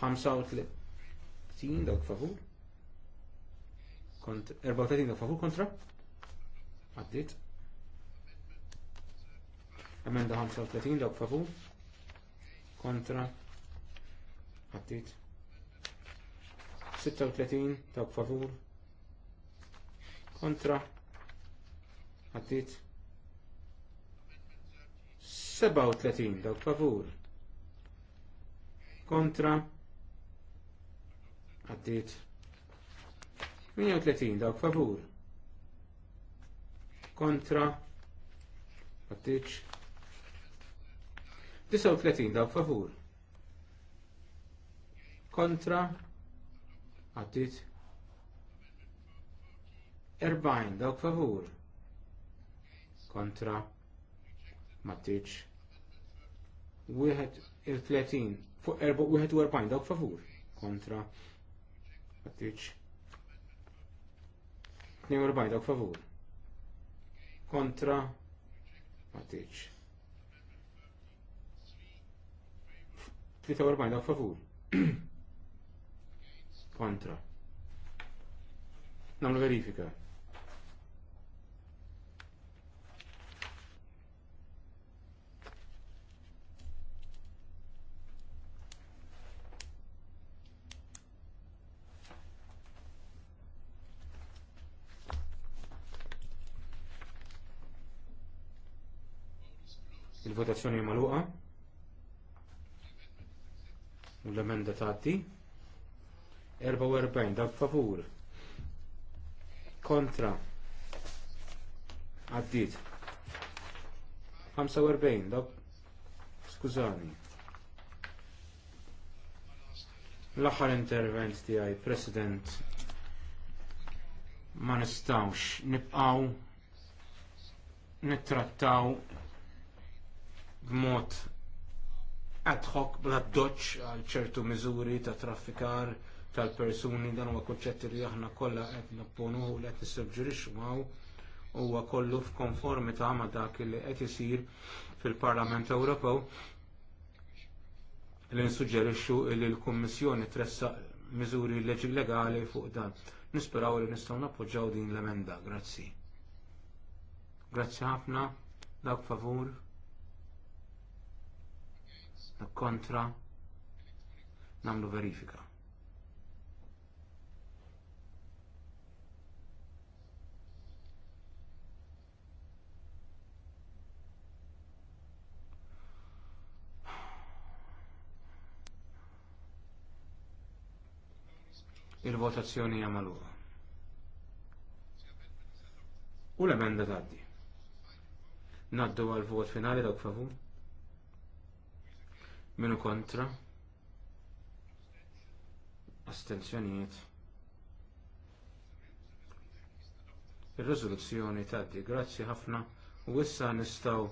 35 dawk favur kont 34 dawk favur kontra għaddit da 35 dawk favur kontra għaddit 36 dawk favur kontra għaddit 37 dawk favur kontra għaddit 38 dawk favur kontra għaddit 39 dawk favur kontra għaddit 40 dawk favur kontra ma tiġ 30 fuq 41 dawk favur kontra għattiċ 42 dawk favur kontra għattiċ 43 dawk favur kontra namlu verifika votazzjoni maluqa. U l-emenda tgħaddi. 44 da favur. Kontra. Għaddit. 45 da skużani. L-aħħar intervent tiegħi, President, ma nistawx nibqaw nittrattaw b'mod ad hoc bla doċ għal ċertu miżuri ta' traffikar tal-persuni dan huwa konċetti li aħna kollha qed nopponu u qed nissuġġerixxu għaw huwa kollu f'konformità ma' dak li qed isir fil-Parlament Ewropew li nsuġġerixxu li l-Kummissjoni tressaq miżuri leġi legali fuq dan. Nisperaw li nistgħu nappoġġaw din l-emenda. Grazzi. Grazzi ħafna. Dak favur kontra namlu verifika. il-votazzjoni jamaluħa. U l-emenda taddi. Naddu għal-vot finali dawk favur? Minu kontra? Astenzjoniet. Ir-riżoluzzjoni tgħaddi. Grazzi ħafna u issa nistgħu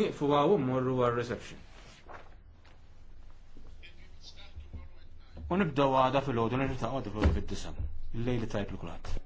nieqfu għaw morru għal reception. U nibdaw għada fil-ħodu, nirrita għada fil-ħodu fil-disa. Lejli tajb l-kulat.